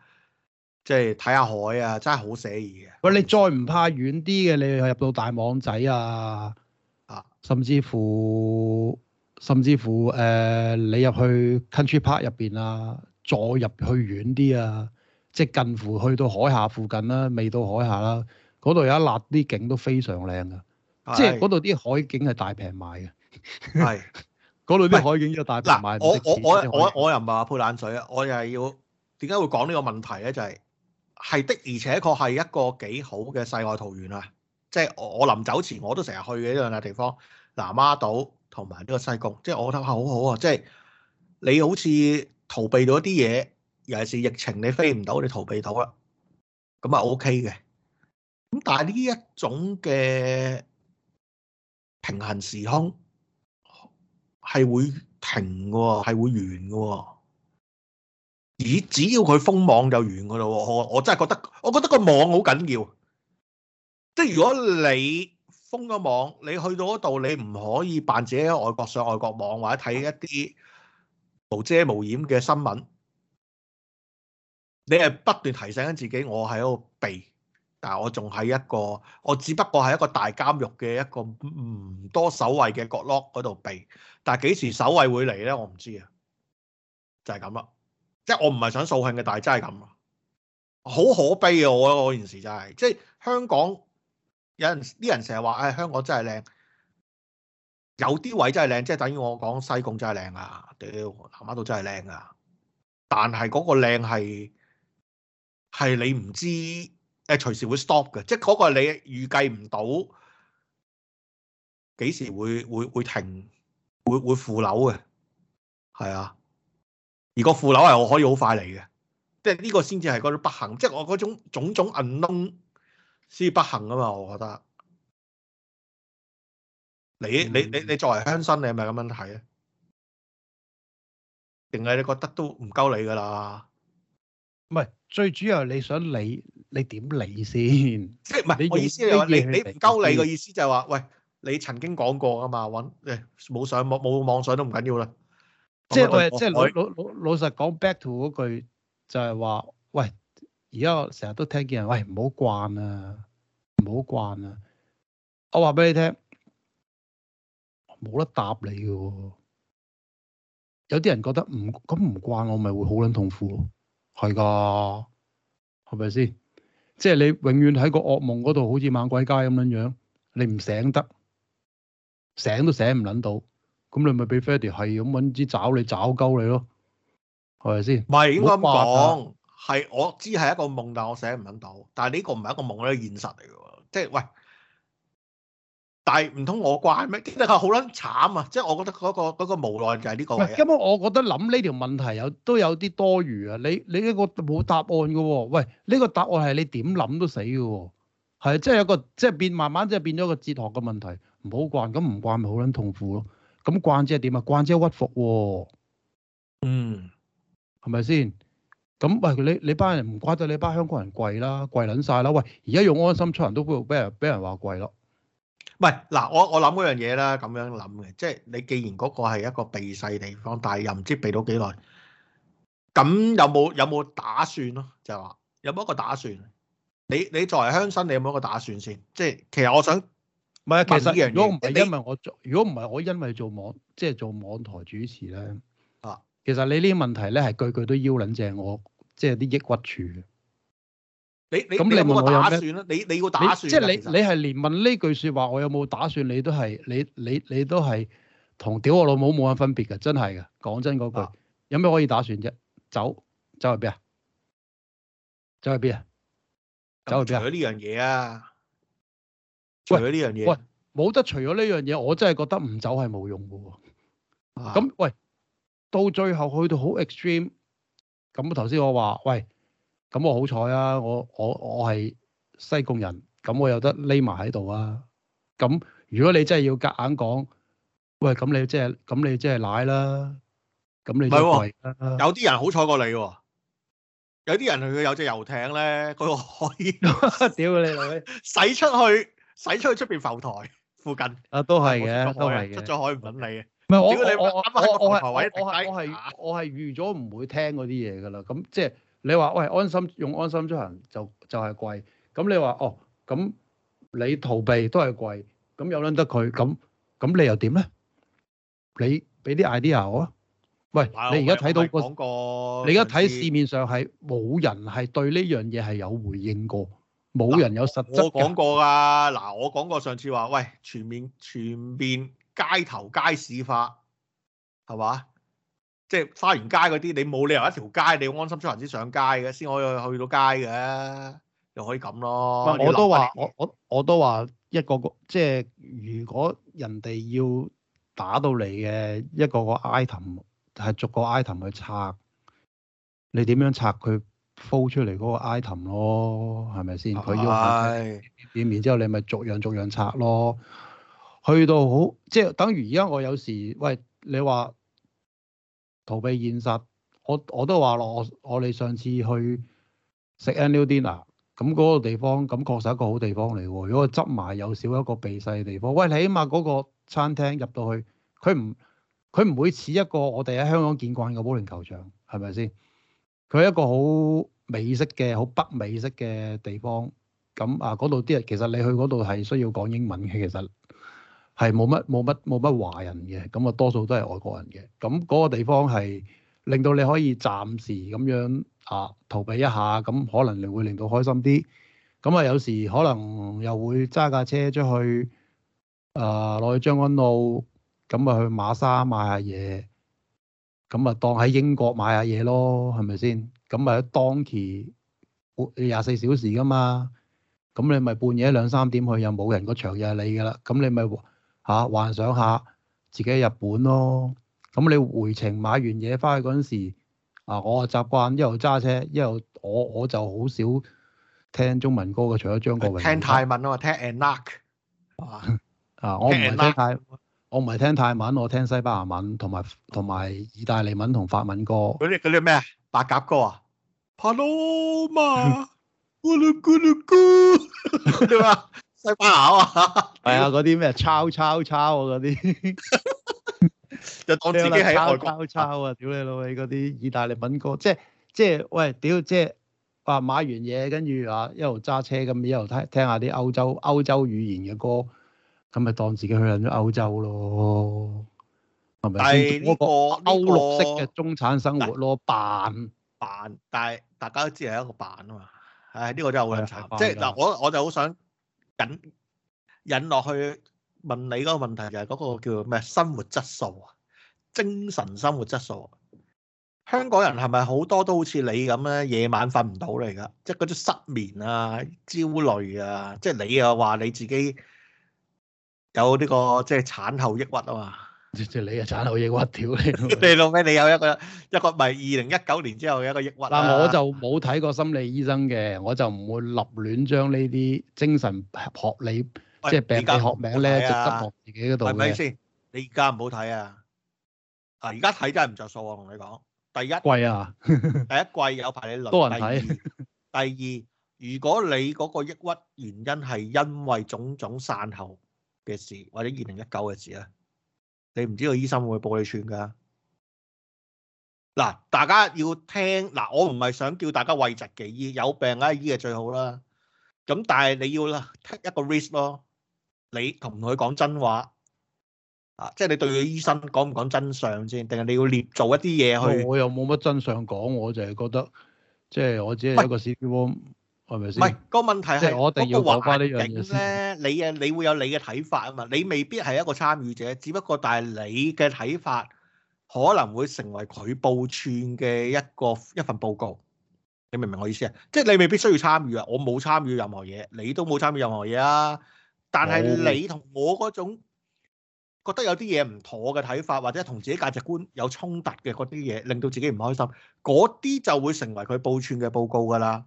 即係睇下海啊，真係好寫意嘅。喂，你再唔怕遠啲嘅，你入到大網仔啊！甚至乎，甚至乎，誒、呃，你入去 country park 入邊啊，再入去遠啲啊，即係近乎去到海下附近啦，未到海下啦，嗰度、嗯、有一壩啲景都非常靚噶，是即係嗰度啲海景係大平賣嘅，係嗰度啲海景都大平賣。我我我我我又唔係話潑冷水啊，我又係要點解會講呢個問題咧？就係、是、係的，的，的，而且確係一個幾好嘅世外桃源啊！即係我，我臨走前我都成日去嘅呢兩笪地方，南丫島同埋呢個西貢，即係我覺得好好啊！即係你好似逃避到啲嘢，尤其是疫情，你飛唔到，你逃避到啦，咁啊 OK 嘅。咁但係呢一種嘅平行時空係會停嘅，係會完嘅。只只要佢封網就完噶啦！我我真係覺得，我覺得個網好緊要。即係如果你封咗網，你去到嗰度，你唔可以扮自己喺外國上外國網或者睇一啲無遮無掩嘅新聞，你係不斷提醒緊自己，我喺度避，但係我仲喺一個，我只不過係一個大監獄嘅一個唔多守衞嘅角落嗰度避，但係幾時守衞會嚟呢？我唔知啊，就係咁啦。即係我唔係想掃興嘅，但係真係咁啊，好可悲啊！我覺得嗰件事真係，即係香港。有人啲人成日話誒香港真係靚，有啲位真係靚，即係等於我講西貢真係靚啊，屌南丫島真係靚啊，但係嗰個靚係係你唔知誒隨時會 stop 嘅，即係嗰個你預計唔到幾時會會會停，會會負樓嘅，係啊，而個負樓係我可以好快嚟嘅，即係呢個先至係嗰種不幸，即係我嗰種，種種種 unknown 先至不幸啊嘛，我覺得你你你你作為鄉紳，你係咪咁樣睇咧？定係你覺得都唔鳩你噶啦？唔係最主要係你想理，你點理先？即係唔係？我意思你你你唔鳩你個意思就係話，喂，你曾經講過啊嘛，揾誒冇上網冇網上都唔緊要啦。即係即係老老老老實講 back to 嗰句，就係話，喂。.而家我成日都聽見人，喂唔好慣啊，唔好慣啊！我話俾你聽，冇得答你嘅喎。有啲人覺得唔咁唔慣，我咪會好撚痛苦。係噶，係咪先？即係你永遠喺個噩夢嗰度，好似猛鬼街咁樣樣，你唔醒得，醒都醒唔撚到，咁你咪俾 Freddy 係咁揾啲找你、找鳩你，你咯，係咪先？唔好咁講。係我知係一個夢，但我醒唔諗到。但係呢個唔係一個夢咧，呢個現實嚟嘅。即係喂，但係唔通我慣咩？真係好撚慘啊！即係我覺得嗰個嗰個無奈就係呢個因。咁我我覺得諗呢條問題有都有啲多餘啊。你你呢個冇答案嘅喎。喂，呢個答案係你點諗都死嘅喎。係即係有個即係變慢慢即係變咗個哲學嘅問題。唔好慣，咁唔慣咪好撚痛苦咯。咁慣即係點啊？慣即係屈服。嗯，係咪先？咁喂，你你班人唔怪得你班香港人跪啦，跪撚曬啦！喂，而家用安心出行都俾人俾人話跪咯。唔係嗱，我我諗嗰樣嘢啦，咁樣諗嘅，即係你既然嗰個係一個避世地方，但係又唔知避到幾耐，咁有冇有冇打算咯？就係話有冇一個打算？你你作為鄉紳，你有冇一個打算先？即係其實我想，唔係其實如果唔係因為我做，如果唔係我因為做網即係做網台主持咧，啊，其實你呢啲問題咧係句句都妖撚正我。即係啲抑鬱處你你咁你問我有咩？你你要打算？即係你、就是、你係其實連問呢句說話，我有冇打算？你都係你你你都係同屌我老母冇乜分別嘅，真係嘅。講真嗰句，啊、有咩可以打算啫？走走去邊啊？走去邊啊？走去邊啊？除咗呢樣嘢啊？除咗呢樣嘢喂，冇得除咗呢樣嘢，我真係覺得唔走係冇用嘅。咁、啊、喂，到最後去到好 extreme。咁頭先我話，喂，咁我好彩啊，我我我係西貢人，咁我有得匿埋喺度啊。咁如果你真係要夾硬講，喂，咁你即係，咁你即係奶啦。咁你唔係喎，有啲人好彩過你喎，有啲人佢有隻遊艇咧，佢可以，屌你老味，使出去，使出去出邊浮台附近。啊，都係嘅，都係嘅，出咗海唔揾你嘅。唔係我我我我係我係我係預咗唔會聽嗰啲嘢㗎啦。咁即係你話喂，安心用安心出行就就係貴。咁你話哦，咁你逃避都係貴。咁有撚得佢咁，咁你又點咧？你俾啲 idea 啊？喂，你而家睇到個你而家睇市面上係冇人係對呢樣嘢係有回應過，冇人有實質。我講過㗎嗱，我講過上次話喂，全面全面。街頭街市化係嘛？即係花園街嗰啲，你冇理由一條街你要安心出行先上街嘅，先可以去到街嘅，又可以咁咯我我我。我都話我我我都話一個個即係如果人哋要打到你嘅一個個 item 係逐個,個,個,個 item 去拆，你點樣拆佢鋪出嚟嗰個 item 咯？係咪先？佢的要點然之後你咪逐樣逐樣拆咯。去到好，即係等於而家我有時喂你話逃避現實，我我都話咯。我我哋上次去食 annual dinner 咁、嗯、嗰、那個地方，咁確實一個好地方嚟喎。如果執埋又少一個避世嘅地方，喂，起碼嗰個餐廳入到去，佢唔佢唔會似一個我哋喺香港見慣嘅保齡球場，係咪先？佢係一個好美式嘅、好北美式嘅地方。咁、嗯、啊，嗰度啲人其實你去嗰度係需要講英文嘅，其實。係冇乜冇乜冇乜華人嘅，咁啊多數都係外國人嘅。咁嗰個地方係令到你可以暫時咁樣啊逃避一下，咁可能你會令到開心啲。咁啊有時可能又會揸架車出去啊落、呃、去將軍澳，咁啊去馬莎買下嘢，咁啊當喺英國買下嘢咯，係咪先？咁啊當期廿四小時噶嘛，咁你咪半夜兩三點去又冇人，個場又係你㗎啦，咁你咪。嚇、啊，幻想下自己喺日本咯。咁、嗯、你回程買完嘢翻去嗰陣時，啊，我啊習慣一路揸車，一路我我就好少聽中文歌嘅，除咗張國榮。聽泰文啊嘛，聽 Enock 啊啊，啊聽 啊我唔係聽，啊、聽泰，我唔係聽泰文，我聽西班牙文同埋同埋意大利文同法文歌。嗰啲嗰啲咩啊？白鴿歌啊？Paloma o l o c o o l o o 對。西班牙啊，係啊，嗰啲咩抄抄抄啊，嗰啲就當自己喺外國抄抄啊！屌你老味，嗰啲意大利文歌，即係即係喂，屌即係話、哎啊、買完嘢，跟住啊一路揸車咁，一路聽聽下啲歐洲歐洲語言嘅歌，咁咪當自己去咗歐洲咯，係咪先？嗰個歐陸式嘅中產生活咯，扮扮，但係大家都知道係一個扮啊嘛，唉、哎、呢、這個真係好撚慘，即係嗱，我我就好很想。 引落去問你嗰個問題就係嗰個叫咩生活質素啊，精神生活質素啊，香港人係咪好多都好似你咁咧，夜晚瞓唔到嚟噶？即係嗰啲失眠啊、焦慮啊，即係你又話你自己有呢個即係產後抑鬱啊嘛。即係你又產後抑鬱，屌你！你老味，你有一個一個咪二零一九年之後有一個抑鬱啊！嗱，我就冇睇過心理醫生嘅，我就唔會立亂將呢啲精神學理即係病理學名咧，積積落自己嗰度嘅。係咪先？你而家唔好睇啊！啊，而家睇真係唔著數啊！我同你講，第一貴啊，第一貴有排你攰，第二，第二，如果你嗰個抑鬱原因係因為種種散後嘅事，或者二零一九嘅事咧。你唔知道醫生會唔會報你寸噶嗱，大家要聽嗱，我唔係想叫大家諱疾忌醫，有病咧、啊、醫係最好啦、啊，咁但係你要啦，Take 一個 risk 咯，你同佢講真話啊？即係你對佢醫生講唔講真相先，定係你要捏做一啲嘢去、哦？我又冇乜真相講，我就係覺得，即、就、係、是、我只係一個、CD 唔係個問題係，嗰個環境咧，你啊，你會有你嘅睇法啊嘛。你未必係一個參與者，只不過但係你嘅睇法可能會成為佢報串嘅一個一份報告。你明唔明我意思啊？即係你未必需要參與啊。我冇參與任何嘢，你都冇參與任何嘢啊。但係你同我嗰種覺得有啲嘢唔妥嘅睇法，或者同自己價值觀有衝突嘅嗰啲嘢，令到自己唔開心，嗰啲就會成為佢報串嘅報告㗎啦。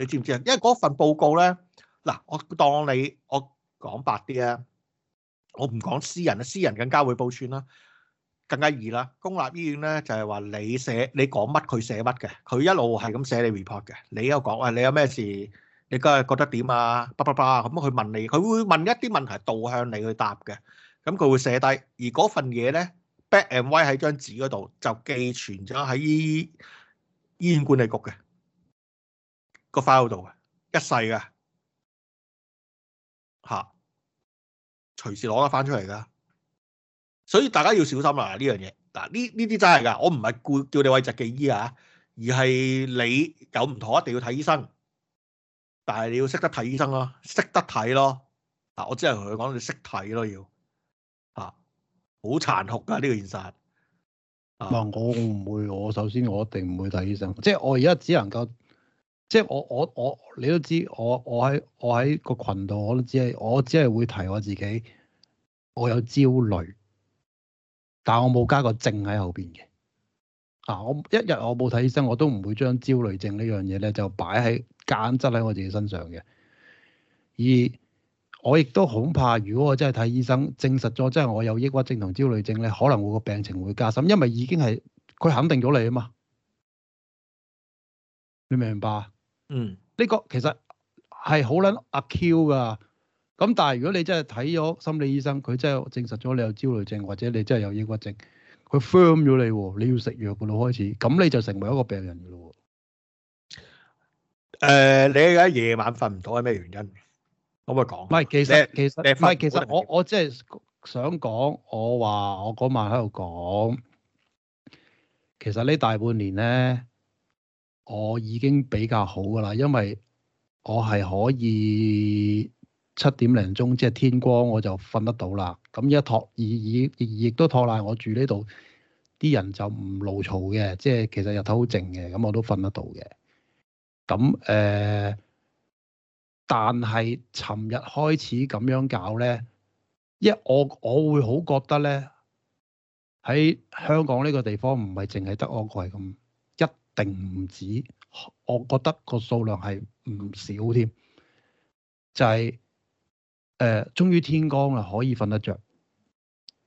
你知唔知啊？因為嗰份報告咧，嗱，我當你我講白啲啊，我唔講私人啊，私人更加會報穿啦，更加易啦。公立醫院咧就係話你寫，你講乜佢寫乜嘅，佢一路係咁寫你 report 嘅。你又講喂，你有咩事，你家覺得點啊？啪啪啪，咁佢問你，佢會問一啲問題導向你去答嘅，咁佢會寫低。而嗰份嘢咧，black and white 喺張紙嗰度就寄存咗喺醫院管理局嘅。個 file 度嘅，一世㗎吓，隨、啊、時攞得翻出嚟噶。所以大家要小心啦呢樣嘢嗱，呢呢啲真係噶，我唔係叫你諱疾忌醫吓，而係你有唔妥一定要睇醫生，但係你要識得睇醫生、啊、咯，識得睇咯。嗱，我只係同佢講你識睇咯要吓，好、啊啊、殘酷噶呢個現實。嗱、啊，我唔會，我首先我一定唔會睇醫生，即係我而家只能夠。即係我我我你都知我我喺我喺個群度我都只係我只係會提我自己我有焦慮，但我冇加個症喺後邊嘅。啊，我一日我冇睇醫生，我都唔會將焦慮症呢樣嘢咧就擺喺間質喺我自己身上嘅。而我亦都恐怕，如果我真係睇醫生，證實咗真係我有抑鬱症同焦慮症咧，可能我個病情會加深，因為已經係佢肯定咗你啊嘛。你明唔明白啊？嗯，呢個其實係好撚阿 Q 噶，咁但係如果你真係睇咗心理醫生，佢真係證實咗你有焦慮症或者你真係有抑鬱症，佢 firm 咗你喎，你要食藥嘅咯，開始咁你就成為一個病人咯喎。呃，你而家夜晚瞓唔到係咩原因？我咪講，唔係其實你其實唔係其實我我真係想講，我話我嗰晚喺度講，其實呢大半年咧。我已經比較好㗎啦，因為我係可以七點零鐘即係天光我就瞓得到啦。咁一托，而而亦都托賴我住呢度啲人就唔騷嘈嘅，即係其實日頭好靜嘅，咁我都瞓得到嘅。咁誒，但係尋日開始咁樣搞咧，一我我會好覺得咧喺香港呢個地方唔係淨係得我一個係咁。並唔止，我覺得個數量係唔少添。就係、是、誒，終、呃、於天光啦，可以瞓得着。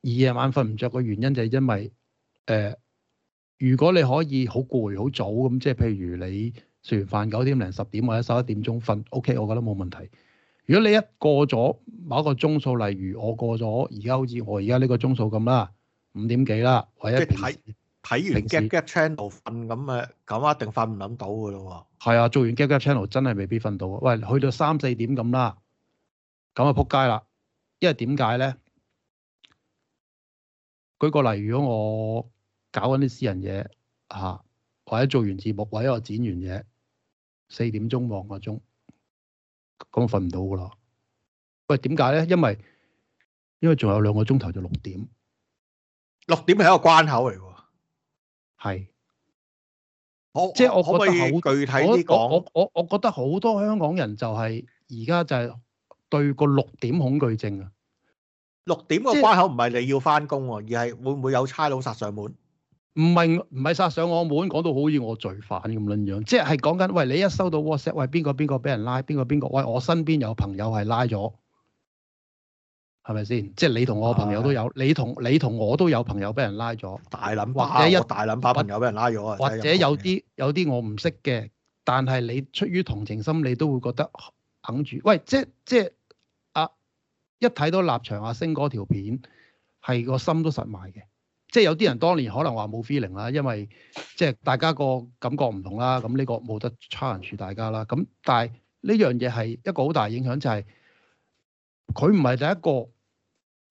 而夜晚瞓唔着嘅原因就係因為誒、呃，如果你可以好攰、好早咁，即係譬如你食完飯九點零、十點或者十一點鐘瞓，OK，我覺得冇問題。如果你一過咗某一個鐘數，例如我過咗而家好似我而家呢個鐘數咁啦，五點幾啦，或者睇。睇完 gap gap channel 瞓咁啊，咁時一定瞓唔到噶咯喎。係啊，做完 gap gap channel 真係未必瞓到。啊。喂，去到三四點咁啦，咁啊撲街啦！因為點解咧？舉個例，如果我搞緊啲私人嘢嚇、啊，或者做完節目，或者我剪完嘢四點鐘望個鐘，咁瞓唔到噶咯。喂，點解咧？因為因為仲有兩個鐘頭就六點，六點係一個關口嚟喎。係，即我即係好我，我覺得好具體啲講，我我，我，我覺得好多香港人就係而家就係對個六點恐懼症啊。六點個關口唔係你要翻工喎，而係會唔會有差佬殺上門？唔係唔係殺上我門，講到好似我罪犯咁樣樣，即係講緊喂你一收到 WhatsApp，喂邊個邊個俾人拉，邊個邊個，喂我身邊有朋友係拉咗。係咪先？即係你同我朋友都有，啊、你同你同我都有朋友俾人拉咗，大諗或者一大諗把朋友俾人拉咗啊，或者有啲有啲我唔識嘅，但係你出於同情心，你都會覺得肯住。喂，即係即係阿、啊、一睇到立場阿、啊、星哥條片，係個心都實埋嘅。即係有啲人當年可能話冇 feeling 啦，因為即係大家個感覺唔同啦。咁呢個冇得 challenge 住大家啦。咁但係呢樣嘢係一個好大影響，就係佢唔係第一個。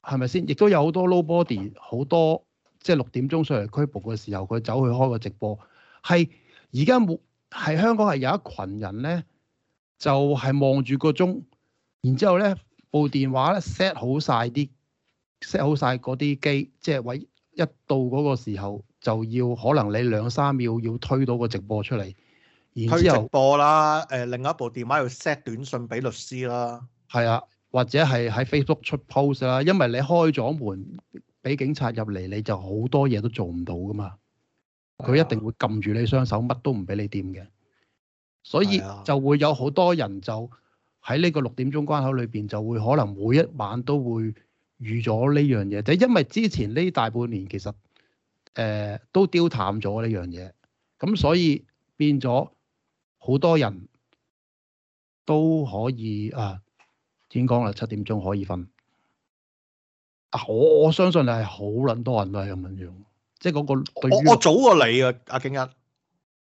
係咪先？亦都有好多 low body，好多即係六點鐘上嚟拘捕嘅時候，佢走去開個直播。係而家冇，係香港係有一群人咧，就係望住個鐘，然之後咧部電話咧 set 好晒啲 set 好晒嗰啲機，即係喂一到嗰個時候就要，可能你兩三秒要推到個直播出嚟。然後推直播啦，誒、呃，另一部電話要 set 短信俾律師啦。係啊。或者係喺 Facebook 出 post 啦，因為你開咗門俾警察入嚟，你就好多嘢都做唔到噶嘛。佢一定會撳住你雙手，乜都唔俾你掂嘅，所以就會有好多人就喺呢個六點鐘關口裏邊，就會可能每一晚都會預咗呢樣嘢。就因為之前呢大半年其實誒、呃、都丟淡咗呢樣嘢，咁所以變咗好多人都可以啊。天光喇，七點鐘可以瞓。啊，我我相信你係好撚多人都係咁樣樣，即係嗰個對我。我早過你啊，阿景一。誒、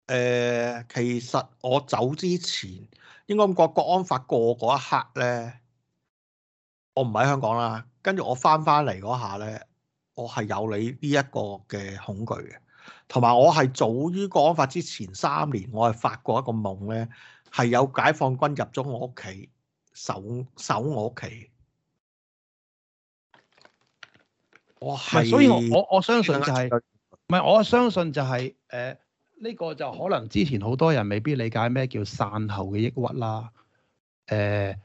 呃，其實我走之前，應該咁講，國安法過嗰一刻咧，我唔喺香港啦。跟住我翻翻嚟嗰下咧，我係有你呢一個嘅恐懼嘅，同埋我係早於國安法之前三年，我係發過一個夢咧，係有解放軍入咗我屋企。守守我屋企，我係，所以我我，我相信就係，唔係我相信就係，誒，呢個就可能之前好多人未必理解咩叫散後嘅抑鬱啦，誒，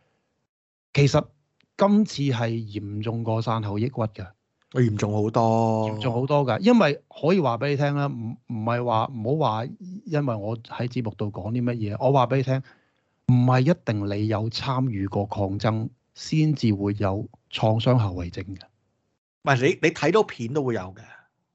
其實今次係嚴重過散後抑鬱嘅，嚴重好多啊，嚴重好多嘅，因為可以話俾你聽啦，唔唔係話唔好話，因為我喺節目度講啲乜嘢，我話俾你聽。唔係一定你有參與過抗爭先至會有創傷後遺症嘅。唔係你你睇到片都會有嘅。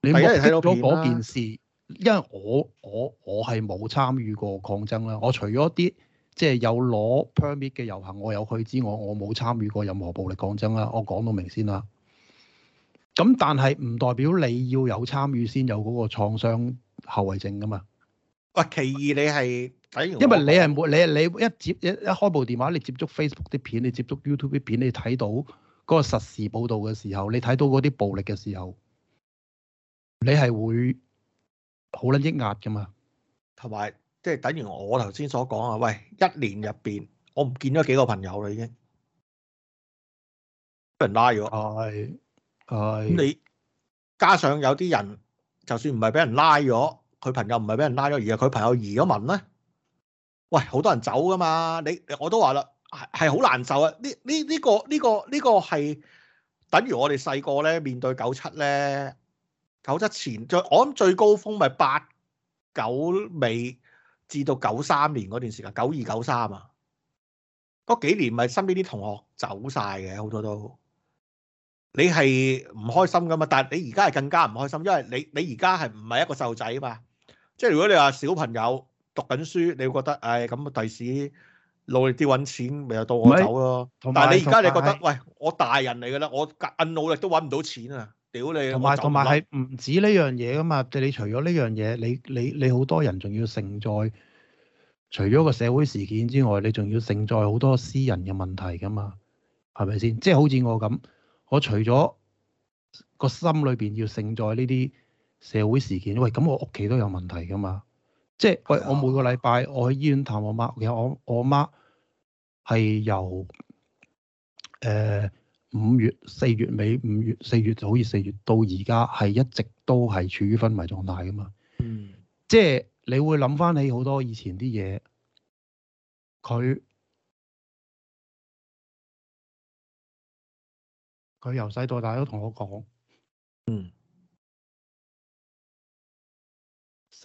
你睇到片睇到、啊、件事，因為我我我係冇參與過抗爭啦。我除咗啲即係有攞 permit 嘅遊行我有去之外，我冇參與過任何暴力抗爭啦。我講到明先啦。咁但係唔代表你要有參與先有嗰個創傷後遺症㗎嘛？喂，其二你係。因為你係冇你你一接一開部電話，你接觸 Facebook 啲片，你接觸 YouTube 啲片，你睇到嗰個實時報導嘅時候，你睇到嗰啲暴力嘅時候，你係會好撚抑壓噶嘛？同埋即係等於我頭先所講啊！喂，一年入邊我唔見咗幾個朋友啦，已經俾人拉咗。係係你加上有啲人，就算唔係俾人拉咗，佢朋友唔係俾人拉咗，而係佢朋友移咗民咧。喂，好多人走噶嘛？你我都話啦，係好難受啊！呢呢呢個呢個呢個係等於我哋細個咧面對九七咧，九七前最我諗最高峰咪八九尾至到九三年嗰段時間，九二九三啊，嗰幾年咪身邊啲同學走晒嘅，好多都你係唔開心噶嘛？但係你而家係更加唔開心，因為你你而家係唔係一個細路仔啊嘛，即係如果你話小朋友。讀緊書，你會覺得，唉，咁第時努力啲揾錢，咪又到我走咯。但係你而家你覺得，喂，我大人嚟噶啦，我硬努力都揾唔到錢啊！屌你，同埋同埋係唔止呢樣嘢噶嘛？即係你除咗呢樣嘢，你你你好多人仲要承載，除咗個社會事件之外，你仲要承載好多私人嘅問題噶嘛？係咪先？即係好似我咁，我除咗個心裏邊要承載呢啲社會事件，喂，咁我屋企都有問題噶嘛？即係我我每個禮拜我去醫院探我媽，其實我我阿媽係由誒五月四月尾五月四月就好似四月到而家係一直都係處於昏迷狀態噶嘛。嗯，即係你會諗翻起好多以前啲嘢，佢佢由細到大都同我講。嗯。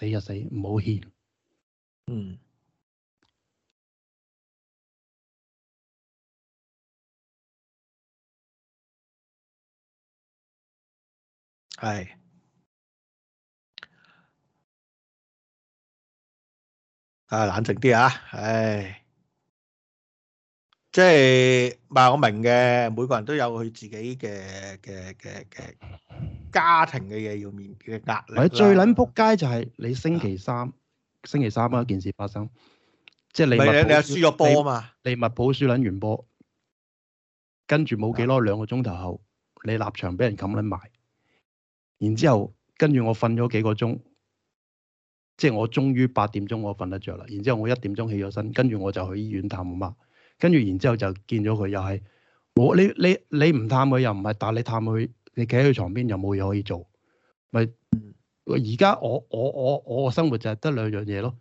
死就死，唔好欠。嗯，係，啊冷靜啲啊，唉。即係唔係？我明嘅，每個人都有佢自己嘅嘅嘅嘅家庭嘅嘢要面對嘅壓力。最撚仆街就係你星期三，的星期三啊，一件事發生，即係利物浦你輸咗波啊嘛！利物浦輸撚完波，跟住冇幾多的兩個鐘頭後，你立場俾人冚撚埋，然之後跟住我瞓咗幾個鐘，即係、嗯、我終於八點鐘我瞓得着啦。然之後我一點鐘起咗身，跟住我就去醫院探阿媽。跟住，然之後就見咗佢，又係我你你你唔探佢又唔係，但係你探佢，你企喺佢床邊又冇嘢可以做，咪而家我我我我嘅生活就係得兩樣嘢咯，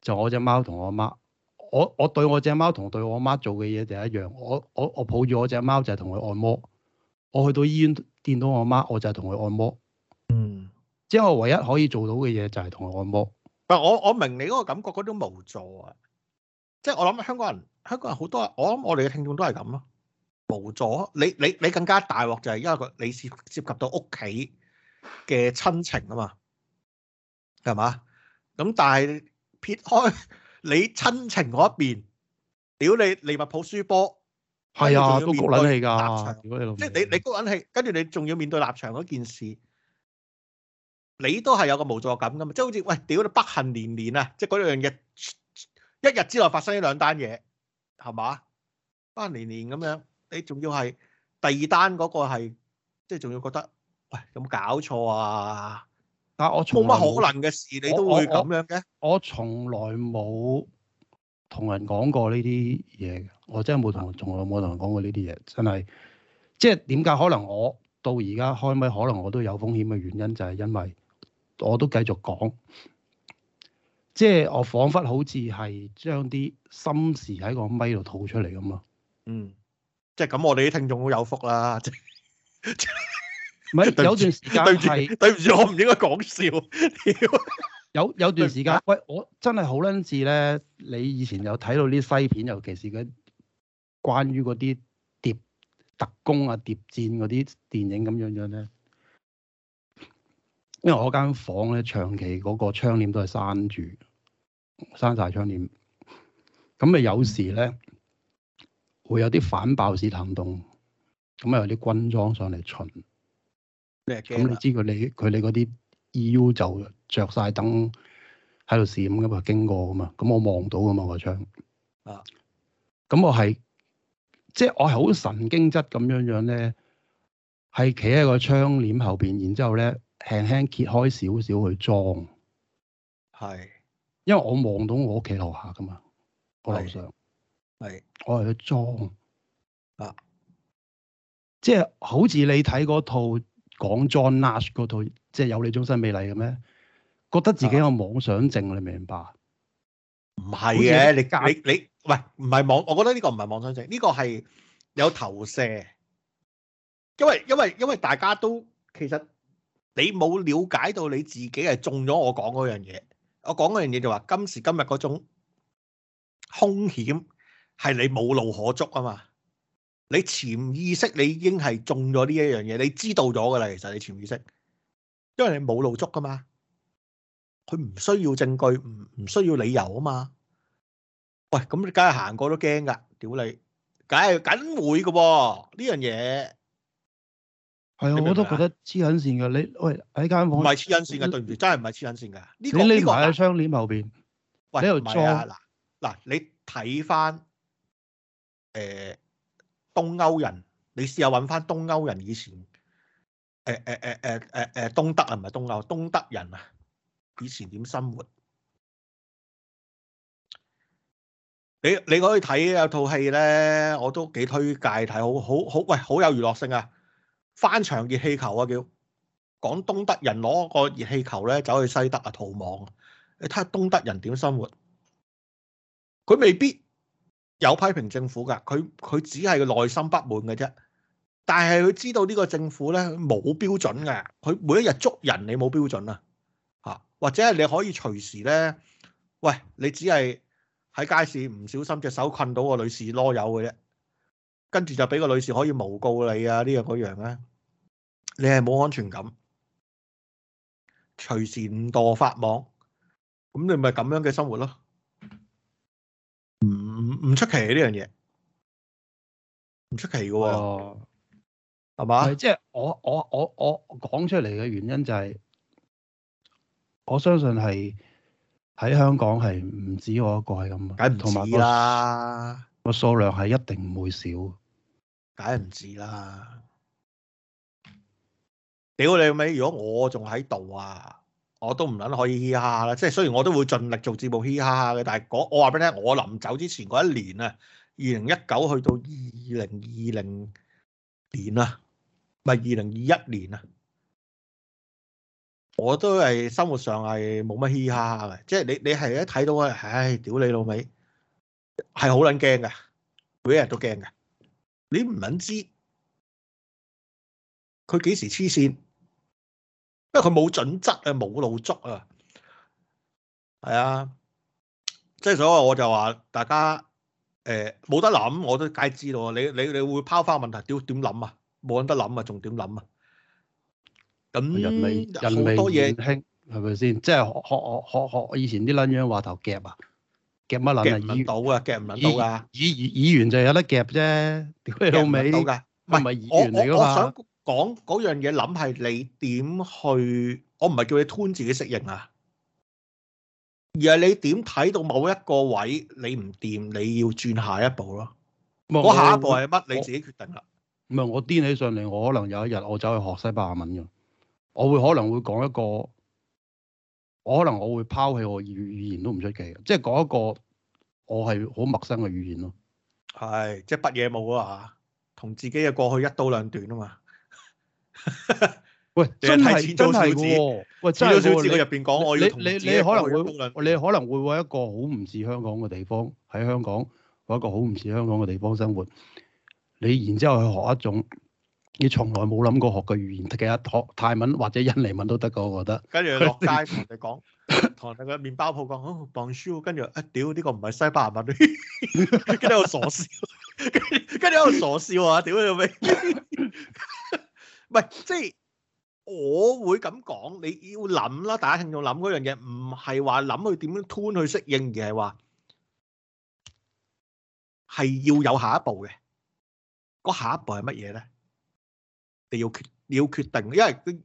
就我隻貓同我媽，我我對我隻貓同對我媽做嘅嘢就係一樣，我我我抱住我隻貓就係同佢按摩，我去到醫院見到我媽我就係同佢按摩，嗯，即係我唯一可以做到嘅嘢就係同佢按摩。但我我明你嗰個感覺嗰種無助啊，即係我諗香港人。香港人好多，我諗我哋嘅聽眾都係咁咯，無助。你你你更加大鑊就係因為佢你涉涉及到屋企嘅親情啊嘛，係嘛？咁但係撇開你親情嗰一邊，屌你利物浦輸波，係啊，都谷撚氣㗎，即係你你谷撚氣，跟住你仲要面對立場嗰件事，你都係有個無助感㗎嘛？即係好似喂，屌你不幸連連啊！即係嗰樣嘢一日之內發生呢兩單嘢。係嘛？翻年年咁樣，你仲要係第二單嗰個係，即係仲要覺得喂，有冇搞錯啊？但係我冇乜可能嘅事，你都會咁樣嘅。我從來冇同人講過呢啲嘢，我真係冇同，從來冇同人講過呢啲嘢，真係。即係點解可能我到而家開咪，可能我都有風險嘅原因，就係因為我都繼續講。即係我彷彿好似係將啲心事喺個咪度吐出嚟咁啊！嗯，即係咁，我哋啲聽眾都有福啦！唔 係 有段時間，係對唔住，我唔應該講笑有。有有段時間， 喂，我真係好撚似咧。你以前有睇到啲西片，尤其是嘅關於嗰啲碟特工啊、碟戰嗰啲電影咁樣樣咧。因為我間房咧長期嗰個窗簾都係閂住，閂晒窗簾，咁咪有時咧會有啲反爆竊行動，咁啊有啲軍裝上嚟巡，咁你，你知佢哋佢你嗰啲 EU 就着晒燈喺度閃咁嘛，經過噶嘛，咁我望到噶嘛個窗，啊，咁我係即係我係好神經質咁樣樣咧，係企喺個窗簾後邊，然之後咧。輕輕揭開少少去裝，係是，因為我望到我屋企樓下噶嘛，我樓上，係，我係去裝啊，即係好似你睇嗰套講 John Nash 嗰套，即、就、係、是、有你終身美麗嘅咩？覺得自己有妄想症，啊、你明唔明白？唔係嘅，你家你你喂唔係妄，我覺得呢個唔係妄想症，呢、這個係有投射，因為因為因為，因為大家都其實。你冇了解到你自己係中咗我講嗰樣嘢，我講嗰樣嘢就話今時今日嗰種風險係你冇路可捉啊嘛！你潛意識你已經係中咗呢一樣嘢，你知道咗㗎啦，其實你潛意識，因為你冇路捉噶嘛，佢唔需要證據，唔唔需要理由啊嘛。喂，咁你梗係行過都驚㗎，屌你，梗係梗會嘅噃呢樣嘢。係啊，我都覺得黐緊線噶。你喂喺間房唔係黐緊線噶，你對唔住，真係唔係黐緊線噶。呢、這、呢個喺窗簾後邊，你又裝嗱嗱？你睇翻誒東歐人，你試下搵翻東歐人以前誒誒誒誒誒誒東德啊，唔係東歐，東德人啊，以前點生活？你你可以睇有套戲咧，我都幾推介睇，好好好，喂，好有娛樂性啊！翻牆熱氣球啊，叫講東德人攞個熱氣球咧，走去西德啊逃亡。你睇下東德人點生活，佢未必有批評政府噶，佢佢只係個內心不滿嘅啫。但係佢知道呢個政府咧冇標準嘅，佢每一日捉人你冇標準啊，吓或者係你可以隨時咧，喂你只係喺街市唔小心隻手困到個女士囉柚嘅啫。跟住就俾個女士可以誣告你啊！呢樣嗰樣咧，你係冇安全感，隨時誤墮法網，咁你咪咁樣嘅生活咯，唔唔出奇呢樣嘢，唔出奇嘅、啊、喎，係嘛、哦？即係吧我我我我講出嚟嘅原因就係、是，我相信係喺香港係唔止我一個係咁唔同意啦，個數量係一定唔會少。梗係唔知啦！屌你老味！如果我仲喺度啊，我都唔捻可以嘻嘻哈哈啦。即係雖然我都會盡力做節目嘻嘻哈哈嘅，但係我話俾你聽，我臨走之前嗰一年啊，二零一九去到二零二零年啊，唔係二零二一年啊，我都係生活上係冇乜嘻嘻哈哈嘅。即係你你係一睇到啊，唉、哎，屌你老味，係好捻驚㗎，每一日都驚㗎。你唔撚知，佢幾時黐線？因為佢冇準則啊，冇路捉啊，係啊，即係所以我就話大家誒冇、欸、得諗，我都解知道。你你你會拋翻問題，點點諗啊？冇得諗啊，仲點諗啊？咁人哋類人哋多嘢聽，係咪先？即係學學學學,學以前啲撚樣話頭夾啊！夾乜能啊？耳到啊，夾唔輪到噶。議議議員就有得夾啫。屌你老味，唔係議員嚟噶嘛？我我我想講嗰樣嘢諗係你點去，我唔係叫你吞自己適應啊，而係你點睇到某一個位你唔掂，你要轉下一步咯。我下一步係乜？你自己決定啦。唔係我癲起上嚟，我可能有一日我走去學西班牙文嘅，我會可能會講一個。我可能我會拋棄我語語言都唔出奇，即係講一個我係好陌生嘅語言咯。係，即係乜嘢冇啊？同自己嘅過去一刀兩斷啊嘛。喂，真係真係，字少字，我入邊講我要同自己去討論。你可能會，你可能會喎一個好唔似香港嘅地方喺香港，或一個好唔似香港嘅地方生活。你然之後去學一種。你從來冇諗過學個語言，其實學泰文或者印尼文都得噶我覺得。跟住落街同你講，同你個麵包鋪講哦，bangsu，跟住誒，屌呢個唔係西班牙文，跟住喺度傻笑，跟住喺度傻笑啊，屌你個咩，唔係即係我會咁講，你要諗啦，大家聽眾諗嗰樣嘢，唔係話諗去點樣 turn 去適應，而係話係要有下一步嘅，嗰下一步係乜嘢咧？你要決要決定，因為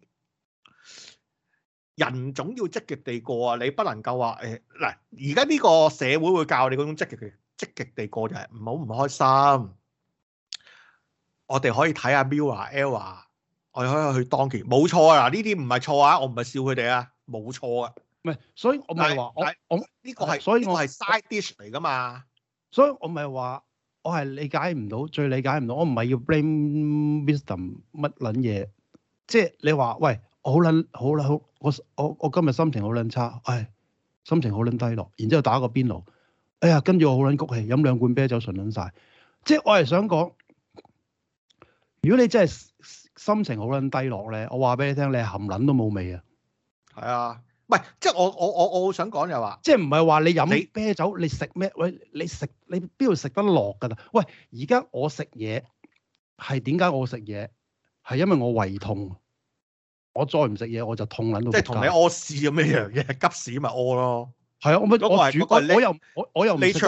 人總要積極地過啊！你不能夠話誒嗱，而家呢個社會會教你嗰種積極積極地過就係唔好唔開心。我哋可以睇下 Mirror、Error，我哋可以去當期。冇錯啊！呢啲唔係錯啊，我唔係笑佢哋啊，冇錯啊。唔係，所以我咪話唔係我我呢個係，所以我係 side dish 嚟㗎嘛，所以我咪話。我係理解唔到，最理解唔到。我唔係要 blame wisdom 乜撚嘢，即係你話喂，好撚好撚好，我我我今日心情好撚差，唉，心情好撚低落，然之後打個邊爐，哎呀，跟住我好撚谷氣，飲兩罐啤酒，純撚晒。即係我係想講，如果你真係心情好撚低落咧，我話俾你聽，你係含撚都冇味啊。係啊。唔係，即係我我我我好想講又話，即係唔係話你飲啤酒，你食咩？喂，你食你邊度食得落㗎啦？喂，而家我食嘢係點解我食嘢係因為我胃痛，我再唔食嘢我就痛撚到。即係同你屙屎咁一樣嘢，急屎咪屙咯。係啊，我乜我主我又我我又唔食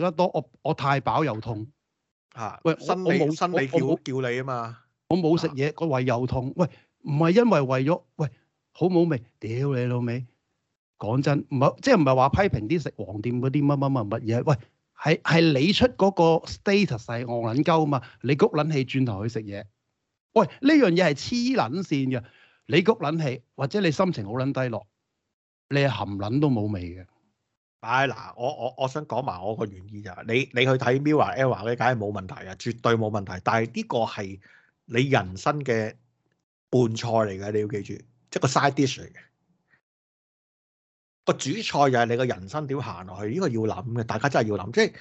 得多，我我太飽又痛嚇。喂，我冇生理叫叫你啊嘛，我冇食嘢個胃又痛。喂，唔係因為為咗喂。好冇味，屌你老味！講真，唔係即係唔係話批評啲食黃店嗰啲乜乜乜乜嘢。喂，係係你出嗰個 status 我卵鳩啊嘛？你谷卵氣，轉頭去食嘢。喂，呢樣嘢係黐卵線嘅。你谷卵氣，或者你心情好卵低落，你含卵都冇味嘅。唉嗱，我我我想講埋我個原意就係，你你去睇 MIRROR、ERROR 嗰啲，梗係冇問題嘅，絕對冇問題。但係呢個係你人生嘅伴菜嚟嘅，你要記住。一個 side dish 嚟嘅，個主菜又係你個人生點行落去，呢個要諗嘅，大家真係要諗。即係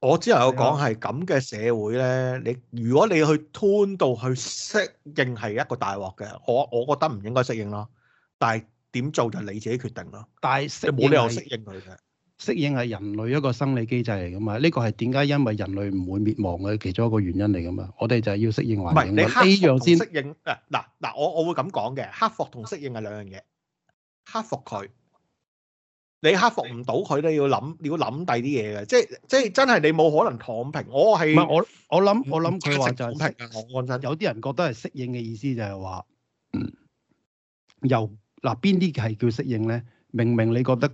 我之前有講係咁嘅社會咧，你如果你去 turn 到去適應係一個大鑊嘅，我我覺得唔應該適應咯。但係點做就你自己決定咯。但係適你冇理由適應佢嘅。適應係人類一個生理機製嚟噶嘛？呢個係點解？因為人類唔會滅亡嘅其中一個原因嚟噶嘛？我哋就係要適應環境。唔係你克服同適應。嗱嗱嗱，我我會咁講嘅，克服同適應係兩樣嘢，克服佢，你克服唔到佢，都要諗，你要諗第啲嘢嘅，即係即係真係你冇可能躺平。我係唔係我我諗我諗佢話就係躺平。我講真，有啲人覺得係適應嘅意思就係話，嗯，又嗱，邊啲係叫適應咧？明明你覺得。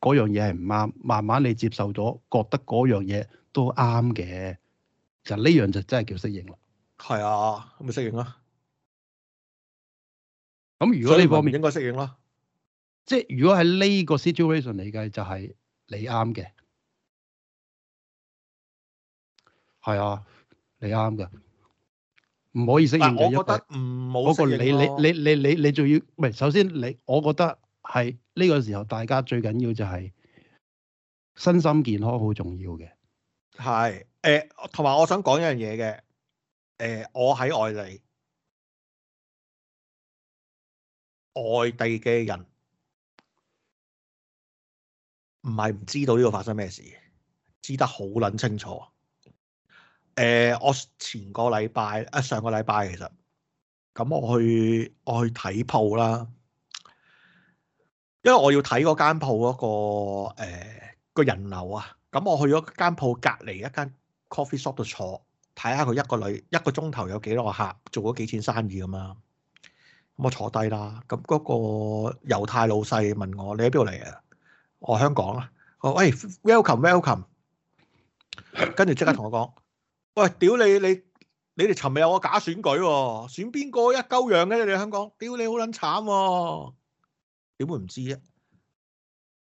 嗰樣嘢係唔啱，慢慢你接受咗，覺得嗰樣嘢都啱嘅，就呢樣就真係叫適應啦。係啊，咪適應啦。咁如果呢方面應該適應啦。即係如果喺呢個 situation 嚟嘅，就係、是、你啱嘅。係啊，你啱嘅。唔可以適應你一個嗰個你不你你你你你仲要唔係？首先你，我覺得。係呢個時候，大家最緊要就係身心健康好重要嘅。係，誒，同埋我想講一樣嘢嘅，誒，我喺外地，外地嘅人唔係唔知道呢個發生咩事，知得好捻清楚。誒，我前個禮拜啊，上個禮拜其實，咁我去我去睇鋪啦。因為我要睇嗰間鋪嗰個人流啊，咁我去咗間鋪隔離一間 coffee shop 度坐，睇下佢一個女一個鐘頭有幾多個客，做咗幾錢生意咁啊。咁我坐低啦，咁嗰個猶太老細問我：你喺邊度嚟啊？我香港啊。我喂 welcome welcome，跟住即刻同我講： 喂，屌你你你哋尋日有個假選舉喎，選邊個一鳩樣嘅你哋香港？屌你好撚慘喎！點會唔知啫？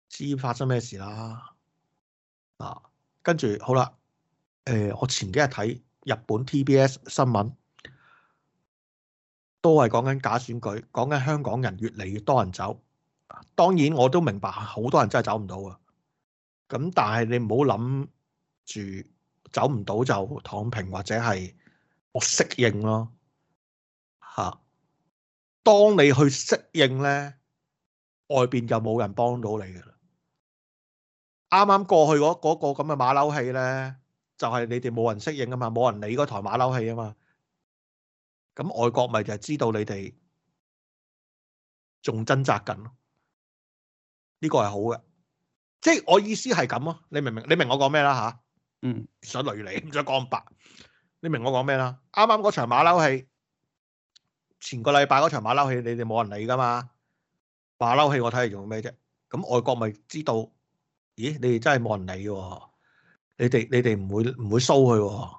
知發生咩事啦？嗱、啊，跟住好啦，誒、呃，我前幾日睇日本 TBS 新聞，都係講緊假選舉，講緊香港人越嚟越多人走。當然我都明白，好多人真係走唔到啊。咁但係你唔好諗住走唔到就躺平或者係我適應咯。吓、啊，當你去適應咧。外邊就冇人幫到你嘅啦。啱啱過去嗰嗰個咁嘅馬騮戲咧，就係、是、你哋冇人適應啊嘛，冇人理嗰台馬騮戲啊嘛。咁外國咪就係知道你哋仲掙扎緊咯。呢個係好嘅，即係我意思係咁咯。你明唔明？你明我講咩啦吓？嗯，想累你，唔想講白。你明我講咩啦？啱啱嗰場馬騮戲，前個禮拜嗰場馬騮戲，你哋冇人理噶嘛。話嬲氣我睇嚟，做咩啫？咁外國咪知道？咦，你哋真係冇人理嘅、喎，你哋你哋唔會唔會收佢、喎？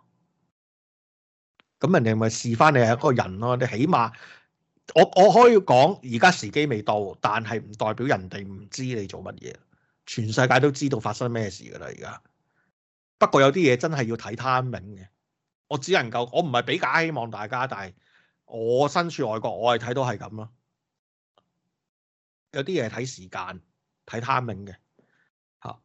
咁人哋咪視返你係嗰個人咯、啊？你起碼我我可以講，而家時機未到，但係唔代表人哋唔知你做乜嘢。全世界都知道發生咩事噶啦，而家。不過有啲嘢真係要睇 timing 嘅。我只能夠，我唔係比較希望大家，但係我身處外國，我係睇到係咁咯。有啲嘢睇時間，睇 timing 嘅嚇。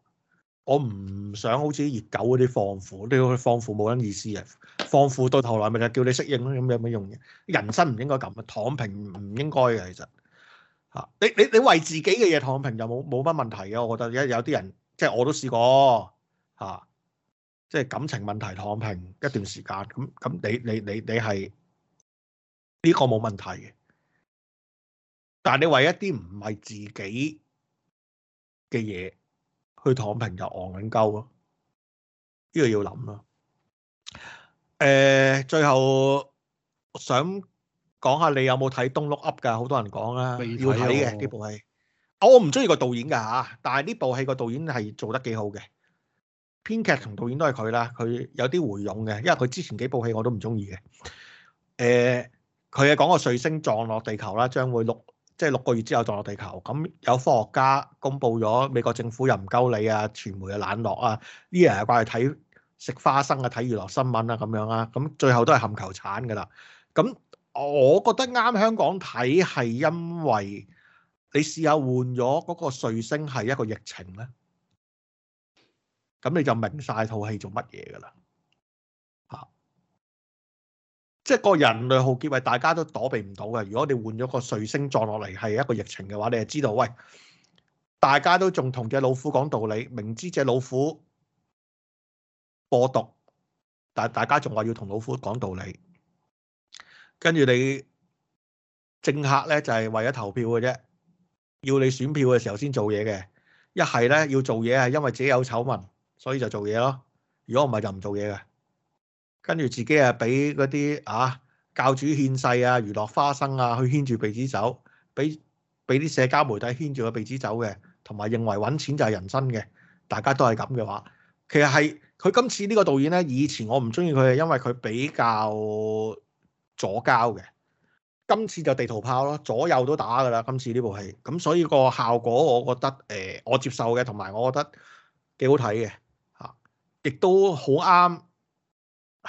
我唔想好似熱狗嗰啲放負，你去放負冇乜意思嘅。放負到頭來咪就叫你適應咯。咁有乜用嘅？人生唔應該咁啊，躺平唔應該嘅。其實嚇，你你你為自己嘅嘢躺平又冇冇乜問題嘅。我覺得而有啲人即係我都試過嚇、啊，即係感情問題躺平一段時間。咁咁你你你你係呢、呢個冇問題嘅。但係你為一啲唔係自己嘅嘢去躺平就昂緊鳩咯，呢個要諗咯。誒、呃，最後想講下你有冇睇《Don't Look Up》噶？好多人講啦，哦、要睇嘅呢部戲、哦。我唔中意個導演噶吓，但係呢部戲個導演係做得幾好嘅，編劇同導演都係佢啦。佢有啲回勇嘅，因為佢之前幾部戲我都唔中意嘅。誒、呃，佢係講個彗星撞落地球啦，將會六。即係六個月之後撞落地球，咁有科學家公布咗，美國政府又唔鳩理啊，傳媒又冷落啊，啲人係掛去睇食花生啊，睇娛樂新聞啊咁樣啦，啊，咁最後都係冚球鏟噶啦。咁我覺得啱香港睇，係因為你試下換咗嗰個彗星係一個疫情呢。咁你就明晒套戲做乜嘢噶啦。即係個人類浩劫，係大家都躲避唔到嘅。如果你換咗個彗星撞落嚟，係一個疫情嘅話，你就知道，喂，大家都仲同隻老虎講道理，明知隻老虎播毒，但大家仲話要同老虎講道理。跟住你政客咧，就係為咗投票嘅啫，要你選票嘅時候先做嘢嘅。一係咧要做嘢係因為自己有醜聞，所以就做嘢咯。如果唔係就唔做嘢嘅。跟住自己啊，俾嗰啲啊教主獻世啊，娛樂花生啊，去牽住鼻子走，俾俾啲社交媒體牽住個鼻子走嘅，同埋認為揾錢就係人生嘅，大家都係咁嘅話，其實係佢今次呢個導演呢。以前我唔中意佢係因為佢比較左膠嘅，今次就地圖炮咯，左右都打噶啦，今次呢部戲，咁所以個效果我覺得誒、呃，我接受嘅，同埋我覺得幾好睇嘅，嚇、啊，亦都好啱。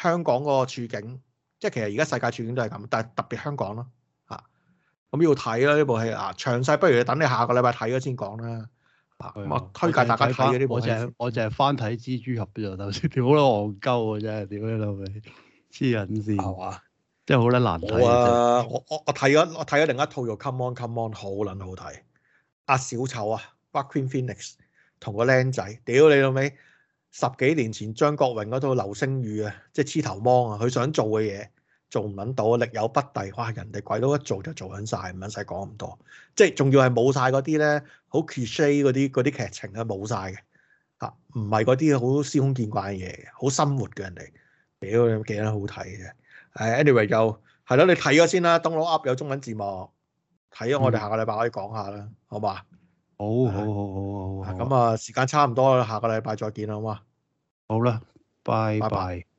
香港嗰個處境，即係其實而家世界處境都係咁，但係特別香港咯嚇。咁、啊、要睇啦呢部戲啊，詳細不如等你下個禮拜睇咗先講啦、嗯。我推介大家睇嘅呢部戲我就係我就係翻睇蜘蛛俠啫，頭先屌你戇鳩啊，真係，屌你老味，黐人線係嘛？真係好撚難睇。我我我睇咗我睇咗另一套又 Come On Come On，好撚好睇。阿、啊、小丑啊，Joaquin Phoenix 同個僆仔，屌你老味。十幾年前張國榮嗰套《流星雨》啊，即係黐頭芒啊，佢想做嘅嘢做唔揾到，力有不逮。哇，人哋鬼佬一做就做緊晒，唔使講咁多。即係仲要係冇晒嗰啲咧，好 cliche 嗰啲啲劇情咧，冇晒嘅嚇，唔係嗰啲好司空見慣嘅嘢，好生活嘅人哋屌幾好睇嘅。誒、啊、anyway 就係咯，你睇咗先啦，download 有中文字幕，睇咗我哋下個禮拜可以講下啦，嗯、好嘛？好好好好好，咁 啊，啊，時間差唔多啦，下個禮拜再見啦，好嗎？好啦，拜拜。 拜拜。